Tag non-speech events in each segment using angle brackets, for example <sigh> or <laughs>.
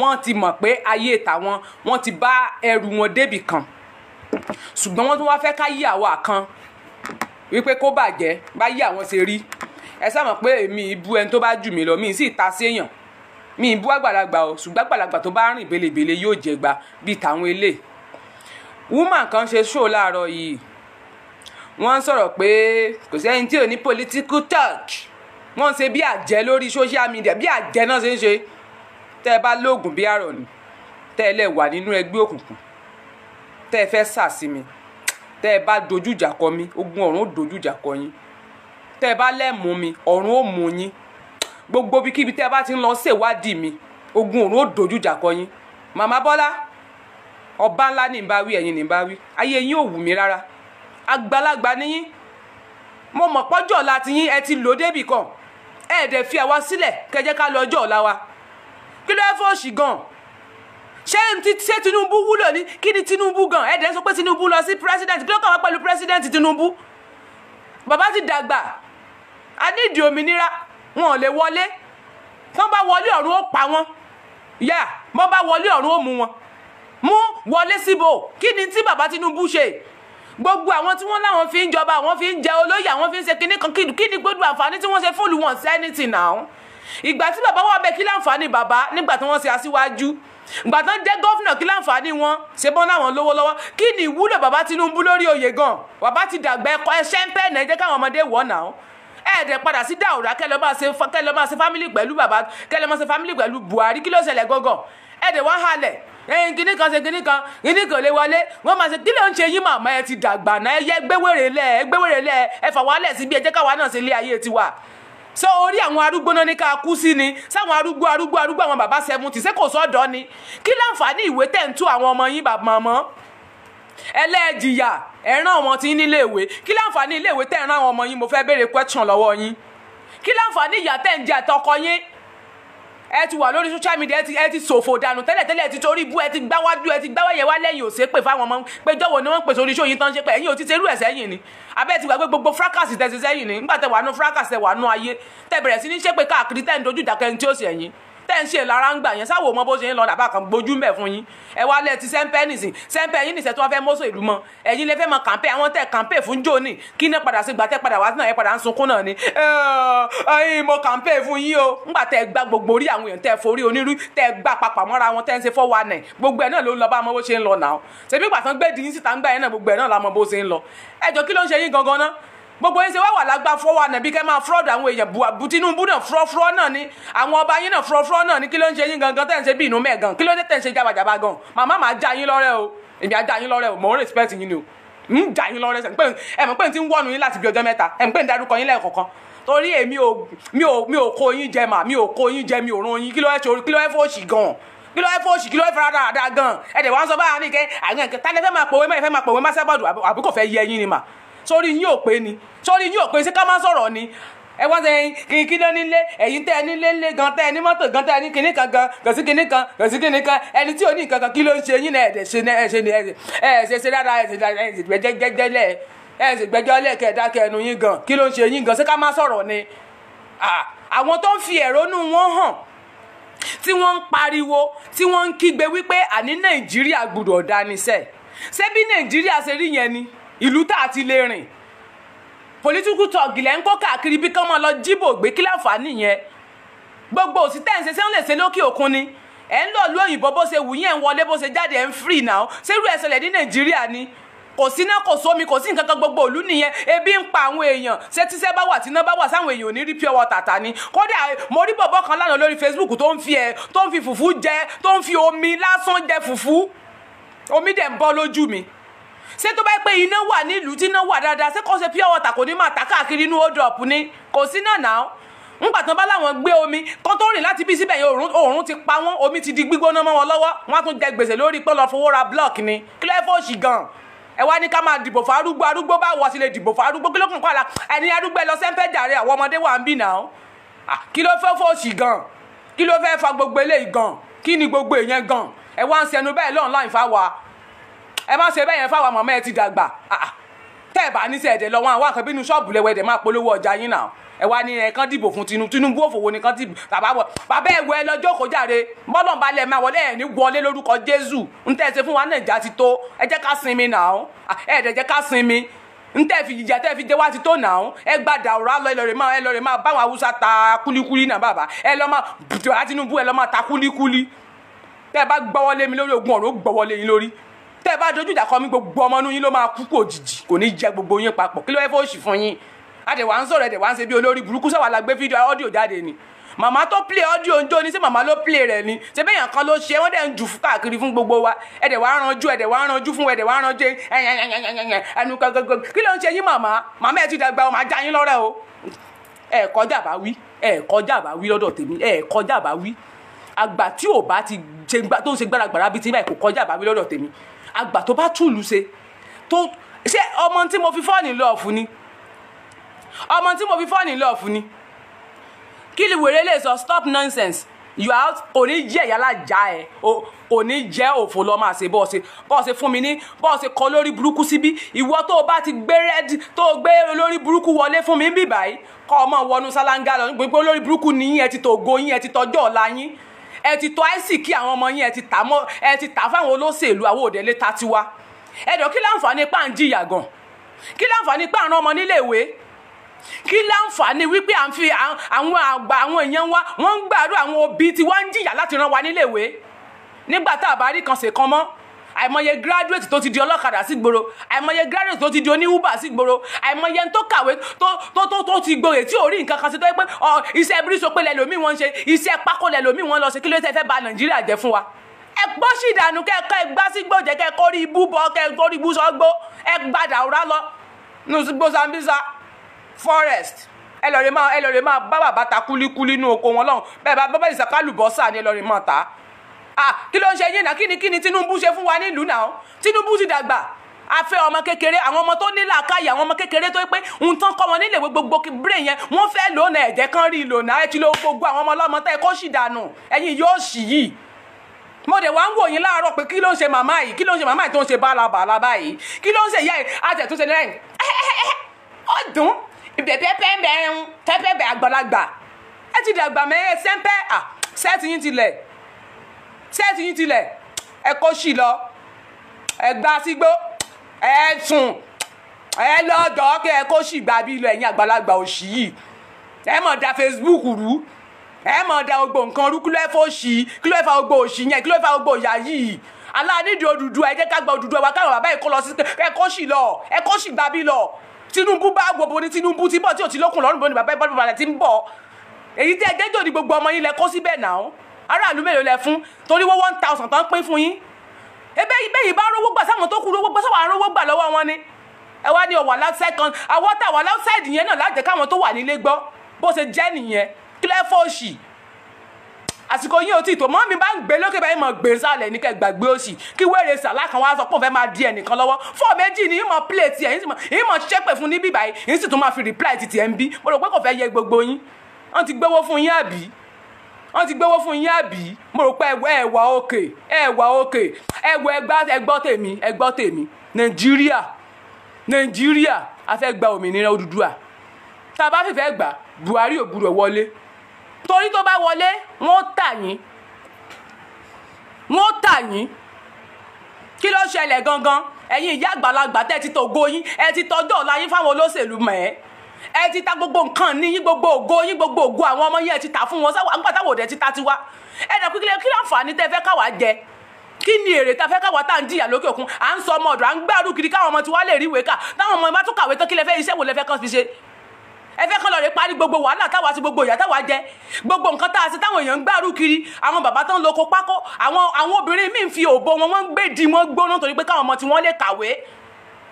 wọ́n ti mọ̀ pé ayé tàwọn wọ́n ti bá ẹrù wọn débì kan ṣùgbọ́n wọ́n tún wá fẹ́ ká yí àwa kan wípé kó bàjẹ́ bá yí àwọn ṣe rí ẹ sáà pé èmi ìbú ẹni tó bá jù mí lọ mi sì ta sí èèyàn mi ìbú àgbàlagbà o ṣùgbọ́n àgbàlagbà tó bá rìn belebèle yóò jẹgba bíi tàwọn elé woman kan ṣe ṣó láàárọ̀ yìí wọ́n sọ̀rọ̀ pé kò sẹ́ni tí ò ní political touch. wọ́n ṣe bí àjẹ́ lórí social media bí àjẹ́ náà ṣe ń ṣe. tẹ́ bá lóògùn bí àrò ni tẹ́ ẹ lè wà nínú ẹgbẹ́ òkùnkùn tẹ́ ẹ mi ẹ bá dojújà kọ mi ogun ọ̀run ó dojújà kọ yín tẹ́ ẹ bá mi ọ̀run ó mú yín gbogbo ibikíbi tẹ́ bá ti ń lọ ṣèwádìí mi ogun ó kọ yín màmá ọba ńlá ní wí ní wí ayé yín ò mo mọ̀ pọ́jọ́ ọ̀la ẹ ti kan ẹ̀ẹ́dẹ̀ fi àwa sílẹ̀ kẹjẹ́ ká lọ ọjọ́ wa. kí ló fẹ́ fòṣì gan ṣé ṣé Tinubu wúlò ní kí ni Tinubu gan ẹ̀dẹ̀ sọ pé Tinubu lọ sí president kí ló kàn wá pẹ̀lú president Tinubu bàbá ti dàgbà a ní ìdí òmìnira wọn ò lè wọlé tán bá wọlé ọ̀run ó pa wọn yá mọ́ bá wọlé ọ̀run ó mú wọn mú wọlé síbò kí ni tí bàbá Tinubu ṣe gbogbo àwọn tí wọ́n láwọn fi ń jọba àwọn fi ń jẹ olóyè àwọn fi ń ṣe kíní kan kí ni gbogbo àǹfààní tí wọ́n ṣe fún olùwọ̀n sẹ́nitì náà ìgbà tí bàbá wà bẹ́ẹ̀ kí láǹfààní bàbá nígbà tí wọ́n ṣe aṣíwájú ìgbà tí wọ́n jẹ́ gọ́fìnà kí láǹfààní wọn ṣe bọ́n láwọn lówó lọ́wọ́ kí ni ìwúlò bàbá Tinubu lórí oyè gan bàbá ti dàgbà ẹ̀kọ́ ẹṣẹ́ ń pẹ́ẹ́ náà ẹ jẹ́ káwọn ọmọdé wọ̀ náà ẹ̀ẹ́dẹ̀ padà sí Daura kẹ́lẹ́ máa ṣe fámìlì pẹ̀lú bàbá kẹ́lẹ́ máa ṣe fámìlì pẹ̀lú Buhari kí ló ṣẹlẹ̀ gangan ẹ̀ẹ́dẹ̀ wá halẹ̀ ẹyin kìíní kan ṣe kìíní kan kìíní kan lè wọlé wọn máa ṣe kí ló ń ṣe yín màmá ẹ ti dàgbà náà ẹ yẹ gbéwèrè lẹ gbéwèrè lẹ ẹ fà wálẹ̀ síbi ẹ jẹ́ káwa náà ṣe ilé ayé tiwa ṣé orí àwọn arúgbó náà ní ká kú sí ni sáwọn arúgbó arúgbó arúgbó àwọn bàbá seventy ṣé kò sọ́dọ̀ ni kí láǹfààní ìwé tẹ̀ ń tú àwọn ọmọ yín bàbá mọ́ ẹlẹ́ẹ̀jìyà ẹ̀ràn wọn ti níléèwé kí láǹfààní iléèwé tẹ̀ ń rán àwọn ọmọ yín mo fẹ́ béèrè question lọ́wọ́ yín kí láǹfààní ìyà tẹ̀ ń jẹ àtọkọ yín ẹ ti wà lórí social media ẹ ti ṣòfò dànù tẹ́lẹ̀tẹ́lẹ̀ ẹ ti torí ibú ẹ ti gbá wájú ẹ ti gbá wẹ̀yẹ̀ wá lẹ́yìn òsè pè fáwọn ọmọ pé jọ̀wọ́ ni wọ́n ń pèsè orí iṣẹ́ òyìn tán ṣe pé ẹ̀yin ò ti ṣerú ẹ̀ sẹ́yìn ni abẹ́ ti gbàgbé gbogbo fracas tẹ̀sí sẹ́yìn ni nígbà tẹ wà nù fracas tẹ wà nù ayé tẹ bẹ̀rẹ̀ sí ní ṣépè káàkiri tẹ̀ ń dojú ìdákẹ́ni tí ó sì ẹ̀yìn tẹ́ ń ṣe lára ń gbà yẹn sáwò mọ bó ṣe ń lọ nàbà kan gbójú mẹ́ fún yín ẹ wá lẹ́ ti sẹ́ńpẹ́ nìsín sẹ́ńpẹ́ yín nìṣẹ́ tí wọ́n fẹ́ mọ́sọ̀ ìlú mọ́ ẹ̀yin lè fẹ́ mọ kàńpẹ́ àwọn tẹ̀ kàńpẹ́ fún jóni kí ní padà sí gbà tẹ́ padà wá sí náà ẹ padà ń sunkún náà ni ẹ̀yin mo kàńpẹ́ fún yín o ńgbà tẹ́ gba gbogbo orí àwọn èèyàn tẹ́ forí onírú tẹ́ gba papà mọ́ra wọn tẹ́ ń ṣe fọ́ wa nẹ̀ gbogbo ẹ̀ náà ló ń lọ bá mọ bó ṣe ń lọ náà ṣèbí gbàtàn gbé dín síta ń gbà yẹn náà gbogbo ẹ̀ náà la mọ bó ṣe ń gbogbo yín ṣe wá wà lágbá fọwọ́ ànàbí kẹ́ máa fúrọ́ọ̀dù àwọn èèyàn bu Tinubu náà fúrọ́fúrọ́ náà ni àwọn ọba yín náà fúrọ́fúrọ́ náà ni kí ló ń ṣe yín gangan tẹ̀ ń ṣe bí inú mẹ́ẹ̀ gan kí ló dé tẹ̀ ń ṣe jàbàjàbà gan màmá màá já yín lọ́rẹ́ o èmi á já yín lọ́rẹ́ o mò ń respect yín ni o ń já yín lọ́rẹ́ ẹ̀ mọ̀ pé n ti ń wọ́nu yín láti bí ọjọ́ mẹ́ta ẹ̀ mọ̀ pé n darúkọ yín lẹ́ẹ̀kọ̀kan torí èmi ò mi ò mi ò kó yín jẹ mà mi ò kó yín jẹ mi ò ràn yín kí ló ẹ torí kí ló ẹ fòṣì gan kí ló ẹ fòṣì kí ló ẹ fara dáadáa gan ẹ dẹ̀ wá ń sọ báyà ní kẹ́ àyàn kẹ́ tálẹ́ fẹ́ máa pòwe mẹ́ fẹ́ máa pòwe má sábàdù àbí kò fẹ́ yẹ yín ni mà sórí yín ò pé ni sórí yín ò pé ṣé ká má sọ̀rọ̀ ni ẹ wá sẹ́yìn kí kí ló nílé ẹ̀yin tẹ́ ẹ nílé ńlé gan tẹ́ ẹ ní mọ́tò gan tẹ́ ẹ ní kinní kan gan gàsí kinní kan gàsí kinní kan ẹni tí ò ní nǹkan kan kí ló ń ṣe yín náà ẹ̀ ṣe ẹ̀ ṣe ẹ̀ ṣe ṣe dára ẹ̀ ṣe dára ẹ̀ ṣe gbẹ́jẹ́ gbẹ́jẹ́ ẹ̀ ṣe gbẹ́jọ́ lẹ̀ kẹ̀dá kẹnu yín gan kí ló ń ṣe yín gan ṣé ká má sọ̀rọ̀ ni àwọn tó ń fi ẹ̀rónú wọn hàn tí wọ́n ń pariwo tí wọ́n ń kígbe wípé àní Nàìjíríà gbọ́dọ̀ dánisẹ̀ ṣé bí Nàìjíríà ṣe rí yẹn ni ìlú tá a ti lè rìn political talk ilẹ̀ ń kó káàkiri bí kán máa lọ jíbò gbé kí láǹfààní yẹn gbogbo òsì tẹ́ ń ṣe sẹ́wọ́n lè ṣe lókè òkun ni ẹ̀ ń lọ ìlú òyìnbó bó ṣe wù yín ẹ̀ ń wọlé bó ṣe jáde ẹ̀ ń free now ṣerú ẹ̀ ṣẹlẹ̀ ní nàìjíríà ni kò sí náà kò sómi kò sí nǹkan kan gbogbo òlú nìyẹn ebi ń pa àwọn èèyàn ṣé tíṣẹ́ bá wà tíná bá wà sáwọn èèyàn ò ní rí pure water ta ni kódà mo rí bọ̀bọ̀ kan lánàá lórí Facebook tó ń fi ẹ tó ń fi fùfú jẹ tó ń fi omi lásán jẹ fùfú omi dẹ̀ ń bọ́ lójú mi ṣé tó bá yẹ pé iná wà nílùú tí iná wà dáadáa ṣé kò ṣe pure water kò ní máa ta káàkiri inú hold up ni kò sí náà náà ńgbà tán bá láwọn gbé omi kan tó rìn láti bí síbẹ̀ yẹn òórùn òórùn ti pa wọ́n omi ti di gbígbóná mọ́ wọn lọ́wọ́ wọ́n á tún jẹ gbèsè lórí pé lọ́ọ́ fowó ra block ni kílẹ́fọ́ọ̀ṣì gan-an ẹ wá ní ká máa dìbò fún arúgbó arúgbó bá wọ́n sì lè dìbò fún arúgbó kí ló kàn kọ́ àlà ẹni arúgbó ẹ lọ sẹ́ńpẹ́ jàre àwọn ọmọdé wà ń bì náà kí ló fẹ́ fọ́ọ̀ṣì gan-an kí ló fẹ́ fa gbogbo eléyìí gan-an kí ni gbogbo èèyàn gan-an ẹ wá ń sẹnu bẹ́ẹ̀ lọ́nà láì fáwa ẹ má ṣe bẹ́ẹ̀ yẹn fáwọn màmá ẹ ti dàgbà ah, ah. tẹ́ ẹ bá ní sẹ́ ẹ̀dẹ̀ lọ́wọ́ àwọn àkànbínú ṣọ́ọ̀bù lẹ́wọ̀ ẹ̀dẹ̀ máa polówó ọjà yín náà ẹ wá ní ẹ fún Tinubu Tinubu òfòwò ni kàn dìbò bàbá wọ bàbá ẹ ẹ lọ́jọ́ kó jàre bọ́lọ̀ bá máa wọlé lórúkọ Jésù ti tó ah, fi jìjà ti tó nà án ẹ gba báwọn tẹ́ ẹ bá dojú ìjà kọ mi gbogbo ọmọ inú yín ló máa kú kò jìjì kò ní jẹ gbogbo yín papọ̀ kí ló fẹ́ fòṣì fún yín àdèwà ń sọ̀rọ̀ ẹ̀dẹ̀wà ń ṣe bí olórí burúkú sẹ́wà la gbé fídíò ọ́díò jáde ni màmá tó play audio njó ni ṣé màmá ló play rẹ̀ ni ṣé bẹ́ẹ̀ yàn kan ló ṣe wọ́n dẹ̀ ń jù fún káàkiri fún gbogbo wa ẹ̀dẹ̀ wàá ranjú ẹ̀dẹ̀ wàá ranjú fún ẹ̀dẹ̀ wàá ranjú ẹnu kankan kí ló ń ṣe yín màmá màmá ẹ̀ ti dàgbà ọ̀ màá já yín lọ́rẹ́ o ẹ̀ kọjá bá wí ẹ̀ kọjá bá wí lọ́dọ̀ tèmi ẹ̀ kọjá bá wí àgbà tí ò bá ti ṣe tó ń ṣe gbáragbára bíi ti báyìí kò kọjá bá wí lọ́dọ̀ tèmi àgbà tó bá túlù ṣe tó ṣé ọmọ tí mo fi fọ́ọ̀nì lọ́ọ̀fù ni ọmọ tí mo fi fọ́ọ̀nì lọ́ọ̀fù ni kí ni wèrè lè sọ stop nonsense you out kò ní jẹ́ ìyálà já ẹ̀ kò ní jẹ́ òfò lọ́ máa ṣe bọ́ọ̀ṣe bọ́ọ̀ṣe fún mi ní bọ́ọ̀ṣe kọ lórí burúkú síbí ìwọ tó o bá ti gbé rẹ́d tó o gbé lórí burúkú wọlé fún mi ń bì báyìí kọ́ ọmọ wọnú sálángà lọ gbogbo lórí burúkú nìyí ẹ ti tògo yín ẹ ti tọjọ́ ọ̀la yín ẹ ti tọ́ àìsí kí àwọn ọmọ yín ẹ ti tà mọ́ ẹ ti tà fáwọn olóṣèlú àwọn òdèlé ta tiwa ẹ̀dọ̀ kí láǹfààní pa ń jìyà gan kí láǹfààní pa àrùn ọmọ nílé ìwé kí láǹfààní wípé à ń fi àwọn àgbà àwọn èèyàn wa wọ́n ń gbàdúrà àwọn òbí tiwa ń jìyà láti ràn wá nílé ìwé nígbà tá a bá rí kan ṣe kan mọ́ àìmọye graduate tó ti di ọlọ́kadà sí gbòòrò àìmọye graduate tó ti di oníwúbà sí gbòòrò àìmọye tó kàwé tó tó tó ti gbòòrè tí ò rí nǹkan kan sí tó yẹ pé ọ iṣẹ́ bíríṣọ pé lẹ́lòmíì wọ́n ń ṣe iṣẹ́ pákó lẹ́lòmíì wọ́n lọ ṣe kí ló tẹ́ fẹ́ ba nàìjíríà jẹ́ fún wa ẹ gbọ́ sí ìdànù kẹ́ẹ̀kọ́ ẹgbá sí gbòjẹ́ kẹ́ẹ̀kọ́ rí ibú bọ́ kẹ́ẹ̀kọ́ rí ibú sọ́gbó ẹ gbàdà ọ̀rá lọ nùsùgbò forest ẹ lọ́ọ́ rí máa bá bàbá ta kúlíkúlí nínú oko wọn lọ́hùn bẹ́ẹ̀ bá bàbá ìsàkálù bọ́sà ni ẹ lọ́ọ́ rí máa ta Ah, kí ló ń ṣe yín náà kí ni kí ni Tinubu ṣe fún wa nílùú náà Tinubu ti dàgbà afẹ́ ọmọ kékeré àwọn ọmọ tó ní làákàyè àwọn ọmọ kékeré tó pé ń tán kọ́ wọn nílé gbogbo brain yẹn wọ́n fẹ́ lónà ẹ̀jẹ̀ kan rí lónà ẹ̀ tí ló gbogbo àwọn ọmọ ọlọ́mọ tẹ́ kó sì dànù ẹ̀yin yóò sì yìí mo dẹ̀ wá ń wò yín láàárọ̀ pé kí ló ń ṣe màmá yìí kí ló ń ṣe màmá yìí tó ń ṣe bálabàla báyìí kí ló ń ṣe ìyá yìí àtẹ̀túnṣe lẹ́yìn ó dùn ìbẹ̀bẹ̀ pẹ́ńbẹ̀ ń pẹ́pẹ́bẹ̀ àgbàlagbà ẹ ti dàgbà mẹ́ ẹ sẹ́ńpẹ́ à sẹ́ẹ̀tì yín tilẹ̀ sẹ́ẹ̀tì yín tilẹ̀ ẹ kó sì lọ ẹ gbá sígbó ẹ sùn ẹ lọ́dọ̀ kí ẹ kó sì gbà bí ilẹ̀ yín àgbàlagbà òṣì yìí ẹ mọ̀ da Facebook rú ẹ mọ̀ da gbogbo nǹkan rú kí ló fẹ́ òṣì kí ló fẹ́ gbogbo òṣì yẹn kí ló fẹ́ gbogbo ìyá yìí aláànídìí òdùdú ẹ jẹ́ ká gba òdùdú ẹ wá káwọn bàbá ìkó lọ sí ẹ kó sì lọ ẹ kó sì gbà bí lọ Tinubu bá gbogbo ní Tinubu ti bọ̀ tí ò ti lókun lọ́rùn bọ́ ni bàbá ìbọn bàbá rẹ̀ ti ń bọ̀ èyí tí ẹ jẹ́jọ́ ni gbogbo ọmọ yín lẹ kó síbẹ̀ náà aráàlú mélòó lẹ fún torí wọ́n one thousand tán pín fún yín ebe ibẹ̀ yìí bá rówó gbà sáwọn tó kú rówó gbà sáwọn arówó gbà lọ́wọ́ wọn ni ẹ wá ní ọ̀wà outside kan àwọn táwọn outside yẹn náà láti káwọn tó wà nílé gbọ́ bó ṣe jẹ́ nìyẹn kílẹ̀ fọ́ọ̀ṣì àsìkò yín ò tí tó mọ́ mi bá ń gbé lókè báyìí mọ̀ gbé sálẹ̀ ní kẹgbàgbé òsì kí wéèrè sàlá kan wá sọ pé òun fẹ́ máa di ẹnìkan lọ́wọ́ fọ́ méjì ni ìmọ̀ plate ẹ̀ ìmọ̀ ṣépè fún níbí báyìí ìyín sì tún máa fi reply ti tiẹ̀ ń bí mo rò pé kò fẹ́ yẹ gbogbo yín wọ́n ti gbowó fún yín àbí wọ́n ti gbowó fún yín àbí mo rò pé ẹ̀wà òkè ẹ̀wà òkè ẹ̀wà ẹgbà ẹgbọ́ tèmi ẹgbọ́ tèmi nàìjíríà nàìjíríà a fẹ́ gba òmìnira Odùduwà tá a bá fẹ́fẹ́ gbà Buhari ò gbúdọ̀ wọlé torí tó bá wọlé wọ́n tà yín wọ́n tà yín kí ló ṣẹlẹ̀ gangan ẹ̀yin ìyá àgbàlagbà tẹ́ ti tògo yín ẹ ti tọjọ́ ọ̀la yín fáwọn olóṣèlú mẹ́ẹ́ ẹ ti ta gbogbo nǹkan ní yín gbogbo ògo yín gbogbo ògo àwọn ọmọ yín ẹ ti ta fún wọn sáwà nígbà táwọn ti ta tiwa ẹ dẹ̀ kíkílẹ̀ kí láǹfààní tẹ́ fẹ́ káwa jẹ kí ni èrè tá fẹ́ káwa tá à ń jìyà lókè òkun à ń sọ ọmọ ọ̀dọ̀ à ń gbárù kiri káwọn ọmọ tiwa lè rí ìwé kà táwọn ọmọ ẹ bá tún kàwé tán kí lẹ fẹ́ iṣẹ́ wo lẹ fẹ́ kàn fi ṣe ẹ fẹ́ kán lọ rè parí gbogbo wàhálà táwa sí gbogbo ìyà táwa jẹ gbogbo nǹkan tá a ṣe táwọn èèyàn ń gbàrú kiri àwọn bàbá tó ń pákó àwọn obìnrin míì fi òbò wọn wọn ń gbèdì wọn gbóná torí pé káwọn ọmọ tí lè kàwé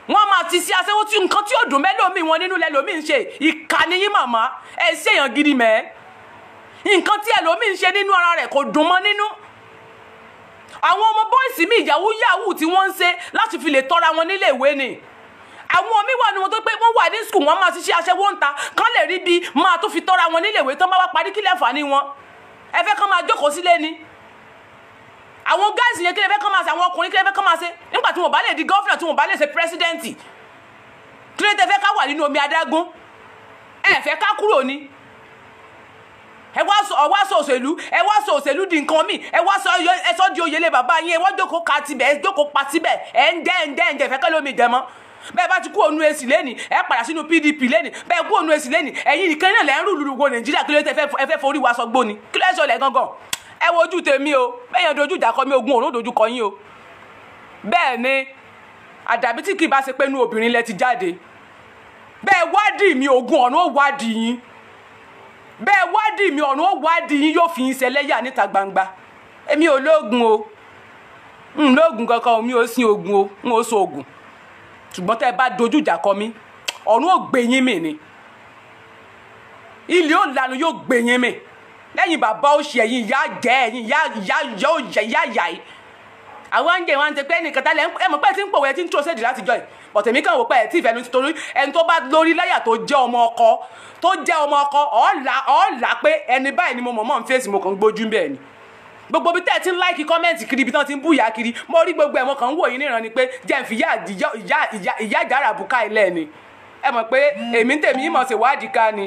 wọ́n máa ti ṣe aṣẹ́wó tí nǹkan tí ò dùn mẹ́lòmíì wọn nínú lẹ́lòmíì ń ṣe ìkànnì yín màmá ẹ̀ ń ṣèyàn gidi mẹ́ẹ́ nǹkan tí ẹlòmíì ń ṣe nínú ara rẹ̀ kò dùn mọ́ nínú àwọn ọmọ bọ́ìsì mi ìyàwó yahoo tí wọ́n ń ṣe láti fi lè tọ́ra wọn nílé ìwé ni àwọn míì wà ní wọn tó pé wọ́n wà ní skul wọ́n máa ṣiṣẹ́ aṣẹ́wó ń ta kán lè rí bí máa tó fi tọ́ra wọn nílé ìwé tán bá wá parí kílẹ̀ fà ní wọn ẹ fẹ́ kán máa jókòó sílé ni àwọn guys yẹn kílẹ̀ fẹ́ kọ́ máa ṣe àwọn ọkùnrin kílẹ̀ fẹ́ kọ́ máa ṣe nígbà tí wọn bá lè di gọ́fìnà tí wọn bá lè ṣe pírẹsidẹ́ǹtì kílẹ̀ tẹ fẹ́ ká wà nínú omi adágún ẹ fẹ́ ká kúrò ni ẹ wá sọ ọ wá sọ òṣèlú ẹ wá sọ òṣèlú di nǹkan míì ẹ wá sọ ẹ sọ di oyèlé bàbá yín ẹ wá jókòó ka tibẹ̀ ẹ jókòó pa síbẹ̀ ẹ ń dẹ́ ẹ ń dẹ́ ẹ ń jẹ fẹ́ kẹ́ lómi dẹ mọ́ bẹ́ẹ̀ bá ti kú ònú èsì lẹ́nì ẹ padà sínú PDP lẹ́nì bẹ́ẹ̀ kú ònú èsì lẹ́nì ẹ̀yin nìkan náà lẹ́ ń rúlu wo Nàìjíríà kí ló tẹ́ fẹ́ forí wa sọ gbóni kí ló ẹ sọ lẹ́ gangan. ẹ wojú tèmi o bẹ́yẹn dojú mi ogun òun dojú kọ yín o bẹ́ẹ̀ ni àdàbí tí kì í bá ti jáde bẹ́ẹ̀ wádìí mi ogun ọ̀run ó wádìí yín bẹ́ẹ̀ wádìí mi ọ̀run ó wádìí yín yóò fi yín ṣẹlẹ́yà níta gbangba èmi ò o n lóògùn kankan mi ò sin o n ò so oògùn ṣùgbọ́n tẹ́ ẹ bá dojú mi ni ilé ò lẹ́yìn bàbá òṣì ẹ̀yìn ìyá jẹ́ ẹ̀yìn ìyá ìyá yọ òjẹ́ ìyá ìyá yìí àwọn oúnjẹ wa ń tẹ pé ẹnìkan tálẹ̀ ẹ mọ̀ pé ẹ ti ń pòwe ẹ ti ń tó ṣèdí látijọ́ yìí bọ̀tẹ̀ mi kàn wò pé ẹ ti ìfẹ́nu torí ẹni tó bá lórí láyà tó jẹ́ ọmọ ọkọ tó jẹ́ ọmọ ọkọ ọ̀la ọ̀la pé ẹni báyìí ni mo mọ̀ mọ́ ń fèsì mo kàn ń gbójú bẹ́ẹ̀ ni gbogbo bí tẹ́ẹ̀ ti ń láìkí kọ́mẹ́ǹtì kiri ibi tán ti ń búyà kiri mo rí gbogbo ẹ̀mọ́ kan ń wò yín níran ni pé jẹ́ ń fi ìyá ìyá ìyá ìjára bùká ilẹ̀ ni ẹ mọ̀ pé èmi ń tèmi yìí mọ̀ ṣèwádìí ká ni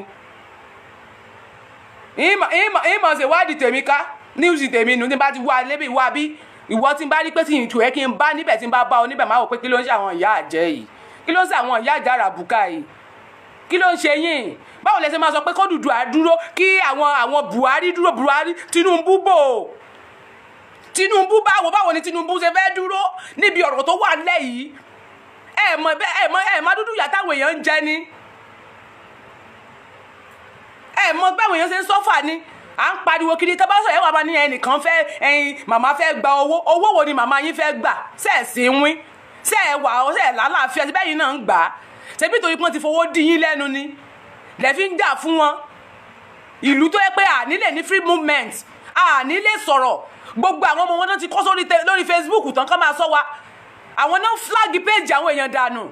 ìmọ̀ ṣe wádìí tèmi ká níwùsì tèmi nù tí n bá ti wá lébè wá bí ìwọ tí n bá rí pé tí n tù ẹ́ kí n bá níbẹ̀ tí n bá bá ọ níbẹ̀ máa wò pé kí ló ń ṣe àwọn ìyá àjẹ́ yìí kí ló ń ṣe àwọn ìyá àjẹ́ àràbùkà yìí kí ló ń ṣe yín báwo lẹ ṣe máa sọ pé kó àdúró kí àwọn àwọn Buhari dúró Buhari Tinubu bò Tinubu báwo báwo ni Tinubu ṣe fẹ́ dúró níbi ọ̀rọ̀ tó wà lẹ́yìn ẹ̀ mọ̀ ẹ̀ mọ̀ yàtàwọn èèyàn ń jẹ ni ẹ mọ báwọn èèyàn ṣe ń sọ́fà ni à ń pariwo kiri tó bá sọ̀rọ̀ ẹ̀wọ̀n abáni ẹnìkan fẹ́ ẹyin màmá fẹ́ gba owó owó wo ni màmá yín fẹ́ gbà sẹ́ẹ̀sì ń wín sẹ́ẹ̀ wà ó sẹ́ẹ̀ lálàáfíà ṣe bẹ́yìn náà ń gbà á ṣebí torí pọ́n ti fowó dín yín lẹ́nu ni lẹ́fí ń jà fún wọn ìlú tó yẹ pé àní lè ní free movement àní lè sọ̀rọ̀ gbogbo àwọn ọmọ wọn náà ti kọ́ sórí Facebook tán kán máa sọ wa àwọn náà flag page àwọn èèyàn dànù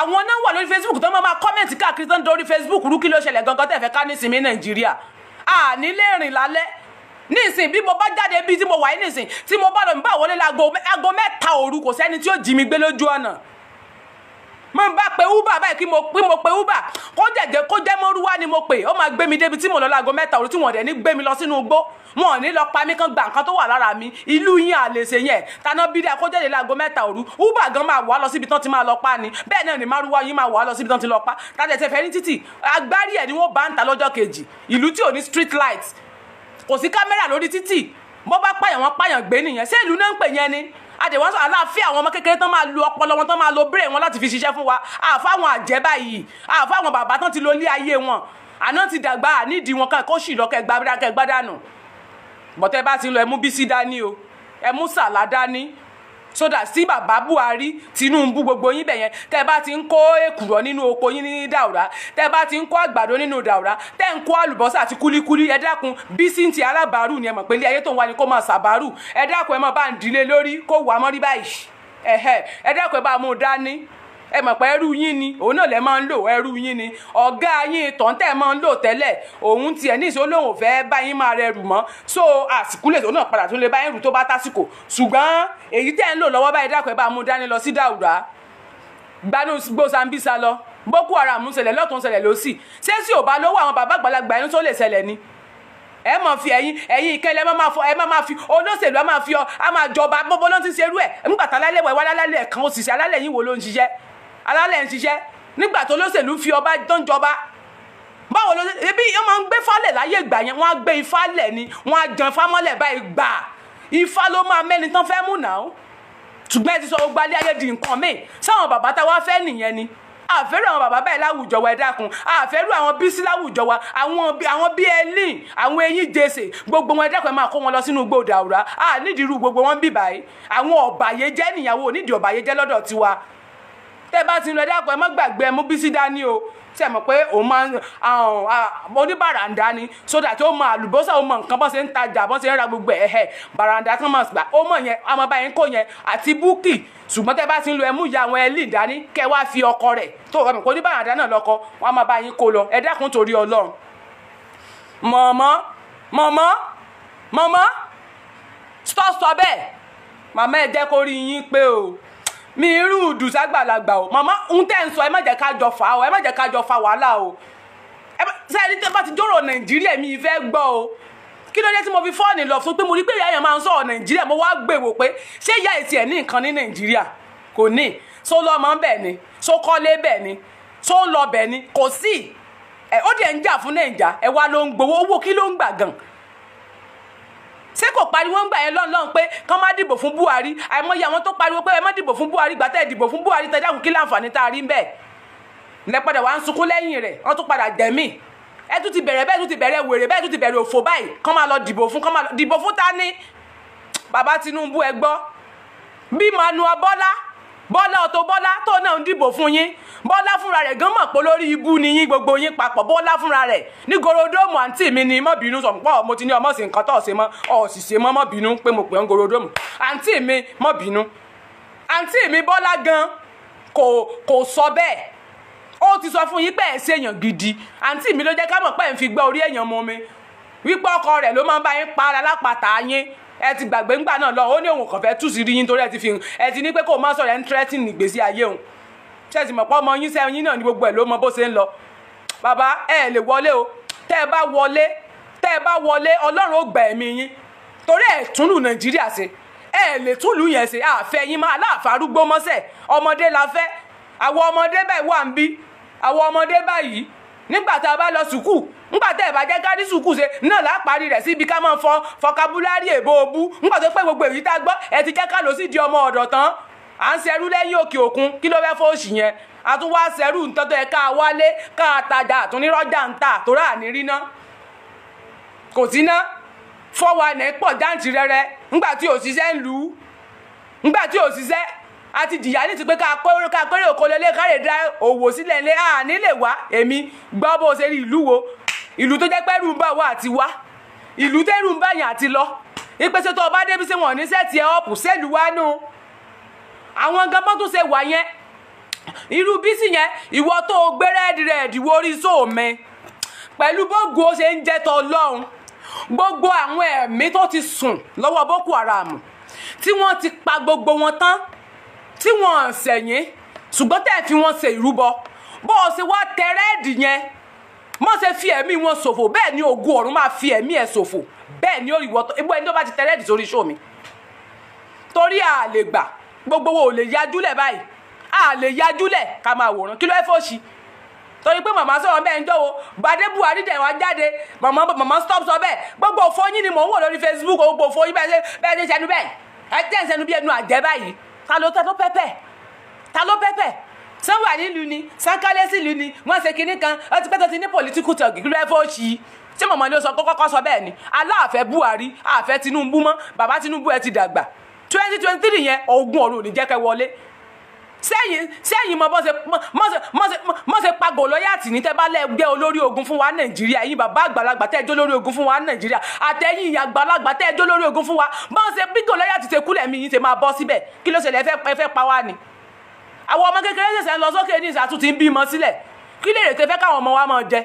àwọn náà wà lórí facebook tó máa máa kọ́mẹ̀ntì káàkiri tó ń dorí facebook rú kí ló ṣẹlẹ̀ gangan tẹ̀fẹ́ ká nísìnyí nàìjíríà àní lè rìn lálẹ́ nísìn bí mo bá jáde bíi tí mo wà yìí nísìn tí mo bá lọ bá wọlé láago mẹ́ta òru kò sẹ́ni tí ó jí mi gbé lójú ọ̀nà mo bá pe uber báyìí kí mo pé mo pe uber kó jẹ̀jẹ̀ kó jẹ́ mọ́rúwá ni mo pè ó máa gbé mi débi tí mo lọ láago mẹ́ta òru tí wọ́n dẹ̀ ní gbé mi lọ sínú igbó wọn ní lọ pa mí kán gba nǹkan tó wà lára mi ìlú yín àlèṣe yẹn taná bídà kó jẹ́jẹ̀ láago mẹ́ta òru uber gan máa wà lọ síbi tán ti máa lọ pa ni bẹ́ẹ̀ náà ni márúwá yín máa wà lọ síbi tán ti lọ pa tàdé tẹfẹ́ ní títì agbárí ẹ̀ ni wọ́n bá ń ta lọ́jọ́ kejì ìlú tí ò ní street light kò sí kámẹ́rà lórí títì bó bá pààyàn wọn pààyàn gbé nìyẹn ṣé ìlú náà ń pè yẹn ni àdèwọ́n sọ àláfíà àwọn ọmọ kékeré tán máa lo ọpọlọ wọn tán máa lo brain wọn láti fi ṣiṣẹ́ fún wa àfáwọn àjẹ́ báyìí àfáwọn bàbá tán ti lo ilé ayé wọn àná ti dàgbà àníìdí wọn kan kó sì lọ kẹgbàdànù bọ̀tẹ́ bá ti lọ ẹ mú Bísí dání o ẹ mú Sàlá dání so that sí bàbá Buhari Tinubu gbogbo yín bẹ̀yẹn tẹ́ bá ti ń kó èkùrọ́ nínú oko yín ní Daura tẹ́ bá ti ń kó àgbàdo nínú Daura tẹ́ ń kó àlùbọ́sà àti kúlíkúlí ẹ dákun Bísíntì alábàárù ni ẹ mọ̀ pé ilé ayé tó ń wá ni kó máa ṣàbàárù ẹ dákun ẹ mọ̀ bá ń dilé lórí kó wà mọ́rí báyìí ẹ̀hẹ́ ẹ dákun ẹ bá mú dání ẹ mọ̀ pé ẹrú yín ni òun náà lẹ máa ń lò ẹrú yín ni ọ̀gá yín tọ̀ǹtẹ̀ máa ń lò tẹ́lẹ̀ òun tiẹ̀ ní ìṣó lòun fẹ́ bá yín máa rẹrù mọ́ so àsìkúlẹ̀ tó náà padà tó lè bá yín rù tó bá tásìkò ṣùgbọ́n èyí tẹ́ ń lò lọ́wọ́ báyìí dákọ̀ ẹ bá mú dání lọ sí Daura gbanú gbó Sambisa lọ Boko Haram ń ṣẹlẹ̀ lọ́tún ṣẹlẹ̀ lọ́sì ṣé sì ò bá lówó àwọn bàbá àgbàlagbà ẹni tó lè ṣẹlẹ̀ ni ẹ mọ fi ẹyin ẹyin ìkẹlẹ ẹ máa fọ ẹ máa fi olóṣèlú ẹ máa fi ọ a máa jọba gbogbo ló ti ṣerú ẹ nígbà tá alálẹ̀ wẹ̀ wá alálẹ̀ kan òṣìṣẹ́ alálẹ̀ yín wo ló ń ṣiṣẹ́ alálẹ̀ ń ṣiṣẹ́ nígbà tó lóṣèlú fi ọba tó ń jọba báwo ló ebi wọn máa ń gbé falẹ̀ láyé ìgbà yẹn wọ́n á gbé ifá lẹ̀ ni wọ́n á jan fámọ́lẹ̀ báyìí gbà ifá ló máa mẹ́ni tán fẹ́ mú náà ṣùgbọ́n ẹ ti sọ gbogbo alẹ́ ayé di nǹkan míì sáwọn bàbá tá wàá fẹ́ nìyẹn ni àfẹ́rù àwọn bàbá báyìí láwùjọ wa ẹ dákun àfẹ́rù àwọn bísí láwùjọ wa àwọn bíi ẹlín àwọn eyín jèsè gbogbo wọn ẹ dákun ẹ máa kó wọn lọ sínú igbó dàwúrà à nídìí irú gbogbo wọn bíbáyìí àwọn ọ̀bàyéjẹ́ nìyàwó nídìí ọ̀bàyéjẹ́ lọ́dọ̀ tiwa tẹ́ bá ti lọ ẹ dákun ẹ má mú Bísí dání o tí ẹ mọ̀ pé òun máa ń oníbàràǹdà ni sódà tí ó mọ àlùbọ́sà ó mọ nǹkan bọ́n ń tajà bọ́n ń ra gbogbo ẹ̀ ẹ̀ bàràǹdà kan mọ̀ sígbà ó mọ̀ yẹn àmọ́ báyìí ń yẹn àti búkì ṣùgbọ́n tẹ́ bá ti ń ẹmú ìyá àwọn ẹlí ìdání kẹ́ wá fi ọkọ rẹ̀ tó ọmọ kò oníbàràǹdà náà lọ́kọ wọn máa báyìí kó lọ ẹ dákun torí Ọlọ́run mọ̀mọ́ mọ̀mọ́ mọ̀mọ́ stop stop bẹ́ẹ̀ màmá ẹ̀ jẹ́ kó rí yín pé o mi irú ìdù ságbàlagbà o màmá ń tẹ́ ń sọ ẹ má jẹ́ ká jọ o ẹ má jẹ́ ká jọ fa wàhálà o sẹ́ni tó bá ti jọ̀rọ̀ nàìjíríà mi ìfẹ́ gbọ́ o kí ló dé mo fi fọ́ọ̀nì lọ fún pé mo rí pé ìyá yẹn máa ń sọ̀rọ̀ nàìjíríà wá pé ṣé ìyá ẹ̀ ní nǹkan ní nàìjíríà kò ní so bẹ́ẹ̀ ni so kọ́lé bẹ́ẹ̀ ni so ń lọ ni kò sí ó dẹ̀ ń jà fún nàìjà gbowó owó kí ló ń ṣé kò pariwo ń gbà yẹn lọ́n lọ́n pé kán má dìbò fún Buhari àìmọye àwọn tó pariwo pé ẹ má dìbò fún Buhari gbà tẹ́ ẹ dìbò fún Buhari tẹ́ dákun kí láǹfààní tá a rí bẹ́ẹ̀ lẹ padà wá ń sunkún lẹ́yìn rẹ̀ wọ́n tún padà dẹ̀mí ẹ tún ti bẹ̀rẹ̀ bẹ́ẹ̀ tún ti bẹ̀rẹ̀ wèrè bẹ́ẹ̀ tún ti bẹ̀rẹ̀ òfò báyìí kán máa lọ dìbò fún kán máa lọ dìbò fún ta ni bàbá Tinubu ẹ gbọ́ bí Manuel Bọ́lá bọ́lá ọ̀tọ̀ bọ́lá tó náà ń dìbò fún yín bọ́lá fúnra rẹ̀ gan mọ̀ pé lórí ibú ni yín gbogbo yín papọ̀ bọ́lá fúnra rẹ̀ ní gorodóòmù àǹtí mi ni mọ́bìnú sọ pé mo ti ní ọmọ sí nǹkan tó ṣe mọ́ ọ̀sì ṣe mọ́ mọ́bìnú pé mo pè ń gorodóòmù àǹtí mi mọ́bìnú àǹtí mi bọ́lá gan kò kò sọ bẹ́ẹ̀ ó ti sọ fún yín pé ẹ̀ ṣe èèyàn gidi àǹtí mi ló jẹ́ ká mọ̀ pé ẹ̀ ń fi gbẹ́ orí èèyàn mọ́ mi wípé ọkọ rẹ̀ ló máa ń bá yín para lápàtà yín ẹ ti gbàgbé ńgbà náà lọ ó ní òun kàn fẹ́ tú sí rí yín torí ẹ ti fi hàn ẹ ti ní pé kó má sọ̀rọ̀ ẹ̀ ń tírẹ́tì nígbèsí ayé òun ṣe ti mọ̀ pé ọmọ yín sẹ́yìn náà ni gbogbo ẹ̀ ló mọ bó ṣe ń lọ bàbá ẹ lè wọlé o tẹ́ ẹ bá wọlé tẹ́ ẹ bá wọlé ọlọ́run ó gbà ẹ̀mí yín torí ẹ̀ tún lù nàìjíríà ṣe ẹ lè tún lù yẹn ṣe àfẹ́ yín máa aláàfarúgbó mọ́sẹ̀ ọmọdé la fẹ́ àwọn ọmọdé báyìí nígbà tá a bá lọ sùkúù nígbà tá ẹ bá jẹ́ kárí sùkúù ṣe náà là á parí rẹ̀ síbi ká máa fọ fọkabúlárì èbó obú nígbà tó pé gbogbo èyí tá a gbọ́ ẹ ti jẹ́ ká lọ sí di ọmọ ọ̀dọ̀ tán à ń ṣerú lẹ́yìn òkè òkun kí ló fẹ́ fóòṣì yẹn a tún wá ṣerú nǹkan tó yẹ ká wálé ká tajà àtúnirọ́jà ń tà tó rà ní rí ná kò sí ná fọwọ́ ẹ̀ pọ̀ jáǹtì rẹ̀rẹ̀ nígbà tí òṣìṣẹ́ ń lù ú nígbà tí òṣìṣẹ́ a ti jìyà ní ti pé ká pẹ́rẹ́ ká pẹ́rẹ́ òkò lẹ́lẹ́ ká lè dá òwò sílẹ̀ lé àní lè wá èmi gbọ́ bó ṣe rí ìlú wo ìlú tó jẹ́ pẹ́rù ń bà wá àti wá ìlú tẹ́rù ń bà yàn àti lọ ìpèsè tó o bá débi ṣe wọ̀n ní sẹ́ẹ̀tì ẹ̀ ọ̀pù sẹ́ẹ̀lù wá nù àwọn gan bó tún ṣe wà yẹn irú bísí yẹn ìwọ tó o gbé rẹ́ẹ̀dì rẹ́ẹ̀dì wo orí sóòmẹ pẹ̀lú bógo ó ṣe ń jẹ́ tọ́ ọlọ́run gbogbo àwọn ẹ̀mí tó ti sùn lọ́wọ́ Boko Haram tí wọ́n ti pa gbogbo wọn tán tí wọ́n ṣẹ̀yìn ṣùgbọ́n tẹ́ ẹ̀ fi wọ́n ṣe ìrúbọ bó o ṣe wá tẹ́rẹ́ẹ̀dì yẹn mọ́ ṣe fi ẹ̀mí wọn ṣòfò bẹ́ẹ̀ ni ògo ọ̀run máa fi ẹ̀mí ẹ̀ ṣòfò bẹ́ẹ̀ ni òyìnbó tó ibú ẹni tó bá ti tẹ́rẹ́ẹ̀dì sórí iṣó mi torí a lè gbà gbogbo wo ò lè yájúlẹ̀ báyìí a lè yájúlẹ̀ ká máa wòran kí ló fẹ́ fòṣì torí pé màmá sọ̀rọ̀ bẹ́ẹ̀ ń jọ́wọ́ gbadé buhari dẹ̀ wá jáde màmá màmá stop sọ bẹ́ẹ̀ gbogbo òfò yín ni mò ń wò lórí facebook gbogbo òfò yín bẹ́ẹ̀ ṣe bẹ́ẹ̀ ṣe ṣẹnu bẹ́ẹ̀ ẹ tẹ́ ń ṣẹnu bí ẹnu àjẹ́ báyìí ta ló tẹ́ tó pẹ́pẹ́ ta ló pẹ́pẹ́ sàn wà nílùú ni sàn kálẹ̀ sílùú ni wọ́n ṣe kinní kan ó ti pẹ́ tó ti ní political talk ìlú ẹ̀ fọ́ọ̀ṣì tí mọ̀mọ́ ni ó sọ kọ́kọ́ sọ bẹ́ẹ̀ ni aláàfẹ́ buhari àfẹ́ tinubu mọ́ bàbá tinubu ẹ ti dàgbà twenty twenty three yẹn ogun ọ̀run ò ní jẹ́ kẹ́ wọlé sẹ́yìn sẹ́yìn mọ bọ́sẹ̀ mọ́sẹ̀ pa Gòlóyàtì ní tẹ́bá lẹ́gbẹ́ olórí ogun fún wa Nàìjíríà ẹ̀yin bàbá àgbàlagbà tẹ́ẹ̀jọ́ lórí ogun fún wa Nàìjíríà àtẹ̀yìn ìyá àgbàlagbà tẹ́ẹ̀jọ́ lórí ogun fún wa bọ́sẹ̀ bí Gòlóyàtì ṣe kúlẹ̀ mi yìí ṣe máa bọ́ síbẹ̀ kí ló ṣẹlẹ̀ ẹ fẹ́ pa wá ni àwọn ọmọ kékeré ṣẹ̀ṣẹ̀ ń lọ sókè ní ìsàtún ń bímọ sílẹ̀ kí lèrè tẹ fẹ́ káwọn ọmọ wa máa jẹ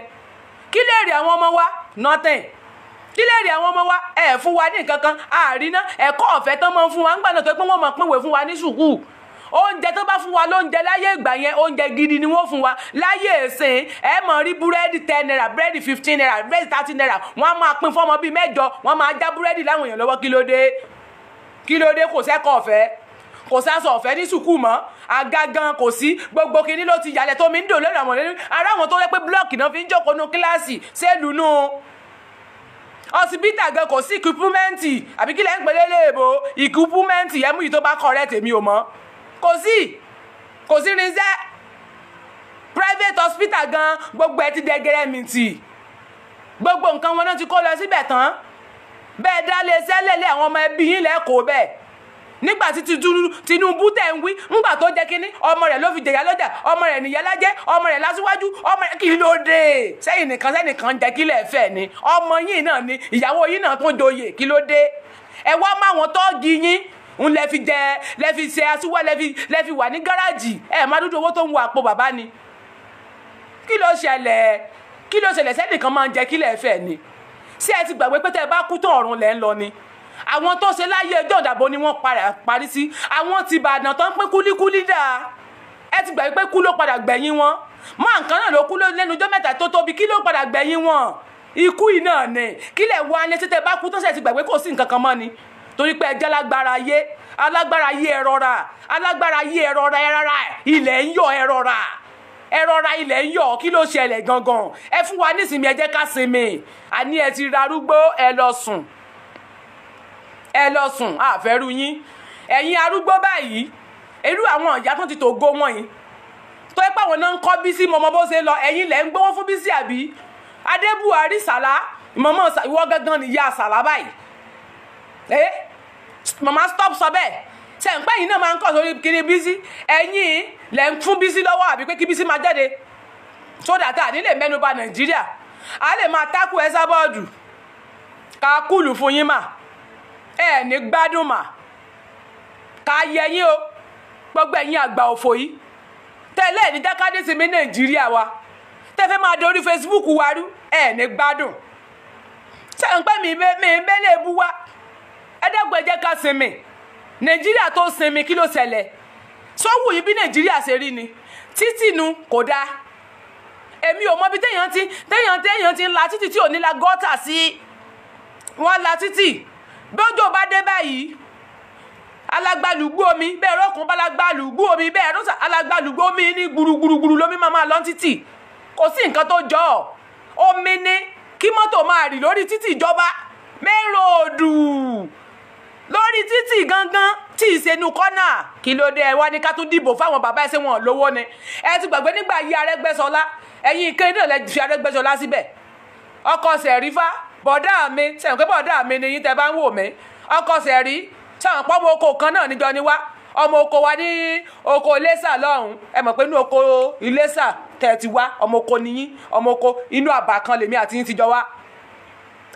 kí lèrè àwọn ọmọ wa nothing kí lèrè àwọn ọmọ wa ẹ fún wa ní nǹkan kan àríná ẹ̀kọ́ ọ̀fẹ́ tán máa ń fún wa ńgbà náà tó pé wọ́n máa pínwèé fún wa ní sùkúù oúnjẹ tó bá fún wa lóúnjẹ láyé ìgbà yẹn oúnjẹ gidi ni wọ́n fún wa láyé èsìn ẹ mọ̀ rí búrẹ́dì ten naira búrẹ́dì fifteen naira búrẹ́dì thirty naira wọ́n á máa pín fọ́mọ bíi mẹ́jọ wọ́n máa já búrẹ́dì láwọn èèyàn lọ́wọ́ kí ló dé kí ló dé kò sẹ́kọ̀ọ́ ọ̀fẹ́ kò sáṣọ ọ̀fẹ́ ní sùkúù mọ́ aga gan kò sí gbogbo kinní ló ti yàlẹ̀ tó mi ń dò lórí àwọn ọ̀rẹ́ ará àwọn tó yẹ pé búlọ́ọ̀kì náà fi ń jókòó nu kíláàsì sẹ́ẹ̀lù nù ọsibítà gan kò sí ìkúpúmẹ́ǹtì àbí kí lẹ́ ń pè lélẹ́ẹ̀bọ ìkúpúmẹ́ǹtì ẹ̀mú yìí tó bá kọ̀rẹ́ tèmi ò mọ́ kò sí kò sí irinṣẹ́ private hospital gan gbogbo ẹ ti dẹgẹrẹ mi tì gbogbo nǹkan wọn náà ti kó lọ síbẹ̀ tán bẹ́ẹ̀ dá lè sẹ́lẹ̀lẹ̀ àwọn ọmọ ẹbí yín lẹ́kọ̀ọ́ bẹ́ẹ̀ nígbà tí Tinubu tẹ̀ ń wí ńgbà tó jẹ́ kínní ọmọ rẹ̀ ló fi jẹ̀yà lọ́jà ọmọ rẹ̀ nìyá lájẹ́ ọmọ rẹ̀ lásíwájú ọmọ rẹ̀ kí ló dé sẹ́yìn nìkan sẹ́nìkan jẹ́ kílẹ̀ fẹ́ ni ọmọ yín náà ni ìyàwó yín náà tó joyè kí ló dé ẹ wá tọ́ọ̀gì yín ń lẹ fi jẹ lẹ fi ṣe aṣíwá lẹ fi lẹ fi wà ní gáràjì ẹ má dúdú owó tó ń wọ àpò bàbá ni kí ló ṣẹlẹ̀ kí ló ṣẹlẹ̀ sẹ́nìkan máa ń jẹ kílẹ̀ ẹ̀fẹ̀ ni ṣé ẹ ti gbàgbé pé tẹ́ ẹ bá kú tán ọ̀run lẹ́ ń lọ ni àwọn tó ṣe láyé ẹjọ́ ìdàbò ni wọ́n parí sí àwọn ti Ìbàdàn tó ń pín kúlíkúlí dáa ẹ ti gbàgbé pé kú ló padà gbẹ̀yìn wọn máa nǹkan náà ló kú lẹ́nu ọjọ́ mẹ́ta tó tóbi kí ló padà gbẹ̀yìn wọn ikú yìí náà ni kílẹ̀ wá ní títẹ bá kú tó ṣe ti gbàgbé kò sí nǹkan kan mọ́ ni torí pé ẹjẹ́ lágbára ayé alágbára ayé ẹ rọra alágbára ayé ẹ rọra ẹ rárá ilẹ̀ ń yọ ẹ rọra ẹ rọra ilẹ̀ ń yọ̀ kí ló ṣẹlẹ̀ gangan ẹ fún wa nísìnyí ẹ jẹ́ ká sinmi àní ẹ ti rarúgbó ẹ lọ sùn ẹ lọ sùn àfẹ́rù yín ẹ̀yin arúgbó báyìí irú àwọn ìyá tó ti tògo wọn yìí tó ẹ pé àwọn náà ń kọ́ Bísí mọ̀mọ́ bó ṣe lọ ẹ̀yin lẹ̀ ń gbówó fún Bísí àbí Adé Buhari Sàlá mọ̀mọ́ ìwọ nìyá Sàlá báyìí mama stop sọ bẹ́ẹ̀ ṣe ń pẹ́ yìí náà máa ń kọ́ sórí kiri bísí ẹ̀yìn lẹ̀ ń fún bísí lọ́wọ́ àbí pé kí bísí máa jáde sódà tá à ní lè mẹ́nu bà nàìjíríà a lè máa tákù ẹ sábọ́ọ̀dù ká kúlù fún yín mà ẹ ní gbádùn mà ká yẹ yín o gbogbo ẹ̀yin àgbà òfò yìí tẹ́lẹ̀ ní jákàdé sí mi nàìjíríà wa tẹ́fẹ́ máa dorí facebook wa rú ẹ ní gbádùn ṣe ń pẹ́ mi bẹ́ẹ̀ mi bẹ́ẹ̀ lè bu wa ẹ dẹ́gbẹ́ jẹ́ ká sinmi nàìjíríà tó sinmi kí ló ṣẹlẹ̀ sọ́wọ́ yìí bí nàìjíríà ṣe rí ni títì nu kò dáa èmi ò mọ bí téèyàn ti téèyàn téèyàn ti ń la títì tí ò ní la gọ́tà sí wọ́n la títì bí òjò bá dé báyìí alagbalùgbò omi bẹ́ẹ̀ rọ́kùn bá alagbalùgbò omi bẹ́ẹ̀ rọ́sà alagbalùgbò omi ní gburugburu lómi máa máa lọ títì kò sí nǹkan tó jọ ọ́ omi ní kí mọ́tò máa rì lórí títì ìjọba mẹ́rọ̀ọ́dù lórí títì gangan tí ìṣẹ́nu kọ́nà kí ló dé ẹ wá ní ká tún dìbò fáwọn bàbá ẹsẹ̀ wọn lówó ni ẹ ti gbàgbé nígbà yí Arẹ́gbẹ́ṣọlá ẹ̀yin ìkéde náà lẹ fi Arẹ́gbẹ́ṣọlá síbẹ̀ ọkọ̀ sẹ̀rífà bọ̀dá mi sẹ̀wọ̀n pé bọ̀dá mi ni yín tẹ bá ń wò mí ọkọ̀ sẹ̀rí sẹ̀wọ̀n pọ́nmọ oko kan náà níjọ ni wá ọmọ oko wa ní oko Iléṣà lọ́hùn ẹ mọ̀ pé inú oko Iléṣà tẹ̀ ti wá ọmọ oko niyín ọmọ oko inú àbà kan lèmi àti yín ti jọ wá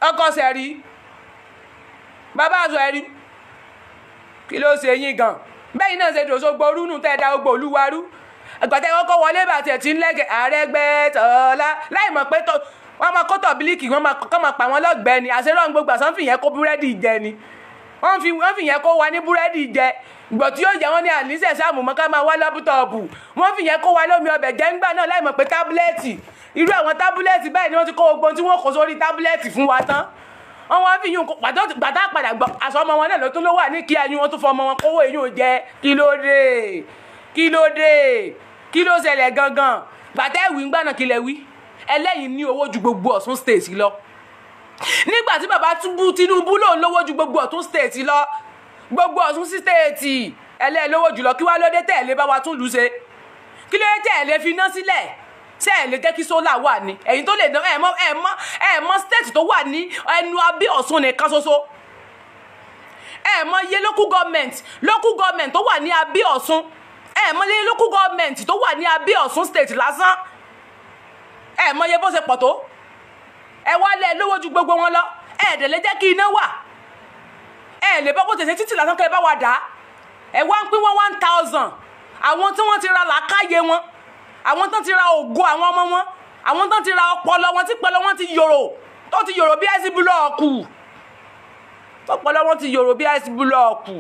ọkọ̀ sẹ̀rí bàbá àzọ̀ ẹ̀rí kí ló ṣe yín gan bẹ́ẹ̀ náà ṣe dòṣo gború nù tẹ́ da gbogbo olúwarú àgbàtà ìwọ́kọ̀ wọlé bàtì ẹ̀ tí ń lẹ́gẹ̀ Àrẹ́gbẹ́tọ́lá láì mọ̀ pé wọ́n máa kó tọ̀bílíkì wọ́n máa pa wọ́n lọ́gbẹ́ẹ́ ni àṣírọ́ gbogbo àṣán fìyẹn kó búrẹ́dì jẹ ni wọ́n fi wọ́n fi yẹn kó wa ní búrẹ́dì jẹ gbọ̀ tí yóò jẹ́ wọ́n ní àníṣe sáàmù mọ́ ká máa wá lápútọ̀ọ̀bù wọ́n fi yẹn kó wa lómi ọbẹ̀ jẹ́ ńgbà náà láì mọ̀ pé tábúlẹ́ẹ̀tì irú àwọn tábúlẹ́ẹ̀tì bẹ́ẹ̀ ni wọ́n ti kó gbogbo tí wọ́n kó sórí tábúlẹ́ẹ̀tì fún wa tán wọn wá fi yún gbàtà padà gbọ́ aṣọ ọmọ wọn náà ló tún ló wà ní kí ẹyún wọn tún fọ ọmọ wọn kówó eyín ò jẹ kí ló dé kí ló dé kí ló ṣẹlẹ̀ gangan gbàtà ìwì ń gbàna kílẹ̀ wí ẹlẹ́yìn ní owó ju gbogbo Ọ̀ṣun state lọ nígbà tí bàbá Tinubu lòun lówó ju gbogbo Ọ̀ṣun state lọ gbogbo Ọ̀ṣun state ẹlẹ́yìn lówó jùlọ kí wá lóde tẹ̀lé bá wa tún lù ú ṣe kí lóde tẹ̀lé fi ná sílẹ̀ ṣé ẹ lè jẹ́ kí sólà wà ní ẹ̀yin tó lè dán ẹ mọ ẹ mọ ẹ mọ state tó wà ní ẹnu abẹ́ Ọ̀ṣun nìkan ṣoṣo ẹ mọ iye local government local government tó wà ní abẹ́ Ọ̀ṣun ẹ mọ iye local government tó wà ní abẹ́ Ọ̀ṣun state lásán ẹ mọ iye bó ṣe pọ̀ tó ẹ wá lẹ lówó ju gbogbo wọn lọ ẹ dẹ̀ lè jẹ́ kí iná wà ẹ lè bọ́ kó tẹ̀sẹ̀ títì lásán kẹ́ ẹ bá wà dá ẹ wá ń pín wọn one thousand àwọn tí wọ́n ti ra làákàyè wọn àwọn tán ti ra ògo àwọn ọmọ wọn àwọn tán ti ra ọpọlọ wọn tí pọlọ wọn ti yòrò tó ti yòrò bí àìsí búlọ̀ọ̀kù tó pọlọ wọn ti yòrò bí àìsí búlọ̀ọ̀kù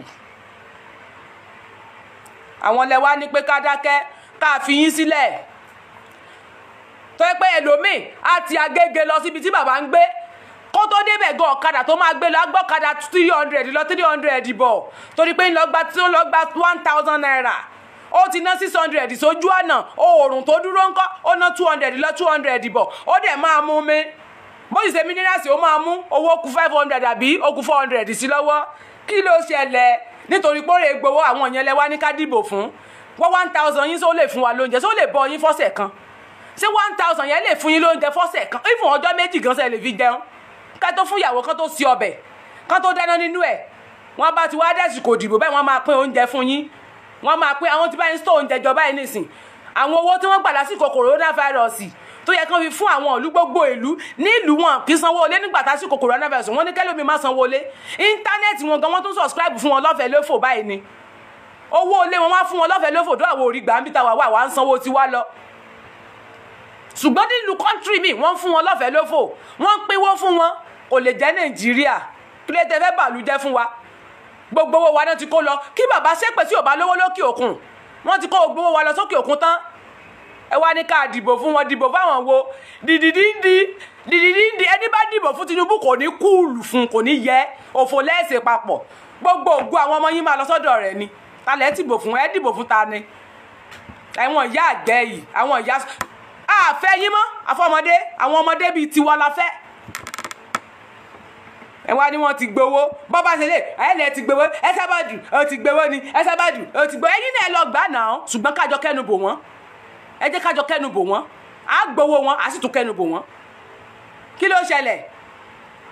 àwọn lẹwa ní pé ká dákẹ́ ká fi yín sílẹ̀ tó yẹ pé ẹlòmíì á ti Agége lọ síbi tí bàbá ń gbé kó tó débẹ̀ gan ọ̀kadà tó máa gbé lọ agbọ́kadà three hundred lọ three hundred bọ̀ torí pé ń lọ gba tí ó lọ gba one thousand naira ó ti ná six hundred sójú ọ̀nà oòrùn tó dúró ńkọ́ ó ná two hundred lọ two hundred bọ̀ ó dẹ̀ máa mú mi bó sì ṣe mínírààsì ó máa mú owó kù five hundred àbí ó kù four hundred sí lọ́wọ́ kí ló ṣẹlẹ̀ nítorí pòrè gbowó àwọn yẹn lẹ́wà ní ká dìbò fún wọ́n one thousand yín só lè fún wa lóúnjẹ só lè bọ́ yín fọ́sẹ̀ kan ṣé one thousand yẹn lè fún yín lóúnjẹ fọ́sẹ̀ kan ìfún ọjọ́ méjì gan ṣe lè fi jẹun ká tó fún ìyàwó kan tó sí ọbẹ̀ kan tó dáná nínú ẹ̀ wọ́n bá ti wá dẹ̀sùn kò dìbò bẹ́ẹ̀ wọ́n máa pín oúnjẹ fún yín wọ́n máa pé àwọn tí báyìí ń sọ oúnjẹ jọba yìí nìsín àwọn owó tí wọ́n gbà lásìkò kòrónàfàírọ́ọ̀sì tó yẹ kán fi fún àwọn ìlú gbogbo ìlú nílùú wọn kì í sanwó olé nígbà tásìkò coronavirus wọn ní kẹlómi má sanwó olé íńtánẹ́ẹ̀tì wọn gan wọn tún subscribe fún wọn lọ́fẹ̀ẹ́ lófò báyìí ni owó olé wọn wá fún wọn lọ́fẹ̀ẹ́ lófò dó àwọn òrì gbàǹbí ta wà wà wà ń sanwó tiwa lọ ṣùgbọ́n nílùú kọ́ńtírì mi wọ́n fún wọn lọ́fẹ̀ẹ́ lófò wọ́n pínwó fún wọn kò lè jẹ́ nàìjíríà kí lè tẹ́ fẹ́ bàlú jẹ́ fún wa gbogbo owó wa náà ti kó lọ kí bàbá ṣépè sí òbá lówó lókè òkun wọ́n ti kó gbogbo owó wa lọ sókè òkun tán ẹ wá ní ká dìbò fún wọn dìbò fáwọn wo dìdìdìndì dìdìdìndì ẹni bá dìbò fún Tinubu kò ní kúùlù fún kò ní yẹ òfò lẹ́sẹ̀ papọ̀ gbogbo ògùn àwọn ọmọ yín máa lọ sọ́dọ̀ rẹ̀ ni talẹ̀ dìbò fún ẹ dìbò fún ta ni àwọn ìyá àgbẹ̀ yìí àwọn ìyá àfẹ́ yín mọ́ àfọmọdé àwọn ọmọdé bíi tiwa la fẹ́ ẹ wá ní wọ́n ti gbowó bọ́bá ṣe lè ẹ̀lẹ́ ti gbowó ẹ sábà jù ó ti gbowó ni ẹ sábà jù ó ti gbowó ẹ̀yin náà lọ gbà náà ṣùgbọ́n kájọ kẹ́nu bò wọ́n ẹ jẹ́ kájọ kẹ́nu bò wọ́n á gbowó wọn á sì tún kẹ́nu bò wọ́n kí ló ṣẹlẹ̀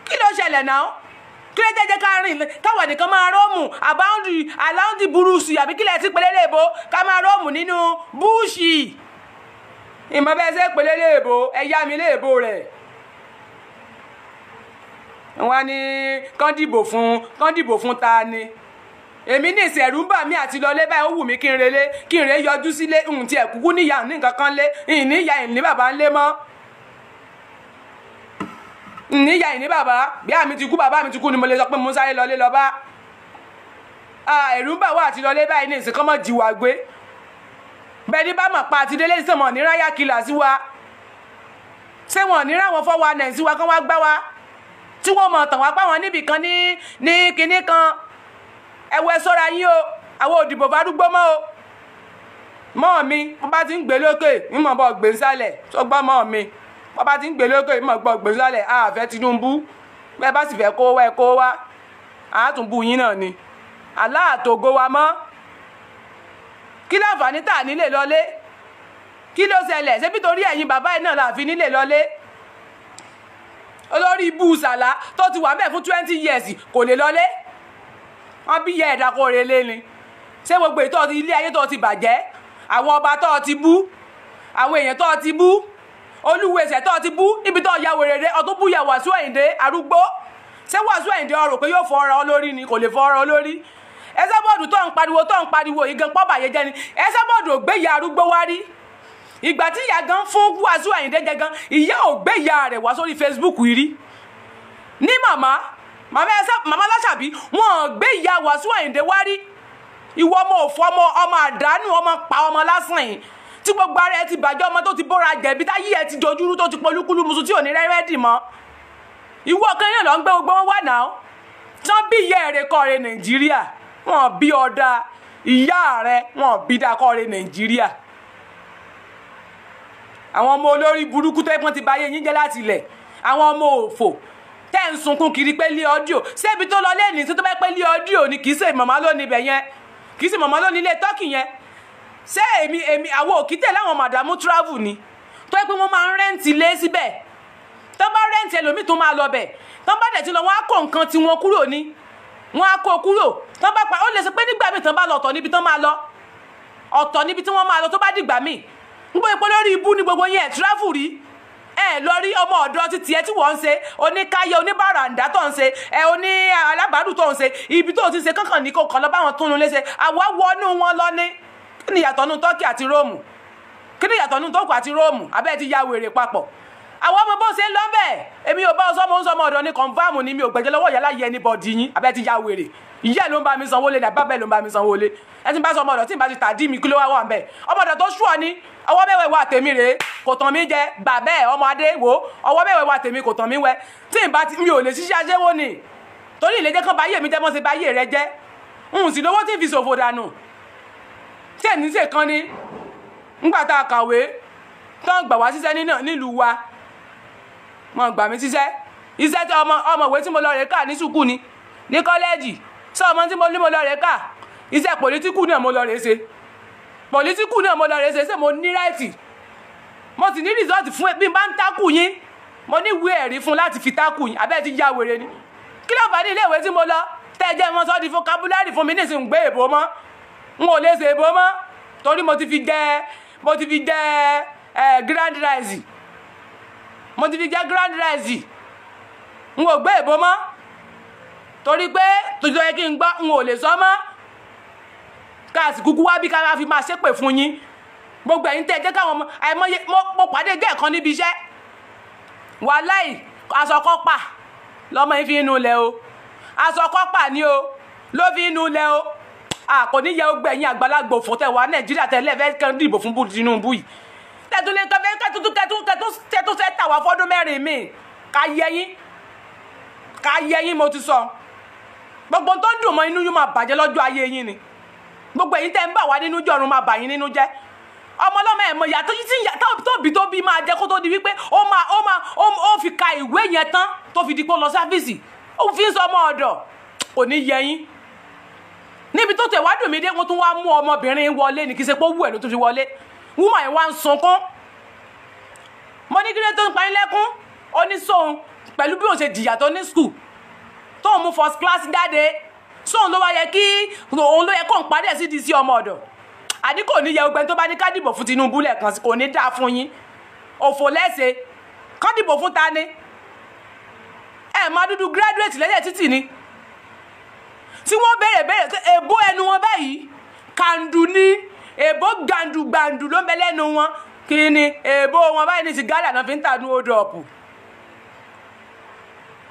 kí ló ṣẹlẹ̀ náà kí ló jẹ́ jẹ́ ká rìn táwọn nìkan máa róòmù àbáwọ̀dì aláwọ̀dì burúkú àbí kílẹ̀ tí pẹ̀lẹ́ lè bo ká máa róòmù nínú búùṣì ìmọ̀ bẹ́ẹ̀ sẹ́ pẹ̀lẹ́ lè bo ẹ yá mi lè bo rẹ̀ wọ́n ní kán dìbò fún kán dìbò fún ta ni èmi ní ìsẹ̀rù ń bà mí àti lọlé báyìí ó wù mí kí n relé kí n rè yọjú sílé ohun tí ẹ̀kúkú níyà ní nǹkan kan lé ìníyà ìní bàbá ń lé mọ́ ìníyà ìní bàbá bí àmì ti kú bàbá mi ti kú ni mo lè sọ pé mo ń sáré lọlé lọ bá ẹ̀rù ń bà wá àti lọlé báyìí ní ìsìnkán mọ́ jìwà gbé bẹ́ẹ̀ ni bá mọ̀ pa àti délé ìsìnmọ̀ ní ráyà kìlà sí wa ṣé wọn ò ní ráwọn fọwọ́ àná ìsíwá kán wá gbá wa tí wọ́n mọ̀ tàn wá páwọn níbì kan ní ní kinní kan ẹ̀wọ̀ ẹ̀ sọ́ra yín o àwọn òdìbò fárúgbó mọ́ o mọ́ mi wọ́n bá ti ń gbé lókè mímọ̀ bọ́ gbé sálẹ̀ tó gbọ́ mọ́ mi wọ́n bá ti ń gbé lókè mímọ̀ bọ́ gbé sálẹ̀ àfẹ́ Tinubu bẹ́ẹ̀ bá sì fẹ́ kó wá ẹ kó wá àátúnbù yín náà ni aláàtògo wa mọ́ kí láǹfààní tà nílé lọ́lé kí ló ṣẹlẹ̀ ṣé nítorí ẹ̀yin bàbá ẹ̀ náà la nílé lọ́lé olórí ibú sàlá tó ti wà mẹ́ẹ̀ fún twenty years kò lè lọlé wọ́n bí yẹ ẹ̀dá kó relé ni ṣé gbogbo ètò ilé ayé tó ti bàjẹ́ àwọn ọba tó ti bú àwọn èèyàn tó ti bú olúwèsè tó ti bú ibi tó ya wèrèrè ọtún bú ya Wàsíù Àyìndé arúgbó ṣé Wàsíù Àyìndé ọrọ̀ pé yóò fọ ọ̀rọ̀ olórí ni kò lè fọ ọ̀rọ̀ olórí ẹsẹ bọọdù tó ń pariwo tó ń pariwo ìgànpọ̀ bàyẹ̀jẹ́ ni ẹsẹ bọọdù ògbéyà arúgbó wá rí ìgbà tí ìyá gan fún Wàsíù Àyìndé jẹ gan ìyá ò gbé ìyá rẹ̀ wá sórí Facebook rí ní màmá màmá ẹsẹ màmá Aláṣàbí wọn ò gbé ìyá Wàsíù Àyìndé wá rí ìwọ ọmọ òfò ọmọ ọmọ àdánù ọmọ pa ọmọ lásán yìí tí gbogbo ara ẹ ti bàjẹ́ ọmọ tó ti bóra jẹ̀bi táyé ẹ ti dojúrú tó ti polúkúlù musu tí ò ní rẹ́rẹ́dì mọ́ ìwọ kan yẹn lọ ń gbé gbogbo wọn wà náà tán bí ìyá ẹ̀rẹ̀ kọ́ rẹ̀ Nàìjíríà wọn bí ọ̀dà ìyá rẹ̀ wọn bí dákọ́ rẹ̀ Nàìjíríà àwọn ọmọ olórí burúkú tó ẹ̀pọ́n ti ba ayé yín jẹ́ láti ilẹ̀ àwọn ọmọ òfò tẹ́ ń sunkún kiri pé lé ọ́díò ṣébi tó lọ lẹ́nìí tó tó bá pé lé ọ́díò ni kì í ṣe màmá lónìí bẹ̀ yẹn kì í ṣe màmá lónìí ilé tọ́kì yẹn ṣé èmi èmi àwọn òkìtẹ̀ láwọn màdàmú travel ni tó yẹ pé wọ́n máa ń rẹ́ǹtì lé síbẹ̀ tó bá rẹ́ǹtì ẹlòmíì tó máa lọ bẹ̀ tó bá dẹ̀ ti lọ wọ́n á kó nǹkan tí wọ́n kúrò ní wọ́n á kó kúrò tó bá pa ó lè sọ pé nígbà míì tó bá lọ ọ̀tọ̀ níbi tó máa lọ ọ̀tọ̀ níbi tí wọ́n máa lọ tó bá dìgbà míì gbogbo epo lórí ibú ni gbogbo yẹn tíráfù rí ẹ lọ rí ọmọ ọ̀dọ̀ títí ẹ tí wọ́n ń ṣe oníkáyé oníbàràǹdà tó ń ṣe ẹ oní alábàádùn tó ń ṣe ibi tó ti ṣe kankan ní kò kàn lọ báwọn tó ń lé ṣe àwa wọnú wọn lọ ní kí ni ìyàtọ̀ nù tọ́kì àti róòmù kí ni ìyàtọ̀ nù tọ́kì àti róòmù abẹ́ẹ̀ ti ya wèrè papọ̀ àwọn ọmọ bó ṣe ń lọ bẹ́ẹ̀ èmi ò bá ọsọmọ ń sọmọ ọ̀dọ̀ ní confam ni mi ò gbẹ̀jẹ̀ lọ́wọ́ yàrá yẹ anybody yín abẹ́ ti ya wèrè ìyá ẹ̀ ló ń bá mi sanwó lé dàbí bàbá ẹ̀ ló ń bá mi sanwó lé ẹ ti ń bá sọ ọmọ ọ̀dọ̀ tí ń bá ti tàdí mi kí ló wá wà bẹ́ẹ̀ ọmọ ọ̀dọ̀ tó ṣùọ́ ni ọwọ́ mẹ́wẹ̀ẹ́ wà tèmi rèé kò tàn mí jẹ bàbá ẹ̀ ọmọ adé wò ọwọ́ mẹ́wẹ̀ẹ́ wà tèmi kò tàn mí wẹ tí ń bá mi ò lè ṣiṣẹ́ aṣẹ́wó ni torí ìlẹ́jẹ́ kan báyé mi jẹ́ mọ́ ṣe báyé rẹ jẹ́ n sì lówó tí fi ṣòfò dànù tí ẹ̀ ní ṣe kan ni ńgbà tá a kàwé tó ń gbà wá ṣiṣẹ́ nílùú wa mo gbà mí síṣẹ́ iṣẹ́ tí ọmọ ọmọwé tí mo lọ rè kà ní sùkúù ni ní kọ́lẹ́ẹ̀jì sọ ọmọ tí mo ní mo lọ rè kà iṣẹ́ pòlítíkù náà mo lọ rè ṣe pòlítíkù náà mo lọ rè ṣe ṣé mo ní ráìtì mo sì ní rìsọ́ọ̀tì fún bí bá ń tákù yín mo ní ìwé ẹ̀rí fún láti fi tákù yín abẹ́ẹ̀ ti ya wèrè ni kí ló fà ní ilé ìwé tí mo lọ tẹ́jẹ́ wọn sọ di vocabulary fún mi nísìnyí gbé èbó mọ́ n ò lè ṣe èbó mọ́ torí mo ti fi jẹ mo ti fi jẹ ẹ grand rising mo ti fi jẹ grand rice n ò gbé èbó mọ́ torí pé tòjú ọyẹ kí n gbọ́ n ò lè sọ mọ́ káàsì kúkú wá bí ká fi máa ṣépè fún yín gbogbo ẹ̀yin tẹ́ ẹ jẹ́ káwọn ọmọ àìmọye mo pàdé gẹ́ẹ̀ kan níbi iṣẹ́ wàláì aṣọ kọ́pà lọ́mọ yín fi inú lẹ̀ o aṣọ kọ́pà ni o ló fi inú lẹ̀ o àkò níyẹ ó gbẹ̀yìn àgbàlagbò fọ́tẹ̀ wá Nàìjíríà tẹ́lẹ̀ fẹ́ kẹ́ dìbò fún Tinubu yìí tẹ̀tún lé tọ́fẹ́ tẹ̀tún tẹ̀tún tẹ̀tún tẹ̀tún fẹ́ tà wá fọ́dún mẹ́rin mi ká yẹ yín ká yẹ yín mo ti sọ gbogbo tó ń dùn mọ́ inú yín máa bàjẹ́ lọ́jọ́ ayé yín ni gbogbo èyí tẹ́ ń bà wá nínú jọ̀run máa bà yín nínú jẹ́ ọmọ ọlọ́mọ ẹ̀mọ ìyá tó ti yà tóbi tó bí máa jẹ́ kó tó di wípé ó máa ó máa ó fi ka ìwé yẹn tán tó fi di pé ó lọ sáfíìsì ó fi ń sọ ọmọ ọ̀dọ̀ kò ní yẹ yín níbi tó tẹ̀ wá dùn mí dé wọ́n tún wá mú ọmọbìnrin wọlé ní kí n ṣe pé ó wù ẹ̀ ló tún fi wọlé wúmọ̀ ẹ̀ wá ń sunkún mo ní kílé tó ń parí lẹ́kún ó ní sóun pẹ̀lú bí òun ṣe jìyà tó ní skul tóun mú first class jáde sóun ló wá yẹ kí òun ló yẹ kóun parí ẹ̀ sí di sí ọmọ ọ̀dọ̀ àní kò ní yẹ ogbẹ́ni tó bá ní kádìbò fún Tinubu lẹ́ẹ̀kan kò ní dáa fún yín òfò lẹ́sẹ̀ kádìbò fún ta ni ẹ̀ máa dúdú graduate lẹ́yẹ̀ títì ni tí wọ́n béèrè béèrè èbó ẹnu wọn báyìí kàndù ni èbó gbàǹdùgbàǹdù ló ń bẹ lẹ́nu wọn kí ni èbó wọn báyìí ní ti gálà náà fi ń tànú odò ọ̀pù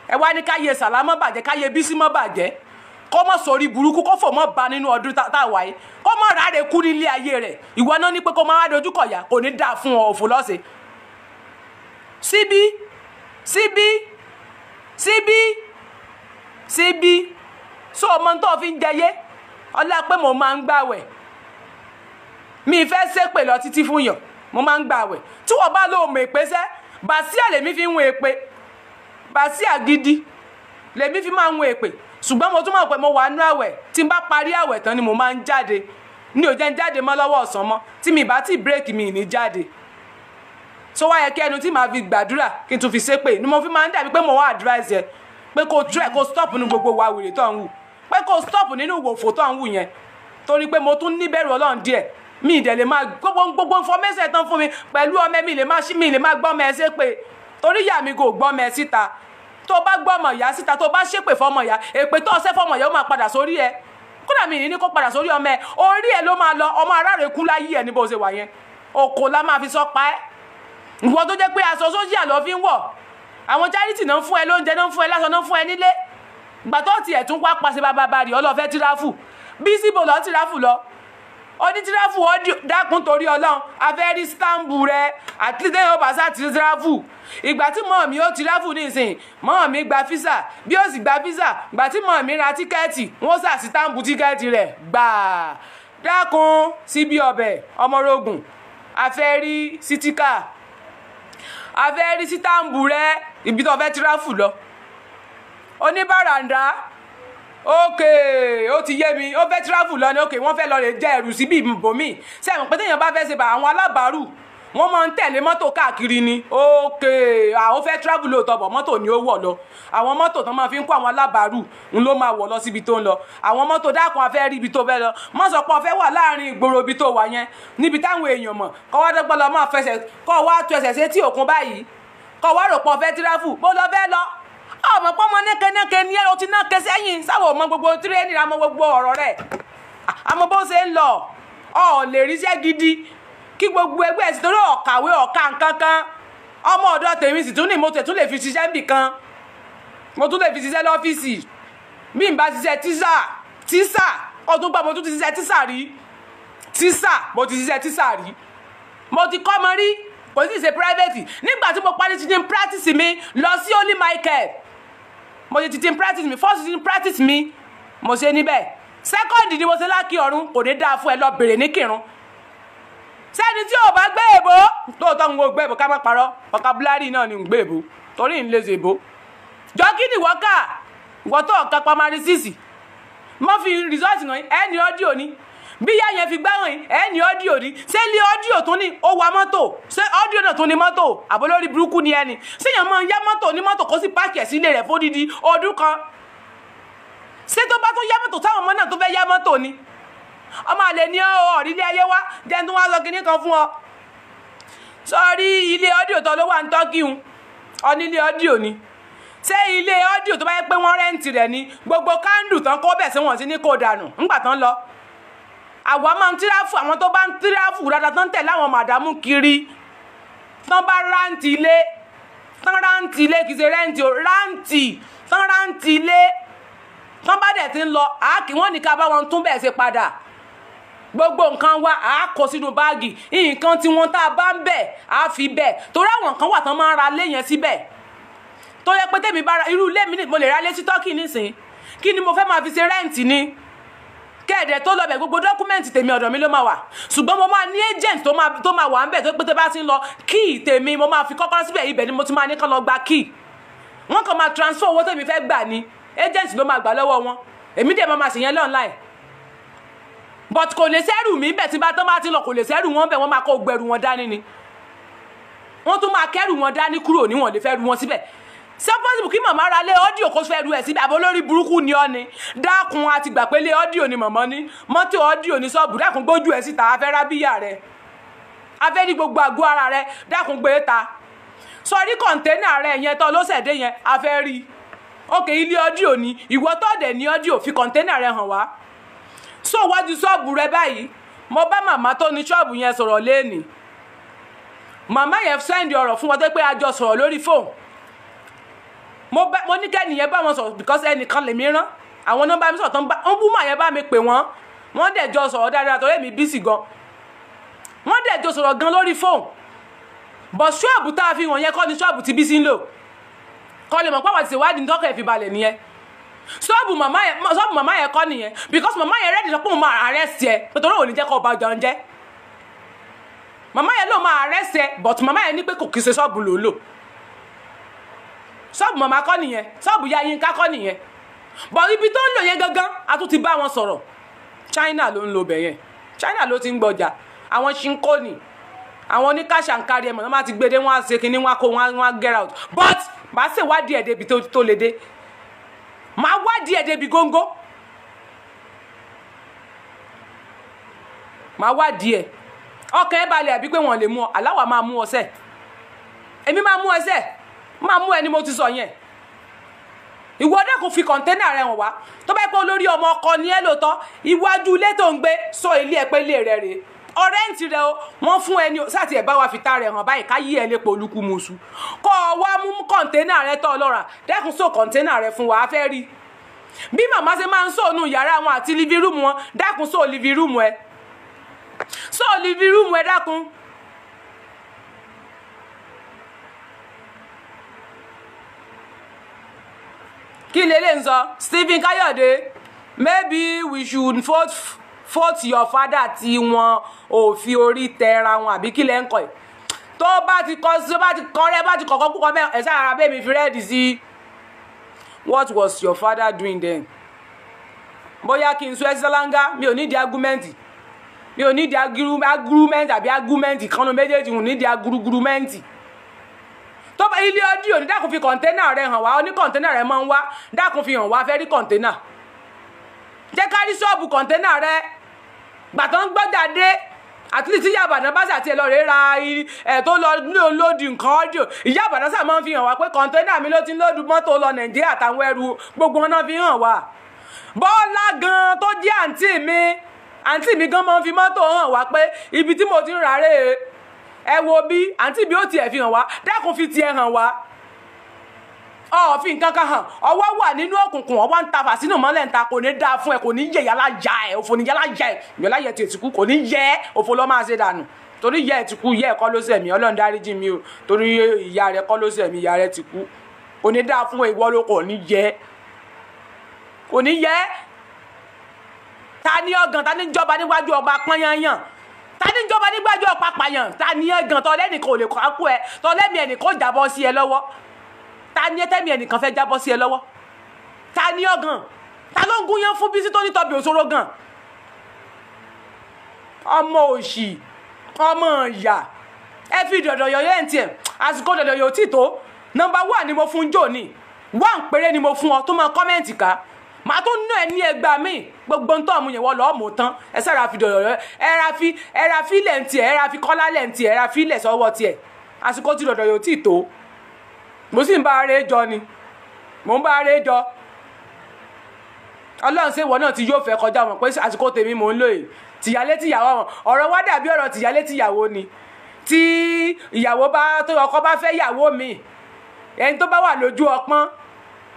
ẹ wá ní káyé sàlámọ́ bàjẹ́ káyé bísí mọ́ bàjẹ́ kọ́ mọ́ sórí burúkú kó fò mọ́ ba nínú ọdún tá yìí kọ́ mọ́ rà rẹ̀ kú nílé ayé rẹ̀ ìwọ náà ní pé kó máa wá dojú kọ̀yà kò ní dáa fún ọ òfò lọ́sẹ̀ síbí síbí síbí síbí sọ ọmọ tó fi ń jẹyé ọlá pé mo máa ń gbàwẹ̀ mi fẹ́ ṣépè lọ títí fún yàn mo máa ń gbà wẹ̀ tí wọ́n bá lóun mọ̀ èpè sẹ́ bàṣíà lèmi fi ń wọn èpè bàṣíà gidi lèmi fi máa ń wọn èpè ṣùgbọ́n mo tún mọ̀ pé mo wà nú àwẹ̀ tí n bá parí àwẹ̀ tán ni mo máa ń jáde ní òjẹ́ ń jáde mọ́ lọ́wọ́ ọ̀sán mọ́ tí mi bá ti bírèkì mi ní jáde tó wáyé kí ẹnu tí màá fi gbàdúrà kí n tún fi ṣépè ni mo fi máa ń dàbí pé mo wá àdúráìsì ẹ pé kò tún ẹ kò stop nínú gbogbo wa tó ń wù pé kò stop nínú ìwòfò tó ń wù yẹn torí pé mo tún níbẹ̀rù Ọlọ́run díẹ̀ mi ìdẹ̀ lè máa gbogbo gbogbo fọmẹ́sẹ̀ tán fún mi pẹ̀lú ọmọ mi lè máa ṣí mi lè máa gbọ́ ọmọ ẹ ṣe pé torí ìyá mi kò gbọ́ ọmọ ẹ síta tó bá gbọ́ ọmọ ìyá síta tó bá ṣépè fọmọ ìyá èpè tó ọsẹ́ fọmọ ìyá ó máa padà sórí ẹ kódà mi ní kó padà sórí ọmọ ẹ orí ẹ ló máa lọ ọmọ aráàlú kú láyé ẹ ní bó ṣe wà yẹn òkò la máa fi sọ pa ẹ ìwọ tó jẹ́ pé aṣọ sójà lọ fi ń wọ̀ àwọn charity náà ń fún ẹ lóúnjẹ náà ń fún ẹ láṣọ náà ń fún ẹ nílé gbàtọ́ tiẹ̀ tún wá pàṣẹ bàbá bàrì ọlọ́fẹ́ tìráfù bí síbò lọ tìráfù lọ onítìráfù ó dákun torí ọlọ́run afẹ́rí stambu rẹ àti lẹ́yìn ọbaṣà ti tìráfù ìgbà tí mọ̀ mi ó tìráfù nísìn mọ̀ mi gba físà bí ó sì gba físà ìgbà tí mọ̀ mi ra tíkẹ́ẹ̀tì wọ́n sà sí stambu tíkẹ́ẹ̀tì rẹ̀ gbàá dákun síbi ọbẹ̀ ọmọrogùn afẹ́rí sítíkà afẹ́rí sítàǹbù rẹ ibi tó fẹ́ tìráfù lọ oníbàràǹdà ok ó ti yé mi ó fẹ́ travel lọ ni ok wọ́n fẹ́ lọ rè jẹ́ ẹrù síbi ìbòmí sẹ́yìn pé téèyàn bá fẹ́ ṣe bá àwọn alábàárù wọ́n máa ń tẹ̀lé mọ́tò káàkiri ni ok àwọn fẹ́ travel lóòótọ́ bọ̀ mọ́tò ni ó wọ̀ lọ àwọn mọ́tò tó máa fi ń kó àwọn alábàárù ń ló máa wọ̀ lọ síbi tó ń lọ àwọn mọ́tò dákun afẹ́ rí ibi tó fẹ́ lọ má sọ pé ọfẹ́ wà láàrin ìgboro ibi tó wà yẹn níbi táwọn èèyàn mọ̀ kọ́ wá dọ́gbọ́n lọ máa fẹsẹ̀ kọ́ wá tu ẹsẹ̀ sétí òkun báyìí kọ́ wá rò pọ̀ fẹ́ travel bó lọ fẹ́ lọ ọmọ pọ́ ọmọ nẹ́kẹ́nẹ́kẹ́ ní ẹ̀rọ tí náà kẹsẹ́ yìn sáwọ́ ọmọ gbogbo tírẹ́nì àmọ́ gbogbo ọ̀rọ̀ rẹ̀ àmọ́ bó ṣe ń lọ ọ̀ lè ríṣẹ́ gidi kí gbogbo ẹgbẹ́ ẹ̀sìn torí ọ̀kàwé ọ̀ka nkankan ọmọ ọ̀dọ́ tèmi sì tún ní mo tẹ̀ tún lè fi ṣiṣẹ́ níbì kan mo tún lè fi ṣiṣẹ́ lọ́fíìsì bí n bá ṣiṣẹ́ tíṣà tíṣà ọdún gbà mo tún ti ṣiṣẹ́ tíṣà rí tíṣà mo ti ṣiṣẹ́ tíṣà rí mo ti kọ́ ọmọ rí kò sì ṣe private nígbà tí mo parí ti ní practice mi lọ sí Holy Michael mo ṣe titi practice mi first titi practice mi mo ṣe níbẹ̀ second ni mo ṣe lákì ọ̀run kò ní dáa fún ẹ lọ bèrè ní kírun sẹ́ni tí ò bá gbé èbó lóòótọ́ ń wo gbé èbó ká má parọ́ vocabulary náà ni ń gbé èbó torí ń lè ṣe èbó jọ́kìnì wọ́kà wọ́tọ̀ ọ̀kan pamari sísì mo fi rìsọ́ọ̀tì náà ẹni ọ́díò ni bíyá yẹn fi gbẹ́rùn ẹni ẹ̀ ní ọ́díò ni ṣé ilé ọ́díò tó ní ó wa mọ́tò ṣé ọ́díò náà tún ni mọ́tò àbólórí burúkú ni ẹni máa ń yá mọ́tò ní mọ́tò kó sì páàkì ẹ̀ sílé rẹ̀ fódìdí ọdún kan ṣé tó bá yá mọ́tò táwọn ọmọ náà tó fẹ́ yá mọ́tò ni ọmọ àlè ní ọ̀rí ilé ayé wá jẹ́ tó wá sọ kinní kan fún ọ sọrí ilé tó ló wà ń ọ ni ṣé ilé tó bá yẹ pé wọ́n gbogbo tán kó bẹ̀ sí sí ní lọ àwa máa ń tíráfù àwọn tó bá ń tíráfù dáadáa tán tẹ̀lé àwọn màdámù kiri tán bá ráǹtì ilé tán ráǹtì ilé kì í ṣe rẹ́ǹtì o ráǹtì tán ráǹtì ilé tán bá dẹ̀ ti ń lọ àákì wọ́n ní ká bá wọn tún bẹ̀ ṣe padà gbogbo nǹkan wa à á kó sínú báàgì nǹkan tí wọ́n tá a bá ń bẹ̀ á fi bẹ̀ torí àwọn nǹkan wà tán máa ń ra lé yẹn síbẹ̀ tó yẹ pé tèmi bá ra irú ilé mi mo lè ra lé sí tọ́kì nísìn kí ni mo fẹ́ máa fi ṣe rẹ́ǹtì ni kẹ́ẹ̀dẹ̀ tó lọ bẹ̀ gbogbo dọ́kúmẹ̀ntì tèmi ọ̀dọ̀ mi ló máa wà ṣùgbọ́n mo máa ní agent tó máa wà ń bẹ̀ tó pé bá ti ń lọ kíì tèmi mo máa fi kọ́kọ́rọ́ síbẹ̀ ibẹ̀ ni mo ti máa ní kán lọ gba kíì wọ́n kàn máa transfer owó tèmi fẹ́ gbà ni agent ló máa gbà lọ́wọ́ wọn èmi dẹ̀ máa máa ṣèyẹn online but kò lè sẹ́rù mi bẹ̀ tí bá tán bá ti lọ kò lè sẹ́rù wọn bẹ̀ wọ́n máa kó gbẹrù wọn dání ni wọ́n tún máa kẹ́rù wọn dání kúrò níwọ̀n lè fẹ́ rù wọn síbẹ̀ ṣé possible kí màmá ra lé ọ́díò kó fẹ́ ru ẹ̀ síbi àbọ̀ lórí burúkú ni ọ́ ni dákun àti gbà pé lé ọ́díò ni màmá ní mọ́tò ọ́díò ní sọ́ọ̀bù dákun gbójú ẹ̀ síta afẹ́ rábíyà rẹ̀ afẹ́ ní gbogbo àgọ́ ara rẹ̀ dákun gbé e ta sọrí kọ̀ǹtẹ́nà rẹ̀ yẹn tán lọ́sẹ̀dé yẹn afẹ́ rí òkè ilé ọ́díò ni ìwọ tọ́ọ̀dẹ̀ ní ọ́díò fi kọ̀ǹtẹ́nà rẹ̀ hàn wá so wájú sọ́ọ̀bù rẹ báyìí mo bá màmá tó ní ṣọ́ọ̀bù yẹn sọ̀rọ̀ léènì màmá yẹn sẹ́ndì ọ̀rọ̀ fún wọn tó pé a jọ sọ̀rọ̀ lórí fóònù mo bá mo ní kẹ́nìyẹn bá wọn sọ̀rọ̀ because ẹnìkan lèmi rán àwọn nọ́mbà mi sọ̀rọ̀ tán bá ń bú màyẹn bá mi pè wọ́n wọ́n dẹ̀ jọ sọ̀rọ̀ dáadáa torí èmi bísí gan wọ́n dẹ̀ jọ sọ̀rọ̀ gan lórí fóònù bọ̀ ṣọ́ọ̀bù tá a fi wọ̀n yẹn kọ́ ni ṣọ́ọ̀bù ti bísí ń lò kọ́ lè mọ̀ pé àwọn ti wádìí tọ́kọ̀ ẹ̀ fi balẹ̀ nìyẹn ṣọ́ọ̀bù màmá yẹn ṣọ́ọ̀bù màmá yẹn kọ́ nìyẹn because màmá yẹn rẹ́ẹ̀dì sọ pé òun máa arrest ẹ nítorí òun ní jẹ́ kó ọba jọ ń jẹ́ màmá yẹn ló máa arrest ẹ but màmá yẹn ní pé kò kì í ṣe ṣọ́ọ̀bù lòó ṣọ́ọ̀bù màmá kọ́ nìyẹn ṣọ́ọ̀bù ya yín ká kọ́ nìyẹn bọ̀ ibi tó ń lò yẹn gangan a tún ti bá wọn sọ̀rọ̀ China ló ń lo bẹ̀ yẹn China ló ti ń gbọjà àwọn shinkoni àwọn oníkàṣàǹkárí ẹ̀mọ̀ náà má ti gbédé wọn á ṣe kinní wọn á kó wọn á get out but màá ṣèwádìí ẹ̀ débi tó le dé màá wádìí ẹ̀ débi góńgó màá wádìí ẹ̀ ọkàn ẹ̀ balẹ̀ àbí pé wọ́n lè mú ọ aláwa máa mú ọ sẹ́ẹ̀ èmi máa mú ọ sẹ́ẹ̀ máa mú ẹni mo ti sọ yẹn ìwọ dẹ́kun fi kọ̀ńténà rẹ hàn wá tó bá pẹ́ olórí ọmọ ọkọ ni ẹ lóòótọ́ iwájú ilé tó ń gbé sọ ilé ẹ pé ilé rẹ rèé ọ̀rẹ́ǹtì rẹ o wọ́n fún ẹni sáti ẹ̀ bá wa fi ta rẹ̀ hàn báyìí ká yí ẹ lépo olúkúmuṣu kọ́ ọ wá mú kọ̀ǹténà rẹ tọ́ ọlọ́ra dẹ́kun so kọ̀ǹténà rẹ fún wa á fẹ́ rí bí màmá ṣe máa ń sònù yàrá wọn àti livirúùmù wọn dákun so livirúùmù ẹ so livirúùmù ẹ dákun kí lélẹ̀ ń sọ Stephen Káyọ̀dé maybe we should vote vote your father tí wọn ò fi orí tẹra wọn àbí kí lẹ́ ń kọ̀ ẹ̀ tó bá ti kọ́ sí bá ti kọ́ rẹ́ bá ti kọ̀kọ́ púpọ̀ bẹ́ẹ̀ ẹ̀ sára bẹ́ẹ̀ fi rẹ́ẹ̀dì sí what was your father doing then bóyá kí n sún ẹ́ sálángá mi ò nídìí agúmẹ́ǹtì mi ò nídìí agúrúmẹ́ǹtì àbí agúmẹ́ǹtì kanu méjèèjì ò nídìí agúrúgúrúmẹ́ǹtì tó bá ilé ọdíò ní dákun fi kọ̀ńténà rẹ hàn wá oní kọ̀ńténà rẹ máa ń wá dákun fi hàn wá fẹ́ rí kọ̀ńténà jẹ́ ká rí ṣọ́ọ̀bù kọ̀ńténà rẹ gbàtọ́ ń gbọ́dà dé àtúntì tí ìyá àbàdàn bá ṣàti ẹ lọ rè ra ẹ tó lọ ní olódì nǹkan ọ́díò ìyá àbàdàn ṣáà máa ń fi hàn wá pé kọ̀ńténà mi ló ti ń lóòdù mọ́tò lọ nàìjíríà àtàwọn ẹrù gbogbo wọn náà fi hàn wá bọ́lá gan tó jẹ́ àǹtí mi àǹtí mi gan máa ń fi mọ́tò hàn wá pé ibi tí mo ti ń rà rèé ẹ wo bí àǹtí bí ó tiẹ̀ fi hàn wá dákun fi tiẹ̀ hàn wá ọ̀ọ́fin kankan hàn ọwọ́ wà nínú òkùnkùn ọwọ́ ń ta fàṣínà mọ́lẹ̀ ń ta kò ní dáa fún ẹ kò ní yẹ yàrá ja ẹ òfò ní yàrá ja ẹ yọlá yẹ tètè kú kò ní yẹ òfò lọ́ máa ṣe dànù torí yẹ ẹ ti kú yẹ ẹ kọ́ ló ṣẹ̀mí ọlọ́run dáríjì mi o torí ìyá rẹ kọ́ ló ṣẹ̀mí ìyá rẹ ti kú kò ní dáa fún ìwọ ló kò ní yẹ kò ní yẹ ta ni ọgàn ta ni jọba níwájú ọba pọ́nyányàn ta ní ni nígbàjọ ọ̀pápáyàn ta ní ẹ gan tọ́lẹ́ nìkan ò lè kọ́ kú ẹ tọ́lẹ́ mi ẹnìkan ò jábọ́ sí Tani temi ta ní ẹtẹ́mi ẹnìkan fẹ́ jábọ́ sí ẹ lọ́wọ́ ta ní ọ̀gàn ta ló ń gúnyán fún bísí tó ní tọ́bi gan ọmọ òṣì ọmọ ìyà ẹ fi dọ̀dọ̀ yọ yẹn go àsìkò dọ̀dọ̀ yọ òtítọ́ nọ́mbà one ni mo fún jò ní one péré ni mo fún ọ To máa kọ́mẹ́ǹtì ká màá tó ná ẹ ní ẹgbàá míì gbogbo ntọ́ mu yẹn wọ́n lọ́ọ́ mọ̀ tán ẹ sára fi dọ̀dọ̀ rẹ ẹ ra fi ẹ ra fi ilẹ̀ ntì ẹ ẹ ra fi kọ́lá lẹ̀ ntì ẹ ẹ ra fi ilẹ̀ sọ́wọ́ tiẹ̀ àsìkò tí dọ̀dọ̀ yóò tì tó mo sì ń bá ara jọ ni mo ń bá ara jọ ọlọ́run ṣé ìwọ náà ti yóò fẹ́ kọjá wọn pé àsìkò tèmi mò ń lò yìí tìyálé tìyàwó wọn ọ̀rọ̀ wá dàbí ọ̀rọ̀ tìyálé tìyàwó ni tí ìyàwó bá tó ọkọ bá fẹ́ yàwó mi ẹni tó bá wà lójú ọpọ́n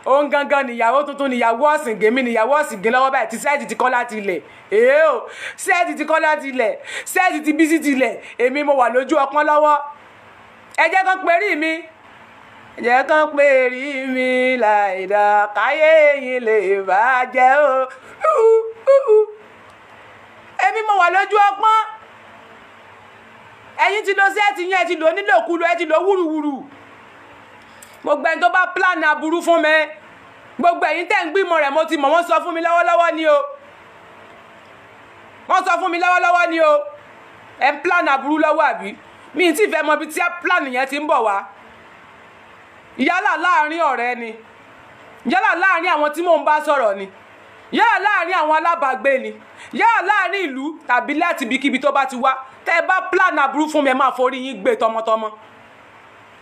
òun gangan nìyàwó tuntun nìyàwó ọ̀sìngé mi nìyàwó ọ̀sìngé lọ́wọ́ báyìí tí sẹ́ẹ̀tì ti kọ́ láti ilẹ̀ èé o sẹ́ẹ̀tì ti kọ́ láti ilẹ̀ sẹ́ẹ̀tì ti bí sí ti ilẹ̀ èmi mo wà lójú ọpọ́n lọ́wọ́ ẹ jẹ́ kán perí mi ẹ jẹ́ kán perí mi láìda káyé yìí lè bàjẹ́ o èmi mo wà lójú ọpọ́n ẹ̀yin ti lo sẹ́ẹ̀tì yẹn ẹ ti lò nílòkulò ẹ ti lò wúruwúru mo gbẹ ẹni tó bá plan aburú fún mi gbogbo ẹ̀yin tẹ́ ń gbìmọ̀ rẹ̀ mo ti mọ̀ wọ́n sọ fún mi lọ́wọ́lọ́wọ́ ni o wọ́n sọ fún mi lọ́wọ́lọ́wọ́ ni o ẹ̀ ń plan aburú lọ́wọ́ àbí mi ti fẹ́ mọ ibi tí plan yẹn ti ń bọ̀ wá yálà láàrin ọ̀rẹ́ ni yálà láàrin àwọn tí mò ń bá sọ̀rọ̀ ni yálà láàrin àwọn alábàágbé ni yálà láàrin ìlú tàbí láti ibikíbi tó bá ti wá tẹ́ ẹ bá plan aburú fún mi ẹ máa forí yín gbé tọmọtọmọ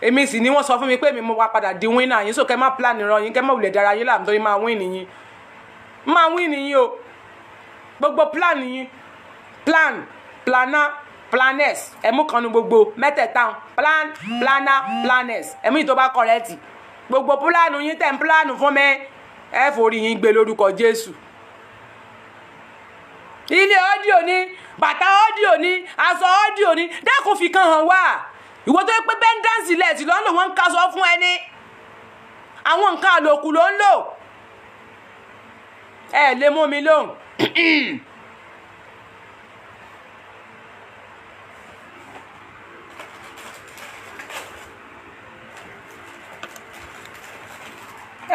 èmi sì ni wọ́n sọ fún mi pé èmi mo wá padà di winner yín so má plan ìran yín kẹ́ má wulẹ̀ dára yín láàmú torí máa win yín máa win yín o gbogbo plan yín plan plana planes ẹ̀mú kan ní gbogbo mẹ́tẹ̀ẹ̀ta plan plana planes ẹ̀mú yìí tó bá kọ̀rẹ́ẹ̀tì gbogbo pílánù yín tẹ̀ ń pílánù fún mi ẹ forí yín gbé lórúkọ Jésù ilé ọ́díò ni bàtà ọ́díò ni aṣọ ọ́díò ni dẹ́kun fi kan hàn wá ìwọ tó yẹ pé bẹ́ńdáǹsì lẹ́ẹ̀tì lọ́nà wọn ń kaṣọ fún ẹni àwọn nǹkan àlòkù ló ń lò ẹ lè mú mi lóhùn.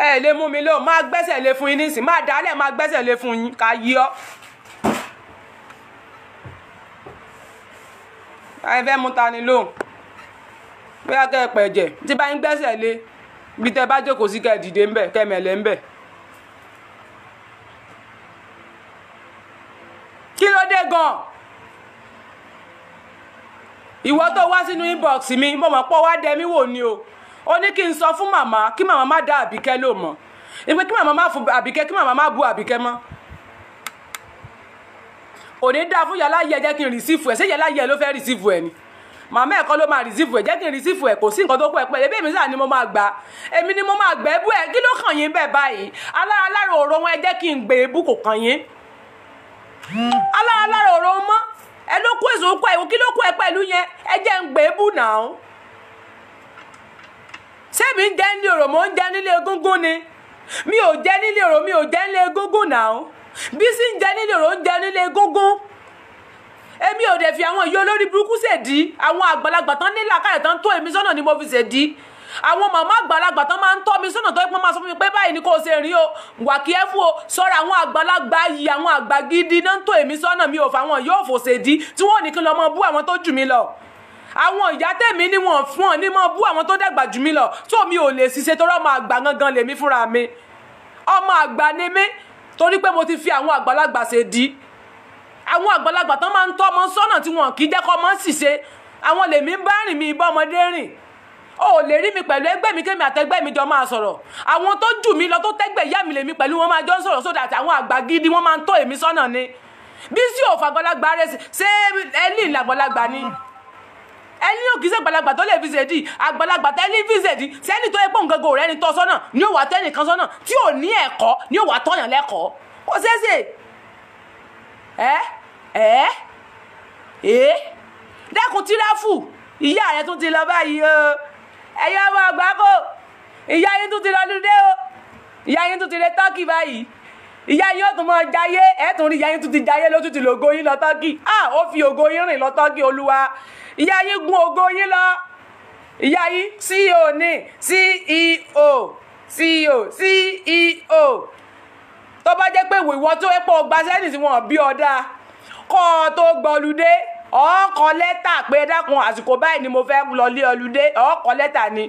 ẹ lè mú mi lóhùn máa gbẹ́sẹ̀ lé fún yín nísìn máa dálẹ̀ máa gbẹ́sẹ̀ lé fún yín ká yí ọ́. ẹ fẹ́ mú ta ni lóhùn bóyá kẹ́ ẹ pẹ̀jẹ̀ tí bá ń gbẹ́sẹ̀ lé bí tẹ́ bá jókòó sí kẹ́ ẹ dìde ńbẹ̀ kẹ́ ẹ mẹ̀lẹ́ ńbẹ̀. kí ló dé gan-an ìwọ tó wá sínú inbox mi mo mọ̀ pọ̀ wá dẹ mí wò ni o ó ní kí n sọ fún màmá kí màmá má dá àbíkẹ́ lò mọ́ ìpè kí màmá má fún àbíkẹ́ kí màmá má bu àbíkẹ́ mọ́ òní dáa fún yàrá yẹ jẹ́ kí n rìsífù ẹ̀ ṣé yàrá yẹ ló fẹ́ rìsífù ẹ̀ ni. màmá ẹ̀kọ́ ló máa rìsífù ẹ̀ jẹ́ kí n rìsífù ẹ̀ kò sí nǹkan tó pọ̀ ẹ̀ pẹ̀lú ni mo máa gbà èmi ni mo máa gbà ẹbú ẹ̀ kí ló kàn yín bẹ́ẹ̀ báyìí alára alára òró wọn ẹ jẹ́ kí n kò kàn yín alára alára òró mọ́ ẹ ló kó èso kí ló ẹ pẹ̀lú èmi ò dẹ̀ fi àwọn ìyá olórí burúkú ṣèdí àwọn àgbàlagbà tán nílà káyọ̀ tán tó èmi sọ́nà ni mo fi ṣèdí àwọn màmá àgbàlagbà tán máa ń tọ́ mi sọ́nà tó pé wọ́n máa sọ fún mi pé báyìí ni kò ṣe rìn o wà kí ẹ fún o sọ́ra àwọn àgbàlagbà yìí àwọn àgbà gidi náà ń tọ́ èmi sọ́nà mi ò fà wọn yóò fò ṣèdí tí wọ́n ní kí lọ́ọ́ máa bú àwọn tó jù mí lọ àwọn ìyá tèmi ni wọn fún ọ ní máa bú àwọn tó dàgbà jù mí lọ tó mi ò lè ṣiṣẹ́ tó rọ́ọ̀mọ àgbà gangan lèmi fúnra mi ọmọ àgbà ni mí torí pé mo ti fi àwọn àgbàlagbà ṣe di àwọn àgbàlagbà tán máa ń tọ́ ọmọ sọ́nà tí wọn kì í jẹ́ kọ́ ọmọ ṣìṣe àwọn lèmi bá rìn mi ìbá ọmọdé rìn o lè rí mi pẹ̀lú ẹgbẹ́ mi kémi àtẹgbẹ́ mi jọ máa sọ̀rọ̀ àwọn tó jù mí lọ tó tẹ́gbẹ́ ìyá mi lèmi pẹ̀lú wọn máa jọ ń sọ̀rọ̀ sódà àti àwọn àgbà gidi wọn máa ń tọ́ èmi sọ́nà ni bí sí òfò àgbàlagbà rẹ ṣé ẹni ìlàgbàlagbà ni ẹni ò kì í ṣe àgbàlagbà tó lè fi ṣèdí àgbàlagbà tó ẹni fi ṣèdí sẹ́ni tó yẹ pé òun gangan ni tọ́ sọ́nà ni ó wà tẹ́nìkan sọ́nà tí ò ní ẹ̀kọ́ ni ó wà tọ́yàn lẹ́kọ̀ọ́ kò ṣeé ṣe ẹ́ ẹ ẹ dẹ́kun tírẹ́fù ìyá rẹ tún ti lọ báyìí o ẹ̀yin ọmọ àgbà kò ìyá yín tún ti lọ lùdé o ìyá yín tún ti lè tọ́kì báyìí ìyá yín ó tún mọ jayé ẹ tún rí ìyá yín tún ti jayé ló tún ti lògo yín lọ tọ́kì à ó fi ògo yín rìn lọ tọ́kì olúwa ìyá yín gun ògo yín lọ ìyá yín ceo ní ceo ceo ceo tó bá jẹ́ pé ìwọ tó ẹ pọ̀ gbaṣẹ́ nìsí wọn bí ọ dáa kọ́ ọ tó gbọ́ludé ọkọ lẹ́tà pé dákun àsìkò báyìí ni mo fẹ́ lọ lé ọludé ọkọ lẹ́tà ni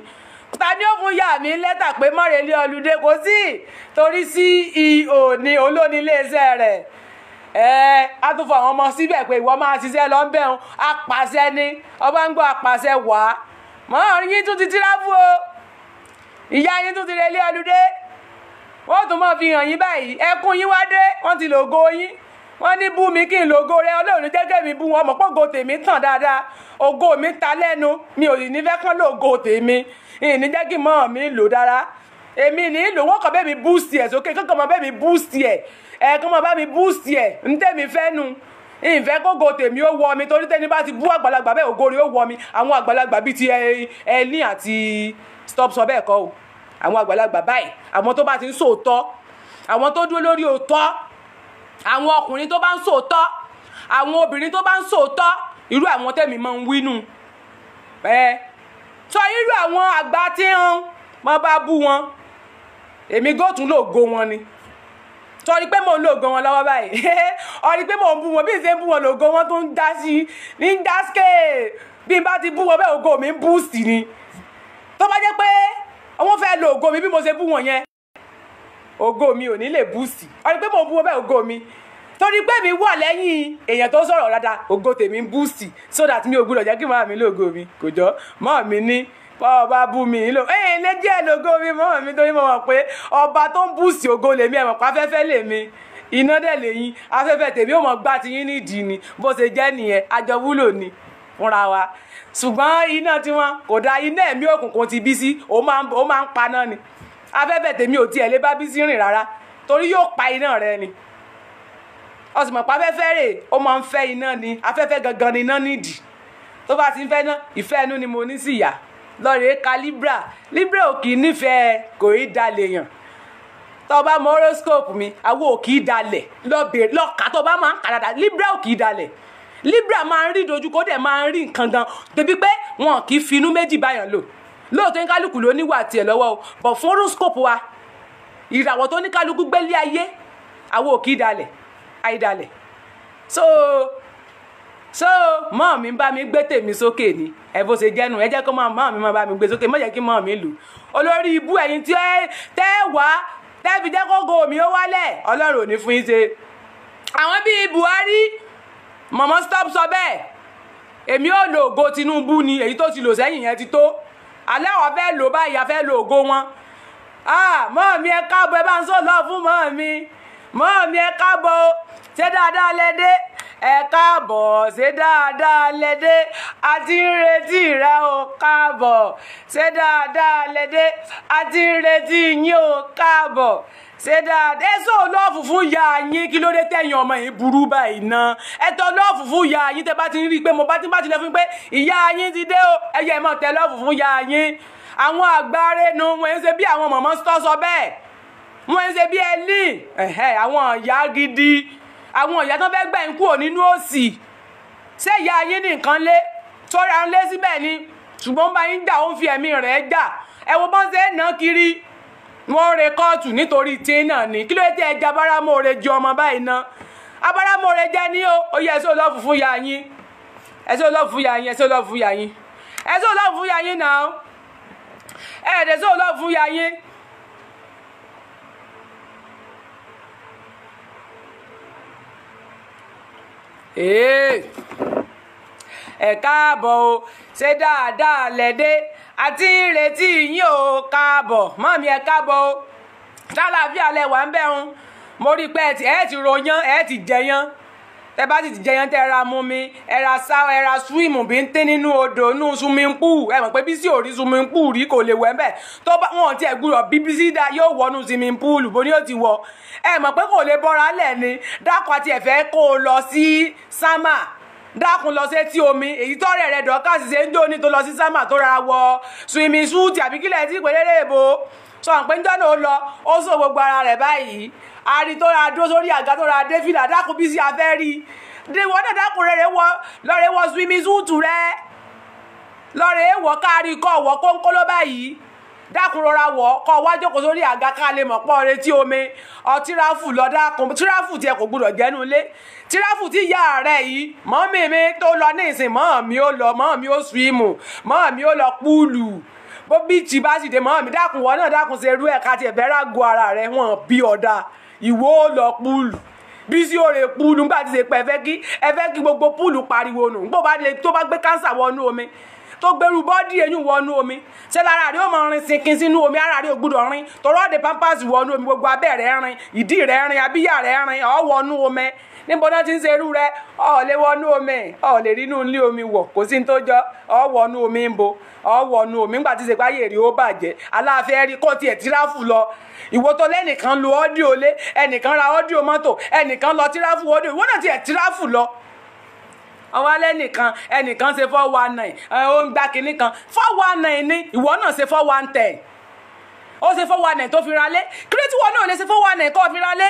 ta ni ó fún yà mí lẹ́tà pé mọ̀rẹ́ lé ọludé kò sí torí CEO ni olóni iléeṣẹ́ rẹ̀ ẹ á tún fọ àwọn ọmọ síbẹ̀ pé ìwọ máa ṣiṣẹ́ lọ ń bẹ̀ ń apàṣẹ ni ọba ń gbọ́ apàṣẹ wá mọ́ yín tún ti tíráfù o ìyá yín tún ti relé ọludé wọ́n tún mọ̀ fi hàn yín báyìí ẹkún yín wá dé wọ́n ti lògo yín wọ́n ní bú mi kí n lògo rẹ ọlọ́run jẹ́jẹ́ mi bú wọn mọ̀ pé ògo tèmi tàn dáadáa ògo mi ta lẹ́nu mi ò ní fẹ́ kán lògo tèmi ìní jẹ́ kí mọ́ mi lò dára èmi ní ìlò wọ́n kàn bẹ́ẹ̀ mi búùsì ẹ̀ sókè kankan mọ́ bẹ́ẹ̀ mi búùsì ẹ̀ ẹ̀ kàn mọ́ bá mi búùsì ẹ̀ ń tẹ̀mí fẹ́ nu ìfẹ́ gógó tèmi ó wọ mi torí tẹ́ni bá ti bú àgbàlagbà bẹ́ẹ̀ ògo rẹ̀ ó wọ mi àwọn àgbàlagbà bíi ti ẹni àti stop sọ bẹ́ẹ̀ kọ́ o àwọn àgbàlagbà báyìí àwọn tó bá ti ń sòótọ́ àwọn tó dúró lórí òótọ́ àwọn ọkùnrin tó bá ń sòótọ́ àwọn obìnrin tó bá ń sòótọ́ irú àwọn tẹ̀mí máa ń wínú ẹ sọ irú àwọn àgbà tí ń máa bá bú wọn èmi góòtún lóògo wọn ni sọrí pé mò ń lògo wọn lọ́wọ́ báyìí <laughs> ọrí pé mò ń bú wọn bí ìṣe ń bú wọn lògo wọn tó ń dá sí ní ń bí n bá ti bú wọn bẹ́ẹ̀ ògo mi ń bú sí ni tó bá jẹ́ pé wọ́n fẹ́ lo ògo mi bí mo ṣe bú wọn yẹn ògo mi ò ní lè búùsì ọ̀rẹ́ pé mo bú ọbẹ̀ ògo mi torí pé mi wà lẹ́yìn èèyàn tó sọ̀rọ̀ dáadáa ògo tèmi ń búùsì so that mi ò gbúdọ̀ jẹ́ kí màá mi lógo mi kò jọ màá mi ní ọba bú mi lò ẹ̀yìn lé díẹ̀ lógo mi mọ́ mi torí mo mọ̀ pé ọba tó ń búùsì ògo lèmi ẹ̀mọ̀ pàfẹ́fẹ́ lèmi iná dẹ̀ lẹ́yìn afẹ́fẹ́ tèmi ò mọ̀ gbá ti yín nídìí ni bó ṣe jẹ́ nìyẹn àjọ wúlò ni fúnra wa ṣùgbọ́n iná tiwọn kò da iná ẹ̀mí òkùnkùn ti bí sí ó máa ń paná ni afẹ́fẹ́ tèmi ò tiẹ̀ lé bá Bísí rìn rárá torí yóò pa iná rẹ ni ọ̀sìmọ̀pá afẹ́fẹ́ rè ó máa ń fẹ́ iná ni afẹ́fẹ́ gangan ni iná nídìí tó bá ti ń fẹ́ ná ìfẹ́ inú ni mo ní sí ìyá lọ́ọ̀rẹ́ ka Libra Libra ò kì í nífẹ̀ẹ́ kò í dalẹ̀ yàn tó bá mọ horoscope mi àwo ò kì í dalẹ̀ lọ́ọ̀ka tó bá máa ń kà dáadáa Libra ò kì í dalẹ̀ Libra máa ń rí dojúkọ dẹ̀ máa ń rí nǹkan gan tẹ̀bí pé wọn kì í finú méjì báyàn lò lóòótọ́ kálukú ló níwà tiẹ̀ lọ́wọ́ o but fún horoscope wa ìràwọ̀ tó ní kálukú gbélé ayé àwọn òkì dalẹ̀ àìdalẹ̀ so so mọ́ mi bá mi gbé tèmi sókè ni ẹ bó ṣe jẹ́nu ẹ jẹ́ kó mọ́ mọ́ mi bá mi gbé sókè mọ́ jẹ́ kí mọ́ mi lù olórí ibú ẹ̀yin tí tẹ́ wá tẹ́ fi jẹ́ kógo mi ó wálẹ̀ ọlọ́run ò ní fún yín ṣe àwọn bíi Buhari mọ̀mọ́ stop sọ bẹ́ẹ̀ èmi ò lo ògo Tinubu ni èyí tó ti lò sẹ́yìn yẹn ti tó alẹ́ àwọn fẹ́ lò báyìí a fẹ́ lo ògo wọn ah, mọ́ mi ẹ káàbọ̀ ẹ bá ń sọ lọ fún mọ́ mi mọ́ mi ẹ káàbọ̀ ṣé dáadáa lẹ́dẹ́ ẹ káàbọ̀ ṣé dáadáa lẹ́dẹ́ a ti ń retí rẹ o káàbọ̀ ṣé dáadáa lẹ́dẹ́ a ti ń retí yín o káàbọ̀ ṣe dáadáa ẹsọ lọ́ọ̀fù fún ya yín kí ló dé tẹ̀yìn ọmọ yìí burú báyìí ná ẹtọ lọ́ọ̀fù fún ya yín tẹ bá ti rí i pé mo bá ti bá ti lọ fún pé ìyá yín ti dé o ẹyẹ ẹ máa tẹ lọ́ọ̀fù fún ya yín àwọn àgbáre nu wọn ń ṣe bí àwọn mọ̀mọ́ tó sọ bẹ́ẹ̀ wọn ń ṣe bí ẹlí àwọn ìyá gidi àwọn ìyá tó fẹ́ gbẹ̀yìn kúrò nínú òsì ṣé ìyá yín nìkan lé tó ra ń lé síbẹ̀ ni ṣùgbọ́n bá yín gbà ó ń fi ẹ̀mí rẹ̀ gbà ẹ bọ́n ṣe é ná kiri wọ́n re kóòtù nítorí tí náà ni kí ló jẹ́ ẹja abáramóore ju ọmọ báyìí ná abáramóore jẹ́ ní o ó yẹ ẹsẹ́ olóòfù fún ya yín ẹsẹ́ olóòfù fún ya yín ẹsẹ́ olóòfù fún ya yín ẹsẹ́ olóòfù fún ya yín náà ẹ̀ẹ́dẹ̀ ẹsẹ́ olóòfù fún ya yín. ẹ̀ẹ́ ẹ̀ káàbọ̀ o dáadáa lẹ́dẹ́ àti ìrètí yín o káàbọ̀ mọ́mí ẹ káàbọ̀ o ṣàlàáfíà lẹ wà ń bẹ̀ ń mo rí i pé ẹ ti ròyán ẹ ti jẹyán tẹ bá ti jẹyán tẹ ra mú mi ẹ ra sá ẹ ra swim bí ń tẹ́ nínú odò nínú swimming pool ẹ mọ̀ pé bí sí òrí swimming pool rí kò lè wẹ̀ mbẹ́ tó bá wọn ti ẹ̀ gbúdọ̀ bí bí sí dá yóò wọnú swimming pool bó ni yóò ti wọ ẹ mọ̀ pé kò lè bọ́ra lẹ̀ ni dákọ̀ àti ẹ̀fẹ́ kó o lọ sí sámà dákun lọ sétí omi èyí tọ́rẹ̀ rẹ dọ́kà sì ṣe ń jó ní tó lọ sí sámà tó rárá wọ swimming suit àbí kílẹ̀ tí ìpínlẹ̀ èbó sọ̀rọ̀ pé njọ́nà ó lọ ó sọ gbogbo ara rẹ̀ báyìí ari tó ra dúró sórí àga tó ra dé fìlà dákun bí sí afẹ́ rí wọ́n náà dákun rẹ̀ wọ lọ́rẹ̀ wọ swimming suit rẹ̀ lọ́rẹ̀ wọ káàrí kọ́ wọ kónkóló báyìí dákun rọra wọ̀ kọ́ wá jókòó sórí àga ká lè mọ̀ pọ́ retí omi ọ tíráfù lọ dákun tíráfù tiẹ̀ kò gbúdọ̀ jẹ́nu ilé tíráfù tí ìyá rẹ̀ yìí mọ́mì mi tó lọ ní ìsìn mọ́ọ̀mí ó lọ mọ́ọ̀mí ó sùímù mọ́ọ̀mí ó lọ púùlù bó bí ìtì bá sì dé mọ́ọ̀mí dákun wọ́n náà dákun ṣe rú ẹ̀ ká tiẹ̀ bẹ́ẹ̀ rágo ara rẹ̀ wọ́n bí ọ̀dà ìwọ ó lọ púùlù bí sí òòrè púùlù nígbà tí ṣe pẹ́ ẹ fẹ́ kí ẹ fẹ́ kí gbogbo púùlù pariwo nù gbọ́ bá lè tó bá gbé káńsà wọnú omi gberu gbẹrú eyun wo wọnú omi se lára rẹ ó mọ rin sinkin omi ara rẹ ò gbúdọ̀ rin tọrọ de pampers wọnú omi gbogbo abẹ́ rẹ rin ìdí rẹ rin abíyá rẹ rin ọ̀ wọnú omi ti ń ṣerú rẹ ọ̀ lè wọnú omi o le ri nu omi wo ko sí ní tó jọ ọ̀ wọnú omi ń bo ọ̀ omi ńgbà tí lọ lé ra lọ àwọn alẹ́ nìkan ẹnìkan ṣe four one nine ó ń gba kinní kan four one nine ni ìwọ náà ṣe four one ten ó ṣe four one nine tó fi ra lé kírètì wọn náà lè ṣe four one nine kó fi ra lé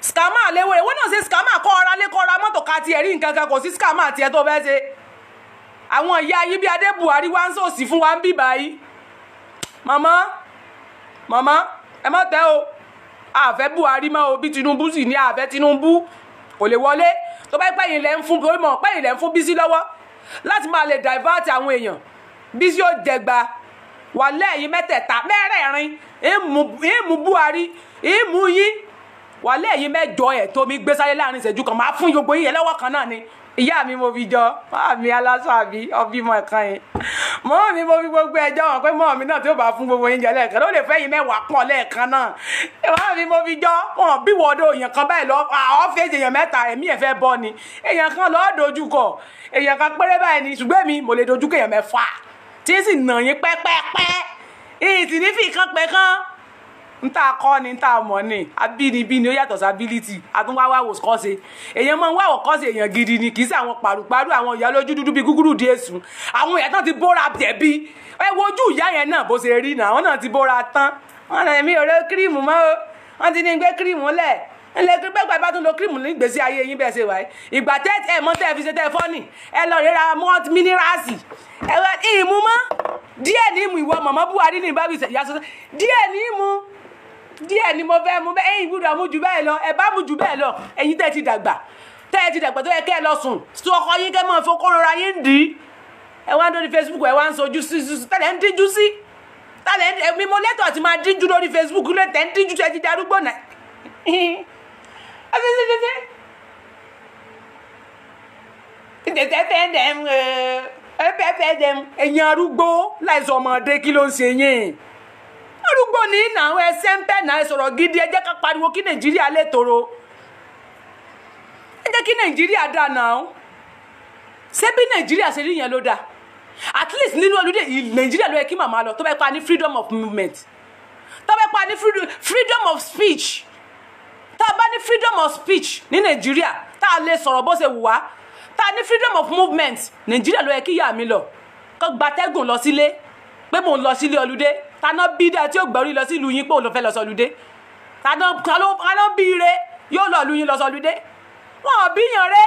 scammer léwèrè wọn náà ṣe scammer kó ra lé kó ra mọ́tò ká tiẹ̀ rí nǹkan kan kò sí scammer tiẹ̀ tó fẹ́ ṣe àwọn ìyá yìí bí adé buhari wá ń sòsì fún wa ń bì báyìí màmá màmá ẹ má tẹ́ o àfẹ́ buhari mọ́ o bí tinubu sì ní àfẹ́ tinubu kò lè wọlé tó bá pẹ́yìn lẹ́ ń fún orí mọ̀ pẹ́yìn lẹ́ ń fún Bísí lọ́wọ́ láti máa lè divert àwọn èèyàn Bísí ó dẹgba wà lẹ́yìn mẹ́tẹ̀ẹ̀ta mẹ́rẹ̀ẹ̀rin ìmú Buhari ìmú yín wà lẹ́yìn mẹ́jọ ẹ̀ tó mi gbé sáyé láàrin ìṣẹ́jú kan máa fún gbogbo yín yẹn lọ́wọ́ kan náà ni ìyá mi mo fi jọ máa mi aláṣọ àbí ọbímọ ẹ̀kan yẹn Mo, mi mo fi gbogbo ẹjọ́ wọn pé mọ́ mi náà tí ó bá fún gbogbo yín jẹ lẹ́ẹ̀kan ló lè fẹ́ yín mẹ́wàá pọ̀ lẹ́ẹ̀kan náà máa mi mo fi jọ wọn bí wọ́dọ̀ èèyàn kan báyìí lọ ọ́fíìsì èèyàn mẹ́ta ẹ̀mí ẹ̀fẹ́ bọ́ ni èèyàn kan lọ́ọ́ dojúkọ èèyàn kan péré báyìí ni ṣùgbọ́n mi mo lè dojúkọ èèyàn mẹ́fà tí sì nà yín pẹ́pẹ́pẹ́ ìtì nífì kan kan n tá a kọ́ ni n tá a mọ̀ ni abínibí ni ó yàtọ̀ sí ability àtúnwáwá wò kọ́sẹ̀ èèyàn máa ń wá òkọ́sẹ̀ èèyàn gidi ni kì í sí àwọn pàrùpàrù àwọn ìyá lójú dúdú bíi gúgúrú di èsù àwọn ìyá tán ti bóra tẹ̀bí ẹ wojú ìyá yẹn náà bó ṣe rí nà àwọn náà ti bóra tán wọn náà mi ò rẹ kírímù mọ́ o wọ́n ti ní gbé kírímù lẹ̀ ilé pé gbàgbà bá tún lo kírímù ní ìgbésí ayé yín bẹ́ẹ̀ ṣe wáyé ìgbà tẹ́ ẹ̀ mọ́ tẹ́ fi ṣe tẹ́ ẹ ẹ lọ rírà mọ́t mínírààsì ìmú mọ́ díẹ̀ ní ìmú ìwọ mọ̀mọ́ Buhari ní ìbáwí ìyá sọ́sọ́ díẹ̀ ní ìmú díẹ̀ ni mo fẹ́ mu bẹ́ẹ̀ ẹ̀yin gbúdọ̀ mu jù bẹ́ẹ̀ lọ ẹ̀ bá mu jù bẹ́ẹ̀ lọ ẹ̀yin tẹ́ ti dàgbà tẹ́ ti dàgbà tó yẹ kẹ́ ẹ lọ sùn sí ọkọ yín kẹ́ mọ̀ fokórora yín dì í ẹ wá ń dórí Facebook ẹ wá ń sojú sí sí tẹ́lẹ̀ ń díjú sí tẹ́lẹ̀ ń èmi mo lẹ́tọ̀ọ́ ti máa díjú lórí Facebook lé tẹ́ ń díjú tẹ́ ti darúgbó náà ẹ̀yin arúgbó láìsọ ọmọdé kí ló ń ṣe yín arúgbó ní ìnà àwọn ẹsẹ̀ ń bẹ̀ náà sọ̀rọ̀ gidi ẹ jẹ́ ká pariwo kí nàìjíríà lè tòrò ẹ jẹ́ kí nàìjíríà dà náà ṣé bí nàìjíríà ṣe rí yẹn ló dáa at least nínú olùdé nàìjíríà ló yẹ kí màmá lọ tó bá pa ní freedom of movement tó bá pa ní freedom of speech tá a bá ní freedom of speech ní nàìjíríà tá a lè sọ̀rọ̀ bó ṣe wù wá tá a ní freedom of movement nàìjíríà ló yẹ kí ìyá mi lọ kó gbatẹ́gùn lọ sílé pé mò ń lọ sílé olùdé taná bí dáa tí ó gbẹ̀rú lọ sí ìlú yín pé òun ló fẹ́ lọ sọlúdé taná bí ire yóò lọ ìlú yín lọ sọlúdé wọn ò bíyàn rẹ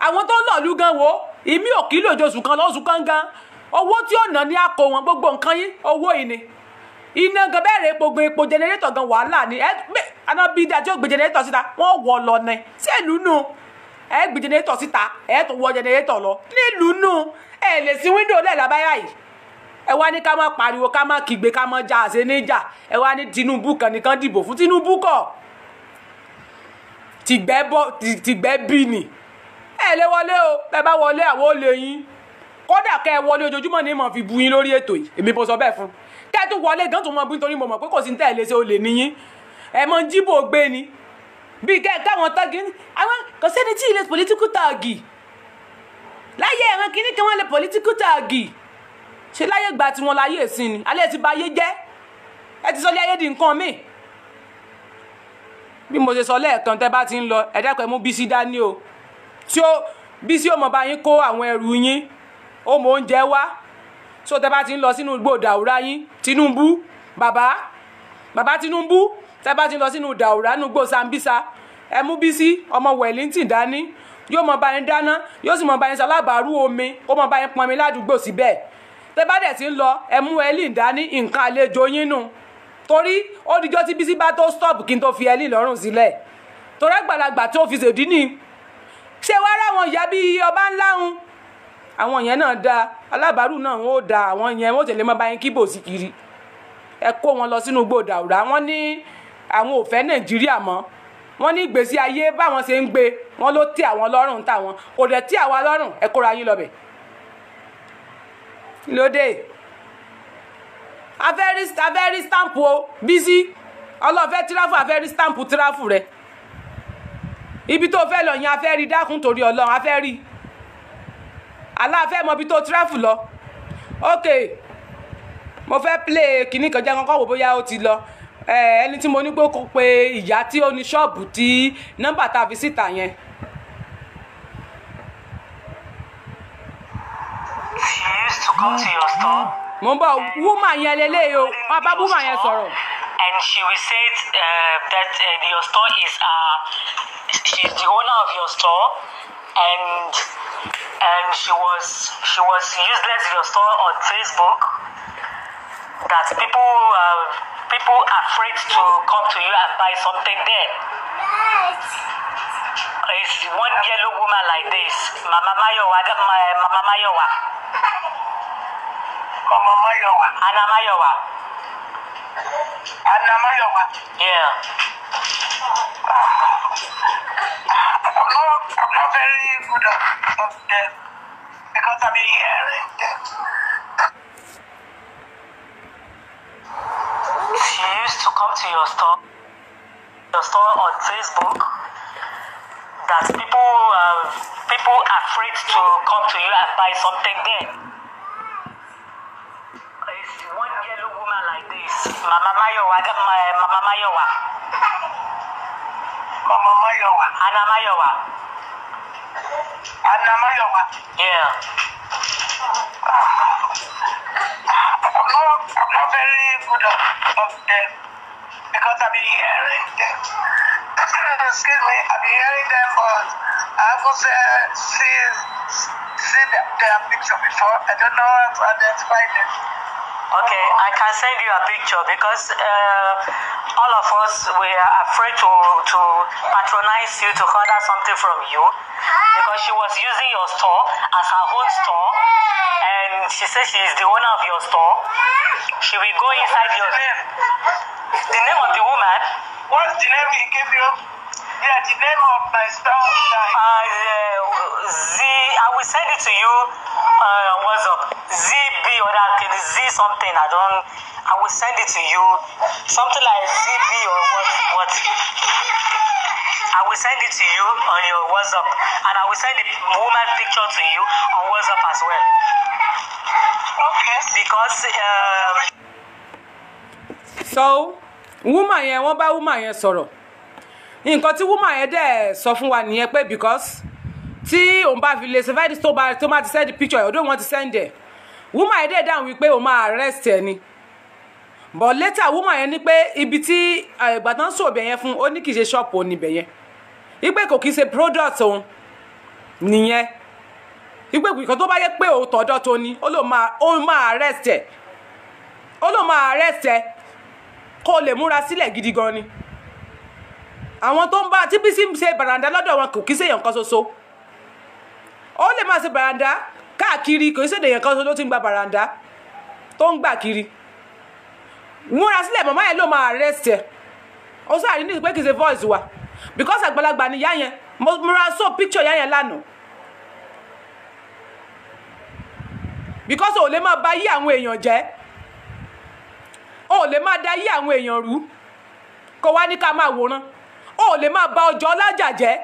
àwọn tó lọ̀lú gan wo ìmí ò kí lòjòsù kan lọ́sù kángan owó tí ó nà ní àkó wọn gbogbo nǹkan yín owó ìní iná gan bẹ́ẹ̀ rẹ̀ gbogbo epo jẹnẹrétọ̀ gan wàhálà ni ẹ gbé aná bí dáa tí ó gbé jẹnẹrétọ̀ síta wọ́n wọ̀ lọ nẹ sẹ́ẹ̀lú nù ẹ gbé jẹnẹrétọ̀ síta ẹ tó wọ jẹnẹrétọ̀ lọ nílùú nù ẹ lè sí wíńdò lẹ́ẹ̀ lábáyà yìí ẹ wá ní ká má pariwo ká má kígbe ká má já àṣẹ níjà ẹ wá ní Tinubu kan nìkan dìbò fún Tinubu kọ tìgbẹ́ bí ni ẹ lè wọlé o ẹ bá wọlé àwọn olè yín kódà kẹ ẹ wọlé ojoojúmọ́ ni mo fi bu yín lórí ètò yìí èmi bó sọ bẹ́ẹ̀ fún kẹ ẹ tún wọlé gan tó mọ bí nítorí mo mọ̀ pé kò sí ní tẹ̀lé ṣe olè níyín ẹ mọ jíbò gbé ni bíi kẹ ẹ káwọn tọ́gì ní àwọn kò sẹ́ni tí ilé pòlítíkù tọ́gì láyé ẹ̀ràn kìíní kan wọ́n lè pòlítíkù tọ́gì ṣe láyé ìgbà tí wọ́n láyé ìsìn ni alẹ́ ti ba ayé jẹ́ ẹ ti sọ lé ayé di nǹkan míì bí mo ṣe sọ lẹ́ẹ̀kan tẹ́ bá ti ń lọ ẹ dẹ́kun ẹ mú bísí dání o tí ó bísí ó mọ̀ bá yín kó àwọn ẹrù yín ó mọ oúnjẹ wá so tẹ́ bá ti ń lọ sínú igbó dàwúrà yín Tinubu bàbá bàbá Tinubu tẹ́ bá ti ń lọ sínú dàwúrà nínú Sambisa ẹ mú bísí ọmọ Wellington dání yóò mọ bá yín dáná yóò sì mọ bá yín ṣalábàárù omi ó mọ bá yín pọnmi ládùúgbò síbẹ̀ tẹ bá dẹ̀ ti ń lọ ẹ mú ẹlín dání nǹkan àlejò yín nù torí ó dijọ́ tí bísí bá tó stop kí n tó fi ẹlín lọ́rùn sílẹ̀ torí àgbàlagbà tó fi ṣèdí ni ṣé wàá ráwọn ìyá bíi ọba ńlá hun àwọn yẹn náà dáa alábàárù náà ó dáa àwọn yẹn wọ́n tẹ̀lé mọ́ báyìí kíbò sí kiri ẹ kó wọn lọ sínú gbòdàwùrà wọ́n ní àwọn ò fẹ́ nàìjíríà mọ́ wọ́n ní ìgbésí ayé báwọn ṣe ń gbé wọn ló tẹ́ àwọn lọ́rùn táwọn kò dẹ̀ tẹ́ àwa lọ́rùn ẹ kóra yín lọ bẹ̀ kí ló dé afẹ́rí afẹ́rí stamp o bísí ọlọ́fẹ́ tíráfù afẹ́rí stamp tíráfù rẹ ibi tó fẹ́ lọ yẹn afẹ́rí dákun torí ọlọ́run afẹ́rí aláàfẹ́ mọbi tó tíráfù lọ ok mo fẹ́ play kìnnì kan jẹ́ kankan wò bóyá ó ti lọ ẹni tí mo ní pé kó pe ìyá tí ó ní ṣọ́ọ̀bù tí nọ́mbà tá a fi síta yẹn. mo ń bọ̀ woman yẹn lélẹ́yìí o máa bá yẹn sọ̀rọ̀. and she will say uh, that uh, your store is uh, she's the owner of your store and and she was she was useless in your store on Facebook that people uh, people afraid to come to you and buy something there. It's one yellow woman like this. Mama Mayowa. Eh, Mama Mayowa. Mama Mayowa. Anna Mayowa. Anna Mayowa. Yeah. I'm not, I'm not very good at, them because I've been hearing them. She used to come to your store the store on Facebook that people uh, people are afraid to come to you and buy something there. It's one yellow woman like this, Mama Mayowa, uh, Mama Mayowa. Mama Mayowa. Anna Mayowa. Anna Mayowa. Yeah. Ah. I'm not, I'm not very good of them. because I've been hearing them. <coughs> Excuse me, I've been hearing them, but I was not uh, seen, seen their, their picture before. I don't know how to identify them. Okay, I can send you a picture because uh, all of us we are afraid to, to patronize you to order something from you because she was using your store as her own store and she says she is the owner of your store. She will go inside your the name of the woman? What's the name he gave you? Yeah, the name of my star Uh, Z, I will send it to you uh, WhatsApp. ZB or that Z something. I don't, I will send it to you. Something like ZB or what? what? I will send it to you on your WhatsApp, and I will send the woman picture to you on WhatsApp as well. Okay. Because. Um... so wúmà yẹn wọ́n bá wúmà yẹn sọ̀rọ̀ nǹkan tí wúmà yẹn dẹ̀ sọ fún wa nìyẹn pé because tí òun bá fi lè survive tó bá tó máa ti send picture ọdún wọn ti send ẹ̀ wúmà yẹn dẹ̀ dáhùn wípé òun máa arrest ẹ̀ ni but later wúmà yẹn ní pé ibi tí ìgbà tán sọ ibẹ̀ yẹn fún ó ní kì í ṣe ṣọ́ọ̀pù òun níbẹ̀ yẹn wípé kò kì ṣe product òun nìyẹn wípé ìkan tó bá yẹ pé òun tọ̀dọ̀ tó ní ó lóun máa arrest ẹ̀ ó lóun máa arrest ẹ̀ kó o lè múra sílẹ̀ gidi gan ni àwọn tó ń bá tí Bísí ń ṣe bàràǹdà lọ́dọ̀ wọn kò kí ṣèyàn kan ṣoṣo ó lè máa ṣe bàràǹdà káàkiri kò ṣèdè yẹn kan ṣoṣo ló ti ń gba bàràǹdà tó ń gbà kiri múra sílẹ̀ màmá yẹn ló máa arrest ẹ̀ ó sáré ní pé kì í ṣe voice wa because àgbàlagbà ni ìyá yẹn mo múra so picture ìyá yẹn lánàá because ò lè máa bà yí àwọn èèyàn jẹ́ o lè máa da ayé àwọn èèyàn rú kó wá ní ká máa wòran o lè máa ba ọjà ọlájà jẹ́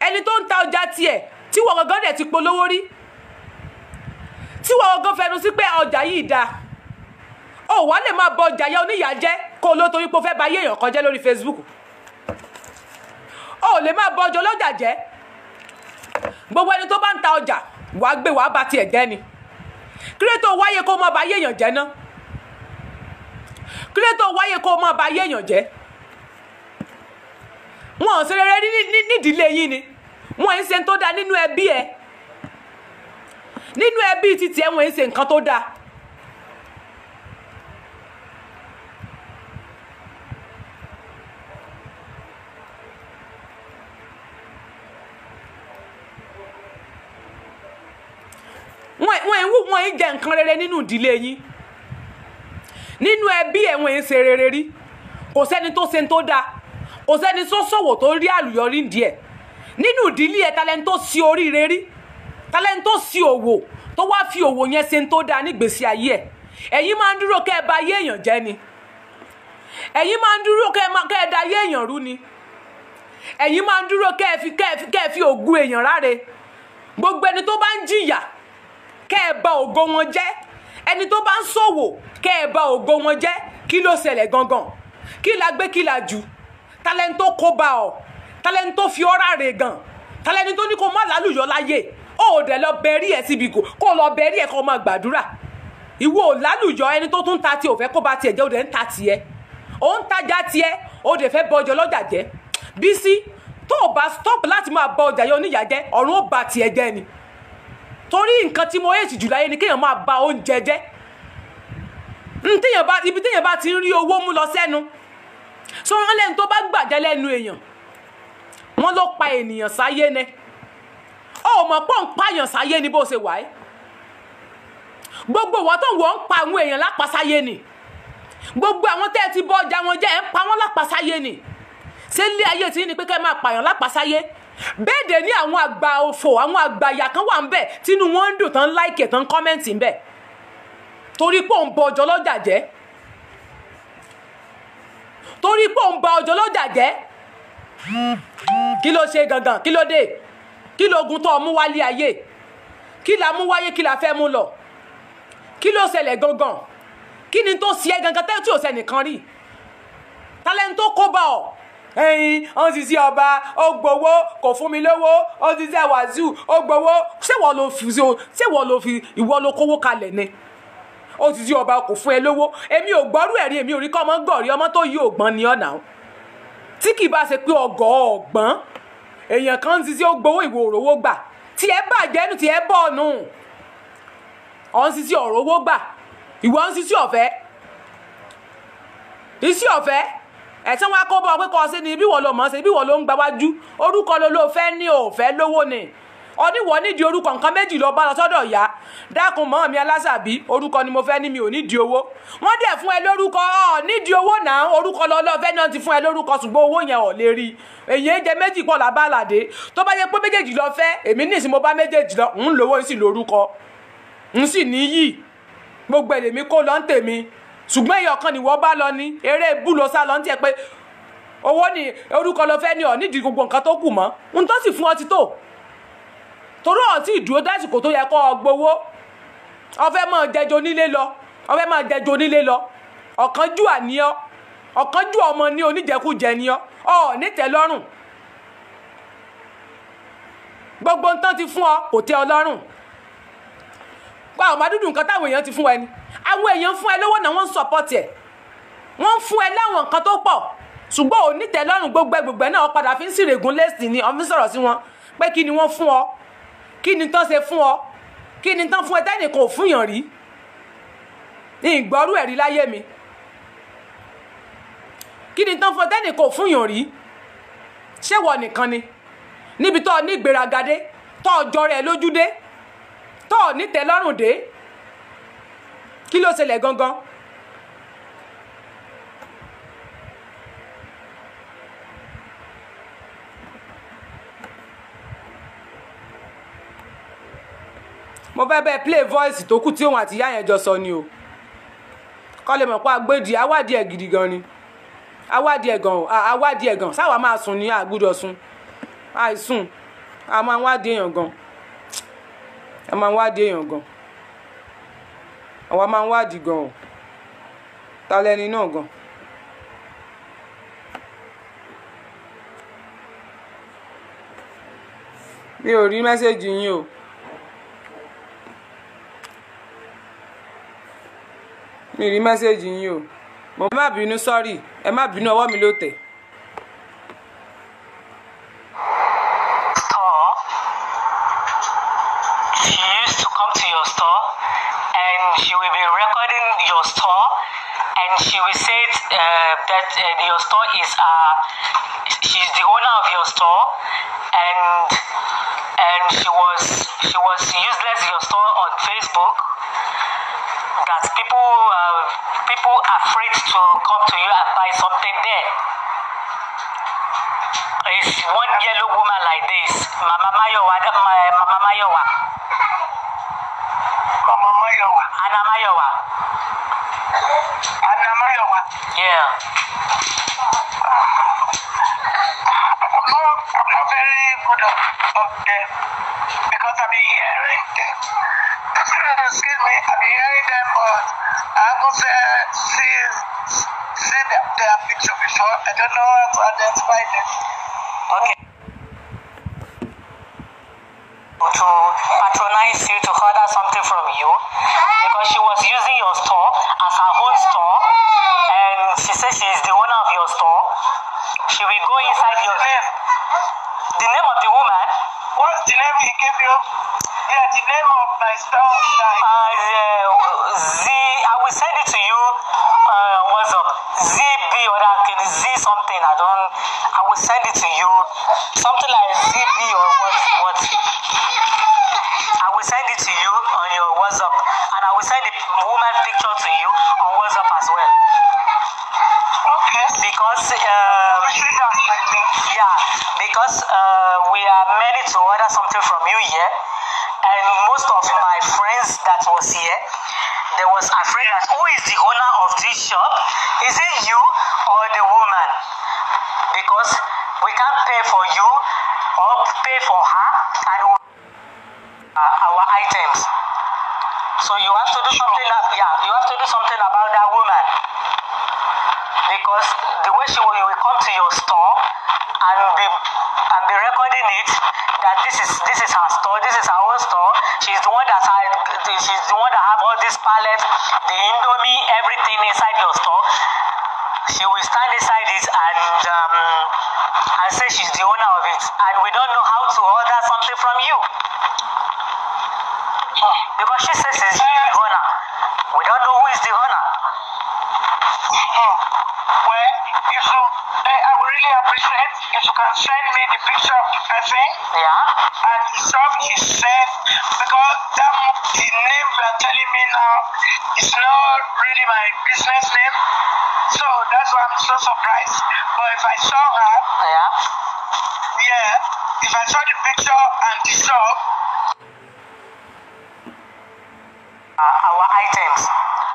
ẹni tó ń ta ọjà tiẹ̀ tí wọ́n gangan dẹ̀ ti polówó rí tí wọ́n gangan fẹnu sí pé ọjà yìí dáa o wá lè máa bọ ọjà ya oníyà jẹ́ kó o ló torí pé o ba ayé èèyàn kan jẹ́ lórí Facebook o lè máa bọ ọjà ọlọ́jà jẹ́ gbogbo ẹni tó bá ń ta ọjà wàá gbé wàá ba tiẹ̀ jẹ́ ni kí ló tó wáyé kó o máa ba ayé náà kí ló tó wáyé kó o máa ba ayé èèyàn jẹ́ wọn ò ṣe rere nídìílé yín ni wọn ń ṣe tó dáa nínú ẹbí ẹ nínú ẹbí títí ẹ wọn ń ṣe nǹkan tó dáa. wọn ì jẹ nǹkan rere nínú ìdílé yín nínú ẹbí ẹ̀wọ̀n ẹ̀ ń ṣe rere rí kò sẹ́ni tó ṣe tó dáa kò sẹ́ni tó ṣòwò tó rí àlùyọrí díẹ̀ nínú ìdílé ẹ̀ talẹ́ni tó ṣe oríire rí talẹ́ni tó ṣe òwò tó wá fi òwò yẹn ṣe tó dáa nígbèsí ayé ẹ̀ ẹ̀yin máa ń dúró kẹ́ ẹ ba ayé èèyàn jẹ́ ni ẹ̀yin máa ń dúró kẹ́ ẹ da ayé èèyàn rú ni ẹ̀yin máa ń dúró kẹ́ ẹ fi kẹ́ ẹ fi ògùn èèyàn ráre gbogbo ẹni tó bá ń jìyà kẹ́ ẹ ba ògo wọn jẹ́ ẹni tó bá ń ṣòwò kẹ́ ẹ bà ògo wọn jẹ́ kí ló ṣẹlẹ̀ gangan kí la gbé kí la jù talẹ́ni tó kó bá ọ talẹ́ni tó fi ọ́ ráre gan talẹ́ni tó ní kó má lálùyọ láyè ó dẹ̀ lọ bẹ̀rí ẹ̀ síbi kò kó lọ bẹ̀rí ẹ̀ kó máa gbàdúrà ìwọ ò lálùyọ ẹni tó tún ta tiẹ̀ ò fẹ́ kó ba tiẹ̀ jẹ́ ò dẹ̀ ń ta tiẹ̀ ò ń tajà tiẹ̀ ò dẹ̀ fẹ́ bọ ọjọ́ lọ́jà jẹ́ Bísí tó o bá stop láti máa bọ ọjà yẹn oníyàá jẹ́ ọ̀run ó ba tiẹ̀ jẹ́ ni torí nǹkan tí mo èsì jù láyé ni kéèyàn máa ba oúnjẹ jẹ́ ibi téèyàn bá ti ń rí owó mú lọ sẹ́nu so wọ́n lẹ́nu tó bá gbàjẹ́ lẹ́nu èèyàn wọ́n ló pa ènìyàn sáyé ni ó mọ̀ pọ̀ ń pààyàn sáyé ni bó ṣe wà ẹ́ gbogbo ìwọ tó ń wọ́n ń pa àwọn èèyàn lápasáyé ni gbogbo àwọn tẹ́ ẹ ti bọ́ ọjà wọn jẹ́ ẹ̀ ń pa wọ́n lápasáyé ni ṣé ilé ayé ti ní pé kẹ́ máa pààyàn lápasáyé bẹ́ẹ̀ dẹ̀ ní àwọn àgbà òfò àwọn àgbà ìyà kan wà ń bẹ̀ tínú wọn ń dùn tán láìkè tán kọ́mẹ́ǹtì ń bẹ̀ torí pé òun bọ ọjọ́ lọ́jà jẹ́ torí pé òun bọ ọjọ́ lọ́jà jẹ́ kí ló ṣe gangan kí ló dé kí ló ogun tó ọmú wálé ayé kí la mú wáyé kí la fẹ́ mú lọ kí ló ṣẹlẹ̀ gangan kí ni tó ṣe é gangan tẹ́tí ò sẹ́nìkan rí talẹ́ni tó kó bá ọ ẹyin ó ti sí ọba ó gbowó kò fún mi lówó ó ti sí àwàzù ó gbowó ṣé wọ́n ló fi ṣé wọ́n ló fi ìwọ ló kówó kalẹ̀ ni ó ti sí ọba kò fún ẹ lówó èmi ò gbọ́rú ẹ̀rí èmi ò rí kọ́ ọmọ gọ̀ọ̀rí ọmọ tó yí ògbọ́n ni ọ̀nà tí kì í bá ṣe pé ọgọ́ ọ̀gbọ́n èèyàn kan ti sí ó gbowó ìwò òrówó gbà tí ẹ bàjẹ́ nù tí ẹ bọ̀ nù ọ̀ ń sisi òrówó gbà ìwọ ń sisi ọ̀fẹ́ isi ọ̀fẹ́ ẹ̀sìn wa kó bọ́ pé kọ́ sí ni bí wọ́n ló mọ̀ sí bí wọ́n ló ń gbáwájú orúkọ ló ló fẹ́ ní òfẹ́ lówó ni oníwọ̀ nídìí orúkọ nǹkan méjì lọ bá lọ sọ́dọ̀ ìyá dákun mọ́ mi alásàbí orúkọ ni mo fẹ́ ní mi ò nídìí owó wọ́n dẹ̀ fún ẹ lórúkọ ọ nídìí owó náà orúkọ lọ́lọ́fẹ́ náà ti fún ẹ lórúkọ ṣùgbọ́n owó yẹn ò lè rí èyí ń jẹ méjì pọ̀ làbálàdé tó bá yẹ pé méjèèjì lọ fẹ́ èmi ní ìsìn mo bá méjèèjì lọ ń lówó ń sì lórúkọ ń sì níyì gbogbo ẹ̀ lèmi kó lọ́ ń tèmi ṣùgbọ́n èèyàn kan nìwọ bá lọ ní eré bú ló sá lọ ní tiẹ̀ pé owó ni orúkọ ló fẹ́ ní ọ nídìí gbogbo nǹkan tó kù mọ́ ohun tó sì fún ọ ti tó torí ọ̀ tí ìdúró dásìkò tó yẹ kó ọ gbowó ọ fẹ́ máa jẹjọ nílé lọ ọ fẹ́ máa jẹjọ nílé lọ ọ̀kánjú àníọ́ ọ̀kánjú ọmọ ní oníjẹkújẹ ni ọ ọ nítẹ́lọ́rùn gbogbo nǹkan ti fún ọ kò tẹ́ ọ lọ́rùn gba ọmọ dúdú nǹkan táwọn èèyàn ti fún ẹ ni àwọn èèyàn fún ẹ lówó náà wọ́n ń sọ̀pọ̀tì ẹ̀ wọ́n ń fún ẹ láwọn nǹkan tó pọ̀ ṣùgbọ́n onítẹ̀lọ́rùn gbogbo ẹgbẹ̀gbẹ̀ náà padà fi ń sìrègùn lẹ́sìn ni ọ̀n fi sọ̀rọ̀ sí wọn pé kí ni wọ́n fún ọ kí ni tán ṣe fún ọ kí ni tán fún ẹ tẹ́nìkan ò fún yàn rí ìgbọ́rú ẹ̀rí láyé mi kí ni tán fún ẹ tẹ́nìkan ò fún yàn rí ṣé wọ nìkan ni níbi tó ní ìgbéragadé tó ọjọ́ rẹ̀ lójúdé tó ò ní tẹ́ lọ́rùn dé kí ló ṣẹlẹ̀ gangan. mo fẹ́ bẹ́ẹ̀ play voice tó kù tí òun àti ìyá yẹn jọ sọ ni o kọ́ lè mọ̀ pé agbèdì awádìí ẹ̀ gidi gan ni awádìí ẹ̀ gan awádìí ẹ̀ gan sáwa máa sùn ní àgbúdọ̀ sùn àìsùn àmọ́ awádìí èèyàn gan a máa ń wádìí èèyàn gan àwa máa ń wádìí gan o ta lẹni náà gan. mi ò rí mẹ́sẹ̀gì yín o. mi rí mẹ́sẹ̀gì yín o. mo má bínú sọ́rí ẹ má bínú ọwọ́ mi ló tẹ̀. your store and she will be recording your store and she will say uh, that uh, your store is uh, she's the owner of your store and and she was she was useless your store on Facebook that people uh, people are afraid to come to you and buy something there. It's one yellow woman like this, Mama Mayowa, Mama Mayowa. Anamayowa. Anamayowa. Anamayowa. Yeah. I'm not, I'm not very good of, of them because I've been hearing them. Excuse me, I've been hearing them, but I haven't uh, seen, seen their, their picture before. I don't know how to identify them. Okay. to patronize you to order something from you because she was using your store as her own store and she said she is the owner of your store She will go inside your name. The name of the woman? What's the name he gave you? Yeah, the name of my star. Uh, yeah, Z. I will send it to you. Uh, what's up? ZB or that Z something. I don't. I will send it to you. Something like ZB or what? What? I will send it to you on your WhatsApp, and I will send the woman picture to you on WhatsApp as well. Okay. Because um, yeah, because uh, we are meant to order something from you here, and most of my friends that was here, they was afraid that who is the owner of this shop? Is it you or the woman? Because we can't pay for you or pay for her and uh, our items. So you have to do something. That, yeah, you have to do something about that woman because the way she will, will come to your store and be and be recording it that this is this is her store, this is her own store. She's the one that had, she's the one that have all these pallets, the indomie, everything inside your store. She will stand inside it and um, and say she's the owner of it, and we don't know how to order something from you. Hmm. Because she says it's you, Honor. We don't know who is the Honor. Hmm. Well, if you, I, I would really appreciate if you can send me the picture of the person. Yeah. And some he said, because that, the name you are telling me now is not really my business name. So that's why I'm so surprised. But if I saw her, yeah, yeah, if I saw the picture and the shop, uh, our items.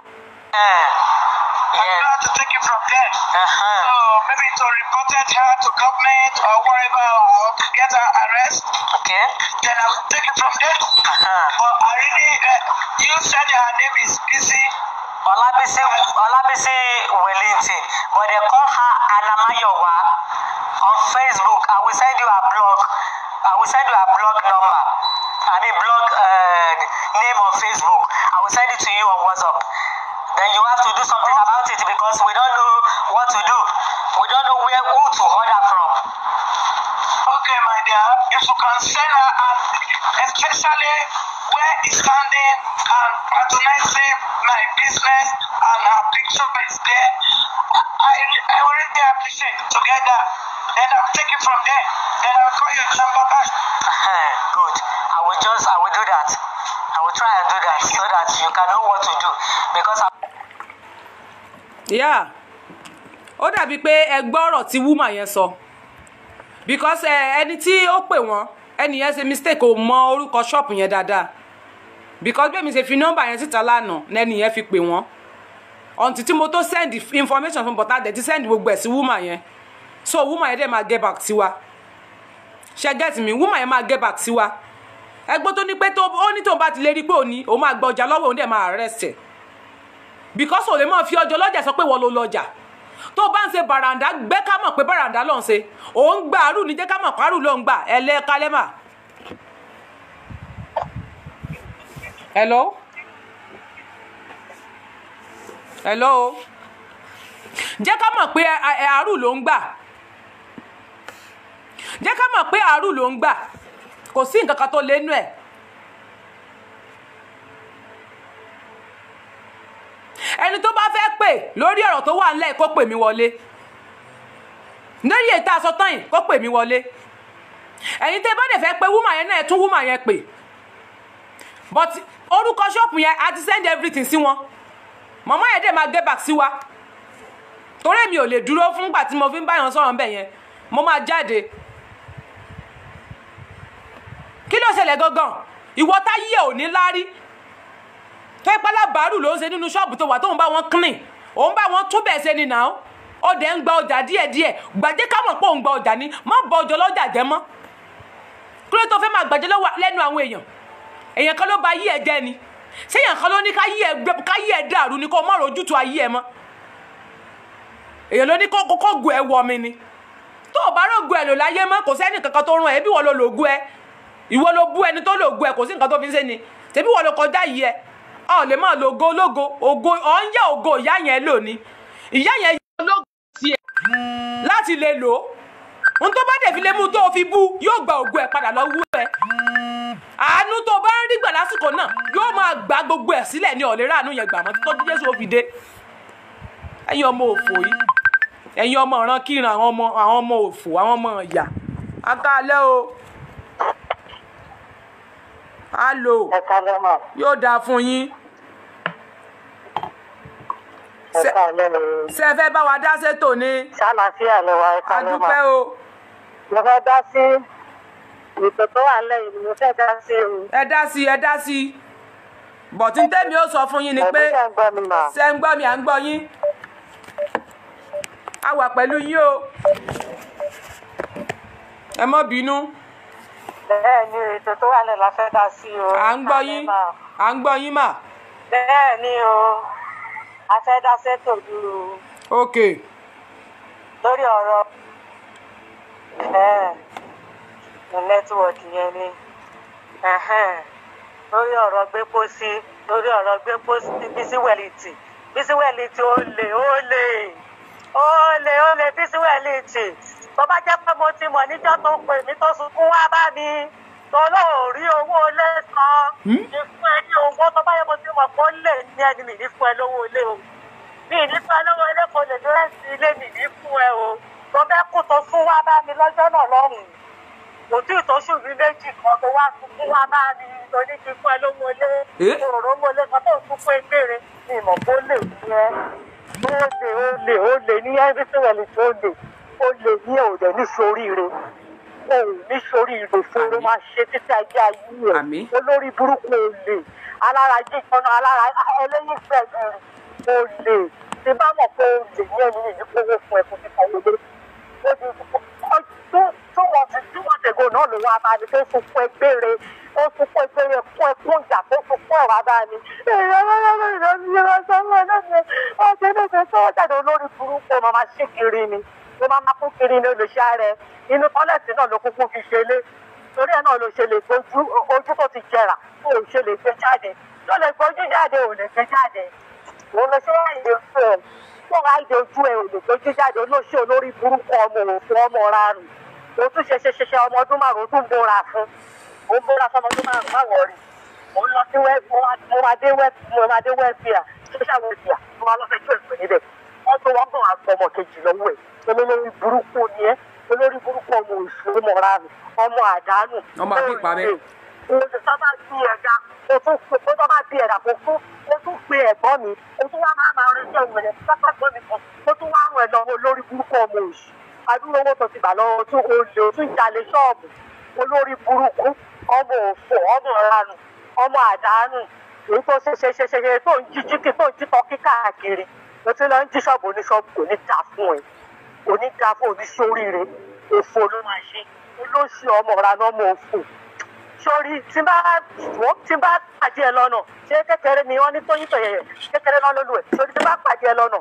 Uh, eh, yeah. And you have to take it from there. Uh-huh. So maybe to report her to government or whatever, or get her arrest. Okay. Then I will take it from there. Uh-huh. But I really, uh, you said her name is Bisi. Olabisi, Olabisi Wellington, but they call her Anamayowa on Facebook. I will send you a blog. I will send you a blog number. I mean blog uh, name on Facebook. I will send it to you on WhatsApp. Then you have to do something about it because we don't know what to do. We don't know where who to order from. Okay, my dear, if you can send her and especially where is standing and patronizing my business and her picture is there. I, I will really appreciate together. Then I'll take it from there. Then I'll call your number back. Uh <laughs> good will just I will do that. I will try and do that so that you can know what to do because I'm. Yeah. Ó dàbí pé ẹ gbọ́ ọ̀rọ̀ tí woman yẹn sọ because eh, ẹni tí ó pè wọ́n ẹni yẹn ṣe mistake kò mọ orúkọ ṣọ́ọ̀pù yẹn dáadáa because bẹ́ẹ̀ mi ṣe fi nọ́mbà yẹn síta lánàá lẹ́ni yẹn fi pè wọ́n until tí mo tó send information from bọ̀tá dẹ̀ ti send gbogbo ẹ̀ sí woman yẹn so woman yẹn dẹ̀ máa get back tiwa ṣe get me woman yẹn máa get back tiwa ẹgbẹ́ tó ní pé tó ó ní tóun bá ti lè rí pé òní òun máa gba ọjà lọ́wọ́ òun dẹ̀ máa rẹ̀sẹ̀ because òun lè máa fi ọjọ́ lọ́jà sọ pé wọ́n ló lọ́jà tó bá ń ṣe bàràǹdà gbé ká mọ̀ pé bàràǹdà ló ń ṣe òun gba àrùn níjẹ́ ká mọ̀ pàrù ló ń gbà ẹlẹ́ẹ̀ka hello hello jẹ́ ká mọ̀ pé àrùn ló ń gbà jẹ́ ká mọ̀ pé àrùn ló ń gbà kò sí nǹkan kan tó lé nú ẹ̀. ẹni tó bá fẹ́ pè lórí ọ̀rọ̀ tó wà ńlẹ̀ kó pè mí wọlé lórí ètò àsọtán yìí kó pè mí wọlé ẹ̀yin tẹ́ bá dẹ̀ fẹ́ pé wúmà yẹn náà ẹ tún wúmà yẹn pè but orúkọ ṣọ́ọ̀pù yẹn a ti send everything sí wọn màmá yẹn dẹ̀ máa get back sí wa torí èmi ò lè dúró fúngbà tí mo fi ń báyọ̀ sọ̀rọ̀ ńbẹ̀ yẹn mo máa jáde kí ló ṣẹlẹ̀ gangan ìwọ táyé ò ní lárí tó ẹ pálábàárù ló ń ṣe nínú ṣọ́ọ̀bù tó wà tóun bá wọn clean òun bá wọn túbẹ̀ ṣe ni náà ó dẹ̀ ń gba ọjà díẹ̀díẹ̀ gbàjẹ́ káwọn pé òun gba ọjà ni má bọ ọjọ́ lọ́jà jẹ́ mọ́ kí ló tó fẹ́ máa gbàjẹ́ lọ́wọ́ lẹ́nu àwọn èèyàn èèyàn kan ló ba yí ẹ jẹ́ ni ṣé èèyàn kan ló ní ká yí ẹ dàrú ni kó má rojútu ayé ẹ mọ́ èèyàn ló ní kó gùn ẹ wọ mi ni tó o bá rògùn ẹ lò láyé mọ́ kò sẹ́ni kankan tó ràn ẹ bí wọ́n lo lògùn ẹ ìwọ ló bú ẹni tó lò gu ẹ kò sí nǹkan tó fi ń ṣe ni tèmi wọ́n ló kọjá yìí ẹ ọ lè máa lo ògo ológo ògo ọ ń yẹ ògo ìyá yẹn lò ní ìyá yẹn yẹ ológo tiẹ̀ láti lè lò ó ohun tó bá dẹ̀ fi lè mú tó o fi bú yóò gba ògo ẹ padà lọ wú ẹ àánú tó bá ń rí gbà lásìkò náà yóò máa gba gbogbo ẹ sílẹ̀ ní ọ̀lẹ́rẹ́ àánú yẹn gbà mọ́ tó tí Jésù ó fi dé ẹ̀yin ọmọ òfò yìí ẹ̀yin ọmọ ìran kíran àwọn ọmọ òfò àwọn ọmọ ìyà akálẹ́ o alo yóò da fún yín ṣe fẹ́ bá wa dá sétò ni. ṣàlàfíà o. mo fẹ́ dá sí ètò tó wà lẹ́yìn mo fẹ́ dá sí o. ẹ dá sí ẹ dá sí bọ̀tí tẹ́mi ó sọ fún yín ni pé ṣe ń gbọ́ mi à ń gbọ́ yín a wà pẹ̀lú yín o ẹ má bínú. bẹ́ẹ̀ ni ètò tó wà lẹ̀ la fẹ́ dá sí o. à ń gbọ́ yín à ń gbọ́ yín mà. bẹ́ẹ̀ o a fẹ́ dá sẹ́tò dúró. ok. lórí ọ̀rọ̀ nẹ́tíwọ̀kì yẹn ni lórí ọ̀rọ̀ gbé pósí lórí ọ̀rọ̀ gbé pósí bísí wẹ̀lìtì ó lè ó lè ó lè ó lè bísí tó bá jẹ́ pé mo ti mọ̀ níjọ́ tó pè mí tó sunkún wá bá mi tọ́lọ́ọ̀rí owó ilé san ní hmm? fún ẹ owó tó bá yẹ mo ti mọ̀ pé lè ní ẹni mi ní fún ẹ lówó ilé o mi ní fún ẹ lówó ilé kò lè ní rẹ́sì ilé mi ní fún ẹ o tó bẹ́ẹ̀ kú tó fún wá bá mi lọ́jọ́ náà lọ́hùn kò tí ì tóṣù mi méjì kan tó wá sunkún wá bá mi tó ní fún ẹ lówó ilé eh? òróró owó ilé kan tó ń sunkún egbére mi mọ̀ pé lè fún ẹ ó lè ó lè ó lè ní ẹ́ ó lè ní ọ̀rẹ́ ní soríire òun ní soríire fún ló máa ṣe títí ajé ayé rẹ̀ olórí burúkú olè alára jíjọna alára ẹlẹ́yìn fẹ̀gbẹ̀rẹ̀ olè tí bá mọ̀ pé olè ní ẹni yìí kówó fún ẹkùn títà ìwé ó di two months two months náà ló wá bá mi tó fún fún ẹgbẹ́rẹ́ ó fún fún ẹgbẹ́rẹ́ fún ẹkún ìjà tó fún fún bá mi. ìrọ̀lọ́lọ́lọ́ ìrọ̀lọ́lọ́ ìrọ̀lọ́lọ́ ọ̀sẹ̀ náà fẹ́ sọ́wọ́ jáde olórí burúkú ọmọ máa ṣe kiri ni ló máa máa kún kiri ní olùṣẹ́ ààrẹ inú kọ́lẹ́sì náà ló kúkú fi ṣe lé torí ẹ̀ náà ló ṣe lè gbójú ojú tó ti jẹrà kó o ṣe lè gbé jáde ló lè gbójú jáde ò lè gbé jáde òun ló ṣe wá ìdè ojú ẹ̀ tó ìdè ojú ẹ̀ ò lè gbójú jáde olóṣè olórí burúkú ọmọ òfin ọmọ rárù o tún ṣe ṣe ṣe ọmọ ọdún márùn-ún tún bóra fún o ń bóra fún ọmọ ọdún márùn-ún má wọrí mo lọ sí wẹ́ẹ̀bì mo máa dé wẹ́ẹ̀bì mo máa dé wẹ́ẹ̀bì à social media mo máa lọ fẹ́ tó èpè níbẹ̀ ọdún wa bọ̀ àgbọ̀ ọmọ kejì lọ́wọ́ ẹ̀ olórí burúkú ni ẹ́ olórí burúkú ọmọ òṣèré mọ̀ra mi ọmọ àdánù. ọmọ àbí ìpamẹ́. oṣù tó bá bí ẹ̀dá oṣù tó bá bí ẹ̀dá kò fún oṣù pé ẹ̀gbọ́n mi oṣù wa máa máa rẹ sí ọ̀rẹ́ pápákọ̀ mi kan oṣù wa rún ẹ̀ lọ olórí burúkú ọmọ òṣì adúlọ owó tó ti bà lọ́wọ́ tún olè tún jalè ṣọ́ọ̀bù olórí burúkú ọmọ òfò ọmọ ọ̀ranù ọmọ àdánù èyí tó ṣe ṣe ṣe ṣe tó ń jí chicken tó ń jí tọ́kí káàkiri ètò ìlànà ń jí ṣọ́ọ̀bù oníṣọ́ọ̀bù kò ní ta fún ẹ oníta fún oníṣoríire òfò ló máa ṣe olóṣù ọmọ ọ̀ra náà mọ̀ òfò sórí tí bá wọ́n tí bá pàdé ẹ lọ́nà ṣé kékeré ni wọ́n ní tóyún tọ̀yẹ̀yẹ̀ kékeré náà lólu ẹ̀ sórí tí bá pàdé ẹ lọ́nà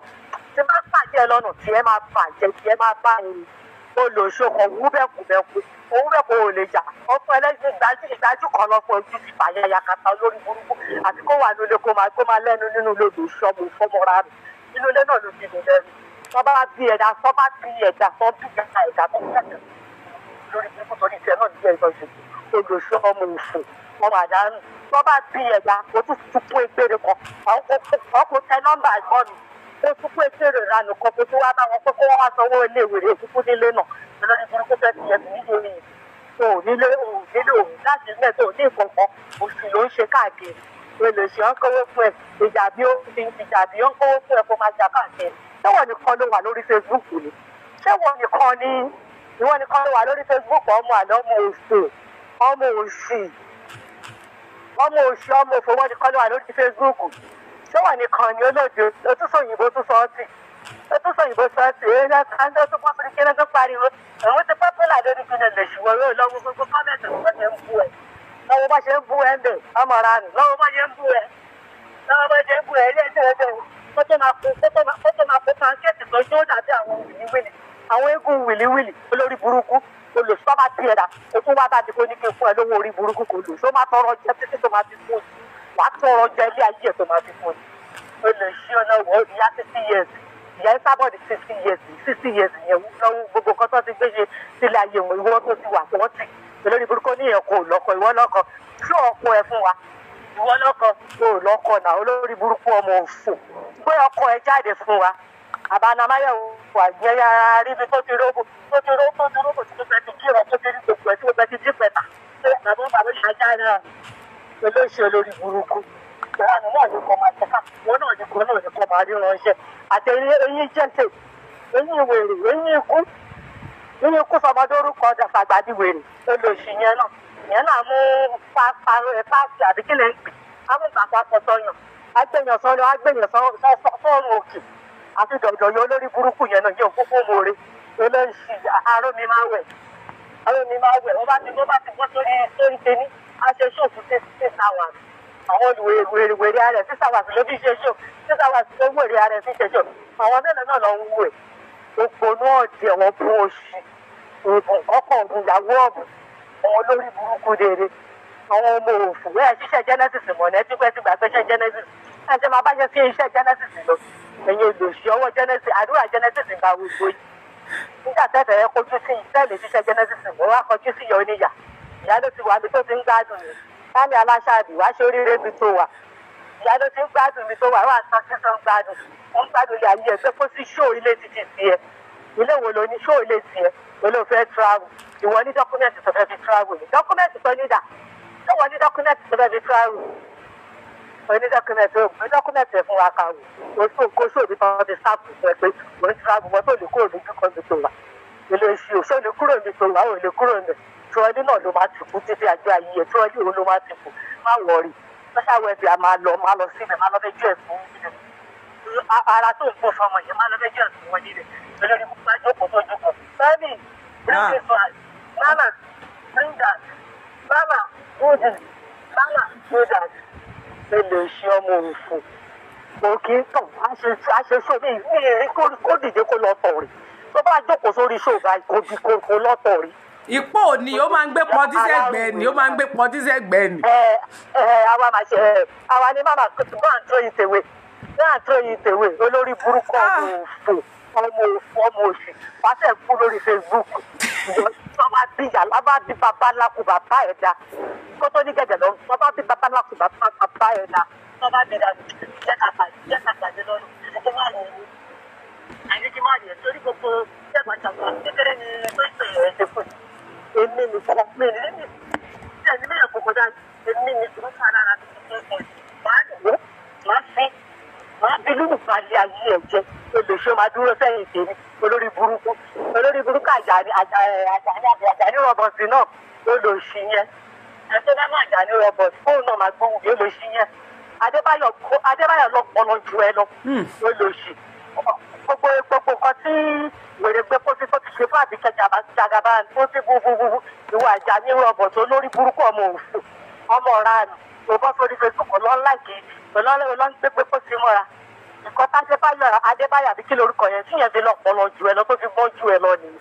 tí bá pàdé ẹ lọ́nà tí ẹ máa bàjẹ́ tí ẹ máa bá ẹni olóṣù kan wúbẹ̀kùbẹ̀kù òwúrẹ̀kù ò lè jà ọkọ ẹlẹ́gbẹ́ ìdájú kan lọ́pọ̀ ojú ti fàyà yakata olórí burúkú àti kó wà nílé kó máa lẹ́nu nínú lòdù ṣọ́ọ̀bù fọ́mọ́ra rẹ̀ inú ilé náà ló ti lè lẹ́rù tó bá bí ẹ̀dá tó bá bí ẹ̀dá tó bí ẹ̀dá ẹ̀dá tó bí ẹ̀dá lórí ikú torí tiẹ̀ náà díẹ̀ ìtọ́jú olùsọ ọmọ òfò ọmọ àdánù tó bá bí ẹ̀dá o tún tún kó egbére kan ọkọ̀ tẹ nọ́mbà ìkọ́ni ó tún kó egbére kan kó tún wá bá wọn pé kó wọ́n wá sanwó ilé ìwèrè ìkúkú nílé náà lórí burúkú fẹ́ olùsí ọ̀n kówó fún ẹ̀ ìjà bí ó fi ìjà bí ó ń kówó fún ẹ̀ kó máa jà káàkiri ṣé wọ́n nìkan ló wà lórí Facebook ni ṣé wọ́n nìkan ni wọ́n nìkan ló wà lórí Facebook ọmọ àlọ́ ọmọ òsì ọmọ òsì ọmọ òsì ọmọ òfò wọ́n nìkan ló wà lórí Facebook ṣé wọ́n nìkan ni olóòdì ó tún sọ òyìnbó tún sọ ọ́ tì ó tún sọ òyìnbó sọ ọ́ tì ẹ̀ ẹ̀ ẹ̀ tó pọ́ fún kí ẹ̀ tó pariwo òun ti pọ́pọ́là lórí kí ẹ̀ lè ṣùgbọ́n lọ́wọ́ gbogbo kọ́mẹ̀tì gbogbo ẹ̀ ń bu ẹ̀ lọ́wọ́ bá ṣe ń bú ẹ ń bẹ̀ ọmọ ara nì lọ́wọ́ bá ṣe ń bú ẹ lọ́wọ́ bá ṣe ń bú ẹ ilé ẹjọ́ ẹjọ́ kótó máa kó kótó máa kó pancake tó yóò dàbí àwọn wìlíwìlì àwọn eégún wìlíwìlì olórí burúkú olùsọ bá bá tiẹ̀ rà o tún wá bá di kó ní kí n fún ẹ lówó orí burúkú kò lò ṣó máa tọrọ jẹ títí tó máa fi fún òsì wàá tọrọ jẹ ilé ayé tó máa fi fún òsì o lè ṣí ọ náà wọ ìyá sixty years ìyá sábọ̀dì sixty years sixty years yẹn lọ́wọ́ gbogbo kan ti gbé ṣe sílé ayé wọn ìwọ́n tó ti wà tó wọ́n ti olórí burúkú níyẹn kò lọ́kọ ìwọ lọ́kọ ṣó ọkọ ẹ fún wa ìwọ lọ́kọ kò lọ́kọ náà olórí burúkú ọmọ òfò gbé ọkọ ẹ jáde fún wa àbánamáyẹwò àgbẹyà ríbi tó ti róbò tó ti róbò tó ti róbò tó ti ti jí rẹ tó ti rí gbogbo ẹ tó ti ti jí pẹta tó bàbá bàbá ṣáájá náà olóṣèlú olórí burúkú ìgbàlánù náà ní kò máa tẹ̀ka wọn náà ní kò náà ní kò máa rí nínú ikú sọmọdórúkọ jàfàgbàdìwé ni olóòṣì yẹn náà yẹn náà mú eh, páàsì àbí kí lè ń pè amúgbàpá sọsọyàn agbẹyàn sọlọ agbẹyàn sọọrùn òkè àti dọdọ yọ olórí burúkú yẹn náà yóò kókó mòore olóòṣì arómi máa wẹ arómi máa wẹ wọn bá ti wọn bá ti bọ́ sórí sórí tẹni aṣọ ṣòfù tẹsí táwọn àwọn olùwèrèwèrè ààrẹ sísàwàsì ló fi ṣe ṣò sísàwàsì ló wèrè ààrẹ fi ṣe ṣò àwọn mẹ́rin náà lọ ń wù ẹ́ òponú ọ̀dẹ̀ wọn fún oṣù ìbùn ọkọ̀ ìyàwó ọ̀bùn àwọn olórí burúkú rere àwọn ọmọ òfò wẹ́ẹ̀ ṣiṣẹ́ genesis mọ̀nà ẹtí ti gbà fẹ́ṣẹ́ genesis ẹ̀ṣẹ̀ máa bá ṣe sí iṣẹ́ genesis lọ ẹ̀yin olùsí ọwọ́ genesis àdúrà genesis ń ba gbogbo yìí nígbà tẹ́tẹ̀ ẹ kojú sí ìtẹ́ẹ̀lì ṣiṣẹ́ genesis mọ̀ wá kọjú sí yọ oníyà ìyá ti wà mí tó ti ń gbádùn mi sáàmì aláṣáàbì wá ṣe oríire mi tó wà ìyá ti ń gbádùn mi tó wà wà sọ sí tó ń gbádùn mi ń gbádùn ilé ayé ẹ pé kó sí ṣóò ilé títí tiẹ̀ ilé wo ló ní ṣóò ilé tiẹ̀ olóò fẹ́ travel ìwọ ní dọ́kúmẹ́ǹtì tó fẹ́ fi travel ni dọ́kúmẹ́ǹtì tó ní dà ìwọ ní dọ́kúmẹ́ǹtì tó fẹ́ fi travel oní dọ́kúmẹ́ǹtì ó ní dọ́kúmẹ́ǹtì fún wa kàwé oṣù kóṣù òbí kan ti sáàpù fún ẹ pé òun travel wọn tó lè kúrò ní kíkọ́ mi tó wà ilé iṣẹ́ òṣèlú lè kúrò ní tó wà ó lè kúrò ní tírọ́lì náà ló máa ti kú títí àjọ ayé ẹ̀ òun ló máa ti kú má wọrí lọ́sàwọ̀ ẹ̀bí a máa lọ máa lọ síbẹ̀ máa lọ fẹ́ jù ẹ̀ fún ìdílé ara tó ń pọ̀ fọmọ yìí máa lọ́dẹ́jì ọ̀sùn wọlé rẹ̀ lórí pípa jókòó tó jókòó. Bẹ́ẹ̀ni, bring this one, Mama, bring that, Mama, do this, Mama, do that. Ẹ lè tàn, a ṣe ṣó mi ní eré kó dìde kó lọ tọ̀ Tó bá jókòó sórí ṣó báyìí kó di kó lọ tọ̀ Ipò ni ó máa ń gbé pọtí sẹ́gbẹ̀ẹ́ ni ó máa ń gbé pọtí sẹ́gbẹ̀ẹ́ ni. Ẹ ẹ àwa máa ṣe ẹ àwa ni màmá máa tó ìtẹ̀wé láàtọ yìí tèwé olórí burúkú ah. ọmọ òfò ọmọ òfò ọmọ òsì pàṣẹ kú lórí facebook tọ́ba bí yàrá bá bí bàbá lákù bàbá ẹ̀ dá kó tó ní gẹ̀gẹ̀ lọ tọ́ba bí bàbá lákù bàbá bàbá ẹ̀ dá tọ́ba bí dá jẹ́ kàkà jẹ́ kàkà jẹ́ lọ́rùn kó má lọ wò àyè kí má yẹ torí gbogbo jẹ́gbà jàgbà kékeré ni ẹgbẹ́ ìpè rẹ̀ ṣe fún èmi nìkan mi ní mi ní ẹ̀mí mi ẹ̀kọ́ kọjá èmi nìkan sára rà tuntun tó ń bọ̀ máa lò ó máa fi máa fi lùlù máa lé ayé ẹ̀ jẹ́ olùṣọ́ máa dúró sẹ́yìn tèmi olórí burúkú olórí burúkú àjàní àjàní rọ́bọ̀tì náà olùṣí yẹn àtẹ́dámọ̀ àjàní rọ́bọ̀tì fóònù náà máa gbóhùn bí olùṣí yẹn adébáyọ̀ adébáyọ̀ lọ́pọlọ ju ẹ lọ olùṣí hmm. gbogbo gbogbo nǹkan tí wèrè gbé pósí tó ti ṣe fún àbíkẹ́ jagaba tó ti búbúbú ìwà àjàní rọ́bọ̀tì olórí burúkú ọmọ òfin ọmọ ọ̀ra àná òbọ̀ pẹ̀lú ọlọ́run pé pé kó ti mọ́ra nǹkan tá a ṣe báyọ̀ adébáyọ̀ àbí kí lorúkọ yẹn tí yẹn ti lọ pọ̀ lọ ju ẹ lọ tó fi gbọ́n ju ẹ lọ nìyí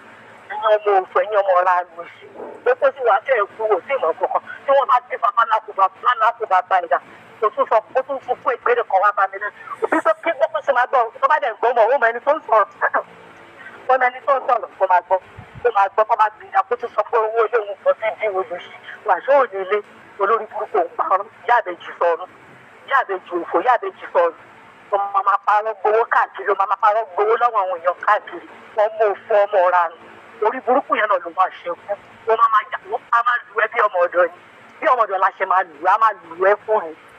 ẹ̀yin ọmọ òfò ẹ̀yin ọmọ ọ̀la lò sí pé kó sì wá fẹ́ẹ̀ kú wò sí ìmọ̀ kankan tí wọ́n bá ti bàbá lákùbà lákùbà bá ìdá kò tún sọ kó tún fún fún ìpèrè kan wá bá mi lẹ́nu òbí tó kí gbọ́ kó sì máa gbọ́ tó bá dẹ̀ gbọ́ mọ̀ ó mọ ẹni tó ń sọ̀rọ̀ ó mọ ẹni tó ń sọ̀rọ̀ kó máa gbọ́ kó máa gbọ́ kó máa gbìyànjú kó tún sọ pé owó ilé òun kò sí bí olùsí wàṣọ òní ilé olórí burúkú òun pa ọ̀run yáàbẹ̀jù sọ̀rọ̀ yàbẹ̀jì òfò yàbẹ̀jì sọ̀rọ̀ ló máa máa parọ́ gbowó káàkiri ló máa máa gbowó lọ́wọ́ àwọn èèyàn káàkiri wọ́n mú òfò ọmọ ọ̀ra nù orí burúkú yẹn náà ló máa ṣe kú wọ́n máa máa lu ẹ bí ọmọ ọ̀dọ́ ni bí ọmọ ọ̀dọ́ la ṣe máa lù ú máa lù ẹ fún un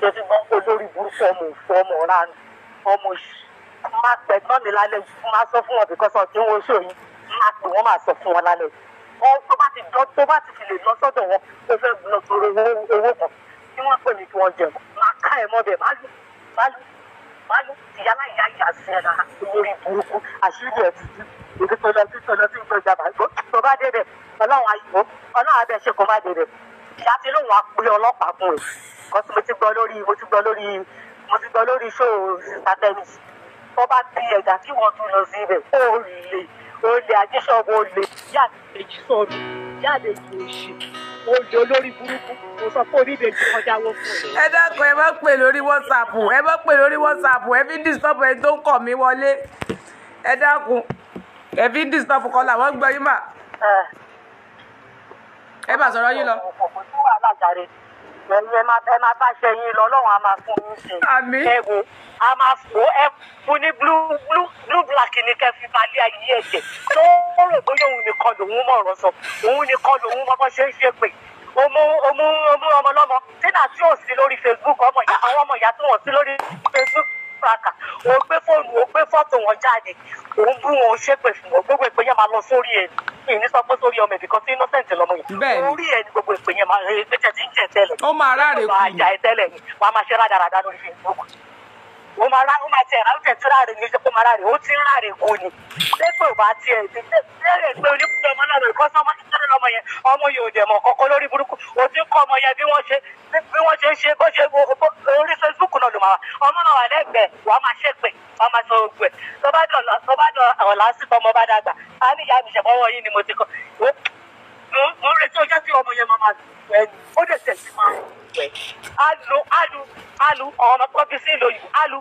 ṣe fi gbọ́n olórí burúkú ọmọ òfò ọmọ ránù ọmọ yìí máa pẹ̀gbọ́n mi lálẹ́ máa sọ fún wọn bìkọ́sọ̀ tí wọ́n ṣò yìí máa pè wọ́n máa sọ fún wọn lálẹ́ wọn tó bá ti dán tó bá ti fi lè lọ sọ́dọ̀ wọn ó fẹ́ lọ sọ̀rọ̀ owó owó kan tí wọ́n pè mí kí wọ́n jẹun máa ká ẹ̀ mọ́ bẹ̀ má lù má lù má lù ìyá láì yá ìyá sí ẹ̀ náà olórí burúkú àṣírí ẹ̀ tuntun èdè tó lọ sí tó lọ sí ìjọba àgbọ̀ tó bá dé bẹ̀ ọlọ́run àyùbọ̀ ìyá ti lóun á pe ọlọ́pàá fún rẹ̀ kan tí mo ti gbọ́ lórí mo ti gbọ́ lórí mo ti gbọ́ lórí ṣó sista dennis tó bá ti ẹ̀dá tí wọ́n tún lọ sí ibẹ̀ ó lè ó lè àjẹsọ́gbọ̀ ó lè yáàdì èjì sọ̀rọ̀ yáàdì èjì òṣì oúnjẹ olórí burúkú mo sọ fún oníbejì kọjá wọ fún ẹ. ẹ dákun ẹ má pè lórí whatsapp ẹ má pè lórí whatsapp ẹ fi ń disturb ẹ tó ń kọ mí wọlé ẹ dákun ẹ fi ń disturb kọ làwọn gbọ yín mà ẹ bá sọ̀rọ̀ yín lọ. ẹ máa bá ṣe yín lọ ọlọ́run á máa fún yín ṣe. àmín ẹ̀wò a máa fò ẹ fún ní blue black ni kẹ́ fi balẹ̀ ayé ẹ̀jẹ̀ tó ó rò pé òun nìkan lòun mọ̀ ọ̀rọ̀ sọ òun nìkan lòun mọ̀ ṣe ń ṣe pé ọmọ ọmọ ọmọ ọmọ tí náà tí ò sí lórí Facebook ọmọ ìyá àwọn ọmọ ìyá tí wọ́n sí lórí Facebook tracker ó gbé fóònù ó gbé fọ́tò wọn jáde òun bú wọn ṣépè fún wọn gbogbo ìpè yẹn máa lọ sórí ẹ̀ ìní sọ pé sórí ọmọ ẹ̀dìkan tí innocent lọmọ yẹn orí ẹ̀ ni gbogbo ìpè yẹn máa ẹ̀ pẹ́tẹ́ ti ń jẹ tẹ́lẹ̀ ó máa ráre kú wàá ẹ tẹ́lẹ̀ ni wàá máa ṣe rádaràda lórí Facebook ó máa rá ó máa tiẹ̀ rá ó tẹ̀ tún ráre ní ṣe kó máa ráre ó ti ń ráre kò ní lẹ́gbẹ̀ẹ́ ò bá tiẹ̀ ti lẹ́rẹ̀ pé oníkùnjẹ ọmọ náà lóko sọmọ ti tẹ́lẹ̀ lọ́mọ yẹn ọmọ yìí ò dẹ̀ mọ̀ kọ́kọ́ lórí burúkú ó ti ń kọ́ ọmọ yẹn bí wọ́n ṣe bí wọ́n ṣe ń ṣe bó ṣe orí Facebook náà ló máa wà ọmọ náà wà lẹ́gbẹ̀ẹ́ wà á máa ṣẹ́gbẹ̀ẹ́ wà á máa sọ ogun ẹ̀ tó bá dọ̀ tó bá dọ̀ ọ̀la sí ọmọ bá dàgbà á ní ìyá mi ṣẹ̀fọ́wọ́ yìí ni mo ti kọ́ mo ń retí ọjọ́ tí ọmọ yẹn máa máa ẹ̀ ó dẹ̀ tẹ̀sí máa gbẹ alu alu alu ọ̀nà tọ́jú sí ìlú òyìnbó alu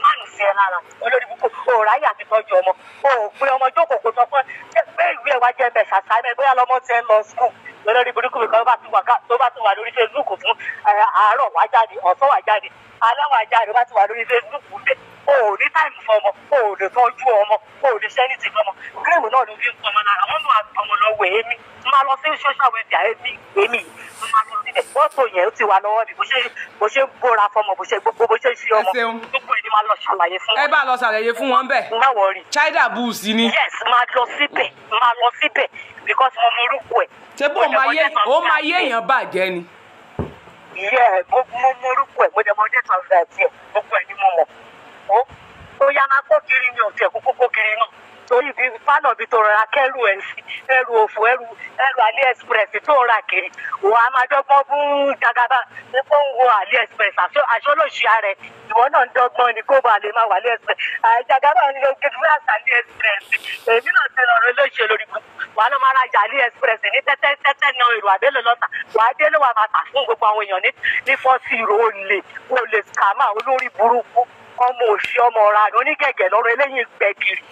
fáànù sí ẹ lára olórí búkú òòráyè àti tọ́jú ọmọ òògbé ọmọ jókòó tó fún ẹ pé ìwé wa jẹ bẹ ṣàṣàmẹ bóyá lọmọ tẹ ń lọ skul lórí burúkú kan bá ti wà ká tó bá ti wà lórí facebook fún àárọ̀ wá jáde ọ̀sán wá jáde alẹ́ wá bá ti wà lórí facebook bẹ̀ o ò ní táìmù fún ọmọ o ò lè tọ́jú ọmọ o ò lè sẹ́ni ti fún ọmọ gírímù náà ló fi ń pọnmọ lára wọn náà ọmọ lọ wẹ̀ émi mo máa lọ sí social media émi èmi mo máa lọ síbẹ̀ fọ́tò yẹn ó ti wà lọ́wọ́ mi bó ṣe bó ṣe ń bóra fọmọ bó ṣe gbogbo bó ṣe ń fi ọmọ gbogbo ẹni máa lọ ṣàlàyé fún wọn. ẹ bá lọ ṣàlàyé fún wọn bẹ́ẹ̀. má wọrí. china bus ni. yes máa lọ síbẹ̀ máa lọ síbẹ̀ because mo mọ orúkọ ẹ̀. ṣé bó o máa yé èèyàn bàjẹ́ ni. ìyá ẹ mo mọ orúkọ ẹ mo dẹ̀ mọ date of birth ẹ gbogbo ẹ ni mo mọ̀ ó yára kó kiri ni ò tiẹ̀ kó kó kó kiri náà torí ibi pálọ̀ bí tó rọra kẹ́rù ẹ̀ sí ẹrù òfò ẹrù ẹrù aliexpress tó ń ra kiri wọ́n a máa dọ́gbọ́n fún jagaba nípa ń wo aliexpress aṣọ lóṣù rẹ̀ ìwọ náà ń dọ́gbọ́n ni kó ba lè máa wà aliexpress jagaba ń lo gidras aliexpress èmi náà ti lọ́ọ́ lóṣù lórí wà á lọ́ máa rajà aliexpress ní tẹ́tẹ́ tẹ́tẹ́ náà èrò àbẹ́lẹ̀ lọ́tà wà á dé ló wà fún gbogbo àwọn èèyàn ní fọ́ọ̀sì ìrò olè olè scammer olórí burúkú ọmọ òsì ọmọ ọ̀ra ni onígẹ̀gẹ̀ lọ́rọ̀ eléyìí gbẹ̀gìrì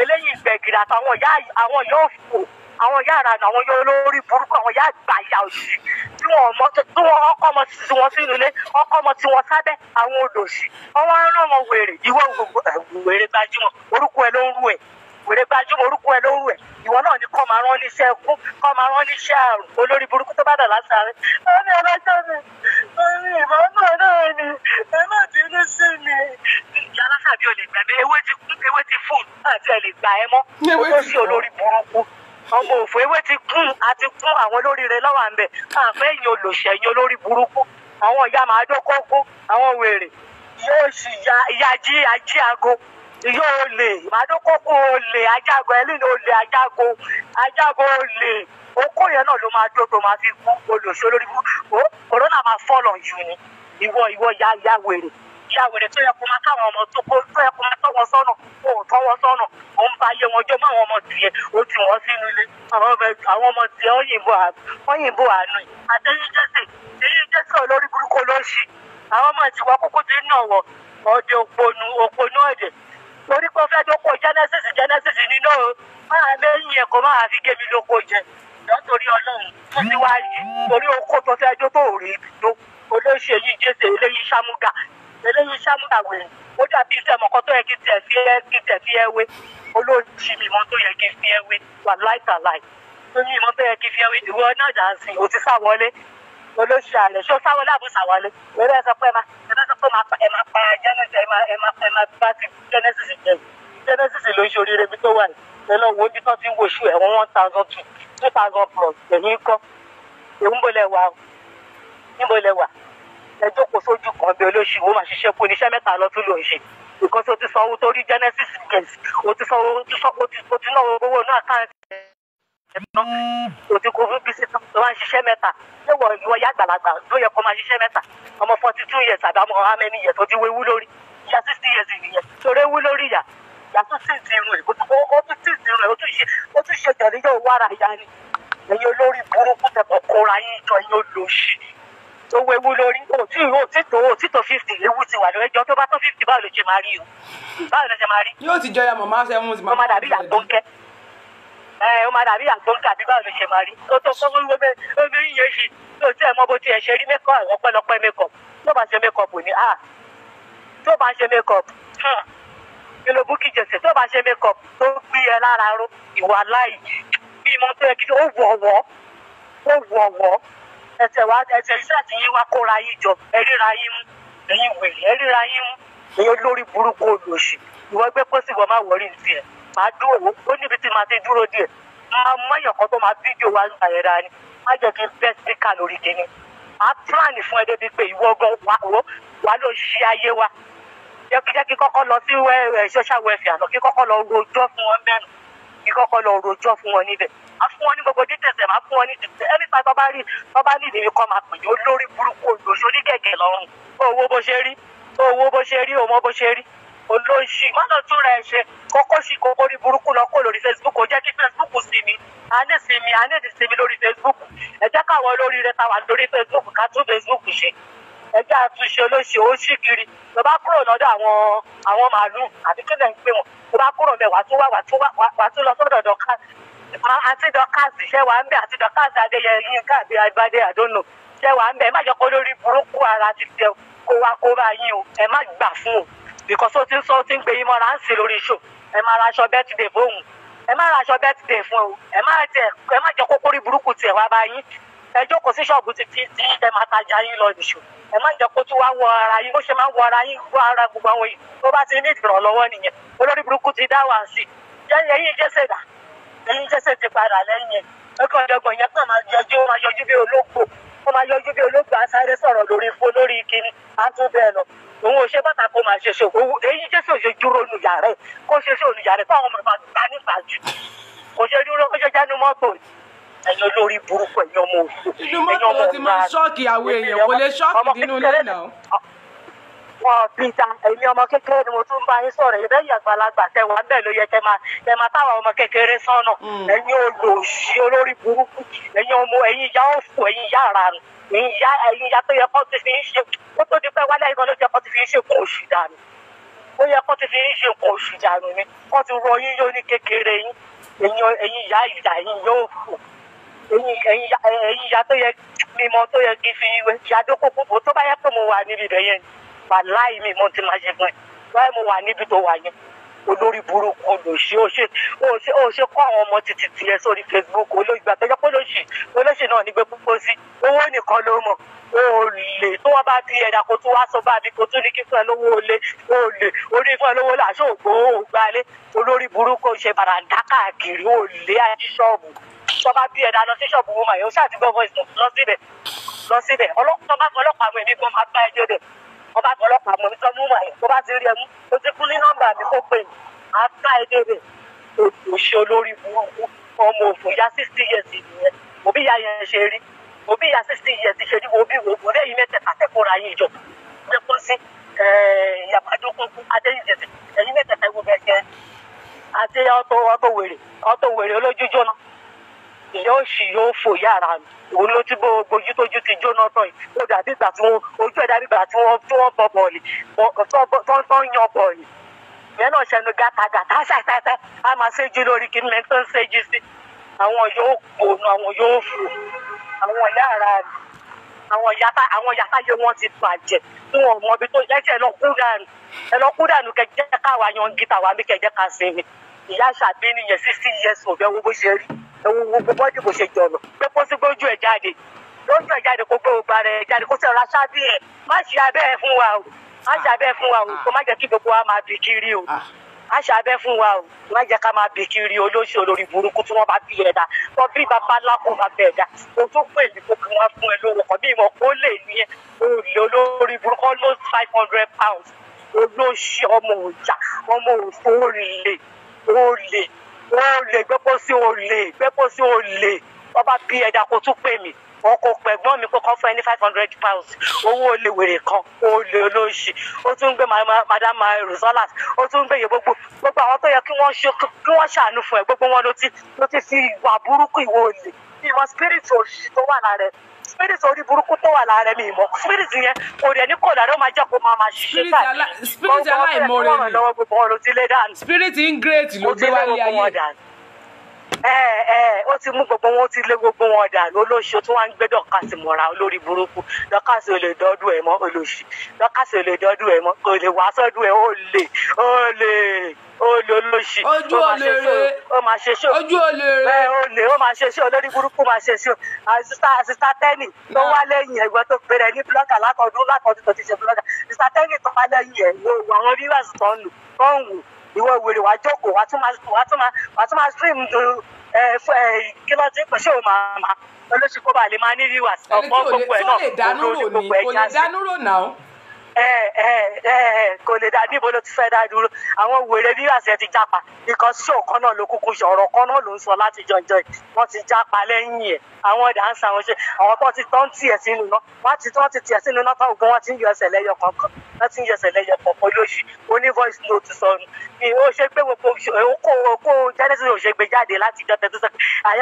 eléyìí gbẹ̀gìrì àtàwọn ìyá àwọn ìyá òfò àwọn ìyá ara àwọn ìyá olórí burúkú àwọn ìyá àgbà ìyá òsì tí wọn ọmọ tí wọn ọkọ ọmọ tí wọn sínú ilé ọkọ ọmọ tí wọn sábẹ́ àwọn olòṣì ọwọ́ rán wọn wèrè ìwọ wèrè gbajúmọ̀ orúkọ ẹ ló ń rú ẹ wèrè gbajúmọ̀ orúkọ ẹ lóru ẹ ìwọ náà ni kọ́ máa rán níṣẹ́ ẹkú kọ́ máa rán níṣẹ́ àrùn olórí burúkú tó bá dà lásàárẹ̀. ọmọ ọlọ́jọ́ mi ọmọ ìbọn náà náà ni ẹ má bínú sí mi. ìyá aláṣàbí ò lè gbà mí ewé ti kún ewé ti fún àti ẹ lè gbà ẹ mọ́ ó sì olórí burúkú ọmọ òfò ewé ti kún àti kún àwọn olórí rẹ lọ́wọ́ à ń bẹ̀ káàfẹ́ ẹ̀yìn olòṣèyìn olórí burúkú àwọn ìyá màá dókòókó àwọn wèrè yóò sì ya ìyá jí ají aago ìyá olè ìbádókòkò olè ajago ẹlẹ́ni olè ajago ajago olè okó yẹn náà ló máa dúró tó máa fi kú olùsọ lórí bú o corona máa fọlọ yù ni ìwọ ìwọ ya ya wèrè ya wèrè tó yẹ kó máa káwọn ọmọ tó kó tó yẹ kó máa tọwọ́ sọ́nà kó o tọwọ́ sọ́nà ó ń ba ayé wọn jọ mọ àwọn ọmọ tiẹ̀ ó ti wọn sínú ilé àwọn ọmọ tiẹ̀ òyìnbó òyìnbó àánú àtẹyìnjẹsẹ àtẹyìnjẹsẹ olórí burúkú ló ṣì àwọn ọmọ ìtìwọ kókó ti ń nà ọdẹ òponu òponu ọdẹ torí pé ọfẹ tó kọ genesis genesis nínú o máa lẹ́yìn ẹ̀kọ́ máa fi gé mi lóko jẹ lọtòrí Ọlọ́run tó ti wá yìí torí oko tó fẹ́ jó tó rí ibi tó olóṣè yìí jésè eléyìí sámúgà eléyìí sámúgà wèrè ó dàbí iṣẹ́ mọ̀kọ́ tó yẹ kí tẹ̀ fi ẹ́ kí tẹ̀ fi ẹ́ wé olóòjì mímọ́ tó yẹ kí fi ẹ́ wé wà láìtàláì tó ní ìmọ̀ tó yẹ kí fi ẹ́ wé ìwọ náà dà sí òtí sáwọlé olóṣù àlẹ ṣó sáwọlé àbúṣà wọlé wẹrẹ sọ pé ẹ má sọ pé ẹ má pa genesis ẹ má ẹ má ẹ má bá ti genesis jẹ genesis ló ń ṣe oríire bí tó wà yìí ẹ lọ wo ibi tán ti ń woṣù ẹ̀wọ̀n one thousand two two thousand plus ẹ̀yìn kọ́ èyí ń bọ̀ lẹ́wà o níbo lẹ́wà ẹ jókòó sójú kan bí olóṣù ó máa ṣiṣẹ́ kú oníṣẹ́ mẹ́ta lọ tún lò ń ṣe because o ti sanwó torí genesis case o ti sanwó o ti náwó owó náà káàkiri no ojú kò fún bíi sísan ló máa ń ṣiṣẹ́ mẹ́ta ṣé wọ ìwọ ya àgbàlagbà ló yẹ kó máa ṣiṣẹ́ mẹ́ta ọmọ forty two years àbí ọmọ amẹni yẹ tó ti wéwú lórí ìyá sixty years nìyẹn torí ewu lórí ìyá ìyá tó sì ti irun ẹ ó tún sì ti irun ẹ ó tún ṣe ó tún ṣe jọ̀lí yóò wára ìyá ni ẹ̀yin olórí burúkú tẹ̀kọ̀ kóra yín jọ yín ó lò ṣì lórí òtí òtí tó òtí tó fifty ewu ti wà lórí ẹjọ́ tó bá tó fifty báwo ló ṣe máa rí o báwo ló ṣe máa rí. yóò ti jọya màmá seven ti máa. ọmọ dàbí ìyá tó ń kẹ́ ẹ ó máa dàbí àgbóńkà bí báwo ló ṣe máa rí ó tó kọ́ wíwọ́ bẹ́ẹ̀ ó bí yíyan yìí tó tí ẹ mọ bó tiẹ̀ ṣe rí mẹ́kọ̀ ọ̀pẹ́lọpẹ́ mẹ́kọ̀ tó bá ṣe mẹ́kọ̀ bò ní à tó bá ṣe mẹ́kọ̀ nínú búkì jẹ̀sẹ̀ tó bá ṣe mẹ́kọ̀ tó gbé ẹ lára ró ìwà láì bí mo tó yẹ kí ó wọ̀wọ́ ó wọ̀wọ́ ẹsẹ̀ wa ẹsẹ̀ iṣẹ́ yín wá kóra yín jọ ẹ ríra yín mú ẹ̀yin wèrè ẹ ríra yín mú ẹ̀yin olórí burúkú olóṣì ìwọ gbé má wọrí ní tiẹ̀ máa dúró ó níbi tí màá ti dúró díẹ̀ máa mọyàn kan tó máa fídíò wa nípa yẹn dáa ni má jẹ́ kí n fẹ́ lórí kìíní màá plan fún ẹ débi pé ìwọ gan wà wọ wà ló ṣe ayé wa jẹ́ kí jẹ́ kí kọ́kọ́ lọ sí social welfare àná kí kọ́kọ́ lọ rojọ́ fún wọn mẹ́rin kí kọ́kọ́ lọ rojọ́ fún wọn níbẹ̀ máa fún wọn ní gbogbo details ẹ̀ máa fún wọn ní details ẹni tí wọ́n bá rí wọ́n bá ní ìdíyẹ kọ́ máa pè é olórí burúkú olóṣó ní lọ́rùn owó bó ṣe rí owó bó ṣe rí òmò bó ṣe rí olóṣì mọ́tò tún rẹ̀ ṣe kókó sí kókó ní burúkú lọ kó lórí facebook ó jẹ́ kí facebook sí mi a ní sinmi a ní ìsinmi lórí facebook ẹ jẹ́ káwọn olóríire ta wà lórí facebook ká tún facebook ṣe ẹ jẹ́ àtúnṣe olóṣì ó ṣì kiri ló bá kúrò lọ́dọ̀ àwọn àwọn màálùú àbí kí lè ń pè wọ́n ló bá kúrò mẹ́ wàá tún wá wàá tún lọ sọ́dọ̀ dọ́kà àti dọ́kàsì ṣẹ́ wàá ń bẹ̀ àti dọ́kàsì adéyẹyẹ yínká àbí àgbàdé àdónò ṣẹ́ wàá ń bẹ̀ ẹ má jẹ́ kó lórí burúkú ara ti tẹ kó wá kó bá yín o ẹ má gbà fún o because ó ti ń sọ ó ti ń gbé yín mọ́ra ń sì lórí show ẹ máa ra aṣọ birthday fóun ẹ má ra aṣọ birthday fún o ẹ má tiẹ̀ ẹ má jẹ́ kókórí burúkú tiẹ̀ wá bá yín ẹ jókòó sí ṣọ́ọ̀bù ti ti ti ẹ máa tajà yín lọ nìṣó ẹ má jẹ́ kó tún wá wọ ara yín bó ṣe máa wọ ara yín wọ ara gbogbo àwọn yìí tó bá ti ní ìrànlọ́wọ́ nìyẹn olórí burúkú ti dá wà sí i ẹ̀yin jẹ́sẹ̀ dà ẹ̀yin jẹ́sẹ̀ ó máa yọjú bí olóògbé asáré sọ̀rọ̀ lórí fún lórí kíní á tún bẹ́ẹ̀ lọ òun ò ṣe bàtà kó máa ṣe ṣe òun èyí jẹ́ sòṣe dúró nu yàrá ẹ̀ kó ṣe ṣe ònìyàrá ẹ̀ fáwọn ọmọ ìbá ta nípa jù kò ṣe dúró kó ṣe jánu mọ́tò ẹ̀yin olórí burúkú ẹ̀yin ọmọ òṣù ẹ̀yin ọmọ òṣù máa ṣọ́ọ̀kì àwọn èèyàn wọlé ṣọ́ọ̀kì nínú ilé náà wọn bí èmi ọmọ kékeré ni mo tún bá yín sọ̀rọ̀ ẹ̀yẹ́ bẹ́ẹ̀ àgbàlagbà bẹ́ẹ̀ ló yẹ kẹ́ máa táwọn ọmọ kékeré sọ́nà hmm. ẹ̀yin olóòṣì olórí burúkú ẹ̀yin ọmọ ẹ̀yin ìyá òfò ẹ̀yin ìyá ara nù ẹ̀yin ìyá ẹ̀yin ìyá tó yẹ kó ti fi ń ṣe kó tó di pé wálé ìgbọ́n ló jẹ́ kó ti fi ń ṣe kò sì dànù ó yẹ kó ti fi ń ṣe kò sì dànù ni kó ti rọ yín yóò ní kékeré yín ẹ̀yin ìyá ìyá tó yẹ mímọ tó yẹ kí fi ìyá dókòkò tó bá yẹ pé mo wà níbi ìbẹ̀yẹn ni wàláì mi mo ti máa ṣe fún ẹ báyìí mo wà níbi tó wà yẹn olórí burúkú olóṣì òṣè òṣè òṣè kó àwọn ọmọ títí tiẹ̀ sórí Facebook olóògbà tẹjọ pé olóṣì olóṣì náà nígbẹ púpọ̀ sí owó nìkan ló o olè tó wọn bá di ẹ̀dá kó tún wá sọ bá mi kó tún ní kí fún ẹ lówó olè olè orí fún ẹ lówó làṣọ ògbó ògbálé olórí burúkú ṣe bàràǹdà káàkiri olè àti ṣọ́ọ̀bù tó bá bí ẹ̀dá lọ sí ṣọ́ọ̀bù wọn màá yẹn ó ṣáà ti gbọ́ voice lọ síbẹ̀ lọ síbẹ̀ ọlọ́pàá àwọn èmi gan máa bá ẹjọ́ dẹ̀ ọba ọlọ́pàá mọ̀ mi sọ mú mà yẹn tó bá ti rí ẹ mú o ti kún ní nọ́mbà mi kó pè mí àká èdè rẹ̀ òṣì olórí burúkú ọmọ òfò ya sixty years nìyẹn òbí ya yẹn ṣe rí òbí ya sixty years ṣe rí òbí òbí lẹ́yìn mẹ́tẹ̀ẹ̀ta tẹ́kọ̀ọ́ra yín jọ lẹ́kọ́ sí ìyàbádókòkò adéyìnjẹsẹ ẹ̀yìn mẹ́tẹ̀ẹ̀ta ìwọ bẹ́ẹ̀ kẹ́ àti ọtọ̀ ọtọ̀ wèrè ọtọ̀ wèrè olójújọ́ náà ìyá òsì yóò fò yàrá mi òun ló ti gbójú tójú ti jóná tán yìí ó dàbí ìgbà tí wọn ojú ẹ̀ dàbí ìgbà tí wọ́n tí wọ́n bọ̀ bọ̀ọ̀lì tó ń yan bọ̀ọ̀lì ìyẹn náà ṣẹnu gàtàgàtà ṣàṣàṣà á máa ṣéjú lórí kí mẹ́rin tó ń ṣéjú sí àwọn yóò gbóná àwọn yóò fò àwọn yàrá àwọn yàtá àwọn yàtá yẹ wọn ti bàjẹ́ tí wọn mọ ibi tó ẹsẹ̀ lọ dànù ẹ dànù kẹjẹ káwa yan gita ẹ̀wù gbogbo bọ́dì kò ṣe jọ̀nà pé kó sí gbójú ẹ̀ jáde lójú ẹ̀ jáde kó gbé ọba rẹ̀ jáde kó sọ̀rọ̀ aṣáájú ẹ̀ má ṣe abẹ́ ẹ̀ fún wa o má ṣe abẹ́ fún wa o ah. kó má jẹ́ kí gbogbo wa máa bì kiri o ah. má ṣe abẹ́ fún wa o má jẹ́ ká máa bì kiri olóṣù olórí burúkú tí wọ́n bá bí ẹ̀ dá wọ́n bí bàbá lákò bàbá ẹ̀ dá o tó pè mí kó kí wọ́n fún ẹ lórúkọ bí ìmọ̀ kó lè ní olè olórí burúkú almost five hundred pounds olóṣì ọmọ òjà ọmọ òfò olè olè wọn ò lè gbẹ́pọ̀ sí ò lè gbẹ́pọ̀ sí ò lè ọba bí ẹja kó tún pè mí wọn kò pẹ̀gbọ́n mi pé kọ́ fún ẹ ní five hundred pounds owó olè wèrè kan olè olóṣì ó tún ń gbé madam rosalat ó tún ń gbé iye gbogbo gbogbo àwọn tó yẹ kí wọ́n ṣe kí wọ́n ṣàánú fún ẹ gbogbo wọn ló ti ló ti fi ìwà burúkú ìwọ olè ìwọ spirit òṣì tó wà lára ẹ spirit orí burúkú tó wa lára mi mọ́ spirit yẹn kò rẹ̀ ní kòlà ló máa jẹ́ kó máa máa ṣiṣẹ́ káàkiri spirit aláìmoore ni spirit ingrate ló gbé wá ní ayé ẹ ẹ ó ti mú gbogbo wọn ó ti lé gbogbo wọn dànù olóṣù tí wọn ń gbé dọkàsì mọra olórí burúkú dọkàsì ò lè dọdún ẹ mọ olóṣù dọkàsì ò lè dọdún ẹ mọ kò lè wá sọdún ẹ ó lè ó lè ó lè olóṣù ojú olèrè ó máa ṣe ṣó ojú olèrè ẹ ó lè ó máa ṣe ṣó olórí burúkú máa ṣe ṣó àṣìṣà àṣìṣà tẹ́nì tó wá lẹ́yìn ẹ̀gbọ́ tó péré ní blọ́kà látọ̀dún látọ̀dún tó ti ṣe blọ́kà àṣìṣà tẹ́nì tó wá lẹ́yìn ẹ̀ yóò wọ àwọn rivers tó ń lò tó ń wò ìwọ wèrè wàá jókòó wàá tún máa wàá tún máa wàá tún máa stream uh, eh, eh, kí ló ti pè ṣé o máa ma olóṣù kó ba lè máa ní viewers ọ̀pọ̀ gbogbo ẹ̀ náà kò lè dánúrò náà kò lè dàbí ibo ló ti fẹ́ dá dúró àwọn wèrè bí àṣẹ ti jápa because ṣé òkan náà ló kúkú ṣe ọ̀rọ̀ kan náà ló ń sọ láti jọjọ yìí ti jápa lẹ́yìn ẹ̀ àwọn ẹ̀dá ń sàwọn ṣe àwọn tó ti tán tiẹ̀ sínú náà wọ́n ti tán ti tiẹ̀ sínú náà tán ògùn wọ́n ti ń yọ ẹsẹ̀ lẹ́yọ kankan wọ́n ti ń yọ ẹsẹ̀ lẹ́yọ kankan lóṣù oní voice note sọnù ni ó ṣe pé gbogbo okó genesis ò ṣe gbé jáde láti jọ tẹ́tí sọ I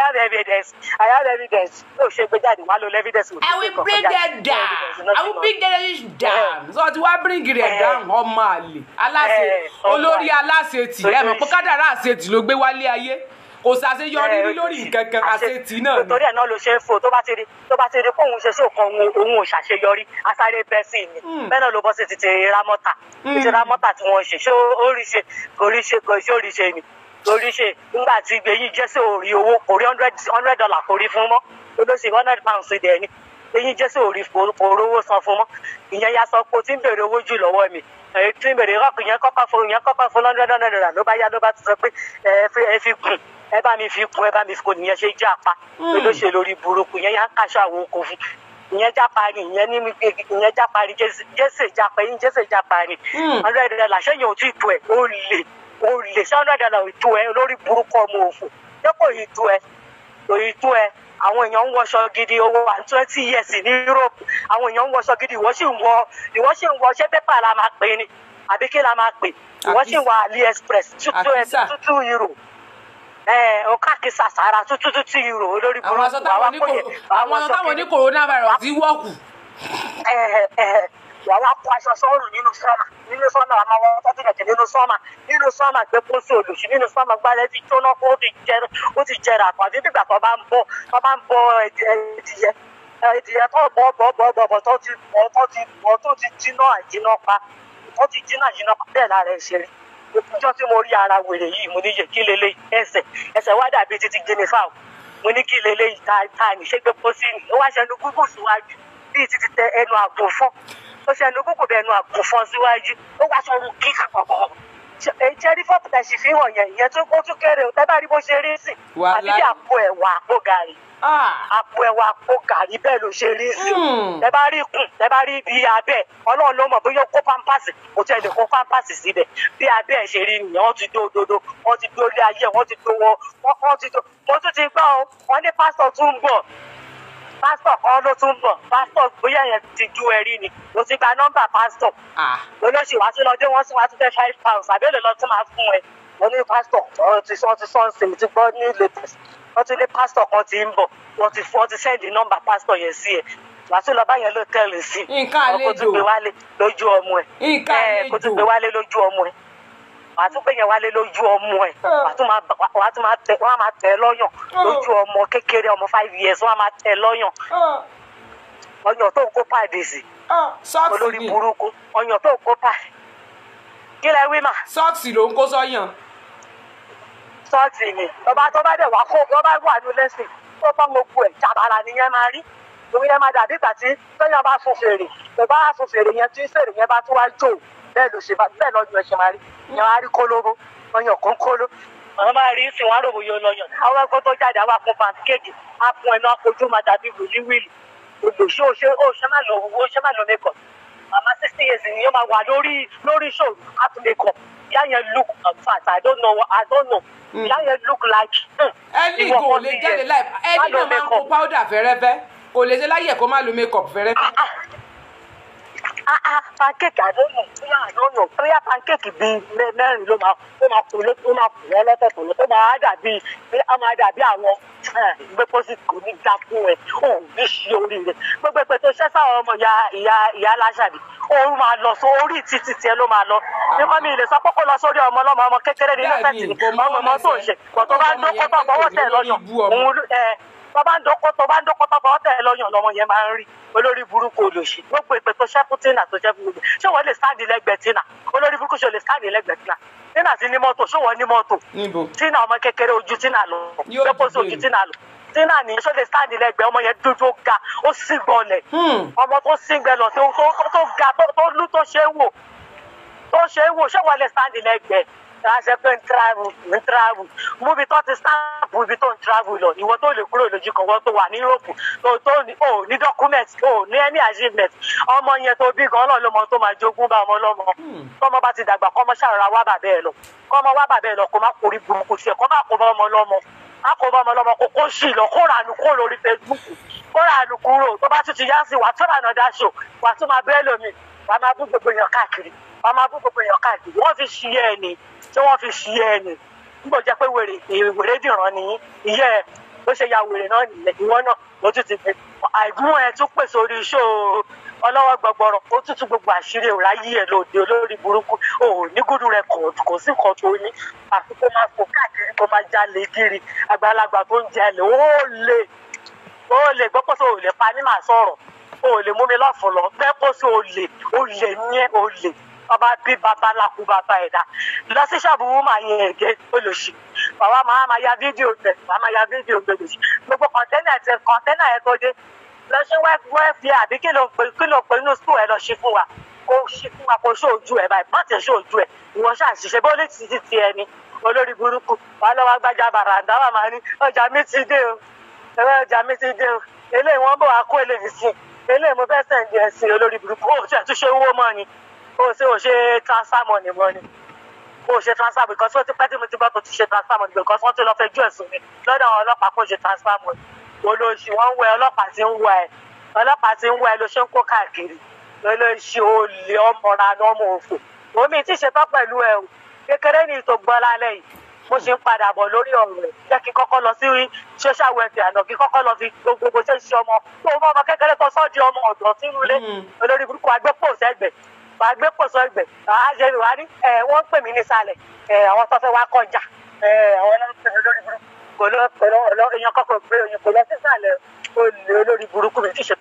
have evidence I evidence ó ṣe gbé jáde wà ló evidence. I will bring that down I will bring that down sọ ti wá bíríngì rẹ̀ eh. dáhùn ọmọ àlè aláṣẹ eh, olórí aláṣẹ tì ẹ mọ̀ pé kádàrá àṣetì ló gbé wálé ayé kò ṣàṣeyọrí eh, rí lórí nǹkankan àṣetì náà ni. torí ẹ̀ náà ló ṣe é fò tó bá ti rí tó bá ti rí fóun ṣe sóòkan òun òun ò ṣàṣeyọrí asáré bẹ́ sí i ni hmm. bẹ́ẹ̀ náà ló bọ́ sí ti ti rámọ́tà hmm. ti rámọ́tà tí wọ́n ṣe ṣé ó rí ṣe kò rí ṣe kò ṣe ó rí ṣe ni lórí ṣe nígbà tí gbẹ̀yìn jẹ́sẹ̀ ò rí owó kò rí hundred dollar kò rí fún mọ́ olóṣèlú hundred pounds dẹ̀ ni eyín jésù ò rí òróró san fún mọ́ ìyẹn ya sọ pé o ti ń béèrè owó jù lọ́wọ́ mi èyí tí ń béèrè rọ́ọ̀kì yẹn kọ́kọ́ fún yẹn kọ́kọ́ fún lọ́ndọ̀ lọ́ndọ̀ rà ló bá yá ló bá ti sọ pé ẹ fi kùn ẹ bá mi fi kùn ẹ bá mi fi kùn nìyẹn ṣe jẹ́ àpá hmm. olóṣèlú lórí burúkú yẹn yà ń kàṣọ àwọn oko fún ìyẹn jáparí ìyẹn ní ìyẹn jáparí jésè jápa eyín jésè jáparí hmm. hundred dollar ṣẹ́yìn ò tí ì tó ẹ̀ ó lè ó lè ṣé hundred dollar ò lórí burúkú ọmọ òfò ṣé kò ì tó àwọn èèyàn ń wọṣọ gidi owó and twenty years in Europe àwọn èèyàn ń wọṣọ gidi ìwọ sì ń wọ ìwọ sì ń wọ ṣé pépà la máa pè ni àbí kí la máa pè ìwọ sì ń wọ AliExpress two two euro ọkàkì sàṣàrà two two two euro olórí burúkú àwọn aṣọ táwọn ní coronavirus yìí wọ́ọ̀kù wà wá kó aṣọ sọ́ọ̀rù nínú sọ́mà nínú sọ́mà àmọ́ wọn tọ́jú kẹ̀kẹ́ nínú sọ́mà nínú sọ́mà gbé pósí olùsí nínú sọ́mà gbálẹ̀ ti jóná ó ti jẹrà ó ti jẹrà àpàdé nígbà tó bá ń bọ tó bá ń bọ ẹdìyẹ ẹdìyẹ tó bọ bọ bọ bọ bọ tó ti bọ tó ti bọ tó ti jiná àjiná pa tó ti jiná àjiná pa bẹ́ẹ̀ lára ẹ̀ ṣe rí ìjọ tí mo rí ara wèrè yìí mo ní yẹ kí lélẹ̀ ẹsẹ̀ ẹsẹ̀ wá dàbí títí gíní fáwọn mo ní kí lélẹ̀ yìí ta ta pósí ni ó wá ṣẹnu gúgùn síwájú bíi títí tẹ ẹnu àgbò fún tó ṣẹnu kókò bẹnu àpò fọn síwájú ó wá sọrun kíkà kọkọ èyí jẹ́ rí fọ́ọ̀tù tẹ̀sí fi hàn yẹn ìyẹn tó ó tún kéré o tẹ́ bá rí bó ṣe rí sí àbí bí àpò ẹ̀wà àpò gàrí ah. àpò ẹ̀wà àpò gàrí bẹ́ẹ̀ ló ṣe rí sí o hmm. bá rí kùn tẹ́ bá rí bí abẹ́ ọlọ́run ló mọ̀ bóyá kó pampasì kò tẹ́ lè kó pampasì síbẹ̀ bí abẹ́ ṣe rí nìyẹn wọ́n ti dódodo wọ́n ti dórí ayé wọ́n ti dówó wọ́n ti dó mo tún ti gbọ́ o wọ́n ní pásítọ̀ tún ń bọ̀ pásítọ̀ kan ló tún bọ̀ pásítọ̀ bóyá yẹn ti ju ẹ̀rí ni mo ti gba nọ́mbà pásítọ̀ ah. olóṣèlú wá sí lọ́jọ́ wọ́n sì wá tún fẹ́ five pounds àbẹ́lẹ̀ lọ tún máa fún ẹ mo ní pásítọ̀ ọ̀rọ̀ ti sọ ti sọ ń sìn ti gbọ́ ní latest wọ́n ti ní pásítọ̀ kan ti ń bọ̀ wọ́n ti wọ́n ti sẹ́ndì nọ́mbà pásítọ̀ yẹn sí ẹ wàásù lọ́ba yẹn ló tẹ̀lé sí i nǹkan àlejò kò tún gbé wálé lójú ọmọ ẹ kò tún gbé wálé lójú ọmọ ẹ wàá tún gbẹ̀yẹn wálé lójú ọmọ ẹ̀ ah. wàá tún máa tẹ wọ́n á máa tẹ lọ́yàn ah. lójú ọmọ kékeré ọmọ five years wọ́n á máa tẹ lọ́yàn ah. ọyàn tó ń kó pàdé sí olórí burúkú ọyàn tó ń kó pàdé kí lẹ wí mà. sọ́ọ̀tì ló ń kó sọ́yàn. sọ́ọ̀tì ni tọ́ba tọ́ba dẹ̀ wá kó tọ́ba wà ní lẹ́sìn tó bá gbogbo ẹ̀ jàbára nìyẹn máa rí òun yẹn máa dàbí ìgbà tí sọ́yàn bá fò fèrè tọ́ba fò fèrè yẹn tí fèrè yẹn bá tún wá jò bẹ́ẹ̀ ló ṣe bẹ́ẹ̀ lọ́jọ́ ẹ máa rí yan á rí kólóró ọyàn kan kóló àwọn máa rí sí wọn àròwò yóò lọyàn àwọn ẹgbẹ́ tó jáde àwọn àpọn pankéèkì àpọn ẹnu àpọ̀jù máa dàbí wìlí wìlì òjò ṣé o ṣe máa lọ owó ṣe máa lọ mẹkọ màmá sixty years ni yóò máa wà lórí lórí show àtúnlẹkọ ìyá look fat i don't know i don't know hmm. ìyá look like. Hmm, ẹni kò lè jáde láì ẹni náà máa ń kó powder fẹ́rẹ́fẹ́ kò lè ṣe láyè kó lo makeup fẹ́rẹ́fẹ́. Ah, ah ah ah pancake àdéhùn bóyá àdóhùn bóyá pancake bíi mẹ́rin ló máa ló máa kú ló máa kú wọ́n lọ́tẹ̀ tó lọ́tẹ̀ máa dàbí ó máa dàbí àwọn gbẹ́pọ́sì eh, kò ní dá fún ẹ ò ní ṣe oríire gbogbo ẹgbẹ́ tó ṣẹ́ sáwọn ọmọ ìyá ìyá ìyá aláṣàbí òun máa lọ sọ orí títí tiẹ̀ ló máa lọ nípa mi ìlẹ̀ sọ pé kó lọ sórí ọmọ ọlọ́mọ ọmọ kékeré ní lọ́sẹ̀tì ni tó bá ń dọ́kọ́ tó bá ń dọ́kọ́ tó bá ń tẹ̀ lọ́yàn lọ́mọ yẹn máa ń rí olórí burúkú olóṣì gbogbo ìpè tó ṣẹ́kù tìǹà tó ṣẹ́kù gbogbo ṣé wọ́n lè sáàdì lẹ́gbẹ̀ẹ́ tìǹà olórí burúkú ṣe lè sáàdì lẹ́gbẹ̀ẹ́ tìǹà tìǹà ti ní mọ́tò ṣé wọ́n ní mọ́tò tìǹà ọmọ kékeré ojú tìǹà lọ lọ́pọ̀sí ojú tìǹà lọ tìǹà ní ṣó lè sáàdì lẹ́gbẹ̀ẹ́ ọmọ yẹn dúdú ga ó sì gbọ́lẹ̀ hmm. ọmọ tó sì gbẹ lọ tó ga tó lú tó ṣe wò tó ṣe wò ṣé wọ́n lè sáàdì lẹ́gbẹ̀ẹ́ á ṣe pé ń travel ń travel múbi tó ti stamp ibi tó ń travel lọ ìwọ tó lè kúrò lójú kan wọ́n tó wà ní Europe tó tó ò ní document ò ní any achievement ọmọ yẹn tó bí gan ọlọ́ọ̀lọ́mọ tó máa jogún bá ọmọ lọ́mọ hmm. tọmọ bá ti dàgbà kọ́mọ ṣàrọ̀ra wá bàbá ẹ lọ kọ́mọ wá bàbá ẹ lọ kó má kórí burúkú tiẹ̀ kọ́ má kó bá ọmọ lọ́mọ akọba ọmọlọmọ kò kó sí lọ kó rànú kó lórí Facebook kó rànú kúrò tó bá tún ti yá sí wàá tó rànú dáṣọ wàá máa bú gbogbo èèyàn káàkiri wàá máa bú gbogbo èèyàn káàkiri wọ́n fi ṣí ẹ ni tí wọ́n fi ṣí ẹ ni nígbà jẹ́ pé wèrè ìwèrè dìran ni ìyẹ́ ẹ bó ṣe ya wèrè náà nìyẹn ìwọ náà ló tún ti gbé àìgún ẹ tún pèsè orí iṣẹ́ ọlọ́wọ́ gbọgbọrọ ó tútù gbogbo àṣírí òrá yí lòdì olórí burúkú ò ní gúdú rẹ kò sí nǹkan tó ní àfi kó máa fò káàkiri kó máa jalè kiri àgbàlagbà tó ń jalè ó lè ó lè gbọ́pọ̀ tó lè pa ní màá sọ̀rọ̀ o lè mú mi láfọlọ fẹkọ sí olè olè ní olè bàbá bí bàbá làkú bàbá ẹ̀dá lọ sí ṣàbù wúmà yẹn ẹ̀jẹ̀ olóṣì bàbá máa ma ya fídíò tẹ bàbá ma ya fídíò tẹ lòṣì gbogbo kọ̀ńtẹ́nà ẹ̀ kọ̀ńtẹ́nà ẹ̀ tó dé lọ sí wẹ́ẹ̀fì àbí kí ló ń pè kí ló ń pè inú school ẹ̀ lọ sí fún wa kó ṣe fún wa kó ṣojú ẹ báyìí mọ̀tẹ̀ ṣojú ẹ ìwọ ṣáà ṣiṣẹ́ bó lè ti ti ẹni olórí burúkú wà lọ́wọ́ gbájà bàràǹdà wà máa ní ọjà mi ti dé o ọjà mi ti dé o eléyìí wọ́n bọ̀ wá kó eléyìí sí i eléyìí mo fẹ́ sẹ̀ǹdì ẹ̀sìn olórí burúkú ó ṣe àtúnṣe owó mọ́ ni ó ṣe ò ṣe transfer money mọ́ ni ó ṣe transfer money because ó ti pẹ́ tí mo ti bọ́ tó ti ṣe transfer money because wọ́n ti lọ fẹ́ ju ẹ̀sùn mi lọ́dọ̀ àwọn ọlọ́pàá kó ṣe transfer money olóṣì wọ́n ń wẹ ọlọ́pàá ti ń wẹ ọlọ́pàá ti ń wẹ ló ṣe ń kó káàkiri olóṣì olè ọmọ ra ọmọ òfò omi ti ṣetán pẹ̀lú ẹ̀ kékeré ni ìtògbọ́n lálẹ́ yìí mo ṣe ń padà bọ̀ lórí ọ̀rọ̀ ẹ̀ jẹ́ kí kọ́kọ́ lọ sí social welfare àná kí kọ́kọ́ lọ fi gbogbo ṣe ṣe ọmọ tó o mọ ọmọ kékeré kan sọ́ọ̀dì ọmọ ọ̀dọ́ sínú ilé hmm. olórí burúkú agbépò sẹ́gbẹ̀ wàá gbépò sẹ́gbẹ̀ wàá ṣe wàá ní ẹ̀ wọ́n ń pè mí nísàlẹ̀ ẹ̀ àwọn tó fẹ́ wá kọjá ẹ̀ àwọn olórí burúkú kò lọ kò lọ èèyàn kọ́kọ́ gbé oyin kò lọ sísàlẹ̀ olè olórí burúkú mi ti ṣe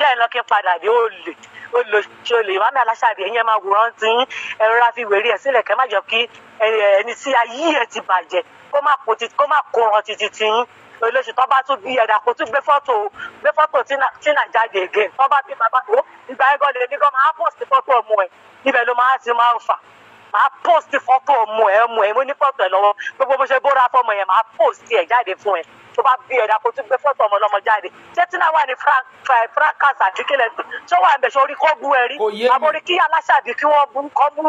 bẹ́ẹ̀ lọ́kẹ́ padà dé ó lè ó lè ṣe olè mami aláṣàbí ẹ̀yin ẹ̀ máa wòran tí ẹ̀rọ ra fi wèrè ẹ̀ sílẹ̀ kẹ́ má jọ kí ẹni tí ayé ẹ̀ ti bàjẹ́ kó má kó ti kó má kó ran titi ti yín olóṣù tó bá tún bí ẹ̀dà kó tún gbé fọ́tò gbé fọ́tò tí nà jáde again tó bá bí bàbá tó ìgbà ẹ̀gọ́ lè ní kó máa post fọ́tò ọmọ ẹ̀ ibẹ̀ ló máa ti máa ń fà máa post fọ́tò ọmọ ẹ̀ ọmọ ẹ̀ mo ní fọ́tò ẹ̀ lọ́wọ́ gbogbo bó ṣe bóra fọ́mọ yẹn máa post ẹ̀ jáde fún ẹ̀ tó bá bí ẹ̀dá kó tún gbé fọ́tò ọmọ ọlọ́mọ jáde ṣé tí náà wà ní fracas àdíkélẹ̀ tó wà bẹ̀ sórí kó bú ẹ̀rí àbórí kí aláṣàbí kí wọ́n bú kọ́ bú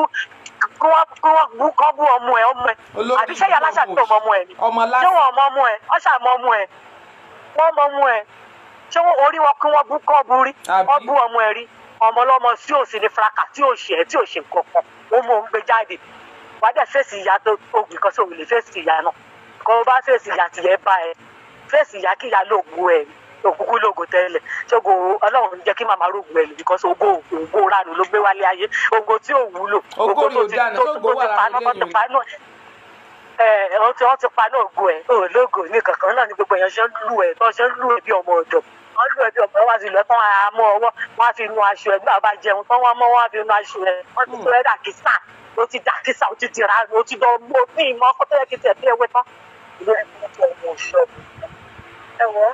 kí wọ́n kí wọ́n bú kọ́ bú ọmọ ẹ̀ ọmọ ẹ̀ àbí ṣé ìyá aláṣàbí ọmọ ọmọ ẹ̀ ni ṣé wọn ọmọ ọmọ ẹ̀ ọṣà ọmọ ọmọ ẹ̀ wọ́n ọmọ ọmọ ẹ̀ ṣé wọn orí wọn kí wọ́n bú kọ́ bú rí wọ́n bú ọmọ ẹ̀ rí ọmọ ọlọ́mọ tí ò sí ní fracas tí ò ṣe ẹ̀ tí ò ṣe nǹkan kan ó mọ̀ ń gbé jáde wàá dẹ̀ fèsì ìyá tó ogun kan sóògùn lè fèsì ìyá náà kọ́ bá fèsì ìyá tìyẹ́ bá ẹ fẹ́ẹ̀sì ìyákíyà lóògùn ẹ̀ òkúkú lóògò tẹ́lẹ̀ ṣògo ọlọ́run jẹ́ kí màmá rògùn ẹ̀ lò because ògo ògo ránu ló gbé wálé ayé ògo tí ò wúlò ògo tó ti tó ti paná tó ẹ ọ ti ọ ti paná ògo ẹ ò lóògò ní kankan náà ni gbogbo èèyàn ṣe ń lù ẹ tó ṣe ń lù ẹ bí ọmọ ọ̀dọ̀ wọn lù ẹ bí ọmọ wá sí ilẹ̀ tán á mọ ọwọ́ wọn á fi nu aṣọ ẹ gbà bá jẹun tán wọn mọ wọn á fi nu aṣọ ẹ wọn ti hmm. sọ ẹ dàkísà ó ti dàkísà ó ti dìrà ó ti dọ̀ mọ́ ní ìmọ̀ ọkọ tó yẹ kí tẹ̀ bí ewé tán ìlú ẹ̀ ẹ̀wọ́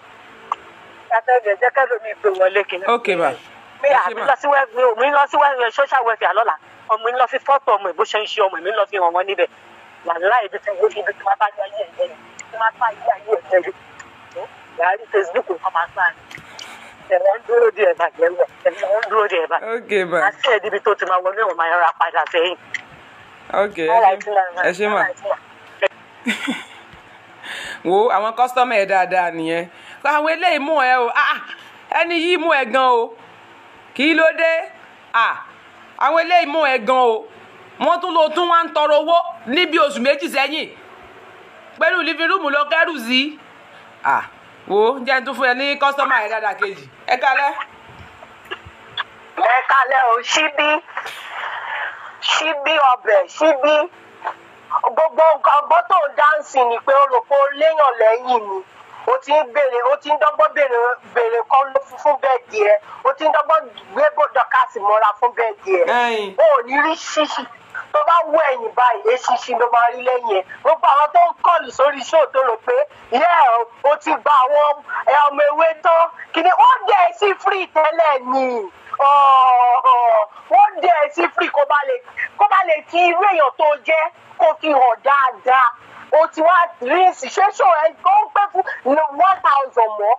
àtẹ̀gẹ̀ jẹ́ kẹ́lò mi gbé wọlé kìnnìkan. ok ma mi àmì lọ sí wẹ́ẹ̀gbẹ́ òmí lọ sí wẹ́ẹ̀gbẹ́ social welfare lọ́la ọmọ mi lọ fi fọ́tò ọmọ ìbó ṣe ń ṣe ọmọ mi lọ fi hàn wọ́n níbẹ̀ wàhálà ibi tí wọ́n fi máa bá yọ ayé ẹ̀jẹ̀ tí máa bá yọ ayé ẹ̀jẹ̀ rí yàrá facebook nǹkan máa gbà ní ẹ̀rọ ń dúró di ẹ̀bà yẹn lọ ẹ̀rọ ń dúró di ẹ̀bà yẹn lọ àti ẹ̀díbi tó ti máa wọlé ọ̀ma yẹn ra padà sẹ́yìn. ok ẹ ṣe mà wo àwọn kọ́sítọ́mù ẹ̀ dáadáa nìyẹn àwọn eléyìí mú ẹ o ah, ah, ẹni yìí mú ẹ gan o kí ló dé ah, àwọn eléyìí mú ẹ gan o wọ́n tún lọ tún wá ń tọrọ owó níbi oṣù méjì sẹ́yìn pẹ̀lú living room ló kẹ́rù sí wo jẹ́ n tún fún ẹ ní kọ́sítọ́mù ẹ̀ dáadáa kejì ẹ kálẹ́. ẹ kálẹ́ o ṣíbí ṣíbí ọbẹ̀ ṣíbí gbogbo ọgbọ́n tó dáǹsì ni pé ó rò pé ó léèyàn lẹ́yìn ni o ti ń béèrè o ti ń dọ́gbọ́n béèrè béèrè kan ló fún fún bẹ́ẹ̀dì ẹ o ti ń dọ́gbọ́n gbé dọ́kàsì mọ́ra fún bẹ́ẹ̀dì ẹ o ò ní rí ṣíṣì tó bá wọ ẹ̀yìn báyìí eṣinṣin ló máa rí lẹ́yìn ẹ gbogbo àwọn tó ń kọlù sórí ṣóò tó rò pé yẹ o ti gba àwọn ọmọ ewé tán kí ni ó dẹ̀ sí fírì tẹ́lẹ̀ ni wọ́n dẹ̀ ẹ́ sí free kó bá lè kó bá lè ti irú èèyàn tó jẹ́ kó fi hàn dáadáa o ti wá rí ṣíṣẹ́ṣọ ẹ tó ń pẹ́ fún one thousand mọ́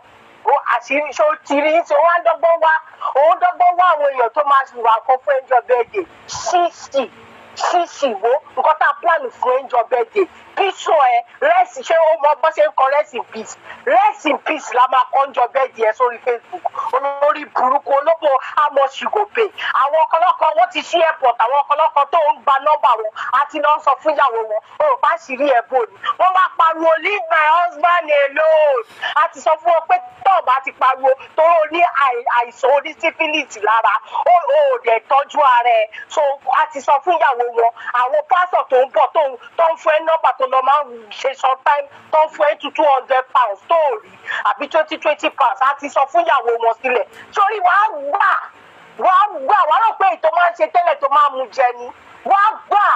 o àṣírí ṣó ti rí ṣe wá dọ́gbọ́n wá òun dọ́gbọ́n wá àwọn èèyàn tó máa wà kọ́ fún ẹjọ́ bẹ́ẹ̀dẹ̀ ṣíṣì ṣíṣì wo nǹkan tá a plan fún ẹjọ́ bẹ́ẹ̀dẹ̀ picture ẹ rest ṣé ó mọ bó ṣe ń kọ rest in peace rest in peace la máa kọ́njọ bẹ́ẹ̀dì ẹ sórí facebook olórí burúkú olóbó amọ̀ṣìgòpè àwọn ọkọlọ́kọ wọn ti ṣí airport àwọn ọkọlọ́kọ tó ń gba nọ́mbà wọn àti náà ń sọ fún ìyàwó wọn o ò bá sì rí ẹ̀bù òní wọ́n máa pariwo leave my husband alone a ti sọ fún ọ pé tọ́ọ̀bù ti pariwo tó o ní àìsàn onísífílìtì lára o ò dẹ̀ tọ́jú ara ẹ̀ so a ti sọ fún ìyàwó wọn àwọn pásọ̀ tó ń bọ̀ tó ń fún ẹ nọ́mbà tó lọ máa ń ṣe sometime tó fún ẹ two hundred pounds tó àbí twenty twenty pounds á ti sọ fún ìyàwó wọn sílẹ̀ sórí wàá gbà wàá gbà wàá rò pé ètò máa ń ṣe tẹ́lẹ̀ tó máa mú jẹ ni wàá gbà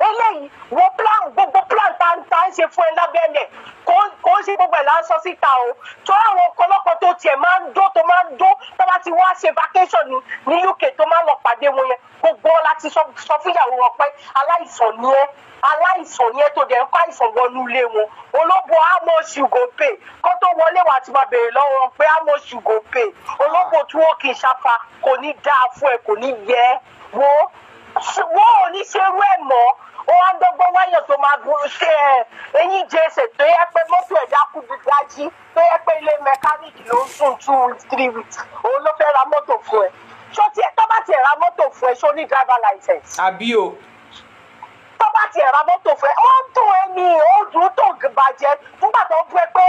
eléyìí wo plan gbogbo plan tá à ń ṣe fún ẹ lábẹ́lẹ̀ kò ń ṣe gbogbo ẹ̀ là ń sọ síta o tó àwọn ọ̀pọ̀lọpọ̀ tó tiẹ̀ máa ń dó tó máa ń dó tó bá ti wá ṣe vacation ní ní UK tó máa ń lọ pàdé wọn yẹn gbogbo láti sọ fúnyàwó wọn pé aláìsàn ni ẹ aláìsàn yẹn tó dẹ̀ ń kọ́ àìsàn wọnú ilé wọn olóbó amóṣùgò pè kó tó wọlé wà tí ma béèrè lọ́wọ́ pé amóṣùgò pè olóbó tí wọ́n kì í ṣàfà kò ní dáa fún ẹ kò ní yẹ wo wọ́n ò ní ṣe irú ẹ̀ mọ́ ó wá ń dọ́gbọ́n wáyàn tó máa bu ṣe ẹ̀ eyín jẹsẹ̀ tó yẹ pé mọ́tò ẹ̀dá kú bí dájí tó yẹ pé ilé mẹkáníìkì ló ń sùn two weeks three weeks òun ló fẹ́ ra mọ́tò fún ẹ ṣó tiẹ̀ tó bá tiẹ̀ ra mọ́tò fún ẹ ṣó ní driver license. àbí o tó bá tiẹ̀ ra mọ́tò fẹ́ ó ń tó ẹni ó dùn tó bàjẹ́ nígbà tó gbé pé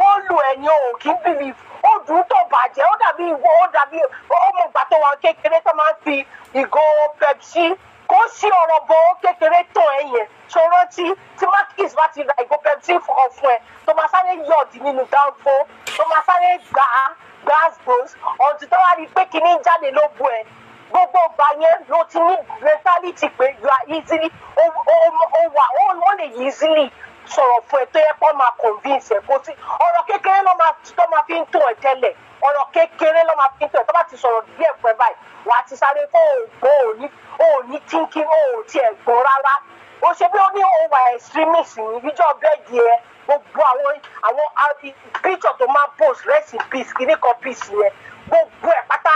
wọ́n lu ẹ̀yìn ò kí n bìlì ó dùn tó bàjẹ́ ó dàbí ìwọ ó dàbí ó mọ̀ gbà tó wà kékeré tó máa ń fi ìgò pepsi kó sí ọ̀rọ̀ bo kékeré tó ẹ yẹn tó rántí tí markis bá ti ra ìgò pepsi fún ẹ tó máa sáré yọ̀dí nínú dánfó tó máa sáré gbà á gbà á gbòs ọ̀tún tó wá rí i pé kinní gbogbo ìgbà yẹn ló ti ní mentality pé you are easily ó wà ó lè easily sọ̀rọ̀ fún ẹ tó yẹ kó máa convince ẹ kó sí ọ̀rọ̀ kékeré ló máa fi ń tó ẹ tẹ́lẹ̀ ọ̀rọ̀ kékeré ló máa fi ń tó ẹ tó bá ti sọ̀rọ̀ díẹ̀ fún ẹ báyìí wàá ti sáré fún òògbó òní òní tínkì òòtí ẹ̀gbọ́n rárá ó ṣe bí ó ní òwà extremist ní ìjọ bẹ́ẹ̀dì ẹ gbogbo àwọn àwọn picture tó máa post rest in peace kìnnìkan peace yẹn gbogbo ẹ̀ pátá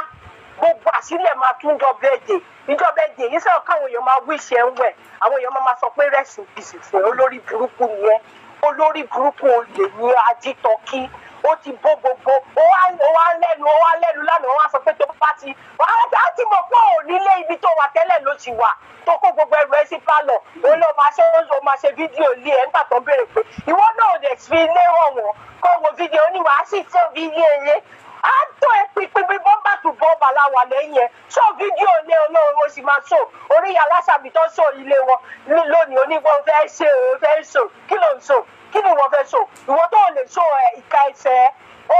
gbogbo àṣírí ẹ̀ máa tún jọ bẹ́ẹ̀dẹ̀ ìjọ bẹ́ẹ̀dẹ̀ yìí sọ̀rọ̀ káwọn èèyàn máa wí ń wẹ̀ àwọn èèyàn máa sọ pé rẹ̀sì bìsì fún olórí burúkú nìyẹn olórí burúkú olè ní ajítọ́kí ó ti bó gbogbo ó wá lẹ́nu ó wá lẹ́nu lánàá ó wá sọ pé tó bá ti wàá ti mọ̀ pé ò nílé ibi tó wà tẹ́lẹ̀ ló ti wà tó kó gbogbo ẹrù ẹ sí pálọ̀ ó lọ máa ṣe ó máa ṣe fídíò lé ẹ̀ nígbà tó ń béèrè pé ìwọ náà lè fi ilé hàn kó wo fídíò ó ní wàá sì tẹ́ fídíò eré á tó ẹ pínpín bí bọ́mbà tó bọ́mbà láwà lẹ́yìn ẹ ṣó fídíò ilé olóró sì máa so orí yàrá ṣàbí tó ṣó ilé wọn ní lónìí onígbọ́n fẹ́ ṣe òun fẹ́ ṣó kí ló ń ṣó kí ni ìwọ fẹ́ ṣó ìwọ tó lè ṣó ìka ẹsẹ̀ ẹ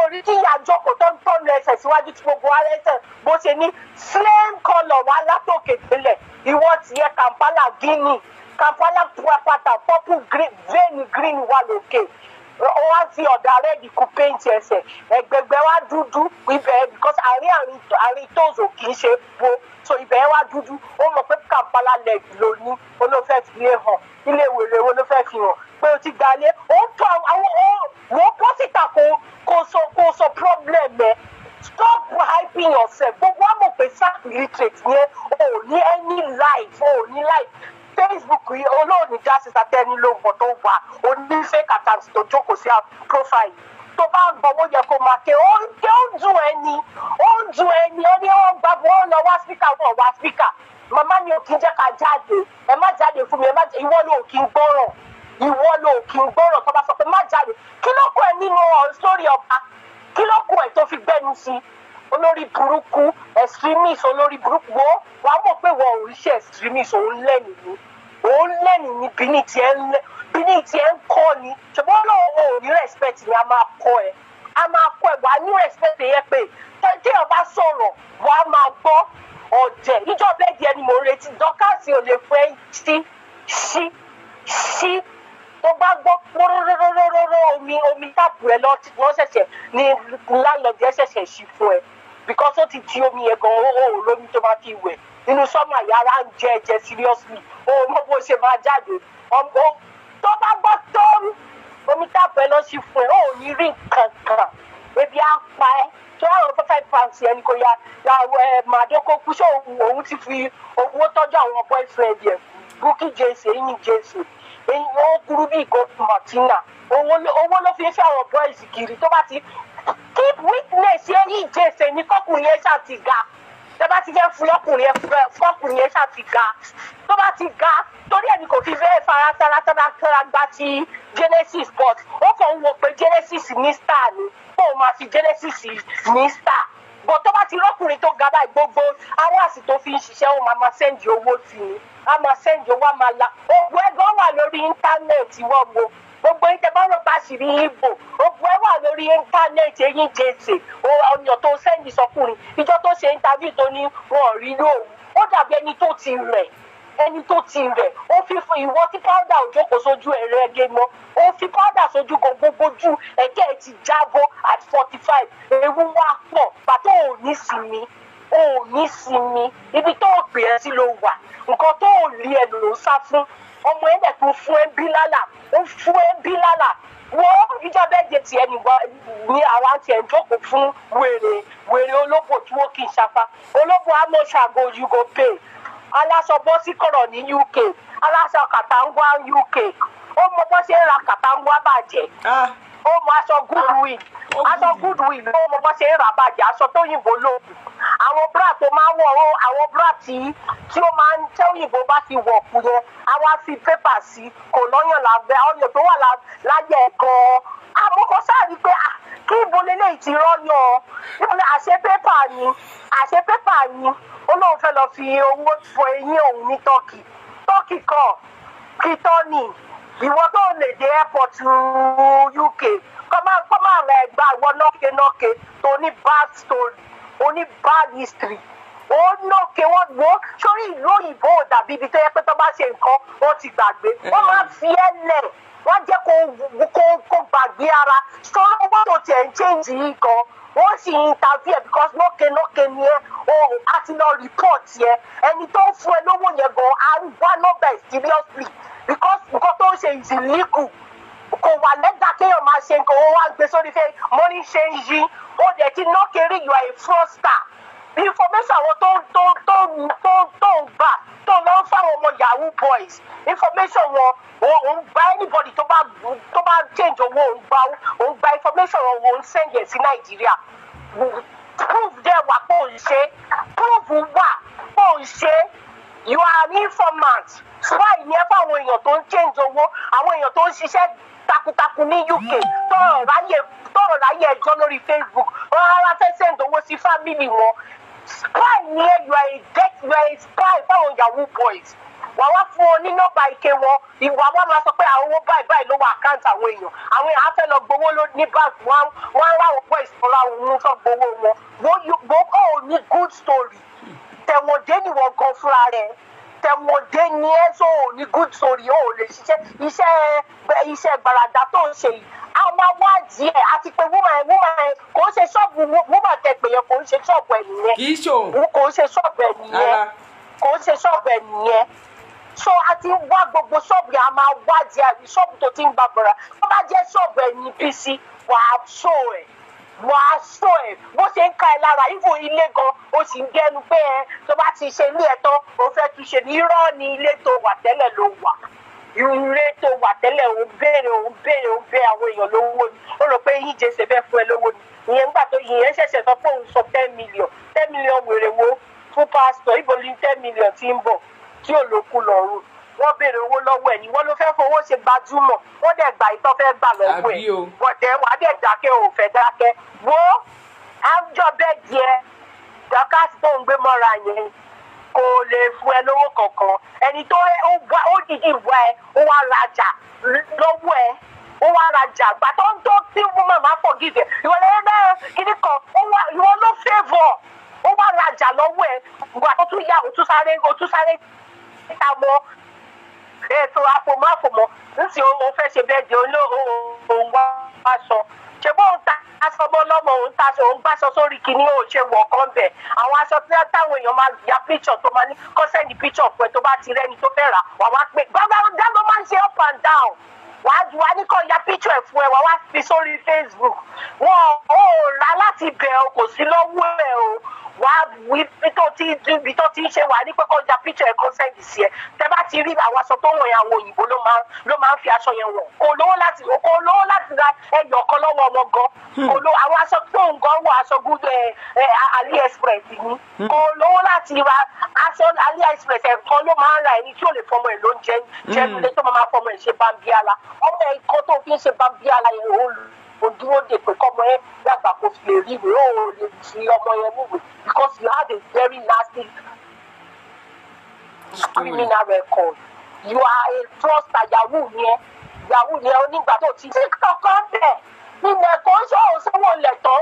orí tí ìyàjọ kò tó ń tọ́nu ẹsẹ̀ síwájú tí gbogbo ara ẹsẹ̀ bó ṣe ní flame colour wá látòkè délẹ̀ ìwọ tiẹ̀ Kampala Guinea Kampala pátá purple green vein green wà lókè wá fi ọ̀dà rẹ́ẹ̀dì kù péǹtì ẹsẹ̀ ẹgbẹgbẹ́ wá dúdú ibẹ̀ because àárín àárín tóòzò kì í ṣe po so ibẹ̀ wá dúdú ó mọ̀ pé kàmpala leg ló ní ó fi lé hàn ilé ìwèrè wo ló fẹ́ fi hàn pé o ti gbalé ó tọ àwọn ó wò ó pọ́sítà kó kó sọ problem ẹ̀ stop hyping yourself gbogbo àmọ̀ pé sack literate yẹn ò ní any life ò ní life facebook yìí olóòní já sísá tẹ́ni lóògùn tó wà onífẹ́ kàtàǹtì tó jókòó sí profile tó bá ń bọ̀ wọ́n yẹ kó máa ké ó ń ké ó ń dùn ẹni ó ń dùn ẹni ó ní wọ́n gbà bọ́ ó lọ wá síkà wọ́n wá síkà màmá mi ò kí ń jẹ́ ká jáde ẹ má jáde fún mi ẹ má jáde ìwọ ló kí gbọ́rọ̀ ìwọ ló kí gbọ́rọ̀ tó bá sọ pé má jáde kí ló kọ ẹ nínú sórí ọba kí ló kọ ẹ tó fi gbẹnu sí olórí burúkú extremist olórí burúkú wo wàá mọ̀ pé wọ́n ò ríṣẹ́ extremist òun lẹ́nu ni òun lẹ́nu ni bíní tiẹ̀ ń lẹ́ bíní tiẹ̀ ń kọ́ ni ṣùgbọ́n náà o ò ní respect ni a máa kọ́ ẹ a máa kọ́ ẹ wàá ní respect yẹ pé tẹ́tí ọba sọ̀rọ̀ wàá máa gbọ́ ọ̀jẹ̀ ìjọba ẹ̀dì ẹni mò ń retí dọ́kàsì ò lè fẹ́ sí sí sí tó bá gbọ́ póróróróróró omi omi táàpù rẹ lọ tí wọ́n ṣẹ̀ṣẹ̀ ní lálọ́dì ẹ̀ ṣẹ̀ṣẹ̀ sí fún ẹ bíkọ́sì ó ti di omi yẹn gan inú sọ́mà yàrá ń jẹ ẹ̀jẹ̀ seriously ọmọ bó ṣe máa jáde ọmọ tó bá gbọ́ tó omi táàpù ẹ lọ sí fún ẹ ò ní rí nǹkan kan ebi á pa ẹ tó àwọn five pounds yẹn ni kò ya ya ẹ màdókò kú sí òun ti fi owó tọ́jú àwọn boyfriend yẹn Bukky Jesse eyín Jesse eyín ó kúrú bí ìgò Martina owó ló fi ń fẹ́ àwọn boys kiri tó bá ti keep witness eyín Jesse ní kọ́kùnrin yẹn ṣàtìgà tẹ bá ti fẹ́ fún lọ́kùnrin ẹ fọkùnrin ẹ ṣáà ti ga tó bá ti ga torí ẹni kò fi bẹ́ẹ̀ fara tara tara tara gba ti genesis but ó kàn ń wo pé genesis ní star ni kó o máa fi genesis ní star but tó bá ti lọ́kùnrin tó ga báyìí gbogbo aráàsì tó fi ń ṣiṣẹ́ ó máa máa sẹ́ǹdì owó tì ní a máa sẹ́ǹdì owó a máa la owó ẹgbẹ́ wà lórí íńtánẹ́ẹ̀tì wọ́n gbogbo gbogbo yín tẹ bá rò pa àṣírí ibo gbogbo ẹ wà lórí íńtánẹ́ẹ̀tì eyín jèsè ọyàn tó sẹ́yìn sọkùnrin ìjọ tó ṣe interview tó ní wọn ò rí lóòrùn ó dàbí ẹni tó ti rẹ̀ ẹni tó ti rẹ̀ ó fi fún ìwọ tí powder òjókòó sójú ẹ̀rọ ẹgẹ mọ́ ó fi powder sójú gan gbogbójú ẹ̀jẹ̀ ti jábọ́ at forty five ewu wá pọ̀ pàtó òní sinmi o ò ní sinmi ibi tó o pè ẹ́ sí ló wà nǹkan tó o lé ẹ ló ń sá fún ọmọ ẹ dẹ̀ tó fún ẹ bí lálà ó fún ẹ bí lálà wo ìjọ bẹ́ẹ̀ jẹ tiẹ̀ ní àwa tiẹ̀ ń jókòó fún wèrè wèrè olóbò tí wọ́n kì í ṣapa olóbò amóṣàgò you go pay aláṣọ bọ́sí kọ̀rọ̀ ní UK aláṣọ kàtàǹgwá UK ó mọ bọ́ ra kàtàǹgwá bàjẹ́. Ah ó mọ aṣọ goodwill aṣọ goodwill ó mọ bó ṣe ń rà bàjẹ́ aṣọ tó yìnbó lòdù àwọn bra tó máa ń wọ̀ àwọn bra tí tí ó máa ń tẹ́ òyìnbó bá ti wọ̀ kù yẹn á wá fi pépà sí kò lọ́yàn lábẹ́ ọyàn tó wà láyẹ̀ gan-an àmọ́kọ́ sáà rí pé kí ibo leléyìí ti rọ́yàn ọ́ níbo ni àṣẹ pépà ni àṣẹ pépà ni ó lóun fẹ́ lọ fi owó fọ eyín òun ní tọ́kì tọ́kì kan kìtọ́nì ìwọ tó lè dé airport UK kọ́ máa rẹ̀ gba ìwọ nọ́kẹ́nọ́kẹ́ tó ní bad story oní bad history ó nókè wọ́n gbó sórí ìlú òyìnbó ò dàbí ibi tó yẹ pé tó bá ṣe nǹkan wọ́n ti gbàgbé wọ́n máa fi ẹ́ lẹ̀ wọ́n jẹ́ kó kó gbàgbé ara sọ́nà wọ́n tó tiẹ̀ ń change yìí gan wọ́n sì ń interview ẹ̀ because nókè nókè ni ẹ o a ti lọ report yẹ ẹni tó ń fún ẹ lówó yẹn gan a ń wá nọ́mbà ẹ̀ seriously because nǹkan tó ń ṣe is illegal kò wà lẹ́gbà kéèyàn máa ṣe nǹkan owó wá gbé sórí fẹ́ money change yìí ó dẹ̀ ti nókè rí you are a fraudster information àwọn tó tó tó tó tó ń gbà tó lọ fáwọn ọmọ yahoo boys information wọn òun gba anybody tó bá tó bá change owó òun gba òun gba information wọn òun send yẹn sí nàìjíríà proof dẹ̀ wà pé òun ṣe proof wà pé òun ṣe you are an informant why ni ẹ fáwọn èèyàn tó ń change owó àwọn èèyàn tó ń ṣiṣẹ́ takuntakun ní uk tọrọ ráyè tọrọ ráyè ẹjọ́ lórí facebook wọn rárá fẹ́ send owó sí family wọn spy near you are a debt you are a spy fáwọn yahoo boys wà wá fún ọ ní nọ́mbà ike wọn ìwà wa máa sọ pé àwọn owó báyìí báyìí ló wà àkáǹtì àwọn èèyàn àwọn èèyàn á fẹ́ lọ gbowó ní báńkì wọn wọn á ráwọ̀ pọ̀ ìsọ̀rọ̀ àwọn ohun tó gbowó wọn wọ́n kọ́ ò ní good story tẹ̀wọ̀n dé nìwọ̀n gan fúnra rẹ̀ àtẹ̀wọ̀dé ni ẹ́ so ò ní good story ó lè ṣiṣẹ́ iṣẹ́ iṣẹ́ gbàràdà tó ń ṣe yìí a máa wá díẹ̀ àti pé woman ẹ̀ woman ẹ̀ kò ń ṣe ṣọ́ọ̀bù woman tẹ̀pẹ̀ yẹn kò ń ṣe ṣọ́ọ̀bù ẹ̀ nìyẹn kì í ṣò kò ń ṣe ṣọ́ọ̀bù ẹ̀ nìyẹn kò ń ṣe ṣọ́ọ̀bù ẹ̀ nìyẹn so a ti wá gbogbo ṣọ́ọ̀bù yẹn a máa wá díẹ̀ ṣọ́ọ̀bù tó ti ń gbàgbọ́ra tó bá jẹ́ ṣọ́ọ̀bù ẹ̀ ní bísí wàá ṣó ẹ̀ wàá sọ ẹ bó ṣe ń ka ẹ lára ìfò ilé gan o sì ń gẹnu pé ẹ tó bá ti ṣe ilé ẹ tán o fẹ́ tún ṣe ní irọ́ ni ilé tó wà tẹ́lẹ̀ ló wà ilé tó wà tẹ́lẹ̀ ò ń béèrè ò ń béèrè ò ń bẹ àwọn èèyàn lówó ni ó rò pé yíjẹ ṣe bẹ́ẹ̀ fún ẹ lówó ni ìyẹn nígbà tó ìyẹn ṣẹ̀ṣẹ̀ sọ pé òun sọ ten million ten million wèrè wo fún pásítọ̀ ibo ni ten million ti ń bọ̀ tí ò lókun lọ́rùn wọ́n béèrè owó lọ́wọ́ ẹ̀ ni wọ́n ló fẹ́ fowó ṣe gbajúmọ̀ wọ́n dẹ̀ gbà ìtọ́ fẹ́ gbà lọ́wọ́ ẹ̀ wọ́n dẹ̀ wà á dẹ̀ dákẹ́ ò fẹ́ dákẹ́ wo àjọ bẹ́ẹ̀ díẹ̀ dọ́kásì tó ń gbé mọ́ra yẹn kò lè fún ẹ lówó kankan ẹni tó ó dìdì wá ẹ ó wá rajà lọ́wọ́ ẹ ó wá rajà àgbà tó ń tó tí màmá pọ̀ gígẹ̀ ìwọ lẹ́yìn náà kíní kan ìwọ ló fẹ́vọ̀ ó wá rajà lọ́wọ́ ẹ gbà tó tún òtún sáré òtún sáré ètò àfòmọ́ àfòmọ́ ń sì òun fẹ́ ṣe bẹ́ẹ̀ di òun wá aṣọ ṣe bóun ta aṣọ bọ́ lọ́mọ òun ta aṣọ òun gbàṣọ sórí kìíní òun ṣe wọ̀ kan bẹ̀ àwọn aṣọ tí táwọn èèyàn máa ya píṣọ̀ tó máa ní kọ́ sẹ́ni píṣọ̀ fún ẹ tó bá ti rẹ́ni tó fẹ́ rà wà wá pé gbàgbà dáná máa ń ṣe up and down wà á ju wa ní kàn ya píṣọ̀ ẹ̀ fún ẹ wà wá fi sórí Facebook wọn ò rà láti bẹ̀ ọ kò sí lọ́wọ́ ẹ o wà á wí bí tó ti bí tó ti ṣe wà ní pé kọjá píṣọ ẹ̀ kan sẹ́yìn sí ẹ tẹ bá ti rí àwọn aṣọ tó ń wọ̀nyẹn àwọn òyìnbó ló máa ló máa ń fi aṣọ yẹn wọ̀ kò lówó láti kò lówó láti ra ẹyọ ọ̀kan lọ́wọ́ ọmọ gan hmm. kò ló àwọn aṣọ tó ń gan wọ aṣọ gúdú ẹ ẹ AliExpress ni hmm. kò lówó láti ra aṣọ AliExpress ẹ̀kan eh, ló máa ń ra ẹni tí ò lè fọmọ ẹ̀ hmm. ló ń jẹ́ jẹ́ o dúró dè pé kọ́mọ yẹn dàgbà kò fi lè rí ìwé o lè fi ọmọ yẹn mú because you had a very nasty criminal record you are a fraudster yahoo yẹn yahoo yẹn onígbà tó ti sí kankan bẹ̀ nílẹ̀ kó ń sọ òṣèwọ̀n lẹ̀tọ́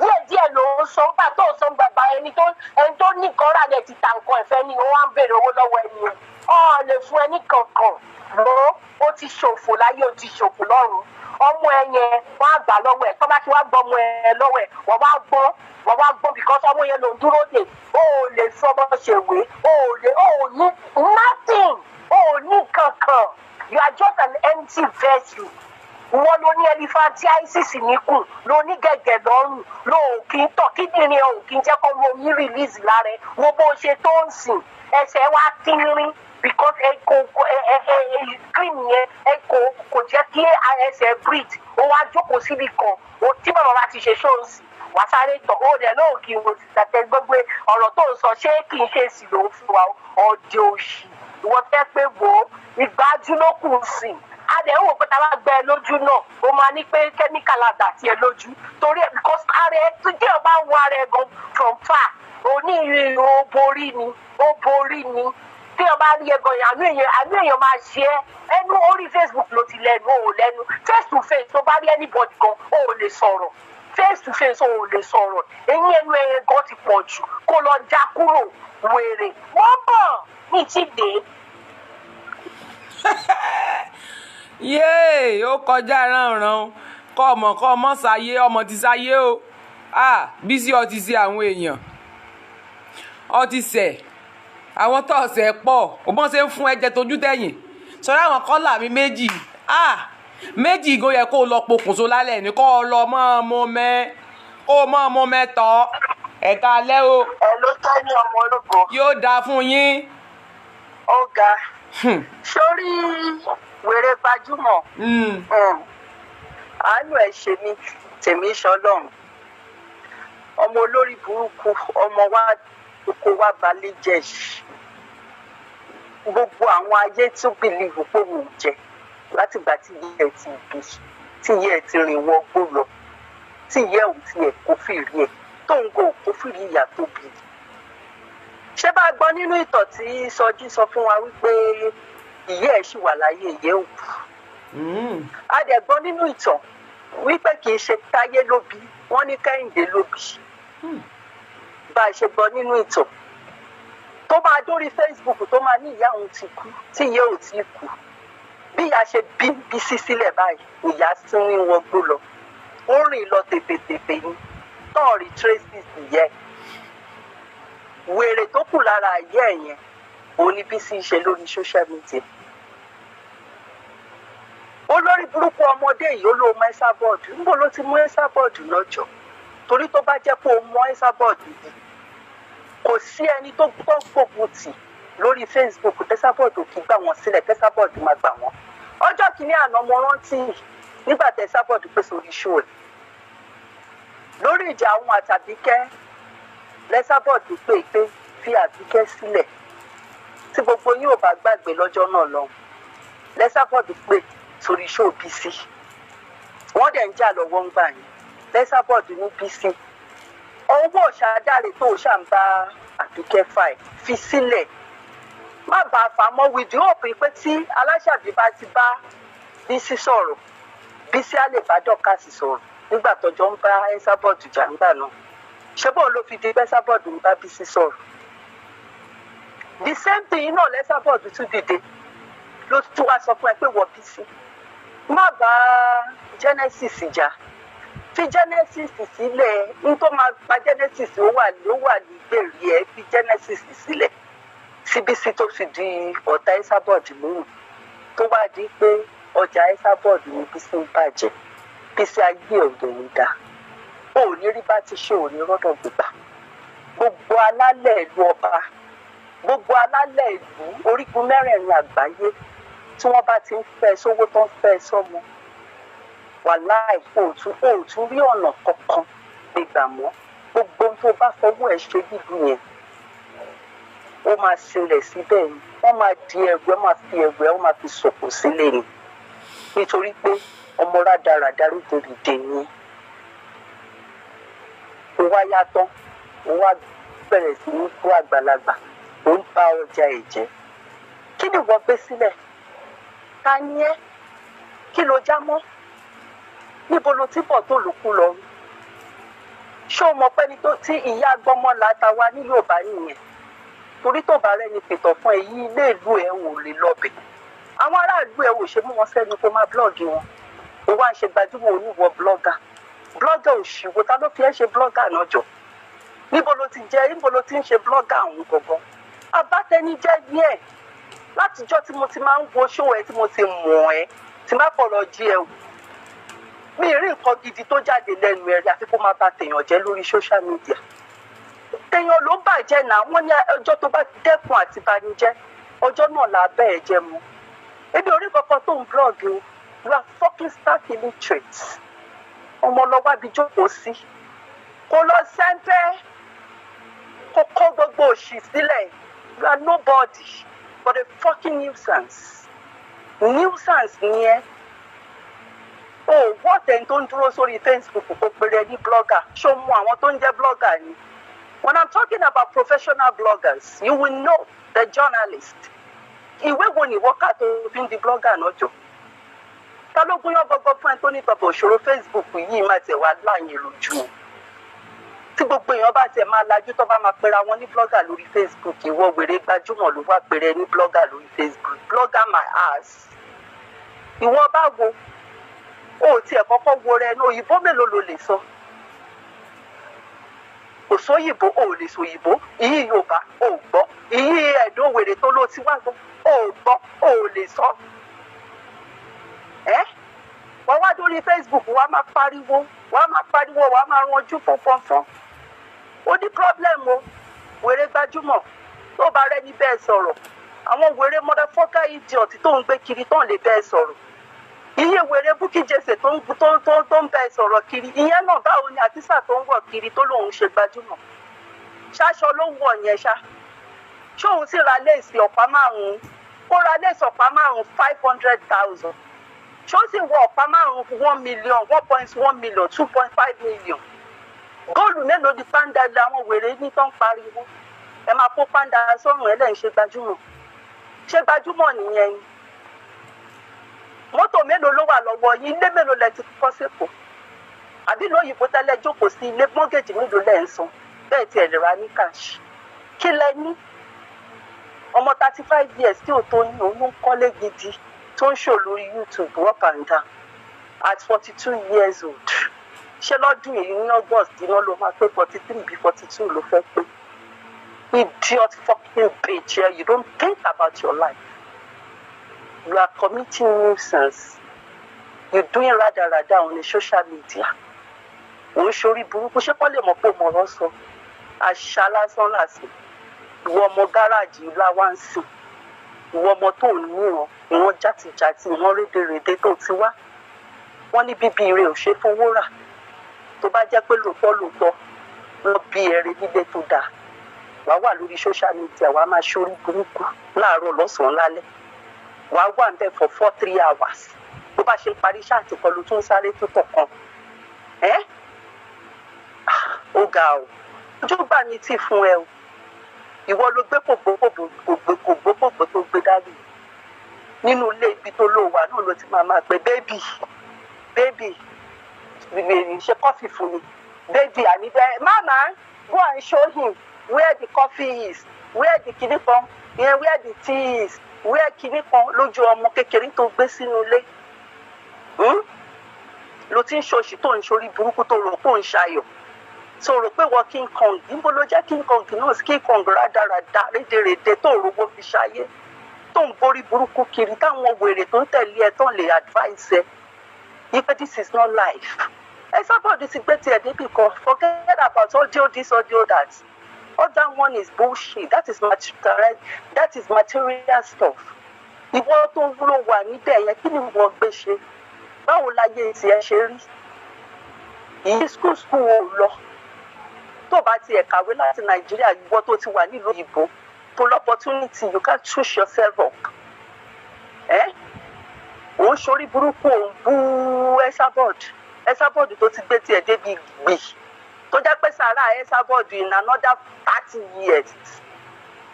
díẹ̀ díẹ̀ ló ń sọ nígbà tó ń sọ bàbá ẹni tó ẹni tó ní nǹkan lẹ̀ ti ta nǹkan ẹ̀fẹ́ ni ó wá ń béèrè owó lọ́wọ́ ẹni ọ̀ lè fún ẹni kankan lọ́ ó ti ṣòfò láyé ó ti ṣòfò lọ́run ọmọ ẹ yẹn wọ́n á gbà lọ́wọ́ ẹ̀ tó bá ti wá gbọ́ ọmọ ẹ lọ́wọ́ ẹ̀ wọ́n wá gbọ́ wọ́n wá gbọ́ because ọmọ yẹn ló ń dúró dè ó lè fi ọmọ ṣèwé ó lè ó ní nothing ó ní kankan you are just an empty vessel wọ́n ló ní elephantiasis níkù ló ní gẹ̀gẹ̀ lọ́rùn ló ò kí ń kíndìnrín ẹ̀ ò kí ń jẹ́ kó ro ní release lára ẹ̀ wo bó ṣe tó ń sìn ẹsẹ̀ wa tínrín because ẹ̀kọ́ eh, eh, eh, scream yẹn ẹ̀kọ́ kò jẹ́ kí ẹsẹ̀ breathe ó wá jókòó síbi kan tí bàbá bá ti ṣe ṣóòsì wà sáré tọ̀ ó rẹ̀ náà kí n wo tàtẹ́ gbogbo ọ̀rọ̀ tó ń sọ ṣé kì í ṣe èsì lòun fún wa ọdẹ òṣì ìwọ fẹ́ pé wò ó ìgbájú ló kù sí i a dẹ̀ ń wò pé táwa gbẹ lójú náà ó máa ní pé kẹ́míkà la ẹ lójú torí ẹ because ara ẹ tí ẹ bá ń wọ ara ẹ gan from far òní ìrìn ó borí ni ó borí ni téèyàn bá rí ẹgàn yẹn àánú èèyàn àánú èèyàn máa ṣe é ẹnu orí facebook ló ti lẹ́nu ò lẹ́nu face to face tó bá rí anybody gan ò lè sọ̀rọ̀ face to face ò lè sọ̀rọ̀ eyín ẹnu ẹyẹ gan ti pọ̀ jù kó lọ já kúrò wèrè wọ́n bọ̀ ní ti dé. <laughs> yéè ó kọjá ránran kọ́ ọmọ kọ́ ọmọ sáyé ọmọ ti sáyé o ah Bísí ọtí sí àwọn èèyàn ọtí sẹ̀ àwọn tọ́ọ̀sẹ̀ pọ̀ òbọ̀n ṣe ń fún ẹ̀jẹ̀ tójú tẹ̀yìn sọ̀rọ̀ àwọn kọ́là mi méjì ah méjì ìgò yẹ kó lọ pokùnso lálẹ́ ní kó lọ mọ́ ọmọ mẹ́ kó mọ́ ọmọ mẹ́ tọ́ ẹ̀ka alẹ́ o. ẹ ló tẹ́lẹ̀ ọmọ ológo. yóò dáa fún yín. ó ga hmm. sórí wèrè gbajúmọ̀ hmm. Hmm. àánú ẹ̀ ṣe ni tèmi sọlọ́run ọmọ olórí burúkú ọmọ wa kó wá balẹ̀ jẹ yìí gbogbo àwọn ayé tó bìlìvù pé mò ń jẹ látìgbà tí ìyá ẹ ti bí tí ìyá ẹ ti rìn wọ gbó lọ tí ìyá ò tiẹ̀ kó fìrí ẹ tóun kò kó fìrí ìyá tó bí ṣé bá a gbọ́ nínú ìtàn tí sọjí sọ fún wa wípé ìyá ẹ̀ ṣì wà láyé ìyá ò kú. Hmm. a dẹ̀ gbọ́ nínú ìtàn wípé kì í ṣe táyé ló bí wọ́n ní kẹ́hìndé ló bí. Hmm bá a ṣe gbọ́ nínú ìtàn tó máa dórí Facebook tó máa ní ìyá òun ti kú tí ìyá ò ti kú bí ìyá ṣe bí Bísí sílẹ̀ báyìí ìyá tí ń wọgbó lọ ó rìn lọ tèfètèfè ni tọ́ọ̀rì traces yẹn wèrè tó kù lára ayé ẹ̀ yẹn òun ni Bísí ṣe lórí social media olórí burúkú ọmọdé yìí ó lo ọmọ ẹsà bọọdù níbo ló ti mú ẹsà bọọdù No torí tó bá jẹ́ pé o mọ Esabod gidi kò sí ẹni tó gbọ́ gbòògùn tì lórí Facebook Esabod kì í gbà wọ́n sílẹ̀ Esabod máa gbà wọ́n ọjọ́ kìíní àná mo rántí nígbà tí Esabod pèsè orí ṣó rẹ̀ lórí ìjà àwọn àtàbíkẹ́ Esabod pé pé fi àbíkẹ́ sílẹ̀ tí gbogbo yín ò bá gbàgbé lọ́jọ́ náà lọ Esabod pé sórí ṣó bí sí wọ́n dẹ̀ ń jà lọ́wọ́ ń gbà yín Listerboard ní Bísí owó ṣàdáre tó ṣàǹbá Àdúkẹ́ fàì fi sílẹ̀ má bá a fà mọ́ with the hope pé tí Aláṣàbí bá ti bá Bísí sọ̀rọ̀ Bísí á lè bá Dọ́kàsì sọ̀rọ̀ nígbà tọ́jọ́ ń bá Listerboard jà nígbà náà ṣé bóun ló fi di Listerboard ń bá Bísí sọ̀rọ̀ the same thing náà Listerboard tún dìde ló tún wá sọ fún ẹ pé wọ Bísí má bá Genesis jà. Ja fi genesis sílẹ̀ n tó máa gba genesis ó wà ló wà nígbèrè ẹ fi genesis sílẹ̀ síbísí tó fi di ọ̀tá Esabod lóhùn tó wá di pé ọjà Esabod ni Bísí ń bàjẹ́ Bísí agbé ọ̀gbẹ̀ ń da ò ní rí bá ti ṣe òní rọ́dọ̀ gbígbà gbogbo alálẹ̀ ìlú ọba gbogbo alálẹ̀ ìlú orígun mẹ́rẹ̀ẹ̀rin àgbáyé tí wọ́n bá ti ń fẹ́ sówó tó ń fẹ́ sọ́mọ. So wàláì òòtún òòtún rí ọ̀nà kankan lè gbà mọ́ gbogbo tó bá fọwọ́ ẹ̀ ṣe dídùn yẹn ó máa ṣẹlẹ̀ síbẹ̀ ni wọ́n máa di ẹ̀rù ẹ̀ máa fi ẹ̀rù ẹ̀ wọ́n máa fi sòkò sílé ni nítorí pé ọmọ rádaràda ló dèrè dè ní ó wá yá tán ó wá bẹ̀rẹ̀ sí ní kú àgbàlagbà ó ń bá ọjà ẹ̀ jẹ́ kí ni wọ́n gbé sílẹ̀ ta ni ẹ́ kí ló já mọ́ níbo ló ti bọ̀ tó lùkú lọ ṣé o mọ̀ pé ní tó tí ìyá gbọ́mọ́lá ta wá ní Yorùbá nìyẹn torí tó bá rẹ́ni pètọ̀ fún ẹ yí ilé ìlú ẹ ò lè lọ́bẹ̀ àwọn aráàlú ẹ ò ṣe mú wọn sẹ́nu kó má blọ́ọ̀gì wọn ó wá ń ṣe gbajúmọ̀ oníwọ̀ blọ́gà blọ́gà òṣìwò ta ló fi ẹ́ ṣe blọ́gà náà jọ níbo ló ti jẹ́ níbo ló ti ń ṣe blọ́gà ọ̀hún gangan abátẹnijẹ́ ni ẹ̀ látijọ́ tí mo ti máa ń wo ṣó ẹ tí mo ti mọ̀ ẹ́ tí má fọ̀rọ̀ jí ẹ wò mi rí nǹkan gidi tó jáde lẹ́nu ẹ̀rí àti kó máa bà tèèyàn jẹ́ lórí social media tèèyàn ló bàjẹ́ náà wọ́n ní ọjọ́ tó bá dẹ́kun àti banijẹ́ ọjọ́ náà là á bẹ́ẹ̀ jẹ́ mu ebi orí kankan tó ń blog o you are fucking stark illiterate ọmọ lọ wábi jókòó sí kó lọ sẹ́ńpẹ́ kó kó gbogbo òṣì sílẹ̀ you are nobody but a fucking nuisance nuisance ni ẹ́ o ò wọ́ọ̀tẹ̀ tó ń dúró sórí Facebook kó péré ní blogger ṣó mọ àwọn tó ń jẹ́ blogger ni when I'm talking about professional bloggers you will know the journalist ìwé wo ni wọ́n kà tó fi ń di blogger náà jọ ta ló gúnyán gbọgbọ fún ẹ tó ní tọpọ òṣòro Facebook yìí má tẹ wá láàyè lójú o tí gbogbo èèyàn bá tiẹ̀ máa lajú tó bá máa pera wọn ní blogger lórí Facebook ìwọ wèrè gbajúmọ̀ ló wá pera ní blogger lórí Facebook blogger my ass ìwọ bá wo o ò tiẹ̀ kọ́kọ́ wo rẹ ní òyìnbó mélòó ló lè sọ kò sóyìnbó o ò lè sòyìnbó ìyí yorùbá o ò gbọ́ ìyí ẹ̀dùn òwèrè tó ló ti wá gbọ́ o ò gbọ́ o ò lè sọ ẹ́ wọ́n wá dórí facebook wàá máa pariwo wàá máa pariwo wàá máa ranjú fọnfọnfọn ó ní problem o wèrè gbajúmọ̀ tó bá rẹ́ni bẹ́ẹ̀ sọ̀rọ̀ àwọn wèrè motherfucker idiot tó ń gbé kiri tán lè bẹ́ẹ̀ sọ̀rọ̀ iye wèrè Bukky Jesse tó ń tó tó tó ń bẹ sọ̀rọ̀ kiri ìyẹn náà báwo ni àtísà tó ń wọ̀ kiri tó lòun ṣe gbajúmọ̀ ṣáṣọ ló ń wọ̀ yẹn ṣá ṣóun sì ra léèsì ọ̀pá márùn-ún ó ra léèsì ọ̀pá márùn-ún five hundred thousand ṣó sì wọ ọ̀pá márùn-ún one million one point one million two point five million góòlù mélòó di pàǹdà làwọn wèrè ní tó ń pariwo ẹ máa kó pàǹdà sọ́run ẹ lẹ́yìn ṣe gbajúmọ̀ ṣe gbajúmọ̀ nìyẹn ni mọ́tò mélòó ló wà lọ́wọ́ ilé mélòó lẹ ti kọ́ sépò àbí ìlú òyìnbó tẹ́lẹ̀ jókòó sí ilé mọ́gẹ́jì mélòó lẹ́ ń san bẹ́ẹ̀ tiẹ̀ lè ra ní káàṣì kí lẹ ní ọmọ thirty five years tí ò tó yín òun ń kọ́lé gidi tó ń ṣò lórí youtube up and down at forty two years old ṣé lọ́dún yìí ní august iná ló máa pé forty three bí forty two ló fẹ́ pé idiot fucking bitch yeah, you don't think about your life you are committing nuisance you doing radarada on the social media ò ń ṣorí burúkú ṣé kọ́ lè mọ̀ pé mo rọ́ sọ àṣà lásán làsìn ìwọ ọmọ gáràjì láwáǹsì ìwọ ọmọ tó ń níran ìran játijàti ìran rédèrèdè tó ti wá wọn ní bíbí ire ò ṣe fowó rà tó bá jẹ́ pé lòpọ̀ lòpọ̀ wọn bí ẹ̀rí gbígbé tó dáa wàá wà lórí social media wàá máa ṣorí burúkú láàárọ̀ lọ́sàn-án lálẹ́ wàá wà ń bẹ̀ for four three hours bó bá ṣe parí iṣẹ́ àtìkọlù tó ń sáré tó kọ̀ọ̀kan ẹ́ ah, ó ga o ojú bá mi tì fún ẹ o ìwọ ló gbé kògbókògbó tó gbé dání nínú ilé ibi tó lò wá náà ló ti máa máa pè bébì bébì ṣe kọfí fún mi bébì àní bẹ́ẹ̀ eh, mama go and show him where the coffee is where the kìnnìkan eh, where the tea is ìwé ẹ̀kíní kan lójú ọmọ kékeré tó gbé sínú ilé hmm? ló ti ń ṣòṣì tó ń ṣorí burúkú tó rò pé ó ń ṣayọ̀ tó rò pé wọ́n king kong níbo ló jẹ́ king kong náà sí king kong rádaràda rédèrèdè tó rówó fi ṣayé tó ń borí burúkú kiri táwọn wèrè tó ń tẹ̀lé ẹ tán lè advice ẹ yípe this is not life ẹ sábà ọdún ti gbé tiẹ̀ débì kan forget about all the old this all the old that other one is bullshit that is material that is material stuff ìwọ tó ń lò wà níbẹ̀ yẹn kí ni ìwọ gbé ṣe báwo láyé ti ẹ ṣe rí ìyí school school ò lọ tó bá tiẹ̀ kàwé láti nàìjíríà ìwọ tó ti wà nílùú òyìnbó full opportunity you can choose yourself up ẹ òun ṣorí burúkú òun bú ẹsà bọ́ọ̀dù ẹsà bọ́ọ̀dù tó ti gbé tiẹ̀ débi gbì tó jẹ́ pé sàrà ẹ̀sàbọ̀dù in another thirty years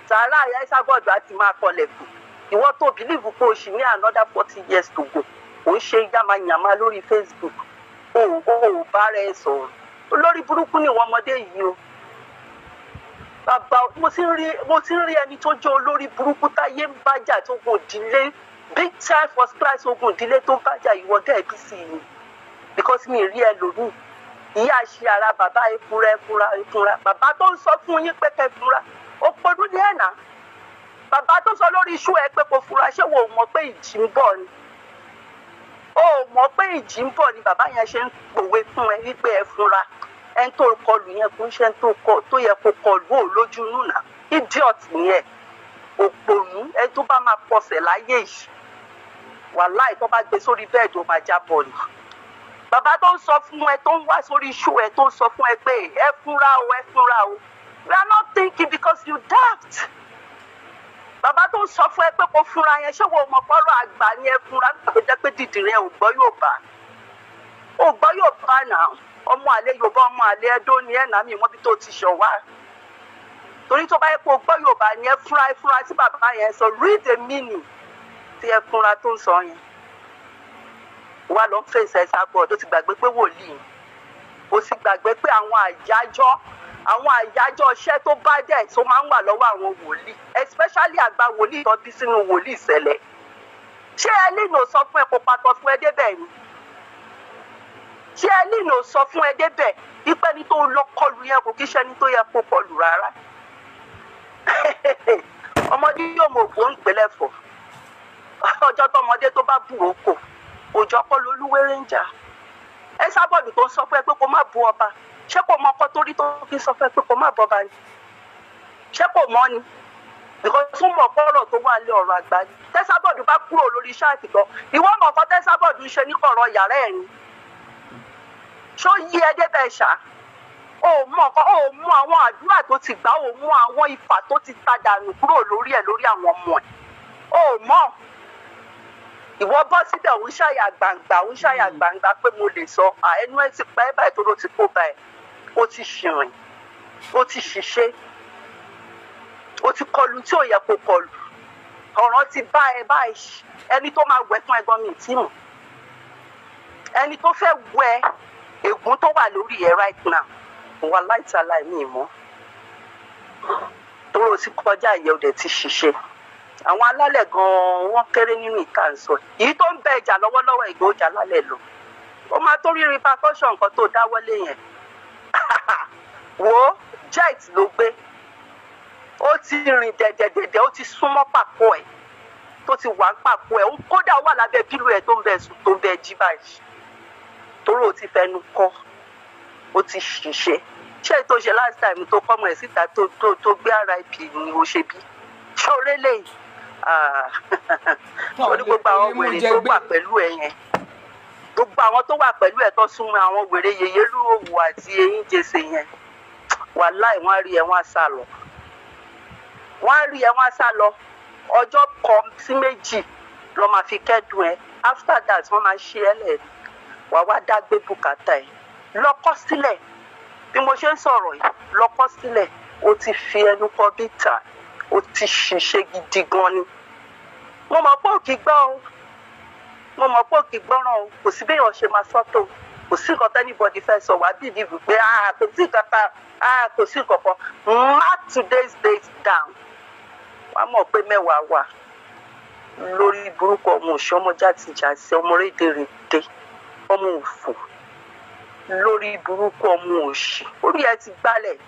sàrà ẹ̀sàbọ̀dù á ti máa kọlẹ̀ kù ìwọ́n tó bìlíìfù pé o ṣì ní another forty years to go ò ń ṣe yamayama lórí Facebook o ò bára ẹ sọ̀rọ̀ olórí burúkú ni ìwọ ọmọdé yìí o bàbá mo ti ń rí mo ti ń rí ẹni tó jẹ́ olórí burúkú táyé ń bájà tó gùn ìdílé big time first class ogun ìdílé tó bájà ìwọ́dẹ̀ ẹ̀bí sí i because mi rí ẹ lòmíì ìyá ṣe ara bàbá ìkunra ìkunra ìkunra bàbá tó ń sọ fún yín pé kẹ́ kunra ó pọdú ní ẹ̀nà bàbá tó sọ lórí iṣu ẹ pé kò fura ṣé wo mọ̀ pé ìjì ń bọ̀ ni ó mọ̀ pé ìjì ń bọ̀ ni bàbá yẹn ṣe ń pòwe fún ẹ wípé ẹ fura ẹni tó kọlù yẹn kò ń ṣe tó yẹ kó kọlù ó lójú nùnà idiot nìyẹn òpònú ẹni tó bá máa pọsẹ̀ láyé yìí wàláì tó bá gbé sórí bẹ́ẹ̀dì ó máa jábọ̀ ni bàbá tó ń sọ fún ẹ tó ń wá sórí iṣu ẹ tó ń sọ fún ẹ pé ẹ fúnra o ẹ fúnra o we are not thinking because you doubt. bàbá tó ń sọ fún ẹ pé kò fúnra yẹn ṣé wo mọ̀ pọ́rọ̀ àgbà ni ẹ fúnra nígbà pé dìdìrín ẹ ò gbọ́ yóò bá ò gbọ́ yóò bá nà ọmọ àlè yorùbá ọmọ àlè ẹdó ni ẹ nà mí mọ́bí tó ti ṣọ̀ wá torí tó bá yẹ kó gbọ́ yóò bá ni ẹ fúnra ẹ fúnra tí bàbá yẹn sọ read the meaning ti ẹ fúnra tó ń sọ yẹn wá lọ fèsì ẹ̀sà bọ́ọ̀dù ó ti gbàgbé pé wòlíì ó ti gbàgbé pé àwọn àyájọ́ àwọn àyájọ́ iṣẹ́ tó bá dẹ̀ tó máa ń wà lọ́wọ́ àwọn wòlíì especially àgbà wòlíì tó bí sínú wòlíì ìṣẹ̀lẹ̀ ṣé ẹlẹ́nu sọ fún ẹ kó patọ́ fún ẹ débẹ̀ ni ṣé ẹlẹ́nu sọ fún ẹ débẹ̀ ipẹ́ ni tó lọ kọlù yẹn kò kí ṣe ni tó yẹ kó kọlù rárá <laughs> ọmọdé yóò mọ̀ ògbó ń gbélé fọ̀ ọjọ́ tọmọdé tó bá bùrọ̀ kò òjò ọpọlọ olúwẹrẹ ń jà ẹ sábọọdù tó ń sọ fún ẹ pé kó má bu ọba ṣé kò mọ ọkọ tó rí tó fi sọ fún ẹ pé kó má bọba ni ṣé kò mọ ni nǹkan tó mọ kọrọ tó wà lé ọ̀rọ̀ àgbà ni tẹsábọọdù bá kúrò lórí iṣẹ́ àtìgbọ ìwọ mọ ọkọ tẹsábọọdù ṣe ní kọ̀rọ̀ yàrá ẹ ni ṣó yí ẹ débẹ ṣá o mọ ọkọ o mú àwọn àdúrà tó ti gbà o mú àwọn ìfà tó ti ta dànù kúrò lórí ẹ lórí àwọn ọmọ ẹ o mọ ìwọ bọ́ síbẹ̀ òun ṣàyà gbangba òun ṣàyà hmm. gbangba pé mo lè sọ ẹnu ẹ ti pa ẹ báyìí tó ló ti kó báyìí ó ti ṣìrìn ó ti ṣiṣẹ́ ó ti kọlu tí ò yẹ kó kọlu ọ̀ràn ti bá ẹ báyìí ẹni tó máa wẹ̀ fún ẹgbọ́n mi tí mọ̀ ẹni tó fẹ́ wẹ ègún tó wà lórí ẹ right now wà láìta láì mí mọ́ tó ló ti kọjá ìyẹ́ ọ̀dẹ̀ ti ṣiṣẹ́ àwọn alálẹ̀ gan-an wọ́n kéré nínú ìta nsọ yìí tó ń bẹ ìjà lọ́wọ́lọ́wọ́ Ìgbòho jà lálẹ́ lọ ó máa tó rí repercussion nǹkan tó dáwọ́lé yẹn <laughs> wo jet ló gbé ó ti rìn dẹ̀dẹ̀dẹ̀dẹ̀ ó ti súnmọ́ pàpọ̀ ẹ̀ tó ti wà ń pàpọ̀ ẹ̀ kódà wà lábẹ́ bílù ẹ̀ tó ń bẹ sùn tó ń bẹ jí báyìí torí ó ti fẹnu kọ́ ó ti ṣiṣẹ́ ṣé ètò ṣe last time tó kọ́mọ ẹ̀ síta tó gbé ara ìpì ni ó ṣe bí ṣé orílẹ̀ yìí oní ah. <laughs> gbogbo àwọn wèrè tó wà pẹ̀lú ẹ yẹn gbogbo àwọn tó wà pẹ̀lú ẹ tó súnmọ́ àwọn wèrè yèyé ló àti eyín jèsè yẹn wàláì wọ́n rí ẹ wọ́n sá lọ wọ́n rí ẹ wọ́n sá lọ ọjọ́ kan sí méjì lọ máa fi kẹ́dùn ẹ after that wọ́n máa ṣe ẹ lẹ́ẹ̀ni wàá wá dá bùkátà ẹ lọ́kọ́ sílẹ̀ bí mo ṣe ń sọ̀rọ̀ yìí lọ́kọ́ sílẹ̀ o ti fi ẹnu kọ big time ó ti ṣiṣẹ́ gidi gan ni wọ́n mọ̀ pé òkè gbọ́ wọ́n mọ̀ pé òkè gbọ́ràn o kò sí béèyàn ṣe máa sọ́tò kò sí nǹkan tẹ́ anybody fẹ́ sọ wá bíi ìdìbò kò sí nǹkan tá ah, kò sí nǹkan kan mark today's date down wàá mọ̀ pé mẹ́wàá wà lórí burúkú ọmọ òṣì ọmọ jàtìjàsí ọmọ rédèrèdè ọmọ òfò lórí burúkú ọmọ òṣì orí ẹ ti gbálẹ̀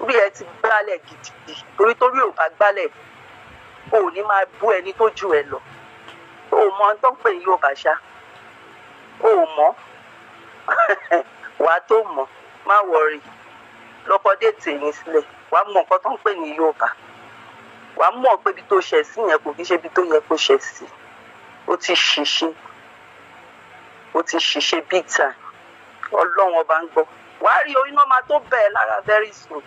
orí ẹ ti gbálẹ̀ gidi torí torí ò bá gbálẹ̀ o ò ní máa bú ẹni tó ju ẹ lọ o mọ tó ń pè ní yorùbá ṣá o mọ <laughs> wàá tó mọ má wọrí lọkọ dé tèmi sílẹ̀ wàá mọ nǹkan tó ń pè ní yorùbá wàá mọ pé ibi tó ṣẹ̀ sí yẹn kò kí ṣe ibi tó yẹ kó ṣẹ̀ sí o ti ṣìṣe o ti ṣìṣe big time ọlọ́run ọba ń gbọ́ wàá rí orí náà máa tó bẹ̀ẹ́ lára very soon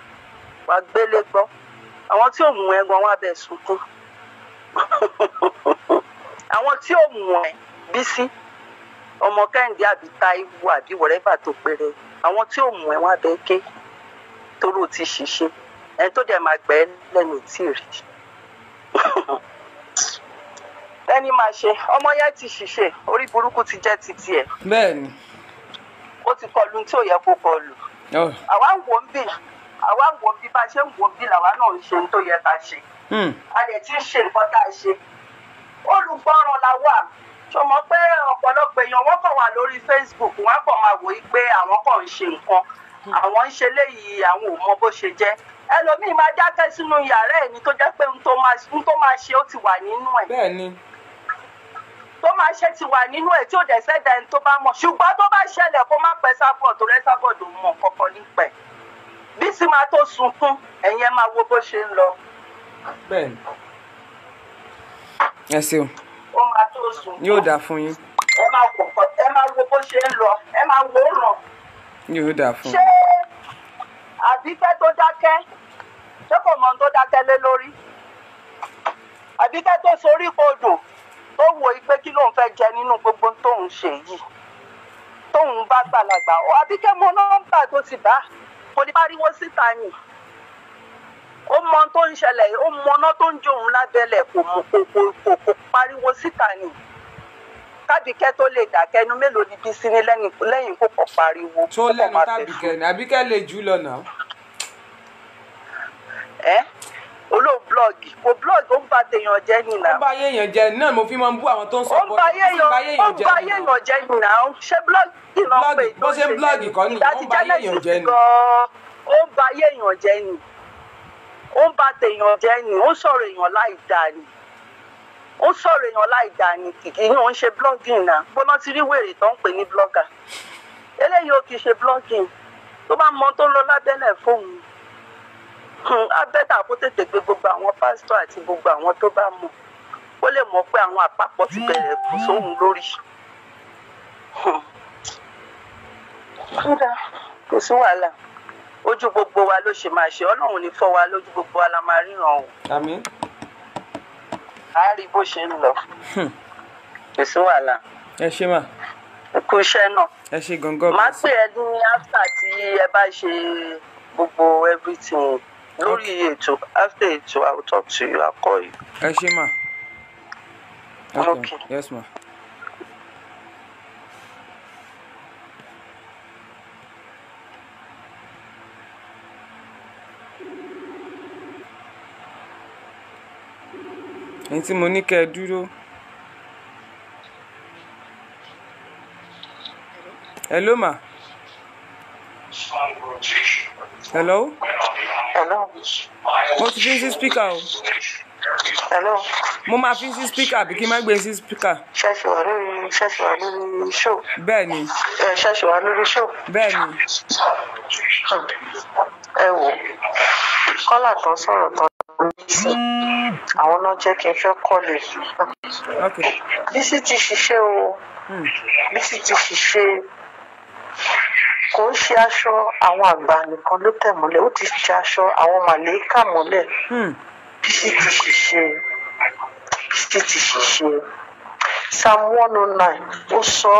wàá gbélé gbọ́ àwọn tí ò mú ẹ gan wàá bẹ̀ sunkún àwọn tí ò mú ẹ bísí ọmọ kẹ́hìndé àbí táíwò àbí wọ̀rẹ́bà tó péré àwọn tí ò mú ẹ wàá bẹ̀ ké toró ti ṣiṣẹ́ ẹni tó dẹ̀ máa gbẹ́ lẹ́nu tí rí ẹni máa ṣe ọmọ yẹn ti ṣiṣẹ́ orí burúkú ti jẹ́ titi ẹ̀. bẹ́ẹ̀ni. ó ti kọlu tí ò yẹ kó kọlu. àwa ń wo ń bì àwa ń wo bí bá a ṣe ń wo bí làwa náà ń ṣe tó yẹ ká ṣe hmm. a lè ti ṣe nǹkan tá a ṣe olùgbọ́ràn la wà ṣó mọ̀ pé ọ̀pọ̀lọpọ̀ èèyàn wọ́n kàn wà lórí Facebook wọ́n kàn máa wòye pé àwọn kàn ń ṣe nǹkan hmm. àwọn ń ṣe léyìí àwọn ò mọ bó ṣe jẹ́ ẹlòmíín máa dákẹ́ sínú yàrá ẹni tó jẹ́ pé n tó máa ṣe ó ti wà nínú ẹ̀. bẹ́ẹ̀ni. tó máa ṣe ti wà nínú ẹ̀ tí ò dẹ̀ sẹ́dá ẹni tó bá mọ̀ ṣùgbọ́n tó bá ṣẹlẹ̀ kó má pẹ́ sábọ̀ tó rẹ́ sábọ̀ tó mọ̀ kọ̀ọ̀kan nípẹ̀. Bísí máa tó sunkún ẹ̀yin ẹ máa wo bó ṣe ń lọ. Ẹ ṣeun. Ó máa tó sunkún. Yóò dà fún yín. Ẹ máa wò pọ̀ ẹ máa wo bó ṣe ń lọ ẹ máa wò ràn. Yóò dà fún. Ṣé àbíkẹ́ tó dákẹ́ ṣé kò mọ ohun tó dákẹ́ lé lórí? Àbíkẹ́ tó sorí kodò tó wo pé kí lóun fẹ́ jẹ nínú gbogbo tóun ṣe yìí tóun bá gbàlagbà Àbíkẹ́ mọ nọ́mbà tó ti bá kò ní pariwo síta ni ó mọ tó ń ṣẹlẹ̀ ó mọná tó ń jòun lábẹ́lẹ̀ kò mú kò kò kò pariwo síta ni tábìkẹ́ tó lè dákẹ́ ẹnu mélòó ni bísí ní lẹ́yìn kó kọ̀ pariwo. tó lẹ́nu tábìkẹ́ ni àbíkẹ́ lè jù lọ náà olóò blọọgì kò blọọgì ó ń ba tèèyàn jẹ́ nìyà. ó ń ba ayé èèyàn jẹ́ náà mo fi máa ń bú àwọn tó ń sọ pé ó ń ba ayé èèyàn jẹ́ nìyà. ó ń ba ayé èèyàn jẹ́ nìyà ṣé blọọgì náà pé tó ṣe blọọgì kọ́ ni ó ń ba ayé èèyàn jẹ́ ni. ó ń ba ayé èèyàn jẹ́ ni ó ń ba tèèyàn jẹ́ ni ó ń sọ̀rọ̀ èèyàn láì dáa ni ó sọ̀rọ̀ èèyàn láì dáa ni kìkì ní òun ṣe blogging náà gbóná ti rí wèrè tó ń pè ní blogger eléyìí ó kì í ṣe blogging tó bá mọ tó lọ lábẹ́lẹ̀ fóun Hmm, abẹ́tà kó tètè gbé gbogbo àwọn pásítọ̀ àti gbogbo àwọn tó bá mọ̀ ó lè mọ̀ pé àwọn àpapọ̀ ti bẹ̀rẹ̀ kù sóhun lórí. Hmm. kódà kò sí wàhálà ojú gbogbo wa ló ṣe máa ṣe ọlọ́run ní fọ́ wa lójú gbogbo wa la máa ríran o. àmín. a rí bó ṣe ń lọ hmm. kò sí wàhálà. ẹ ṣe mà. kò iṣẹ́ náà. ẹ ṣe gangan. má pè ẹ́ ní áfà tí ẹ bá ṣe gbogbo everything lórí ètò after ètò i will talk to you i will call you. ẹ ṣe mà. okay yes ma. èyí tí mo ní kẹ́ ẹ dúró. hello ma. Hello, ma hello. hello. mo ti fi sí speaker hello. mo máa fi sí speaker àbí kí n má gbé sí e speaker. ṣẹ́ẹ̀ṣì wà lórí ṣẹ́ẹ̀ṣì wà lórí show. bẹ́ẹ̀ni. ṣẹ́ẹ̀ṣì wà lórí show. bẹ́ẹ̀ni. ẹ wò kọ́là tán sọ̀rọ̀ tán àwọn náà jẹ́ kí n fẹ́ kọ́lé Bísí ti ṣiṣẹ́ o hmm. Bísí ti ṣiṣẹ́ kò ń ṣe aṣọ àwọn àgbà nìkan ló tẹ̀ mọ́lẹ̀ ó ti ṣe aṣọ àwọn màlẹ́kà mọ́lẹ̀ hmm. bíṣì ti ṣiṣẹ́ bíṣì ti ṣiṣẹ́ psalm one oh nine ó sọ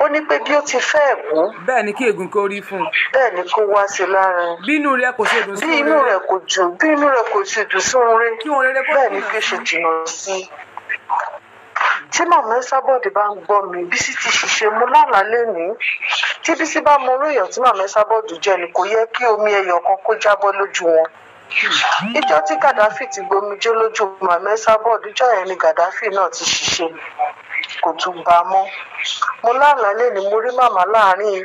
ó ní pé bí ó ti fẹ́ ẹ̀gún. bẹ́ẹ̀ ni kí ègún kó rí fún un. bẹ́ẹ̀ ni kó wá sí lára. bí inú rẹ kò ṣe dùn sí orin. bí inú rẹ kò dùn bí inú rẹ kò ṣe dùn sí orin. kí orin rẹ kó dùn. bẹ́ẹ̀ ni kí ó ṣe jìnnà sí i tí màmá Ẹsábọ̀dé bá ń gbọ́ mi Bísí ti ṣiṣẹ́ mu lánàá lénìí tí Bísí bá mọ orí èèyàn tí màmá Ẹsábọ̀dé jẹ́ ni kò yẹ kí omi ẹyọ kan kó jábọ́ lójú wọn ìjọ tí Gaddafi ti gbomijó lójú màmá Ẹsábọ̀dé ìjọ yẹn Gaddafi náà ti ṣiṣẹ́ kò tún bá a mọ́ mo lánàá lénìí mo rí màmá láàárín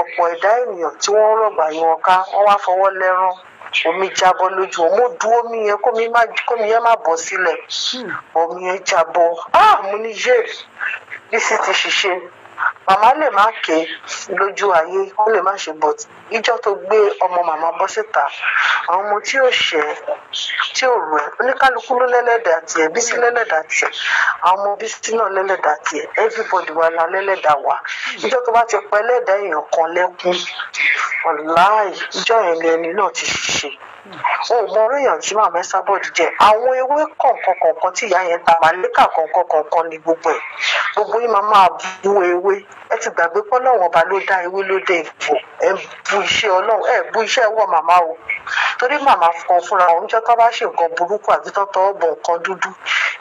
ọ̀pọ̀ ẹ̀dá ènìyàn tí wọ́n rọ̀gbà yọ wọ́n wá fọwọ́ lẹ́rán omi jábọ́ lójú òun mo du omi yẹn kómi yẹn má bọ́ sílẹ̀ hmm. omi yẹn jábọ́ ah mo ní yé bísí ti ṣiṣẹ́ màmá lè má ké lójú ayé wọn lè má ṣe but ìjọ tó gbé ọmọ màmá bọ́ síta àwọn ọmọ tí ò ṣẹ tí ò rẹ oníkálukú ló lẹ́lẹ́dàá tiẹ̀ bísí lẹ́lẹ́dàá tiẹ̀ àwọn ọmọ bísí náà lẹ́lẹ́dàá tiẹ̀ everybody wà lá lẹ́lẹ́dàá wa ìjọ tó bá ti pẹ́ lẹ́dàá èèyàn kan lẹ́kún ọ̀láì ìjọ yẹn lẹni náà ti ṣiṣẹ́ oògùn oríyàn tí màmá Esabod jẹ àwọn ewé kọ̀ọ̀kan kọ̀ọ̀kan tí ìyá yẹn ta màlẹ́kà kọ̀ọ̀kan kọ̀ọ̀kan ni gbogbo ẹ̀ gbogbo yín máa máa bu ewé ẹ ti gbàgbé pọ́lọ́wọ́n ọba ló dá ewé ló dé ìbò ẹ bu iṣẹ́ ọlọ́run ẹ bu iṣẹ́ ẹwọ́ màmá o torí màmá kan fúnra òun jẹ́ tó bá ṣe nǹkan burúkú àbí tọ́tọ́ bọ̀ nǹkan dúdú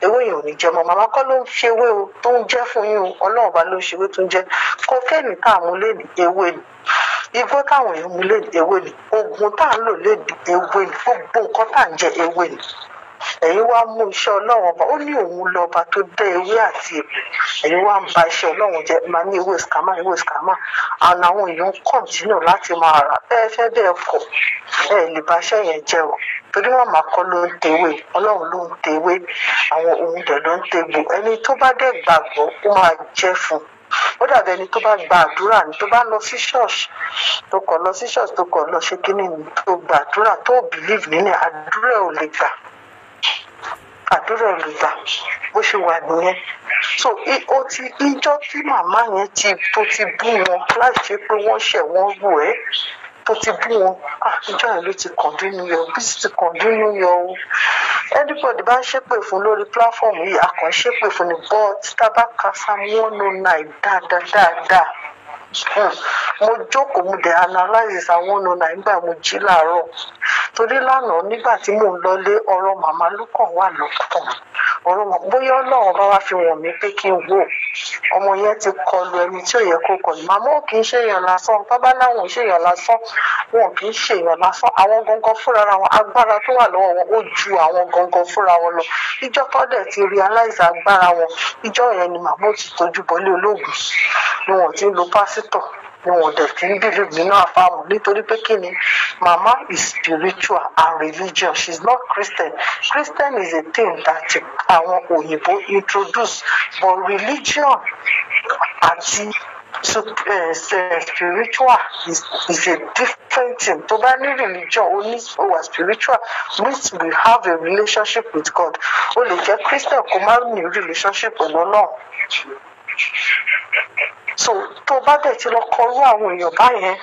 ewé yìí ò ní jẹ mọ́ màmá kọ́ ló ń ṣe ewé o tó ń jẹ́ fún yín o ọlọ́run bá ló ń ṣe ewé tó ń jẹ́ kokéènì tá à mú lé ewé ni igbó táwọn èèyàn mú lé ewé ni oògùn tá à ń lò lé ewé ni gbogbo nǹkan tá à ń jẹ ewé ni ẹ̀yin wá mú iṣẹ́ ọlọ́run ọba ó ní òun lọ́ba tó dẹ́ ewé àti èbè ẹ̀yin wá ń ba iṣẹ́ ọlọ́run jẹ́ máa ní ewé scammer ewé scammer àwọn àwọn èèyàn ń kọ̀ǹtínú láti máa rà bẹ́ẹ̀ fẹ́ bẹ́ẹ̀ kọ̀ ẹ̀ lè ba iṣẹ́ yẹn jẹ́ o torí wọn máa kọ́ ló ń tewé ọlọ́run ló ń tewé àwọn ohun dẹ̀ ló ń tegbò ẹni tó bá dẹ̀ gbàgbọ́ ó máa jẹ́ fún ó dàbí ẹni tó bá gba àdúrà ni tó bá lọ sí ṣọ́ọ̀ṣì tó kọ̀ lọ sí ṣọ́ọ̀ṣì tó kọ̀ lọ ṣe kínní ni tó gba àdúrà tó bìlíìfù nílẹ̀ àdúrà ò lè gbà àdúrà olùgbà bó ṣe wà nìyẹn so o ti ìjọ tí màmá yẹn ti tó ti bú wọn láì ṣe pé wọ́n ṣẹ̀ wọ́n wù ẹ́ tó ti bú wọn ìjọ yẹn ló ti kọ̀ndínú yọ bí sì ti kọ̀ndínú yọ o anybody bá ń ṣépè fún lórí platform yìí àkànṣépè fún ni but tá a bá ka Psalm one oh nine dáadáa dáadáa. mo jókòó mo dẹ̀ analyze àwọn ọ̀nà nàìjíríà mo jí làárọ̀ torí lánàá nígbà tí mo ń lọlé ọ̀rọ̀ màmá ló kàn wà lọ́kàn ọ̀rọ̀ bóyá ọlọ́run bá wá fi wọ̀n mí pé kí n wò ọmọ yẹn ti kọlu ẹni tí ò yẹ kó kọlu màmá ò kì í ṣèyàn lásán bábá láwọn ò ṣèyàn lásán wọn ò kì í ṣèyàn lásán àwọn gangan fúnra wọn agbára tó wà lọ́wọ́ wọn ó ju àwọn gangan fúnra wọn lọ ìjọ tó dẹ̀ ti realize agbára wọn ìjọ yẹn ni màmá ò ti tójú bọ́lé olóògùn ni wọn ti ń lo pass pásítọ̀ ni wọn dẹ̀ kí n believe nínú àfàmù nítorí pé kí ni mama is spiritual and religious she is not Christian Christian is a thing that àwọn òyìnbó introduce but religion àti eh, spiritual is, a different thing tó bá ní religion ó ní ó spiritual means we have a relationship with God ó lè jẹ́ Christian kó má ní relationship pẹ̀lú Ọlọ́run so tó o bá dẹ̀ ti lọ kọrú àwọn èèyàn báyẹn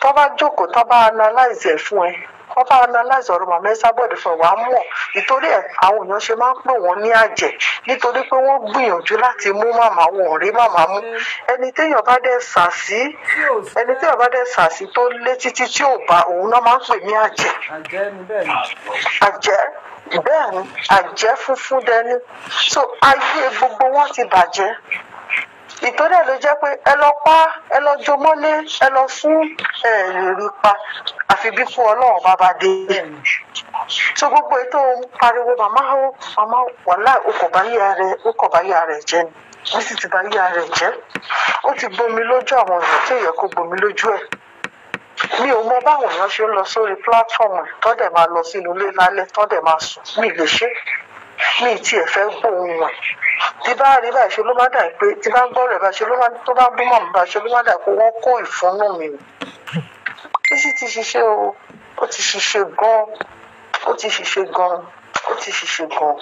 tó bá jókòó tó bá analyze ẹ̀ fún ẹ tó bá analyze ọ̀rọ̀ màmá Esabod fún ẹ wàá mọ̀ nítorí ẹ̀ àwọn èèyàn ṣe máa ń pè wọ́n ní àjẹ́ nítorí pé wọ́n gbìyànjú láti mú màmá wọn rí màmá mú ẹni téèyàn bá dẹ̀ sà sí ẹni téèyàn bá dẹ̀ sà sí tó lé títí tí ò bá òun náà máa ń pè ní àjẹ́ àjẹ́ bẹ́ẹ̀ ni àjẹ́ funfun dẹni so ayé gbogbo wọn ti bàjẹ́ ìtọ́lẹ̀ ló jẹ́ pé ẹ lọ pa ẹ lọ jomọ́lé ẹ lọ fún ẹ pa àfi bí fún ọlọ́run bàbá dé so gbogbo ètò pariwo màmá ó màmá wàhálà okò báyà rẹ okò báyà rẹ jẹ ni wọ́n sì ti báyà rẹ jẹ́ ó ti gbomi lójú àwọn èèyàn tó yẹ kó gbomi lójú ẹ̀ mi ò mọ báwọn èèyàn ṣe ń lọ sórí pílátọ́ọ̀mù tó dẹ̀ máa lọ sínú ilé lálẹ́ tó dẹ̀ máa sùn mi lè ṣe mi ì tiẹ̀ fẹ́ gbóhùn wọn tí bá rí báyìí ṣe ló má dà pé tí bá gbọ́ rẹ̀ báyìí ṣe ló má tó bá bí mọ̀ mi báyìí ṣe ló má dà pé wọ́n kó ìfúnnú mi nù ti ṣiṣẹ́ o ó ti ṣiṣẹ́ gan-an ó ti ṣiṣẹ́ gan-an ó ti ṣiṣẹ́ gan-an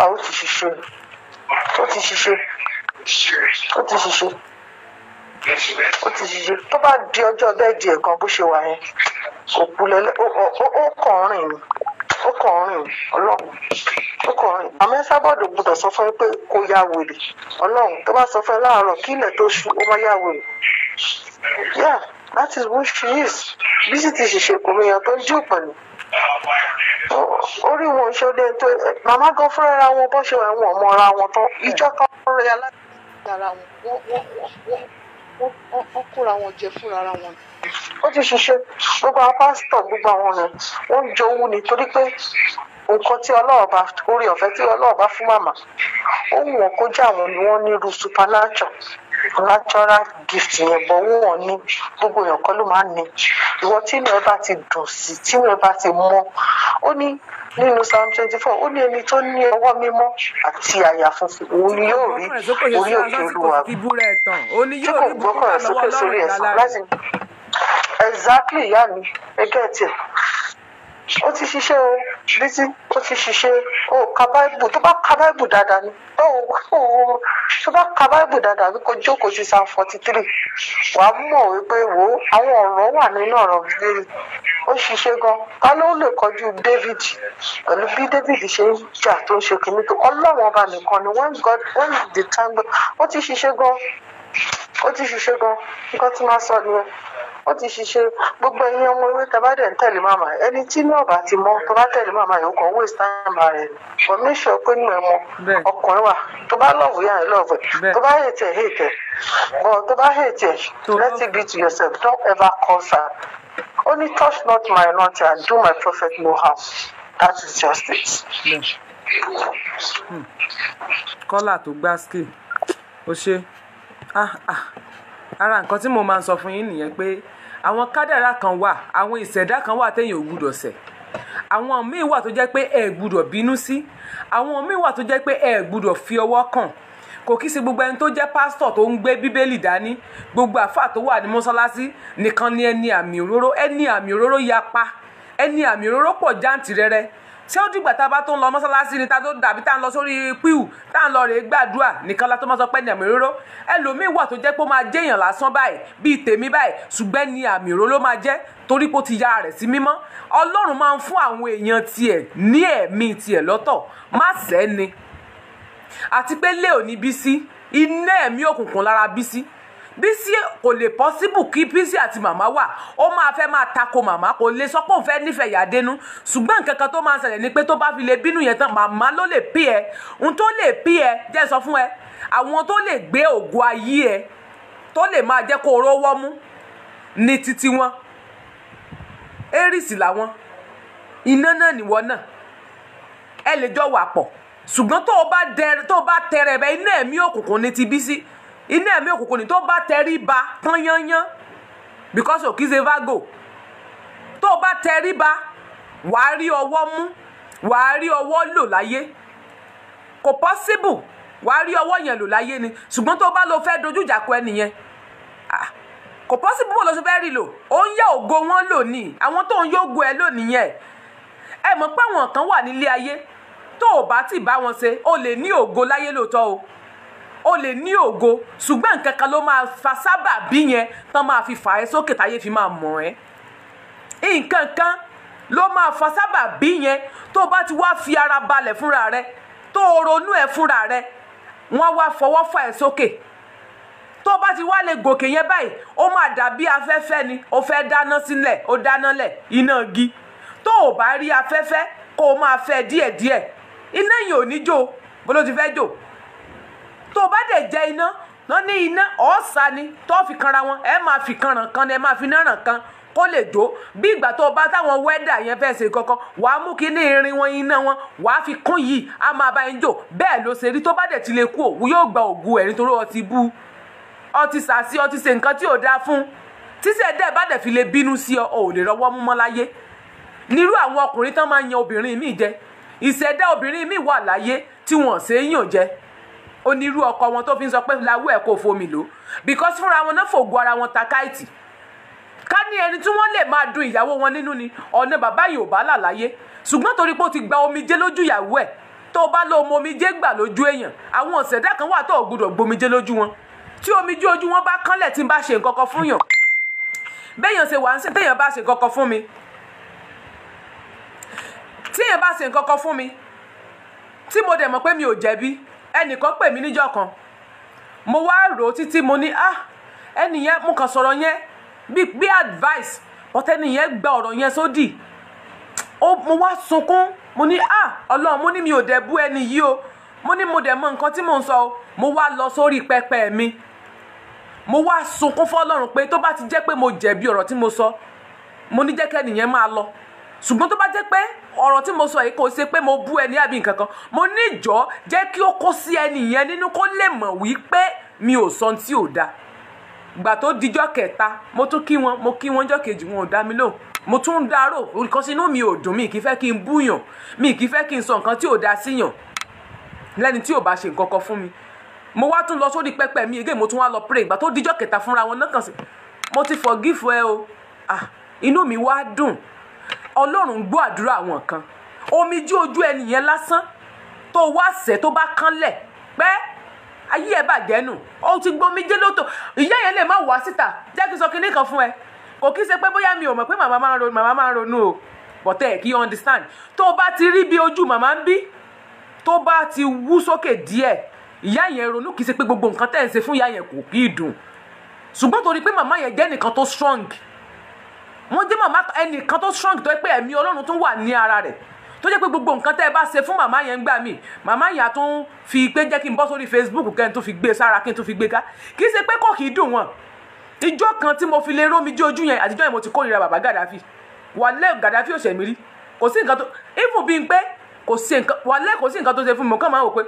ó ti ṣiṣẹ́ ó ti ṣiṣẹ́ ó ti ṣiṣẹ́ ó ti ṣiṣẹ́ tó bá di ọjọ́ bẹ́ẹ̀ di ẹ̀gan bó ṣe wà yẹn kò kú lẹ́lẹ́ ó kàn rìn ni ó kàn rìn ni ọlọ́run ó kàn rìn àmọ́ sábọ́dọ̀ gbọ́dọ̀ sọ fún ẹ pé kò ya wèrè ọlọ́run tó bá sọ fún ẹ láàárọ̀ kí ilẹ̀ tó ṣú ó má ya wèrè yeah that is who she is bí sì ti ṣiṣẹ́ kò mìíràn tó ń jí òpàlù orí wọn ṣe ọdẹ tó màmá gan fúnra ra wọn bó ṣe wà wọn ọmọ ra wọn tán ìjọ kan rẹ aláàbò ara wọn wọn wọn wọn wọ́n kóra wọn jẹ fúnra wọn. ó ti ṣiṣẹ́ gbogbo àwọn pásítọ̀ gbogbo àwọn ọ̀nà wọ́n ń jowú ni torí pé nǹkan tí ọlọ́run bá orí ọ̀fẹ́ tí ọlọ́run bá fún màmá ó wù wọ́n kó jẹ́ àwọn ni wọ́n ní irú supernatural natural gift yẹn bọ̀ wù wọ́n ní gbogbo èèyàn kọ́ ló máa ń ní ìwọ tí ilẹ̀ bá ti dùn sí tí ilẹ̀ bá ti mọ́ ó ní nínú psalm twenty four ó ní ẹni tó ní ọwọ́ mímọ́ àti àyà funfun òun ni yóò rí orí òkè olúwa tí kò gbọ́kànlẹ̀ sókè sórí ẹ̀sán láti exactly ìyá mi ẹgẹ́ tiẹ̀ ó ti ṣiṣẹ́ o Lizzy ó ti ṣiṣẹ́ o ka báìbù tó bá ka báìbù dáadáa ni ó ó tó bá ka báìbù dáadáa ni kò jókòó sí psalm forty three wàá mọ̀ wípé wo àwọn ọ̀rọ̀ wà nínú ọ̀rọ̀ bíbélì ó ṣiṣẹ́ gan ta ló lè kọjú David pẹ̀lú bí David ṣe ń jà tó ń ṣe kìnnìkan ọlọ́wọ́n ọba nìkan ni when God when the time ó ti ṣiṣẹ́ gan. ó ti ṣiṣẹ́ gan nǹkan tí máa sọ nìyẹn ó ti ṣiṣẹ́ gbogbo ẹ̀yin ọmọ ewé tá a bá dẹ̀ ń tẹ̀lé màmá ẹni tí inú ọ̀bà ti mọ́ tó bá tẹ̀lé màmá yẹn kàn waste time rẹ̀ but me sure pé inú ẹ̀ mọ ọkùnrin wà tó bá lọ́ọ̀bù yà ń lọ́ọ̀bù ẹ̀ tó bá hate ẹ̀ hate but tó bá hate let it be to yourself don't ever cause her only touch not my not and do my prophet no harm that is just it. kọ́là hmm. tó gbá skill ó ṣe. Ah, ah. ara nǹkan tí mo máa ń sọ fún yín nìyẹn pé àwọn kádàrá kan wà àwọn ìṣẹ̀dá kan wà téèyàn ò gbúdọ̀ ṣẹ̀ àwọn míì wà tó jẹ́ pé ẹ gbúdọ̀ bínú sí àwọn míì wà tó jẹ́ pé ẹ gbúdọ̀ fi ọwọ́ kàn kò kí sí gbogbo ẹni tó jẹ́ pásítọ̀ tó ń gbé bíbélì dání gbogbo àfáà tó wà ní mọ́sálásí nìkan ni ẹni àmì òróró ẹni àmì òróró yapa ẹni àmì òróró pọ̀ jáǹtìrẹrẹ ṣé ó dìgbà tá a bá tó ń lọ mọ́sálásí ni tá a tó dàbí tá a ń lọ sórí píù tá a ń lọ rèé gbàdúrà nìkan la tó máa sọ pé ní àmì òróró ẹlòmíín wà tó jẹ́ pé ó máa jẹ́ èèyàn lásán báyìí bíi tèmi báyìí ṣùgbọ́n ní àmì òróró ló máa jẹ́ torí pé ó ti ya rẹ̀ sí mímọ́ ọlọ́run máa ń fún àwọn èèyàn tiẹ̀ ní ẹ̀mí tiẹ̀ lọ́tọ̀ má sẹ́ni àti pé lé òní Bísí iná ẹ̀mí òkùnkùn lára Bísí Bísí kò lè pọ́síbù kí Bísí àti màmá wà ó máa fẹ́ máa tako màmá kò lè sọ pé òun fẹ́ nífẹ̀ẹ́ yàdénú ṣùgbọ́n nǹkan kan tó máa ṣẹlẹ̀ ni pé tó bá fi lè bínú yẹn tán màmá ló lè pí ẹ n tó lè pí ẹ jẹ́ sọ fún ẹ àwọn tó lè gbé ògo ayé ẹ tó lè máa jẹ́ kó rówọ́ mú ní títí wọn erisì làwọn iná náà nìwọ náà ẹ lè jọ wà pọ̀ ṣùgbọ́n tó o bá tẹrẹ bẹ iná ẹ̀mí òkùnkùn ní ti Bísí iná ẹ̀mí òkùnkùn ni tó bá tẹrí ba tán yányán because òkìze vago tó bá tẹrí ba wàá rí ọwọ́ mú wàá rí ọwọ́ lò láyé kò possible wàá rí ọwọ́ yẹn lò láyé ni ṣùgbọ́n tó bá lọ fẹ́ dojú ìjà kọ ẹnìyẹn kò possible bó lọ sí fẹ́ rí lò ó ń yá ògo wọn lò ní àwọn tó ń yógo ẹ lónìí yẹn ẹ mọ̀ pé àwọn kan wà nílé ayé tó o bá ti bá wọn ṣe o lè ní ògo láyé lóòótọ́ o o lè ní ògo ṣùgbọ́n nǹkan kan ló máa fa sábà bí yẹn tán máa fi fà ẹ́ sókè táyé fi máa mọ̀ ẹ́ nǹkan kan ló máa fa sábà bí yẹn tó o bá ti wá fi ara balẹ̀ fúnra rẹ tó o ronú ẹ̀ fúnra rẹ wọ́n wá fọwọ́ fà ẹ́ sókè tó bá ti wá lè gòkè yẹn báyìí ó máa dàbí afẹ́fẹ́ ni ó fẹ́ dáná sílẹ̀ ó dáná lẹ̀ iná igi tó o bá rí afẹ́fẹ́ kó o máa fẹ́ díẹ̀díẹ̀ iná yìí ò ní jó bó ló ti fẹ́ jó tó o bá dẹ̀ jẹ iná lọ ní iná ọ̀ọ́sà ni tó fi kanra wọn ẹ máa fi kanràn kan ẹ máa fi náràn kan kó lè jó bí ìgbà tó o bá táwọn wẹ́dà yẹn fẹ́ ṣe kankan wà á mú kí ní irin wọn iná wọn wà á fi kún yìí á máa bá yín jò bẹ́ẹ̀ ló ṣe rí tó bá dẹ̀ ti lè kú òwú yóò gba ògu ẹ̀ nítorí ọtí bú ọtí sàṣì ọtí ṣe nǹkan tí ò dáa fún títí ẹ̀dá bá dẹ̀ fi lè bínú sí ọ ò lè rọwọ́ mú mọ́ láyé nírú àwọn ọkùnrin tán máa ń yan obìnrin míì jẹ ìṣẹ̀dá obìnrin míì wà láyé tí wọ́n ṣe é yàn jẹ onírú ọkọ wọn tó fi ń sọ pé lawú ẹ̀ kò fomi lò because fúnra wọn náà fògùn ara wọn takáìtì ká ní ẹni tí wọ́n lè máa dun ìyàwó wọn nínú ni ọ̀nà bàbá yìí ò bá là láyé ṣùgbọ́n torí pé ó ti gba omijé lójú ìyàwó ẹ̀ tó o bá lo ọmọ omijé gbà lójú èèyàn àwọn ọ̀sẹ̀dá kan wà tó o gbọdọ̀ gbomijé lójú wọn tí omijé ojú wọn bá kánlẹ̀ tí n bá ṣe nǹkan kan fún yàn béèyàn ṣe wà ń sìn téèyàn bá ṣe nǹkan kan fún mi téèyàn bá ṣe nǹkan kan fún mi tí mo dẹ̀ mọ̀ pé mi ò jẹ̀bi ẹnìkan pè mí níjọ́ kan mo wá rò ó títí mo ní ah ẹnì yẹn mo kàn sọ̀rọ̀ yẹn bíi bí advice ọ̀tẹ́ni yẹn gba ọ̀rọ̀ yẹn sódì mo wá sunkún mo ní ah ọlọ́run mo ní mi ò dẹ̀ bú ẹni yìí o mo ní mo dẹ̀ mọ nǹkan tí mò ń sọ o mo wá lọ sórí pẹpẹ mi mo wá sunkún fọlọ́run pé tó bá ti jẹ́ pé mo jẹ̀bi ọ̀rọ̀ tí mo sọ mo ní jẹ́ kẹ́nìyẹn máa lọ ṣùgbọ́n tó bá jẹ́ pé ọ̀rọ̀ tí mo sọ yìí kò ṣe pé mo bú ẹni àbí nǹkan kan mo ní ìjọ jẹ́ kí ó kó sí ẹni yẹn nínú kó lè mọ̀ wípé mi ò sọ tí ò da gbà tó dijọ́ kẹta mo tún kí wọn mo kí wọn jọ́ kejì wọn ò dá mi lóhùn mo tún ń darò nǹkan sínú mi ò dùn mi kì í fẹ́ kí n búyàn mi kì í fẹ́ kí n sọ nǹkan tí ò da síyàn lẹ́ni tí ò bá ṣe nǹkan kan fún mi mo wá tún lọ sórí pẹpẹ mi again mo tún wá lọ pray ìgbà tó dijọ́ kẹta fúnra wọn náà kàn sí mo ti forgive ẹ o ah inú mi wá dùn ọlọ́run gbọ́ àdúrà àwọn kan omijì ojú ẹnìyẹn lásán tó wá sẹ́ tó bá kánlẹ̀ pé ayé ẹ̀ bàjẹ́ nù ó ti gbomijé lóto ìyá yẹn lè má wá síta jẹ́ kí n sọ kinní kan fún ẹ kò kí n ṣe pé bóyá mi ò mọ̀ pé màmá máa ń ronú màmá máa ń ronú o bọ̀tẹ́ kí you understand tó bá ti rí bí ojú màmá ń bí tó bá ti wú sókè díẹ̀ ìyá yẹn ronú kì í ṣe pé gbogbo nǹkan tẹ̀ ń ṣe fún ìyá yẹn kò kí ì dùn ṣùgbọ́n torí pé màmá yẹn jẹ́ nìkan tó strong wọ́n dé màmá ẹnìkan tó strong tó yẹ pé ẹ̀mí ọlọ́run tún wà ní ara rẹ̀ tó jẹ́ pé gbogbo nǹkan tẹ́ ẹ bá ṣe fún màmá yẹn gbà mí màmá yẹn àtún fi pé jẹ́ kí n bọ́ sórí Facebook kẹ́ ń tún fi gbé e sára kí n tún fi gbé e ká kì í ṣe pé kò kì í dùn wọn ìjọ kan tí mo fi lè rómi jó ojú yẹn àtijọ́ yẹn mo ti kórìíra bàbá Gaddafi wàlẹ́ Gaddafi ò ṣẹ̀mí rí kò sí nǹkan tó even bíi pé kò sí nǹkan wàlẹ́ kò sí nǹkan tó ṣe fún mi kàn máa wò pé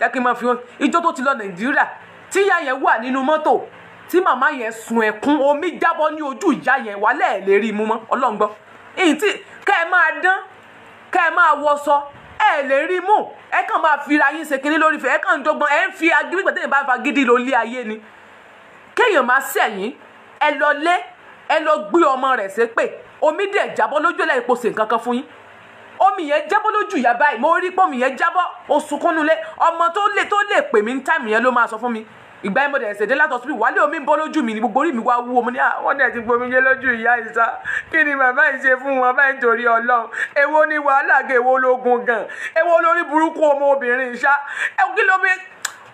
jẹ́ kí n máa fi hàn ìjọ tó ti lọ Nàìjíríà tíyà yẹn wà nínú mọ́tò tí màmá yẹn sun ẹkún omi jábọ́ ní ojú ìyá yẹn wálẹ̀ ẹ̀ lè rí i mú mọ́ ọlọ́ngbọ́ èyí tí kẹ́ ẹ máa dán kẹ́ ẹ máa wọṣọ ẹ lè rí i mú ẹ kàn máa fira yín ṣe kinní lórí fẹ ẹ kàn ń dọ́gbọ́n ẹ ń fi agídí gbàtẹ́ bá fa gidi ló lé ayé ni kéèyàn máa sẹ̀yìn ẹ lọ lé ẹ lọ gbé ọmọ rẹ̀ ṣépè omi dẹ̀ jábọ́ lójú ẹlẹ́yìn kò ṣe nǹkan kan fún yín omi yẹn jábọ́ lójú ìyá báyìí mo rí pé omi yẹn jábọ́ oṣù kúnnulẹ̀ ọmọ tó lè tó lè pè mí ní táìmù yẹn ló máa sọ fún mi ìgbà yẹn mo dẹ̀ ṣe dé látọ̀ síbi wálé omi ń bọ́ lójú mi ní gbogbo orí mi wá wú omi ní àwọn ah, dẹ̀ ti gbomi yé lójú ìyá ìta kí ni màmá yìí ṣe fún wọn báyìí torí ọlọ́run èwo ni wàhálà gé èwo lógun gan èwo lórí burúkú ọmọ obìnrin ṣá ẹ kí ló mi